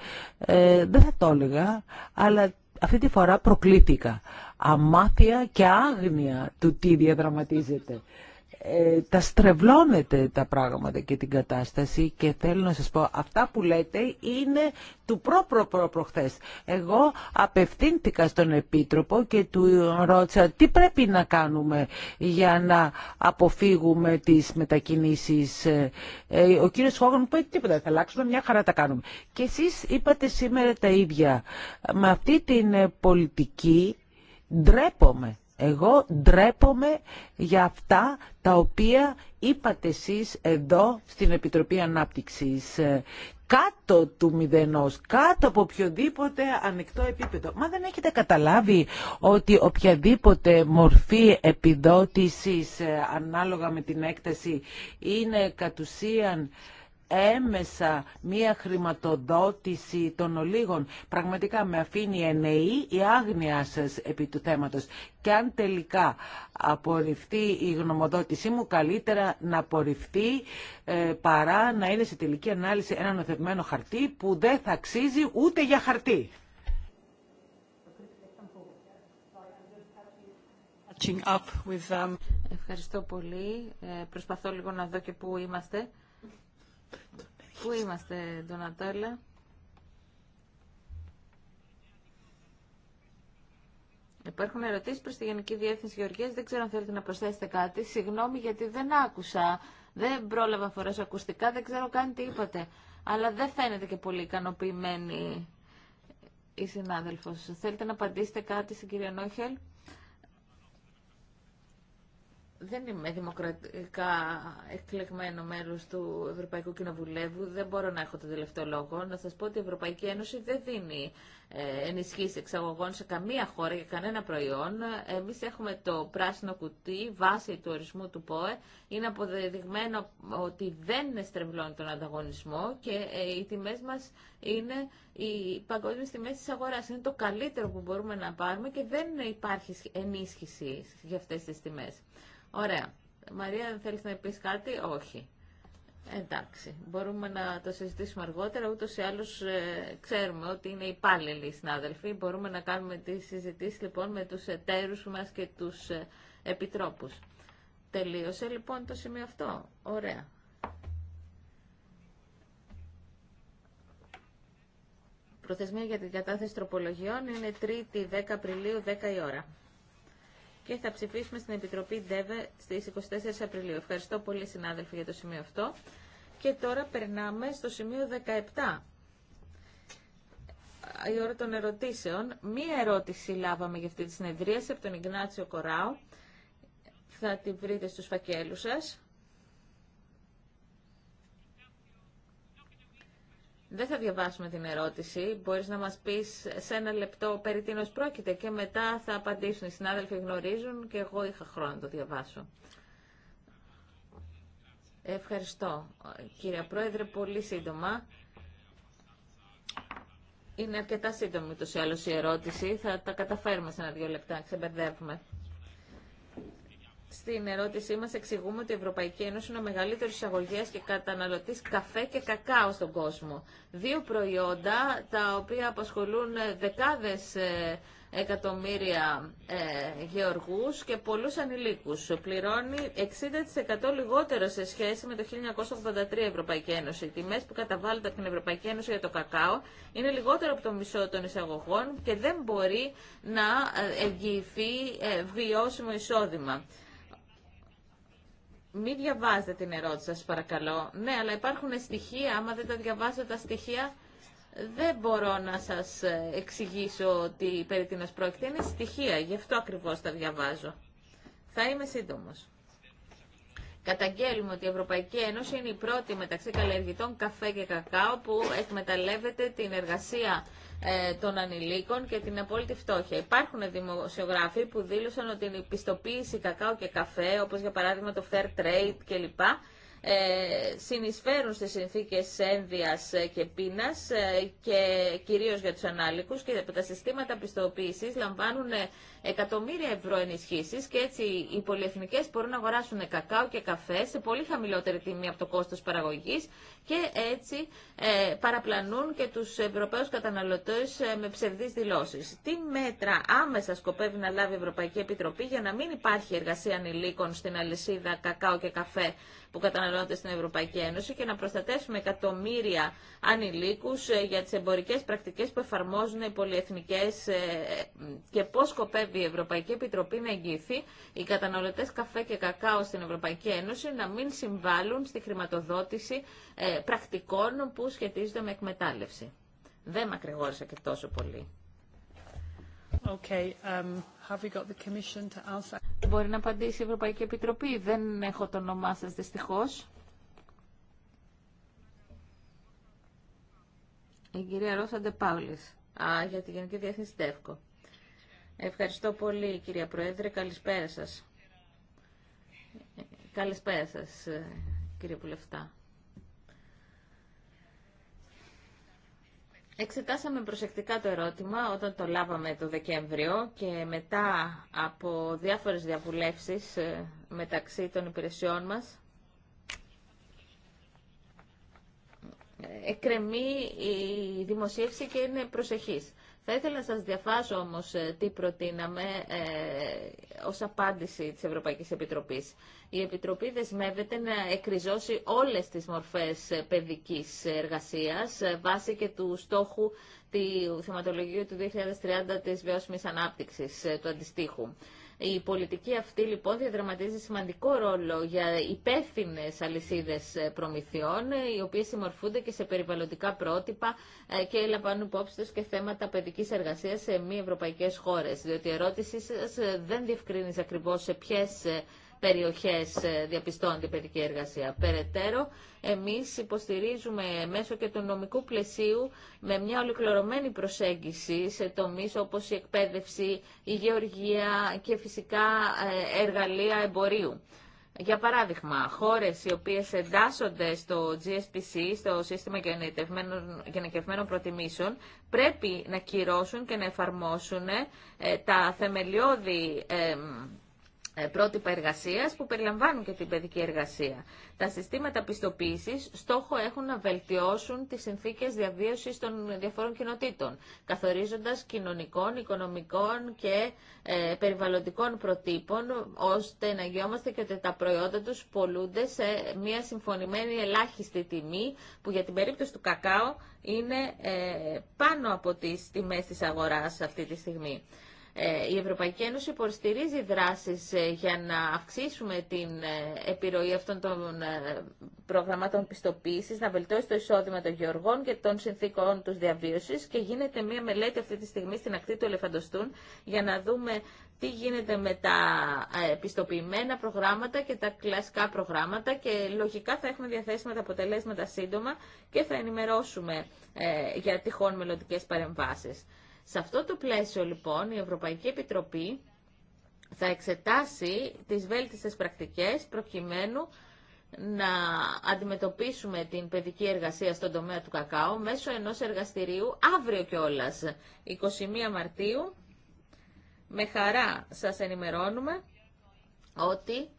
Δεν θα το έλεγα, αλλά αυτή τη φορά προκλήθηκα. Αμάθεια και άγνοια του τι διαδραματίζεται. Ε, τα στρεβλώνετε τα πράγματα και την κατάσταση και θέλω να σας πω αυτά που λέτε είναι του προχθές. Εγώ απευθύνθηκα στον Επίτροπο και του ρώτησα τι πρέπει να κάνουμε για να αποφύγουμε τις μετακινήσεις. Ε, ε, ο κύριος Χόγαν μου είπε τίποτα, θα αλλάξουμε μια χαρά τα κάνουμε. Και εσείς είπατε σήμερα τα ίδια. Με αυτή την πολιτική ντρέπομαι εγώ ντρέπομαι για αυτά τα οποία είπατε εσείς εδώ στην Επιτροπή Ανάπτυξης ε, κάτω του μηδενός, κάτω από οποιοδήποτε ανοιχτό επίπεδο. Μα δεν έχετε καταλάβει ότι οποιαδήποτε μορφή επιδότησης ε, ανάλογα με την έκταση είναι κατ' ουσίαν έμεσα μία χρηματοδότηση των ολίγων. Πραγματικά με αφήνει ενεή η άγνοια σας επί του θέματος. Και αν τελικά απορριφθεί η γνωμοδότησή μου, καλύτερα να απορριφθεί ε, παρά να είναι σε τελική ανάλυση ένα νοθευμένο χαρτί που δεν θα αξίζει ούτε για χαρτί. Um, Ευχαριστώ πολύ. Ε, προσπαθώ λίγο να δω και πού είμαστε. Πού είμαστε, Ντονατάλα. Υπάρχουν ερωτήσεις προς τη Γενική Διεύθυνση Γεωργίας. Δεν ξέρω αν θέλετε να προσθέσετε κάτι. Συγγνώμη γιατί δεν άκουσα. Δεν πρόλαβα φορές ακουστικά. Δεν ξέρω καν τι είπατε. Αλλά δεν φαίνεται και πολύ ικανοποιημένη η συνάδελφος. Θέλετε να απαντήσετε κάτι στην κυρία Νόχελ δεν είμαι δημοκρατικά εκλεγμένο μέλος του Ευρωπαϊκού Κοινοβουλεύου. δεν μπορώ να έχω το τελευταίο λόγο. Να σας πω ότι η Ευρωπαϊκή Ένωση δεν δίνει ε, ενισχύσει εξαγωγών σε καμία χώρα για κανένα προϊόν. Εμείς έχουμε το πράσινο κουτί, βάση του ορισμού του ΠΟΕ. Είναι αποδεδειγμένο ότι δεν στρεβλώνει τον ανταγωνισμό και ε, οι τιμές μας είναι οι παγκόσμιες τιμές της αγοράς. Είναι το καλύτερο που μπορούμε να πάρουμε και δεν υπάρχει ενίσχυση για αυτές τις τιμές. Ωραία. Μαρία, αν θέλεις να πεις κάτι, όχι. Εντάξει, μπορούμε να το συζητήσουμε αργότερα, ούτως ή άλλως ε, ξέρουμε ότι είναι υπάλληλοι οι συνάδελφοι. Μπορούμε να κάνουμε τις συζητήσεις λοιπόν με τους εταίρους μας και τους ε, επιτρόπους. Τελείωσε λοιπόν το σημείο αυτό. Ωραία. Προθεσμία για την κατάθεση τροπολογιών είναι 3η 10 Απριλίου 10 η ώρα και θα ψηφίσουμε στην Επιτροπή ΔΕΒΕ στις 24 Απριλίου. Ευχαριστώ πολύ συνάδελφοι για το σημείο αυτό. Και τώρα περνάμε στο σημείο 17. Η ώρα των ερωτήσεων. Μία ερώτηση λάβαμε για αυτή τη συνεδρίαση από τον Ιγνάτσιο Κοράου. Θα τη βρείτε στους φακέλους σας. Δεν θα διαβάσουμε την ερώτηση. Μπορείς να μας πεις σε ένα λεπτό περί τίνος πρόκειται και μετά θα απαντήσουν. Οι συνάδελφοι γνωρίζουν και εγώ είχα χρόνο να το διαβάσω. Ευχαριστώ. Κύριε Πρόεδρε, πολύ σύντομα. Είναι αρκετά σύντομη ούτως ή άλλως η η ερωτηση Θα τα καταφέρουμε σε ένα-δύο λεπτά, ξεμπερδεύουμε στην ερώτησή μας εξηγούμε ότι η Ευρωπαϊκή Ένωση είναι ο μεγαλύτερο εισαγωγέα και καταναλωτής καφέ και κακάο στον κόσμο. Δύο προϊόντα τα οποία απασχολούν δεκάδες ε, εκατομμύρια ε, γεωργούς και πολλού ανηλίκους. Πληρώνει 60% λιγότερο σε σχέση με το 1983 Ευρωπαϊκή Ένωση. Οι τιμέ που καταβάλλονται από την Ευρωπαϊκή Ένωση για το κακάο είναι λιγότερο από το μισό των εισαγωγών και δεν μπορεί να ε, εγγυηθεί ε, βιώσιμο εισόδημα. Μην διαβάζετε την ερώτηση σας παρακαλώ. Ναι, αλλά υπάρχουν στοιχεία, άμα δεν τα διαβάζω τα στοιχεία, δεν μπορώ να σας ε, εξηγήσω τι περί τίνος πρόκειται. Είναι στοιχεία, γι' αυτό ακριβώς τα διαβάζω. Θα είμαι σύντομος. Καταγγέλνουμε ότι η Ευρωπαϊκή Ένωση είναι η πρώτη μεταξύ καλλιεργητών καφέ και κακάο που εκμεταλλεύεται την εργασία ε, των ανηλίκων και την απόλυτη φτώχεια. Υπάρχουν δημοσιογράφοι που δήλωσαν ότι η πιστοποίηση κακάο και καφέ, όπως για παράδειγμα το fair trade κλπ, ε, συνεισφέρουν στις συνθήκες ένδυας και πείνας ε, και κυρίως για τους ανάλικους και τα συστήματα πιστοποίησης λαμβάνουν ε, εκατομμύρια ευρώ ενισχύσει και έτσι οι πολυεθνικέ μπορούν να αγοράσουν κακάο και καφέ σε πολύ χαμηλότερη τιμή από το κόστο παραγωγή και έτσι ε, παραπλανούν και του Ευρωπαίου καταναλωτέ ε, με ψευδεί δηλώσει. Τι μέτρα άμεσα σκοπεύει να λάβει η Ευρωπαϊκή Επιτροπή για να μην υπάρχει εργασία ανηλίκων στην αλυσίδα κακάο και καφέ που καταναλώνεται στην Ευρωπαϊκή Ένωση και να προστατεύσουμε εκατομμύρια ανηλίκου ε, για τι εμπορικέ πρακτικέ που εφαρμόζουν οι πολυεθνικέ ε, και πώ σκοπεύει η Ευρωπαϊκή Επιτροπή να εγγυηθεί οι καταναλωτέ καφέ και κακάο στην Ευρωπαϊκή Ένωση να μην συμβάλλουν στη χρηματοδότηση ε, πρακτικών που σχετίζονται με εκμετάλλευση. Δεν μακρηγόρησα και τόσο πολύ. Okay, um, have got the commission to Μπορεί να απαντήσει η Ευρωπαϊκή Επιτροπή. Δεν έχω το όνομά σας δυστυχώς. Η κυρία Ρώσα Α, για τη Γενική Διεθνή Στεύκο. Ευχαριστώ πολύ κυρία Πρόεδρε. Καλησπέρα σας. Καλησπέρα σας κύριε Πουλευτά. Εξετάσαμε προσεκτικά το ερώτημα όταν το λάβαμε το Δεκέμβριο και μετά από διάφορες διαβουλεύσεις ε, μεταξύ των υπηρεσιών μας ε, εκκρεμεί η δημοσίευση και είναι προσεχής. Θα ήθελα να σας διαφάσω όμως ε, τι προτείναμε ε, ως απάντηση της Ευρωπαϊκής Επιτροπής. Η Επιτροπή δεσμεύεται να εκριζώσει όλες τις μορφές ε, παιδικής εργασίας ε, βάσει και του στόχου του θεματολογίου του 2030 της βιώσιμης ανάπτυξης του αντιστοίχου. Η πολιτική αυτή λοιπόν διαδραματίζει σημαντικό ρόλο για υπεύθυνε αλυσίδε ε, προμηθειών, ε, οι οποίε συμμορφούνται και σε περιβαλλοντικά πρότυπα ε, και λαμβάνουν υπόψη του και θέματα παιδική εργασία σε μη ευρωπαϊκέ χώρε. Διότι η ερώτησή σα δεν διευκρίνει ακριβώ σε ποιε περιοχές ε, διαπιστώνεται παιδική εργασία. Περαιτέρω, εμείς υποστηρίζουμε μέσω και του νομικού πλαισίου με μια ολοκληρωμένη προσέγγιση σε τομείς όπως η εκπαίδευση, η γεωργία και φυσικά ε, εργαλεία εμπορίου. Για παράδειγμα, χώρες οι οποίες εντάσσονται στο GSPC, στο Σύστημα Γενικευμένων Προτιμήσεων, πρέπει να κυρώσουν και να εφαρμόσουν ε, τα θεμελιώδη ε, πρότυπα εργασίας που περιλαμβάνουν και την παιδική εργασία. Τα συστήματα πιστοποίησης στόχο έχουν να βελτιώσουν τις συνθήκες διαβίωσης των διαφόρων κοινοτήτων, καθορίζοντας κοινωνικών, οικονομικών και ε, περιβαλλοντικών προτύπων, ώστε να γιόμαστε και ότι τα προϊόντα τους πολλούνται σε μια συμφωνημένη ελάχιστη τιμή, που για την περίπτωση του κακάο είναι ε, πάνω από τις τιμές της αγοράς αυτή τη στιγμή. Ε, η Ευρωπαϊκή Ένωση υποστηρίζει δράσεις ε, για να αυξήσουμε την ε, επιρροή αυτών των προγραμμάτων πιστοποίησης, να βελτιώσει το εισόδημα των γεωργών και των συνθήκων τους διαβίωσης και γίνεται μια μελέτη αυτή τη στιγμή στην ακτή του Ελεφαντοστούν για να δούμε τι γίνεται με τα πιστοποιημένα προγράμματα και τα κλασικά προγράμματα και λογικά θα έχουμε διαθέσιμα τα αποτελέσματα σύντομα και θα ενημερώσουμε για τυχόν μελλοντικέ παρεμβάσεις. Σε αυτό το πλαίσιο λοιπόν η Ευρωπαϊκή Επιτροπή θα εξετάσει τις βέλτιστες πρακτικές προκειμένου να αντιμετωπίσουμε την παιδική εργασία στον τομέα του κακάο μέσω ενός εργαστηρίου αύριο κιόλας, 21 Μαρτίου. Με χαρά σας ενημερώνουμε ότι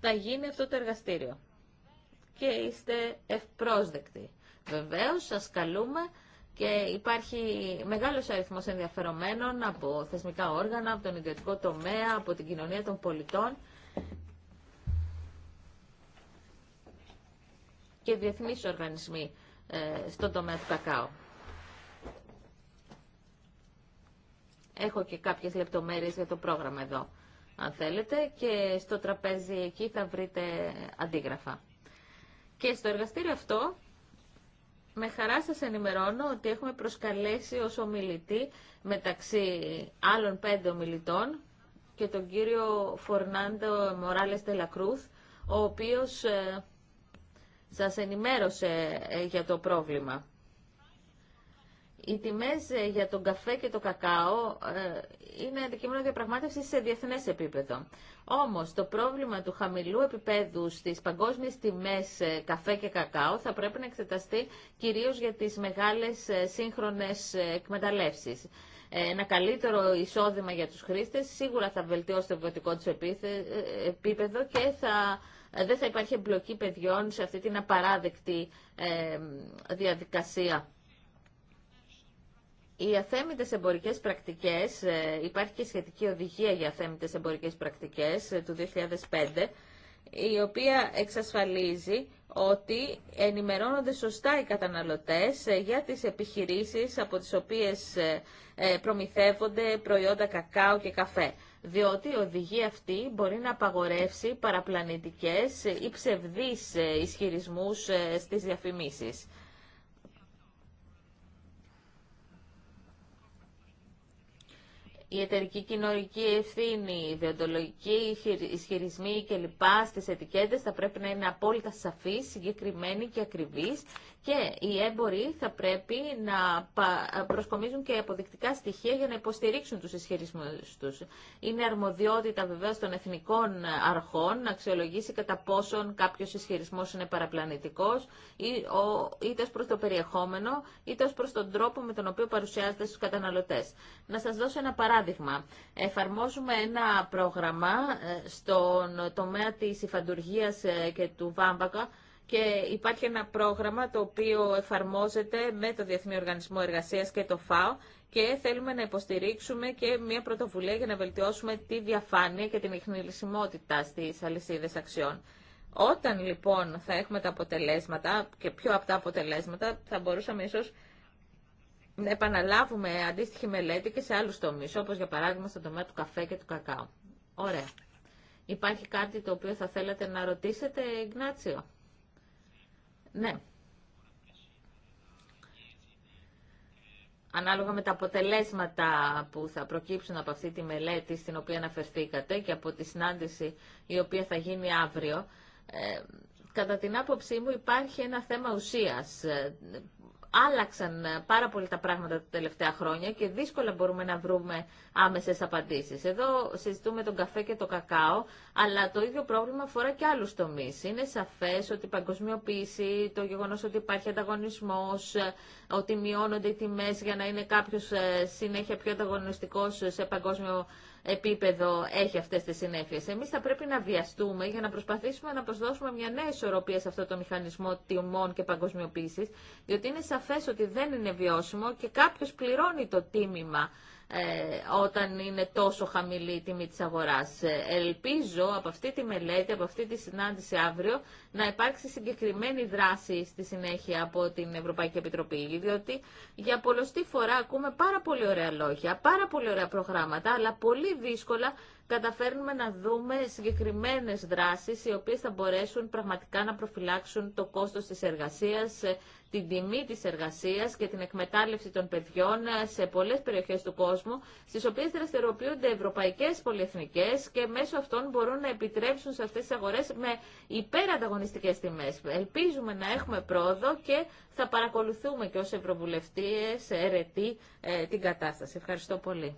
θα γίνει αυτό το εργαστήριο και είστε ευπρόσδεκτοι. Βεβαίως σας καλούμε και υπάρχει μεγάλος αριθμός ενδιαφερομένων από θεσμικά όργανα, από τον ιδιωτικό τομέα, από την κοινωνία των πολιτών και διεθνείς οργανισμοί ε, στον τομέα του κακάο. Έχω και κάποιες λεπτομέρειες για το πρόγραμμα εδώ, αν θέλετε, και στο τραπέζι εκεί θα βρείτε αντίγραφα. Και στο εργαστήριο αυτό με χαρά σας ενημερώνω ότι έχουμε προσκαλέσει ως ομιλητή μεταξύ άλλων πέντε ομιλητών και τον κύριο Φορνάντο Μοράλες Τελακρούθ, ο οποίος ε, σας ενημέρωσε ε, για το πρόβλημα. Οι τιμές ε, για τον καφέ και το κακάο ε, είναι αντικείμενο διαπραγμάτευση σε διεθνές επίπεδο. Όμως το πρόβλημα του χαμηλού επίπεδου στις παγκόσμιες τιμές ε, καφέ και κακάο θα πρέπει να εξεταστεί κυρίως για τις μεγάλες σύγχρονες εκμεταλλεύσεις. Ένα καλύτερο εισόδημα για του χρήστε, σίγουρα θα βελτιώσει το βιωτικό τους επίπεδο και θα δεν θα υπάρχει εμπλοκή παιδιών σε αυτή την απαράδεκτη διαδικασία οι αθέμητες εμπορικές πρακτικές, ε, υπάρχει και σχετική οδηγία για αθέμητες εμπορικές πρακτικές ε, του 2005, η οποία εξασφαλίζει ότι ενημερώνονται σωστά οι καταναλωτές ε, για τις επιχειρήσεις από τις οποίες προμηθεύονται προϊόντα κακάο και καφέ. Διότι η οδηγία αυτή μπορεί να απαγορεύσει παραπλανητικές ή ψευδείς ισχυρισμούς στις διαφημίσεις. η εταιρική κοινωνική ευθύνη, οι ισχυρισμοί κλπ. στις ετικέτες θα πρέπει να είναι απόλυτα σαφείς, συγκεκριμένοι και ακριβείς και οι έμποροι θα πρέπει να προσκομίζουν και αποδεικτικά στοιχεία για να υποστηρίξουν τους ισχυρισμούς τους. Είναι αρμοδιότητα βεβαίως των εθνικών αρχών να αξιολογήσει κατά πόσον κάποιος ισχυρισμός είναι παραπλανητικός είτε ως προς το περιεχόμενο είτε ως προς τον τρόπο με τον οποίο παρουσιάζεται στους καταναλωτές. Να σας δώσω ένα παράδειγμα. Εφαρμόζουμε ένα πρόγραμμα ε, στον τομέα της υφαντουργίας ε, και του Βάμπακα και υπάρχει ένα πρόγραμμα το οποίο εφαρμόζεται με το Διεθνή Οργανισμό Εργασίας και το ΦΑΟ και θέλουμε να υποστηρίξουμε και μια πρωτοβουλία για να βελτιώσουμε τη διαφάνεια και την ειχνηλισιμότητα στις αλυσίδες αξιών. Όταν λοιπόν θα έχουμε τα αποτελέσματα και πιο από τα αποτελέσματα θα μπορούσαμε ίσως να επαναλάβουμε αντίστοιχη μελέτη και σε άλλους τομείς, όπως για παράδειγμα στον τομέα του καφέ και του κακάου. Ωραία. Υπάρχει κάτι το οποίο θα θέλατε να ρωτήσετε, Γνάτσιο. Ναι. Ανάλογα με τα αποτελέσματα που θα προκύψουν από αυτή τη μελέτη στην οποία αναφερθήκατε και από τη συνάντηση η οποία θα γίνει αύριο, ε, κατά την άποψή μου υπάρχει ένα θέμα ουσίας άλλαξαν πάρα πολύ τα πράγματα τα τελευταία χρόνια και δύσκολα μπορούμε να βρούμε άμεσες απαντήσεις. Εδώ συζητούμε τον καφέ και το κακάο, αλλά το ίδιο πρόβλημα αφορά και άλλους τομείς. Είναι σαφές ότι η παγκοσμιοποίηση, το γεγονός ότι υπάρχει ανταγωνισμός, ότι μειώνονται οι τιμές για να είναι κάποιος ε, συνέχεια πιο ανταγωνιστικός σε παγκόσμιο επίπεδο έχει αυτές τις συνέπειες. Εμείς θα πρέπει να βιαστούμε για να προσπαθήσουμε να προσδώσουμε μια νέα ισορροπία σε αυτό το μηχανισμό τιμών και παγκοσμιοποίηση, διότι είναι σαφές ότι δεν είναι βιώσιμο και κάποιο πληρώνει το τίμημα ε, όταν είναι τόσο χαμηλή η τιμή της αγοράς. Ε, ελπίζω από αυτή τη μελέτη, από αυτή τη συνάντηση αύριο, να υπάρξει συγκεκριμένη δράση στη συνέχεια από την Ευρωπαϊκή Επιτροπή, διότι για πολλωστή φορά ακούμε πάρα πολύ ωραία λόγια, πάρα πολύ ωραία προγράμματα, αλλά πολύ δύσκολα καταφέρνουμε να δούμε συγκεκριμένες δράσεις οι οποίες θα μπορέσουν πραγματικά να προφυλάξουν το κόστος της εργασίας, την τιμή της εργασίας και την εκμετάλλευση των παιδιών σε πολλές περιοχές του κόσμου, στις οποίες δραστηριοποιούνται ευρωπαϊκές πολυεθνικές και μέσω αυτών μπορούν να επιτρέψουν σε αυτές τις αγορές με υπερανταγωνιστικές τιμές. Ελπίζουμε να έχουμε πρόοδο και θα παρακολουθούμε και ως Ευρωβουλευτές αιρετή ε, την κατάσταση. Ευχαριστώ πολύ.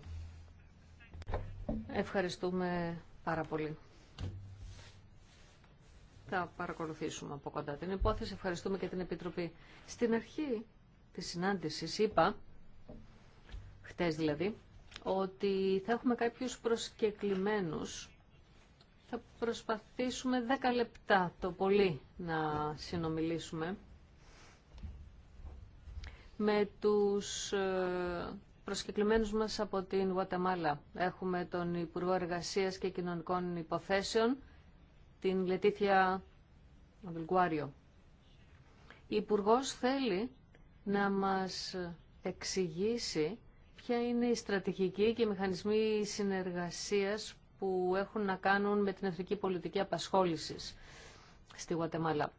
Ευχαριστούμε πάρα πολύ θα παρακολουθήσουμε από κοντά την υπόθεση. Ευχαριστούμε και την Επιτροπή. Στην αρχή τη συνάντηση είπα, χτες δηλαδή, ότι θα έχουμε κάποιου προσκεκλημένου. Θα προσπαθήσουμε 10 λεπτά το πολύ να συνομιλήσουμε με τους ε, προσκεκλημένους μας από την Γουατεμάλα. Έχουμε τον Υπουργό Εργασίας και Κοινωνικών Υποθέσεων, την Λετήθια Βιλγκουάριο. Η Υπουργό θέλει να μας εξηγήσει ποια είναι η στρατηγική και οι μηχανισμοί συνεργασίας που έχουν να κάνουν με την εθνική πολιτική απασχόλησης στη Γουατεμάλα.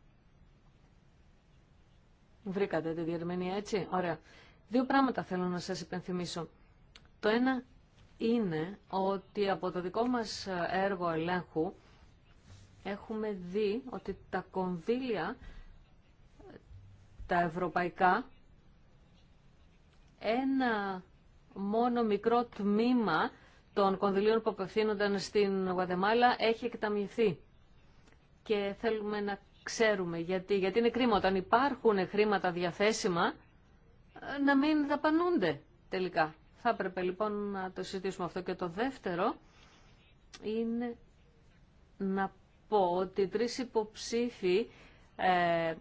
Βρήκατε τη διερμηνία, έτσι. Ωραία. Δύο πράγματα θέλω να σας υπενθυμίσω. Το ένα είναι ότι από το δικό μας έργο ελέγχου έχουμε δει ότι τα κονδύλια, τα ευρωπαϊκά, ένα μόνο μικρό τμήμα των κονδυλίων που απευθύνονταν στην Γουατεμάλα έχει εκταμιευθεί. Και θέλουμε να ξέρουμε γιατί. Γιατί είναι κρίμα όταν υπάρχουν χρήματα διαθέσιμα να μην δαπανούνται τελικά. Θα έπρεπε λοιπόν να το συζητήσουμε αυτό. Και το δεύτερο είναι να πω ότι τρει υποψήφοι, ε,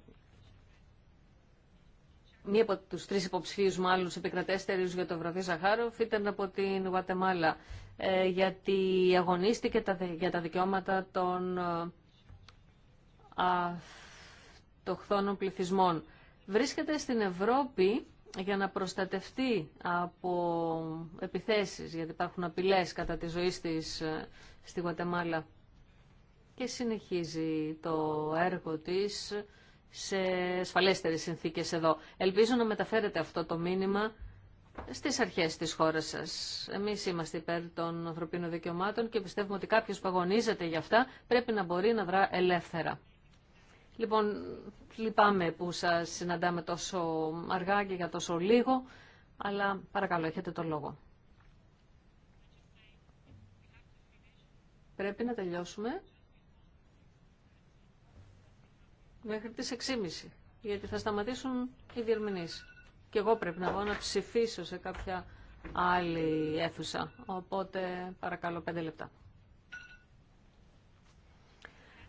μία από τους τρει υποψηφίους μάλλον του επικρατέστερους για το βραβείο Ζαχάροφ ήταν από την Γουατεμάλα, ε, γιατί αγωνίστηκε τα, για τα δικαιώματα των ε, αυτοχθόνων πληθυσμών. Βρίσκεται στην Ευρώπη για να προστατευτεί από επιθέσεις, γιατί υπάρχουν απειλές κατά τη ζωή της ε, στη Γουατεμάλα και συνεχίζει το έργο της σε ασφαλέστερες συνθήκες εδώ. Ελπίζω να μεταφέρετε αυτό το μήνυμα στις αρχές της χώρας σας. Εμείς είμαστε υπέρ των ανθρωπίνων δικαιωμάτων και πιστεύουμε ότι κάποιος που αγωνίζεται για αυτά πρέπει να μπορεί να δρά ελεύθερα. Λοιπόν, λυπάμαι που σας συναντάμε τόσο αργά και για τόσο λίγο, αλλά παρακαλώ, έχετε το λόγο. Πρέπει να τελειώσουμε μέχρι τις 6.30 γιατί θα σταματήσουν οι διερμηνείς. Και εγώ πρέπει να πάω να ψηφίσω σε κάποια άλλη αίθουσα. Οπότε παρακαλώ πέντε λεπτά.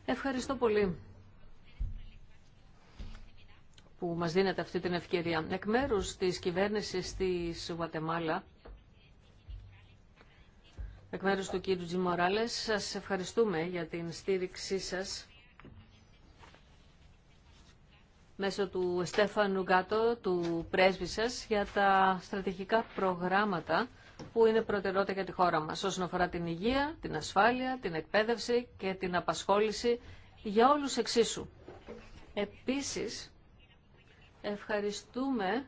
Ευχαριστώ πολύ που μας δίνετε αυτή την ευκαιρία. Εκ μέρους της κυβέρνησης της Βατεμάλα, εκ μέρους του κύριου Τζιμοράλες, σας ευχαριστούμε για την στήριξή σας μέσω του Στέφανου Γκάτο, του πρέσβη σα, για τα στρατηγικά προγράμματα που είναι προτεραιότητα για τη χώρα μας όσον αφορά την υγεία, την ασφάλεια, την εκπαίδευση και την απασχόληση για όλους εξίσου. Επίσης, ευχαριστούμε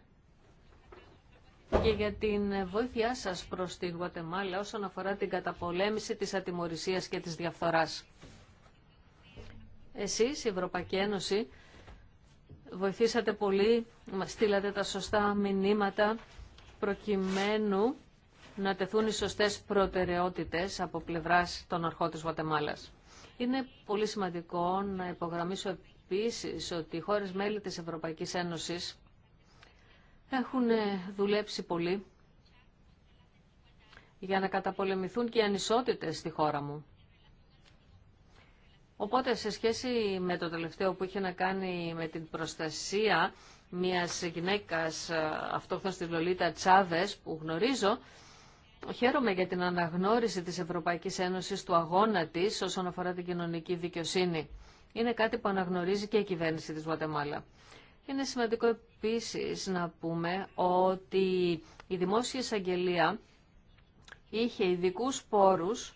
και για την βοήθειά σας προς τη Γουατεμάλα όσον αφορά την καταπολέμηση της ατιμορρησίας και της διαφθοράς. Εσείς, η Ευρωπαϊκή Ένωση, βοηθήσατε πολύ, μας στείλατε τα σωστά μηνύματα προκειμένου να τεθούν οι σωστές προτεραιότητες από πλευράς των αρχών της Βατεμάλας. Είναι πολύ σημαντικό να υπογραμμίσω επίσης ότι οι χώρες μέλη της Ευρωπαϊκής Ένωσης έχουν δουλέψει πολύ για να καταπολεμηθούν και οι ανισότητες στη χώρα μου. Οπότε σε σχέση με το τελευταίο που είχε να κάνει με την προστασία μιας γυναίκας ε, αυτόχθονας τη Λολίτα Τσάβες που γνωρίζω, Χαίρομαι για την αναγνώριση της Ευρωπαϊκής Ένωσης του αγώνα της όσον αφορά την κοινωνική δικαιοσύνη. Είναι κάτι που αναγνωρίζει και η κυβέρνηση της Γουατεμάλα. Είναι σημαντικό επίσης να πούμε ότι η Δημόσια Εισαγγελία είχε ειδικού πόρους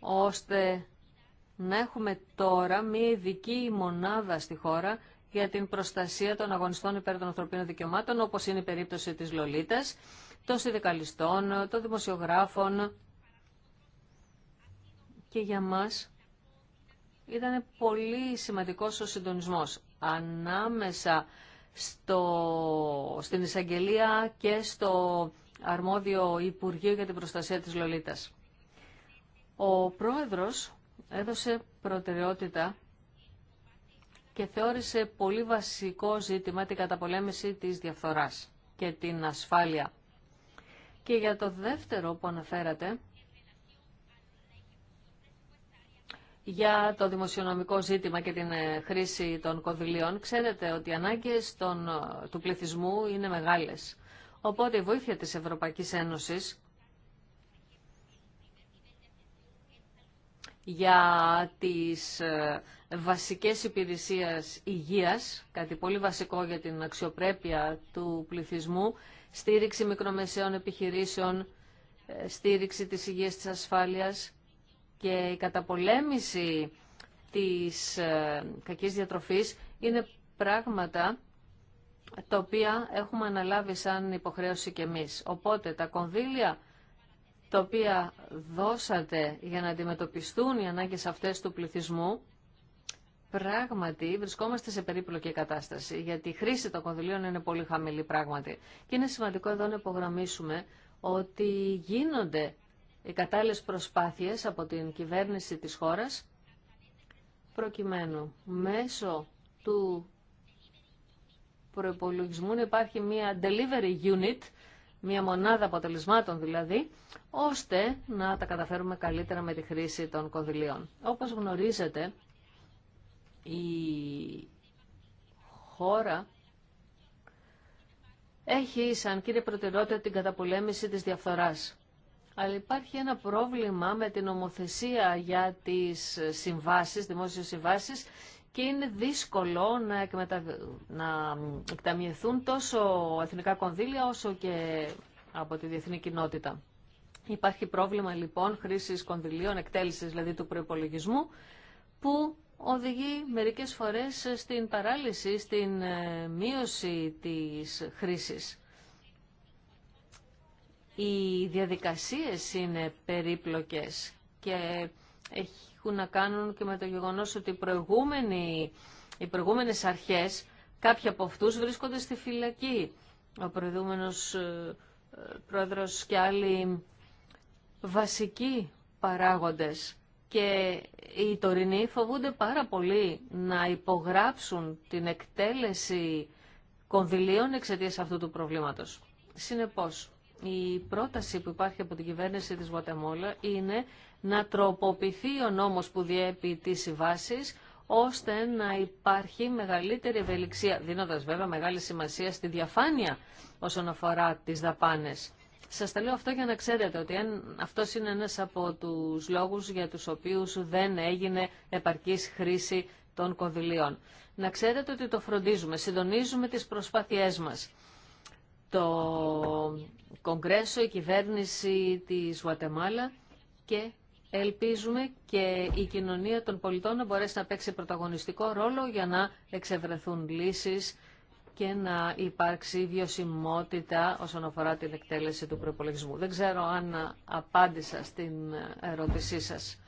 ώστε να έχουμε τώρα μια ειδική μονάδα στη χώρα για την προστασία των αγωνιστών υπέρ των ανθρωπίνων δικαιωμάτων, όπως είναι η περίπτωση της Λολίτας, των συνδικαλιστών, των δημοσιογράφων. Και για μας ήταν πολύ σημαντικός ο συντονισμός ανάμεσα στο, στην εισαγγελία και στο αρμόδιο Υπουργείο για την Προστασία της Λολίτας. Ο πρόεδρος έδωσε προτεραιότητα και θεώρησε πολύ βασικό ζήτημα την καταπολέμηση της διαφθοράς και την ασφάλεια. Και για το δεύτερο που αναφέρατε, για το δημοσιονομικό ζήτημα και την ε, χρήση των κονδυλίων, ξέρετε ότι οι ανάγκες των, ε, του πληθυσμού είναι μεγάλες. Οπότε η βοήθεια της Ευρωπαϊκής Ένωσης για τις ε, βασικές υπηρεσίες υγείας, κάτι πολύ βασικό για την αξιοπρέπεια του πληθυσμού, στήριξη μικρομεσαίων επιχειρήσεων, ε, στήριξη της υγείας της ασφάλειας και η καταπολέμηση της ε, κακής διατροφής είναι πράγματα τα οποία έχουμε αναλάβει σαν υποχρέωση και εμείς. Οπότε τα κονδύλια τα οποία δώσατε για να αντιμετωπιστούν οι ανάγκες αυτές του πληθυσμού, πράγματι βρισκόμαστε σε περίπλοκη κατάσταση, γιατί η χρήση των κονδυλίων είναι πολύ χαμηλή πράγματι. Και είναι σημαντικό εδώ να υπογραμμίσουμε ότι γίνονται οι κατάλληλες προσπάθειες από την κυβέρνηση της χώρας, προκειμένου μέσω του προϋπολογισμού να υπάρχει μια delivery unit, μια μονάδα αποτελεσμάτων δηλαδή, ώστε να τα καταφέρουμε καλύτερα με τη χρήση των κονδυλίων. Όπως γνωρίζετε, η χώρα έχει σαν κύριε προτεραιότητα την καταπολέμηση της διαφθοράς. Αλλά υπάρχει ένα πρόβλημα με την ομοθεσία για τις συμβάσεις, δημόσιες συμβάσεις, και είναι δύσκολο να, εκμετα... να τόσο εθνικά κονδύλια όσο και από τη διεθνή κοινότητα. Υπάρχει πρόβλημα λοιπόν χρήσης κονδυλίων, εκτέλεσης δηλαδή του προϋπολογισμού, που οδηγεί μερικές φορές στην παράλυση, στην ε, μείωση της χρήσης. Οι διαδικασίες είναι περίπλοκες και έχουν να κάνουν και με το γεγονός ότι οι, προηγούμενοι, οι προηγούμενες αρχές, κάποιοι από αυτούς βρίσκονται στη φυλακή. Ο προηγούμενος ε, ε, πρόεδρος και άλλοι βασικοί παράγοντες και οι τωρινοί φοβούνται πάρα πολύ να υπογράψουν την εκτέλεση κονδυλίων εξαιτία αυτού του προβλήματος. Συνεπώς, η πρόταση που υπάρχει από την κυβέρνηση της Βατεμόλα είναι να τροποποιηθεί ο νόμος που διέπει τις συμβάσει ώστε να υπάρχει μεγαλύτερη ευελιξία, δίνοντας βέβαια μεγάλη σημασία στη διαφάνεια όσον αφορά τις δαπάνες. Σας τα λέω αυτό για να ξέρετε ότι αυτό είναι ένας από τους λόγους για τους οποίους δεν έγινε επαρκής χρήση των κονδυλίων. Να ξέρετε ότι το φροντίζουμε, συντονίζουμε τις προσπάθειές μας. Το Κογκρέσο, η κυβέρνηση της Γουατεμάλα και ελπίζουμε και η κοινωνία των πολιτών να μπορέσει να παίξει πρωταγωνιστικό ρόλο για να εξευρεθούν λύσεις και να υπάρξει βιωσιμότητα όσον αφορά την εκτέλεση του προπολογισμού. Δεν ξέρω αν απάντησα στην ερώτησή σας.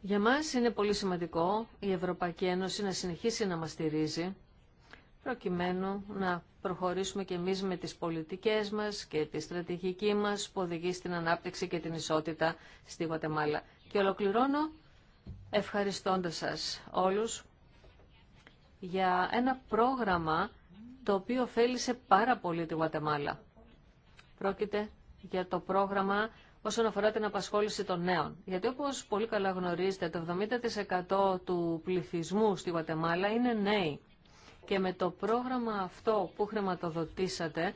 Για μας είναι πολύ σημαντικό η Ευρωπαϊκή Ένωση να συνεχίσει να μας στηρίζει προκειμένου να προχωρήσουμε και εμείς με τις πολιτικές μας και τη στρατηγική μας που οδηγεί στην ανάπτυξη και την ισότητα στη Γουατεμάλα. Και ολοκληρώνω ευχαριστώντας σας όλους για ένα πρόγραμμα το οποίο θέλησε πάρα πολύ τη Γουατεμάλα. Πρόκειται για το πρόγραμμα όσον αφορά την απασχόληση των νέων. Γιατί όπως πολύ καλά γνωρίζετε, το 70% του πληθυσμού στη Γουατεμάλα είναι νέοι. Και με το πρόγραμμα αυτό που χρηματοδοτήσατε,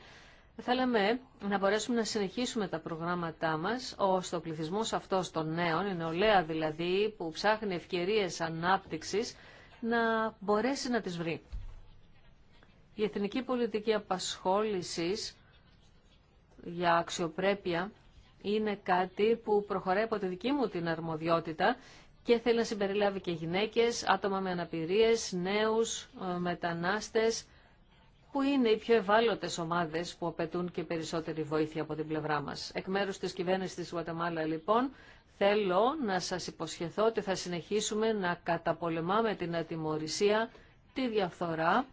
θέλαμε να μπορέσουμε να συνεχίσουμε τα προγράμματά μας, ώστε ο πληθυσμός αυτός των νέων, η νεολαία δηλαδή, που ψάχνει ευκαιρίες ανάπτυξης, να μπορέσει να τις βρει. Η Εθνική Πολιτική Απασχόλησης για αξιοπρέπεια είναι κάτι που προχωράει από τη δική μου την αρμοδιότητα και θέλει να συμπεριλάβει και γυναίκες, άτομα με αναπηρίες, νέους, ε, μετανάστες, που είναι οι πιο ευάλωτες ομάδες που απαιτούν και περισσότερη βοήθεια από την πλευρά μας. Εκ μέρους της κυβέρνησης της Γουατεμάλα, λοιπόν, θέλω να σας υποσχεθώ ότι θα συνεχίσουμε να καταπολεμάμε την ατιμορρησία, τη διαφθορά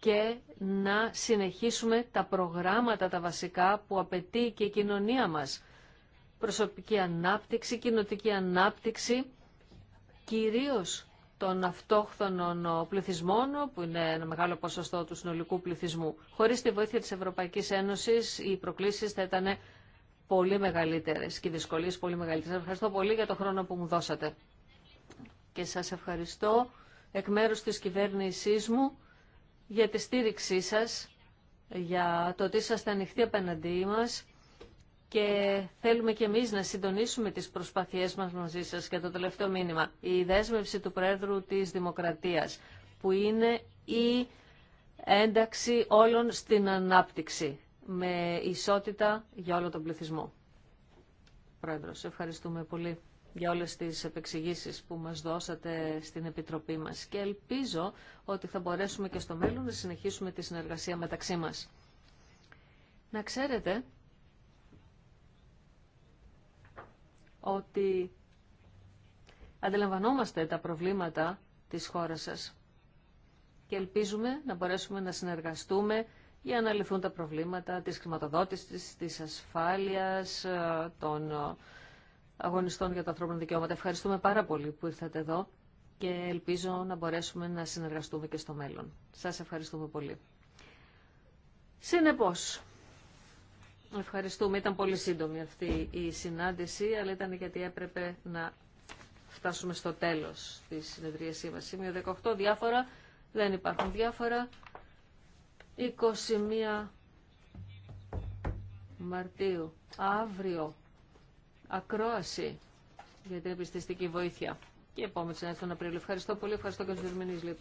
και να συνεχίσουμε τα προγράμματα τα βασικά που απαιτεί και η κοινωνία μας προσωπική ανάπτυξη, κοινοτική ανάπτυξη, κυρίως των αυτόχθονων πληθυσμών, που είναι ένα μεγάλο ποσοστό του συνολικού πληθυσμού. Χωρίς τη βοήθεια της Ευρωπαϊκής Ένωσης, οι προκλήσεις θα ήταν πολύ μεγαλύτερες και οι δυσκολίες πολύ μεγαλύτερες. Ευχαριστώ πολύ για το χρόνο που μου δώσατε. Και σας ευχαριστώ εκ μέρους της κυβέρνησής μου για τη στήριξή σας, για το ότι είσαστε ανοιχτοί απέναντί μας και θέλουμε και εμείς να συντονίσουμε τις προσπαθειές μας μαζί σας και το τελευταίο μήνυμα. Η δέσμευση του Πρόεδρου της Δημοκρατίας, που είναι η ένταξη όλων στην ανάπτυξη με ισότητα για όλο τον πληθυσμό. Πρόεδρος, ευχαριστούμε πολύ για όλες τις επεξηγήσεις που μας δώσατε στην Επιτροπή μας και ελπίζω ότι θα μπορέσουμε και στο μέλλον να συνεχίσουμε τη συνεργασία μεταξύ μας. Να ξέρετε ότι αντιλαμβανόμαστε τα προβλήματα της χώρας σας και ελπίζουμε να μπορέσουμε να συνεργαστούμε για να λυθούν τα προβλήματα της χρηματοδότησης, της ασφάλειας, ε, των ε, αγωνιστών για τα ανθρώπινα δικαιώματα. Ευχαριστούμε πάρα πολύ που ήρθατε εδώ και ελπίζω να μπορέσουμε να συνεργαστούμε και στο μέλλον. Σας ευχαριστούμε πολύ. Συνεπώς, Ευχαριστούμε. Ήταν πολύ σύντομη αυτή η συνάντηση, αλλά ήταν γιατί έπρεπε να φτάσουμε στο τέλος της συνεδρίασή μας. Σημείο 18, διάφορα. Δεν υπάρχουν διάφορα. 21 Μαρτίου, αύριο, ακρόαση για την επιστηστική βοήθεια. Και επόμενη συνάντηση τον Απρίλιο. Ευχαριστώ πολύ. Ευχαριστώ και τον Δερμηνείς, λέει